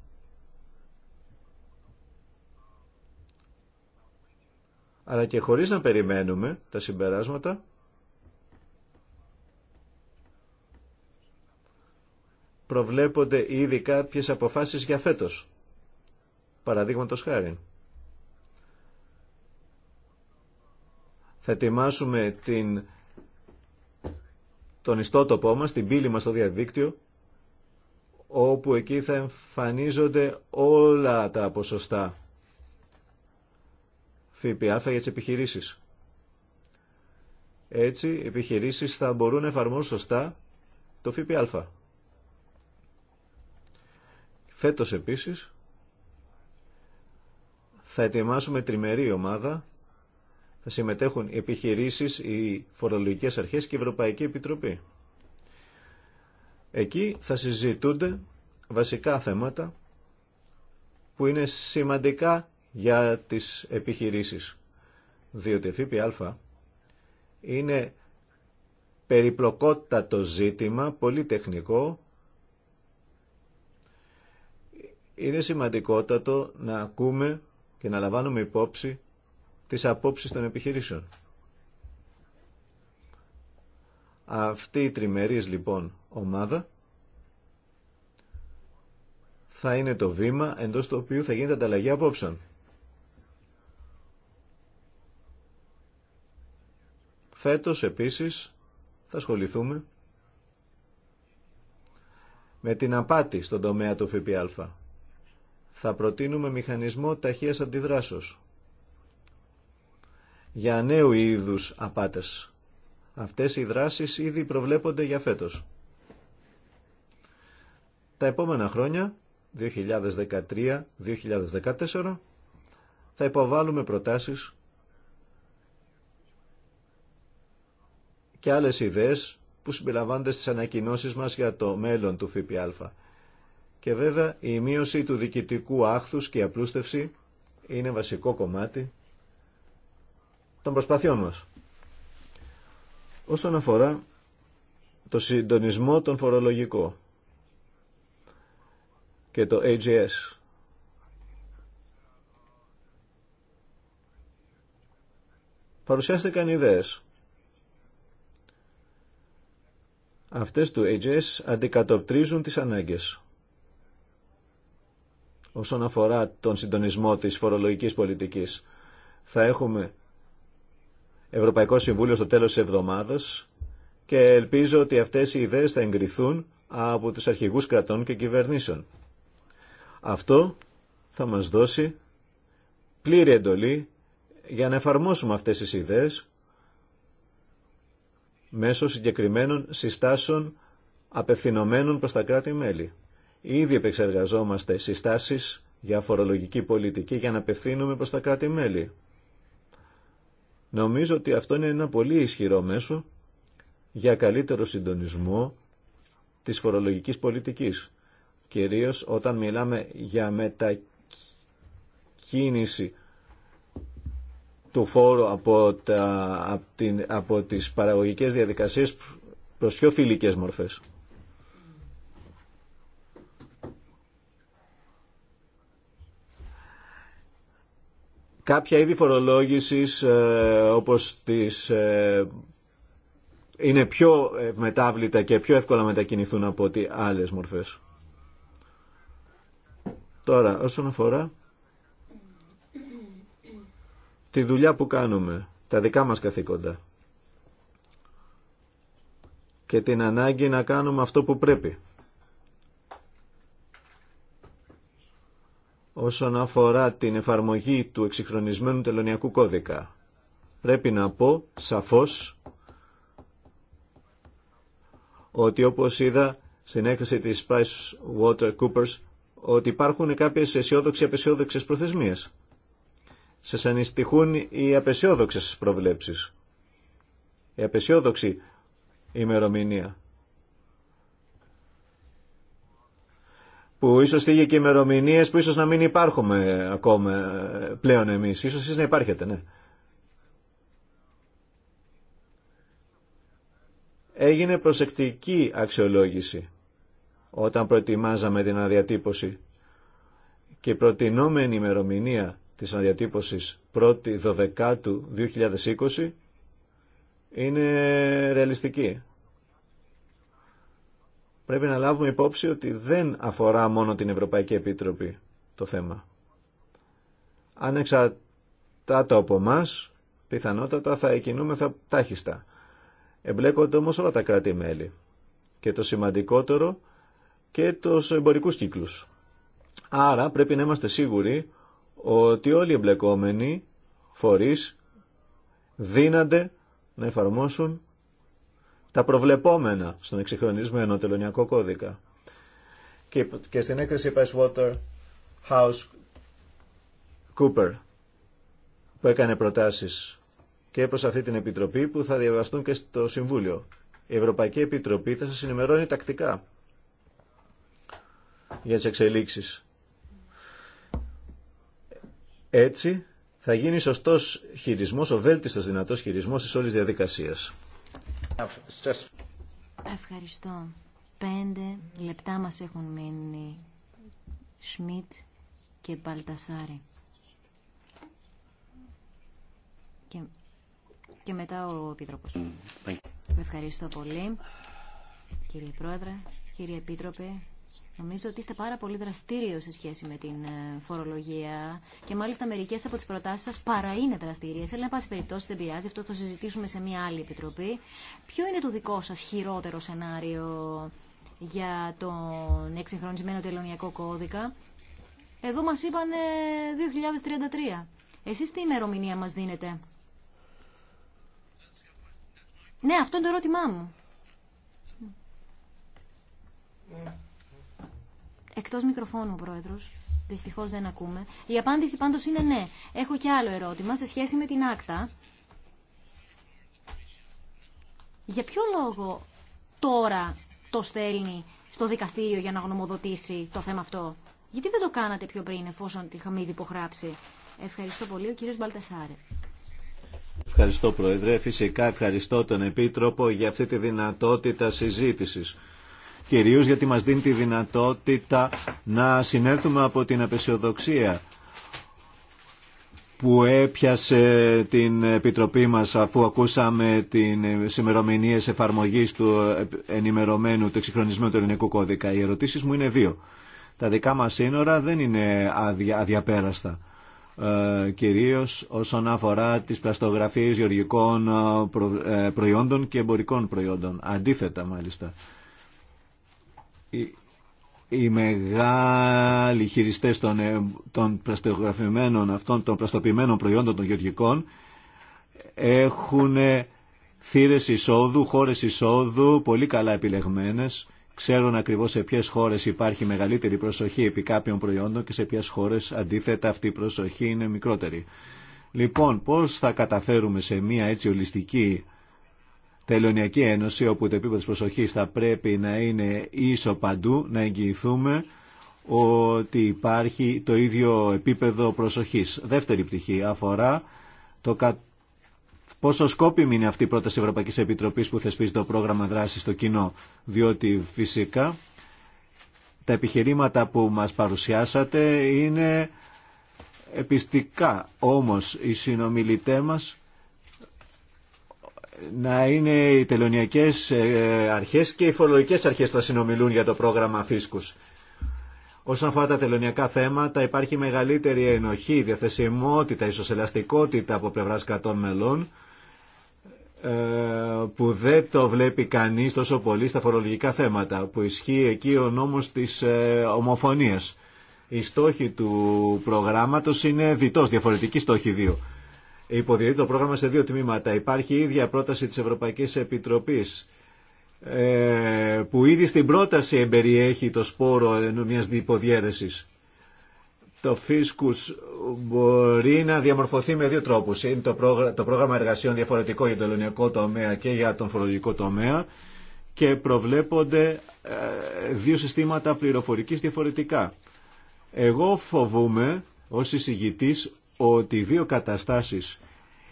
Αλλά και χωρίς να περιμένουμε τα συμπεράσματα, προβλέπονται ήδη κάποιες αποφάσεις για φέτος. Παραδείγματος χάρη. Θα ετοιμάσουμε την τον ιστότοπό μας, την πύλη μας στο διαδίκτυο, όπου εκεί θα εμφανίζονται όλα τα ποσοστά ΦΠΑ για τις επιχειρήσεις. Έτσι, οι επιχειρήσεις θα μπορούν να εφαρμόσουν σωστά το ΦΠΑ. Φέτος επίσης θα ετοιμάσουμε τριμερή ομάδα θα συμμετέχουν οι επιχειρήσεις, οι φορολογικές αρχές και η Ευρωπαϊκή Επιτροπή. Εκεί θα συζητούνται βασικά θέματα που είναι σημαντικά για τις επιχειρήσεις. Διότι ΦΠΑ είναι περιπλοκότατο ζήτημα, πολύ τεχνικό. Είναι σημαντικότατο να ακούμε και να λαμβάνουμε υπόψη τις απόψεις των επιχειρήσεων. Αυτή η τριμερής λοιπόν ομάδα θα είναι το βήμα εντός του οποίου θα γίνεται ανταλλαγή απόψεων. Φέτος επίσης θα ασχοληθούμε με την απάτη στον τομέα του ΦΠΑ. Θα προτείνουμε μηχανισμό ταχείας αντιδράσεως για νέου είδους απάτες. Αυτές οι δράσεις ήδη προβλέπονται για φέτος. Τα επόμενα χρόνια, 2013-2014, θα υποβάλουμε προτάσεις και άλλες ιδέες που συμπεριλαμβάνονται στις ανακοινώσεις μας για το μέλλον του ΦΠΑ. Και βέβαια η μείωση του διοικητικού άχθους και η απλούστευση είναι βασικό κομμάτι των προσπαθειών μας. Όσον αφορά το συντονισμό των φορολογικών και το AGS. Παρουσιάστηκαν ιδέες. Αυτές του AGS αντικατοπτρίζουν τις ανάγκες. Όσον αφορά τον συντονισμό της φορολογικής πολιτικής, θα έχουμε Ευρωπαϊκό Συμβούλιο στο τέλος της εβδομάδας και ελπίζω ότι αυτές οι ιδέες θα εγκριθούν από τους αρχηγούς κρατών και κυβερνήσεων. Αυτό θα μας δώσει πλήρη εντολή για να εφαρμόσουμε αυτές τις ιδέες μέσω συγκεκριμένων συστάσεων απευθυνομένων προς τα κράτη-μέλη. Ήδη επεξεργαζόμαστε συστάσεις για φορολογική πολιτική για να απευθύνουμε προς τα κράτη-μέλη. Νομίζω ότι αυτό είναι ένα πολύ ισχυρό μέσο για καλύτερο συντονισμό της φορολογικής πολιτικής. Κυρίως όταν μιλάμε για μετακίνηση του φόρου από, τα, από, την, από τις παραγωγικές διαδικασίες προς πιο φιλικές μορφές. Κάποια είδη φορολόγησης ε, όπως τις ε, είναι πιο μετάβλητα και πιο εύκολα μετακινηθούν από ότι άλλες μορφές. Τώρα, όσον αφορά τη δουλειά που κάνουμε, τα δικά μας καθήκοντα και την ανάγκη να κάνουμε αυτό που πρέπει. όσον αφορά την εφαρμογή του εξυγχρονισμένου τελωνιακού κώδικα. Πρέπει να πω σαφώς ότι όπως είδα στην έκθεση της Price Water Coopers ότι υπάρχουν κάποιες αισιόδοξες απεσιόδοξες προθεσμίες. Σας ανιστοιχούν οι απεσιόδοξες προβλέψεις. Η απεσιόδοξη ημερομηνία. που ίσως φύγει και ημερομηνίε που ίσως να μην υπάρχουμε ακόμα πλέον εμείς. Ίσως εσείς να υπάρχετε, ναι. Έγινε προσεκτική αξιολόγηση όταν προετοιμάζαμε την αναδιατύπωση και η προτινόμενη ημερομηνία της αναδιατύπωσης 1η 12 του 2020 είναι ρεαλιστική πρέπει να λάβουμε υπόψη ότι δεν αφορά μόνο την Ευρωπαϊκή Επίτροπη το θέμα. Αν εξαρτάται από εμά, πιθανότατα θα θα τάχιστα. Εμπλέκονται όμως όλα τα κράτη-μέλη και το σημαντικότερο και τους εμπορικούς κύκλους. Άρα πρέπει να είμαστε σίγουροι ότι όλοι οι εμπλεκόμενοι φορείς δύνανται να εφαρμόσουν τα προβλεπόμενα στον εξυγχρονισμένο τελωνιακό κώδικα. Και, και στην έκθεση Pricewater House Cooper που έκανε προτάσεις και προς αυτή την Επιτροπή που θα διαβαστούν και στο Συμβούλιο. Η Ευρωπαϊκή Επιτροπή θα σας ενημερώνει τακτικά για τις εξελίξεις. Έτσι θα γίνει σωστός χειρισμός, ο βέλτιστος δυνατός χειρισμός της όλης διαδικασίας. Ευχαριστώ. Πέντε λεπτά μας έχουν μείνει Σμιτ και Μπαλτασάρη. Και, μετά ο Επίτροπος. Mm, Ευχαριστώ πολύ, κύριε Πρόεδρε, κύριε Επίτροπε, Νομίζω ότι είστε πάρα πολύ δραστήριο σε σχέση με την ε, φορολογία και μάλιστα μερικέ από τι προτάσει σα παρά είναι δραστήριε. Αλλά, εν πάση περιπτώσει, δεν πειράζει. Αυτό το συζητήσουμε σε μια άλλη επιτροπή. Ποιο είναι το δικό σα χειρότερο σενάριο για τον εξυγχρονισμένο τελωνιακό κώδικα. Εδώ μας είπαν 2033. Ε, Εσεί τι ημερομηνία μα δίνετε. Ναι, αυτό είναι το ερώτημά μου. Ναι. Εκτός μικροφώνου, Πρόεδρος. Δυστυχώς δεν ακούμε. Η απάντηση πάντως είναι ναι. Έχω και άλλο ερώτημα σε σχέση με την άκτα. Για ποιο λόγο τώρα το στέλνει στο δικαστήριο για να γνωμοδοτήσει το θέμα αυτό. Γιατί δεν το κάνατε πιο πριν εφόσον τη είχαμε ήδη υπογράψει. Ευχαριστώ πολύ. Ο κύριος Μπαλτασάρε. Ευχαριστώ Πρόεδρε. Φυσικά ευχαριστώ τον Επίτροπο για αυτή τη δυνατότητα συζήτησης κυρίως γιατί μας δίνει τη δυνατότητα να συνέλθουμε από την απεσιοδοξία που έπιασε την Επιτροπή μας αφού ακούσαμε την ημερομηνίες εφαρμογής του ενημερωμένου, του εξυγχρονισμένου του ελληνικού κώδικα. Οι ερωτήσεις μου είναι δύο. Τα δικά μας σύνορα δεν είναι αδιαπέραστα. Ε, κυρίως όσον αφορά τις πλαστογραφίες γεωργικών ε, προϊόντων και εμπορικών προϊόντων. Αντίθετα μάλιστα οι, οι μεγάλοι χειριστές των, ε, των αυτών, των πλαστοποιημένων προϊόντων των γεωργικών έχουν θύρες εισόδου, χώρες εισόδου πολύ καλά επιλεγμένες ξέρουν ακριβώς σε ποιες χώρες υπάρχει μεγαλύτερη προσοχή επί κάποιων προϊόντων και σε ποιες χώρες αντίθετα αυτή η προσοχή είναι μικρότερη. Λοιπόν, πώς θα καταφέρουμε σε μια έτσι ολιστική Τελωνιακή Ένωση, όπου το επίπεδο της προσοχής θα πρέπει να είναι ίσο παντού, να εγγυηθούμε ότι υπάρχει το ίδιο επίπεδο προσοχής. Δεύτερη πτυχή αφορά το πόσο σκόπιμη είναι αυτή η πρόταση Ευρωπαϊκή επιτροπή που θεσπίζει το πρόγραμμα δράσης στο κοινό, διότι φυσικά τα επιχειρήματα που μας παρουσιάσατε είναι επιστικά. Όμως οι συνομιλητές μας να είναι οι τελωνιακές ε, αρχές και οι φορολογικές αρχές που θα συνομιλούν για το πρόγραμμα φίσκους. Όσον αφορά τα τελωνιακά θέματα, υπάρχει μεγαλύτερη ενοχή, διαθεσιμότητα, ισοσελαστικότητα από πλευράς κατών μελών, ε, που δεν το βλέπει κανείς τόσο πολύ στα φορολογικά θέματα, που ισχύει εκεί ο νόμος της ε, ομοφωνίας. Η στόχη του προγράμματος είναι διτός, διαφορετική στόχη δύο υποδιαιρεί το πρόγραμμα σε δύο τμήματα. Υπάρχει η ίδια πρόταση της Ευρωπαϊκής Επιτροπής ε, που ήδη στην πρόταση εμπεριέχει το σπόρο μιας διποδιέρεσης. Το φίσκους μπορεί να διαμορφωθεί με δύο τρόπους. Είναι το, πρόγραμμα, εργασιών διαφορετικό για τον ελληνικό τομέα και για τον φορολογικό τομέα και προβλέπονται ε, δύο συστήματα πληροφορικής διαφορετικά. Εγώ φοβούμαι ως εισηγητής ότι οι δύο καταστάσεις,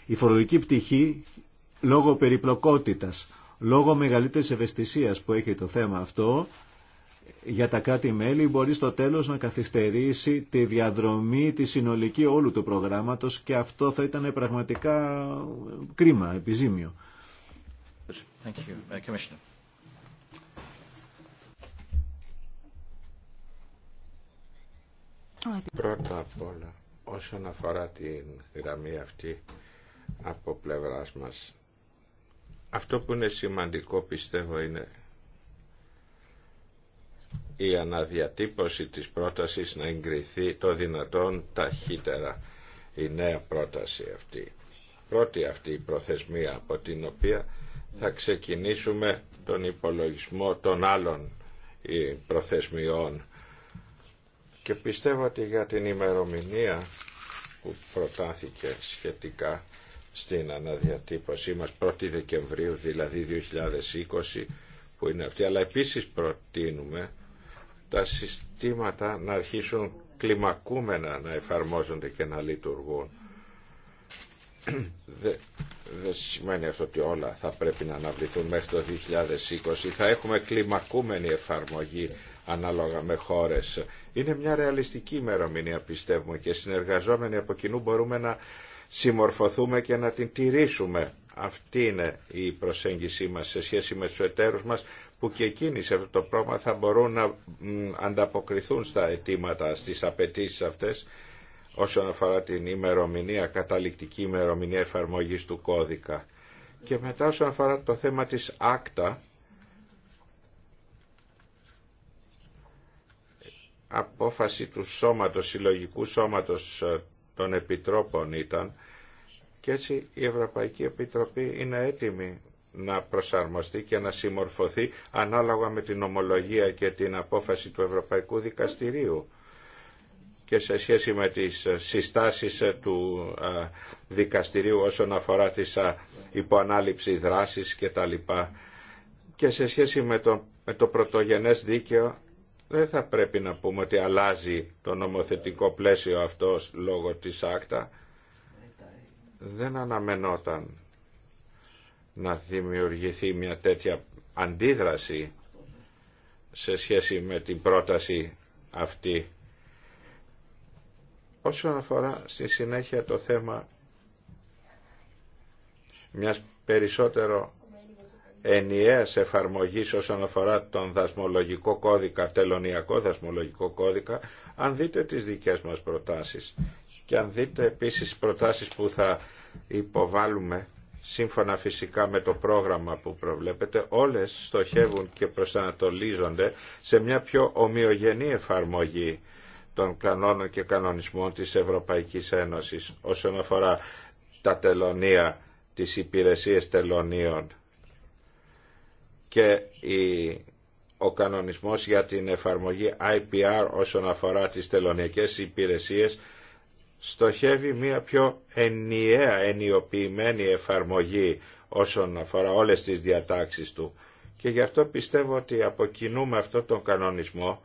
η φορολογική πτυχή λόγω περιπλοκότητας, λόγω μεγαλύτερης ευαισθησίας που έχει το θέμα αυτό, για τα κάτι μελη μπορεί στο τέλος να καθυστερήσει τη διαδρομή, τη συνολική όλου του προγράμματος και αυτό θα ήταν πραγματικά κρίμα, επιζήμιο. Uh, Πρώτα απ' όσον αφορά την γραμμή αυτή από πλευράς μας. Αυτό που είναι σημαντικό πιστεύω είναι η αναδιατύπωση της πρότασης να εγκριθεί το δυνατόν ταχύτερα η νέα πρόταση αυτή. Πρώτη αυτή η προθεσμία από την οποία θα ξεκινήσουμε τον υπολογισμό των άλλων ε, προθεσμιών και πιστεύω ότι για την ημερομηνία που προτάθηκε σχετικά στην αναδιατύπωσή μας 1η Δεκεμβρίου δηλαδή 2020 που είναι αυτή αλλά επίσης προτείνουμε τα συστήματα να αρχίσουν κλιμακούμενα να εφαρμόζονται και να λειτουργούν δεν σημαίνει αυτό ότι όλα θα πρέπει να αναβληθούν μέχρι το 2020 θα έχουμε κλιμακούμενη εφαρμογή ανάλογα με χώρες. Είναι μια ρεαλιστική ημερομηνία πιστεύουμε και συνεργαζόμενοι από κοινού μπορούμε να συμμορφωθούμε και να την τηρήσουμε. Αυτή είναι η προσέγγιση μας σε σχέση με τους εταίρους μας που και εκείνοι σε αυτό το πρόγραμμα θα μπορούν να ανταποκριθούν στα αιτήματα, στις απαιτήσει αυτές όσον αφορά την ημερομηνία, καταληκτική ημερομηνία εφαρμογής του κώδικα. Και μετά όσον αφορά το θέμα της άκτα, απόφαση του σώματος, συλλογικού σώματος ε, των επιτρόπων ήταν και έτσι η Ευρωπαϊκή Επιτροπή είναι έτοιμη να προσαρμοστεί και να συμμορφωθεί ανάλογα με την ομολογία και την απόφαση του Ευρωπαϊκού Δικαστηρίου και σε σχέση με τις ε, συστάσεις ε, του δικαστηρίου όσον αφορά τις υποανάληψη δράσης και τα λοιπά και σε σχέση με το, με το πρωτογενές δίκαιο δεν θα πρέπει να πούμε ότι αλλάζει το νομοθετικό πλαίσιο αυτός λόγω της άκτα. Δεν αναμενόταν να δημιουργηθεί μια τέτοια αντίδραση σε σχέση με την πρόταση αυτή. Όσον αφορά στη συνέχεια το θέμα μιας περισσότερο ενιαίας εφαρμογής όσον αφορά τον δασμολογικό κώδικα, τελωνιακό δασμολογικό κώδικα, αν δείτε τις δικές μας προτάσεις και αν δείτε επίσης προτάσεις που θα υποβάλουμε σύμφωνα φυσικά με το πρόγραμμα που προβλέπετε, όλες στοχεύουν και προσανατολίζονται σε μια πιο ομοιογενή εφαρμογή των κανόνων και κανονισμών της Ευρωπαϊκής Ένωσης όσον αφορά τα τελωνία, τις υπηρεσίες τελωνίων και ο κανονισμός για την εφαρμογή IPR όσον αφορά τις τελωνιακές υπηρεσίες στοχεύει μια πιο ενιαία, ενιοποιημένη εφαρμογή όσον αφορά όλες τις διατάξεις του. Και γι' αυτό πιστεύω ότι από αυτό αυτόν τον κανονισμό,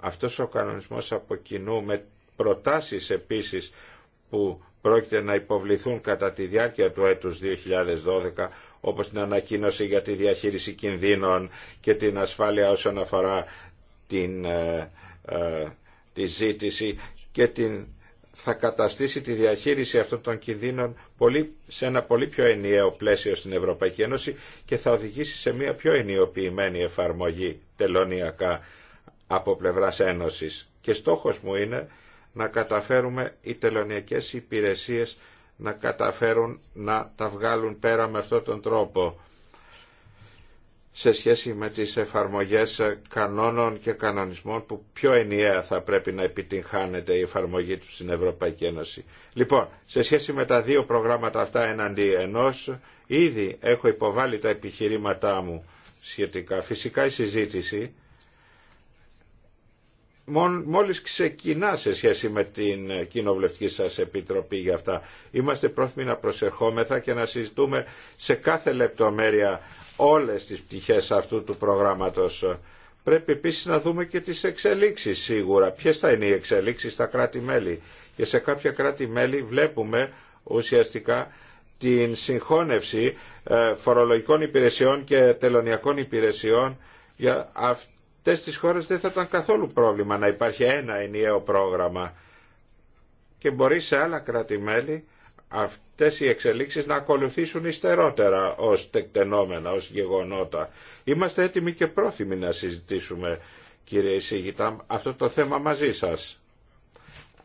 αυτός ο κανονισμός από κοινού με προτάσεις επίσης που πρόκειται να υποβληθούν κατά τη διάρκεια του έτους 2012 όπως την ανακοίνωση για τη διαχείριση κινδύνων και την ασφάλεια όσον αφορά την, ε, ε, τη ζήτηση και την, θα καταστήσει τη διαχείριση αυτών των κινδύνων πολύ, σε ένα πολύ πιο ενιαίο πλαίσιο στην Ευρωπαϊκή Ένωση και θα οδηγήσει σε μια πιο ενιοποιημένη εφαρμογή τελωνιακά από πλευράς Ένωσης. Και στόχος μου είναι να καταφέρουμε οι τελωνιακές υπηρεσίες να καταφέρουν να τα βγάλουν πέρα με αυτόν τον τρόπο σε σχέση με τις εφαρμογές κανόνων και κανονισμών που πιο ενιαία θα πρέπει να επιτυγχάνεται η εφαρμογή του στην Ευρωπαϊκή Ένωση. Λοιπόν, σε σχέση με τα δύο προγράμματα αυτά έναντι ενός, ήδη έχω υποβάλει τα επιχειρήματά μου σχετικά. Φυσικά η συζήτηση μόλις ξεκινά σε σχέση με την κοινοβουλευτική σας επιτροπή για αυτά. Είμαστε πρόθυμοι να προσερχόμεθα και να συζητούμε σε κάθε λεπτομέρεια όλες τις πτυχές αυτού του προγράμματος. Πρέπει επίσης να δούμε και τις εξελίξεις σίγουρα. Ποιες θα είναι οι εξελίξεις στα κράτη-μέλη. Και σε κάποια κράτη-μέλη βλέπουμε ουσιαστικά την συγχώνευση ε, φορολογικών υπηρεσιών και τελωνιακών υπηρεσιών για αυτό. Τέσσερι χώρες δεν θα ήταν καθόλου πρόβλημα να υπάρχει ένα ενιαίο πρόγραμμα και μπορεί σε άλλα κράτη-μέλη αυτές οι εξελίξεις να ακολουθήσουν υστερότερα ως τεκτενόμενα, ως γεγονότα. Είμαστε έτοιμοι και πρόθυμοι να συζητήσουμε, κύριε Ισήγητα, αυτό το θέμα μαζί σας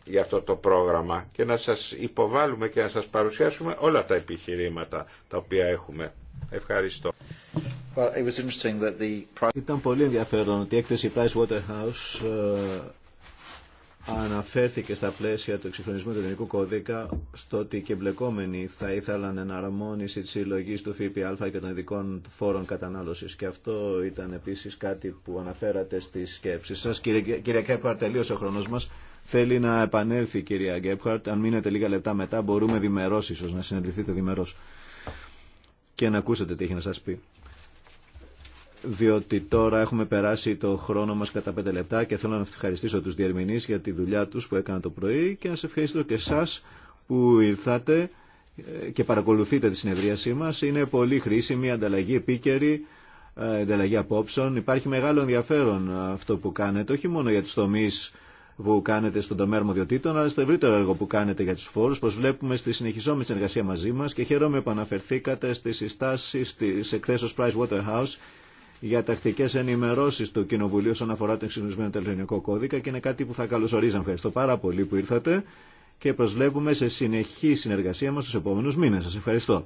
για αυτό το πρόγραμμα και να σας υποβάλουμε και να σας παρουσιάσουμε όλα τα επιχειρήματα τα οποία έχουμε. Ευχαριστώ. Ήταν πολύ ενδιαφέρον ότι η έκθεση Pricewaterhouse ε, αναφέρθηκε στα πλαίσια του εξυγχρονισμού του ελληνικού κώδικα στο ότι και εμπλεκόμενοι θα ήθελαν εναρμόνιση τη συλλογή του ΦΠΑ και των ειδικών φόρων κατανάλωση. Και αυτό ήταν επίση κάτι που αναφέρατε στι σκέψει σα. Κύριε, κύριε Κέπχαρτ, τελείωσε ο χρόνο μα. Θέλει να επανέλθει η κυρία Γκέπχαρτ. Αν μείνετε λίγα λεπτά μετά, μπορούμε διμερό ίσω να συναντηθείτε διμερό και να ακούσετε τι έχει να σα πει διότι τώρα έχουμε περάσει το χρόνο μας κατά πέντε λεπτά και θέλω να ευχαριστήσω τους διερμηνείς για τη δουλειά τους που έκανα το πρωί και να σε ευχαριστήσω και εσάς που ήρθατε ε, και παρακολουθείτε τη συνεδρίασή μας. Είναι πολύ χρήσιμη, ανταλλαγή επίκαιρη, ε, ανταλλαγή απόψεων. Υπάρχει μεγάλο ενδιαφέρον αυτό που κάνετε, όχι μόνο για τους τομείς που κάνετε στον τομέα αρμοδιοτήτων, αλλά στο ευρύτερο έργο που κάνετε για του φόρους, πως βλέπουμε στη συνεχιζόμενη συνεργασία μαζί μα και χαίρομαι που αναφερθήκατε στι συστάσει τη εκθέσεω Pricewaterhouse για τακτικέ ενημερώσει του Κοινοβουλίου όσον αφορά τον εξυγχρονισμένο τελωνιακό κώδικα και είναι κάτι που θα καλωσορίζαμε. Ευχαριστώ πάρα πολύ που ήρθατε και προσβλέπουμε σε συνεχή συνεργασία μα του επόμενου μήνε. Σα ευχαριστώ.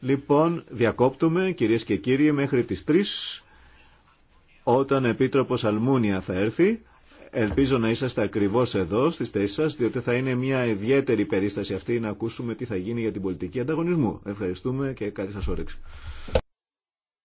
Λοιπόν, διακόπτουμε κυρίε και κύριοι μέχρι τι 3 όταν ο Επίτροπος Αλμούνια θα έρθει. Ελπίζω να είσαστε ακριβώ εδώ στι θέσει σα, διότι θα είναι μια ιδιαίτερη περίσταση αυτή να ακούσουμε τι θα γίνει για την πολιτική ανταγωνισμού. Ευχαριστούμε και καλή σα όρεξη.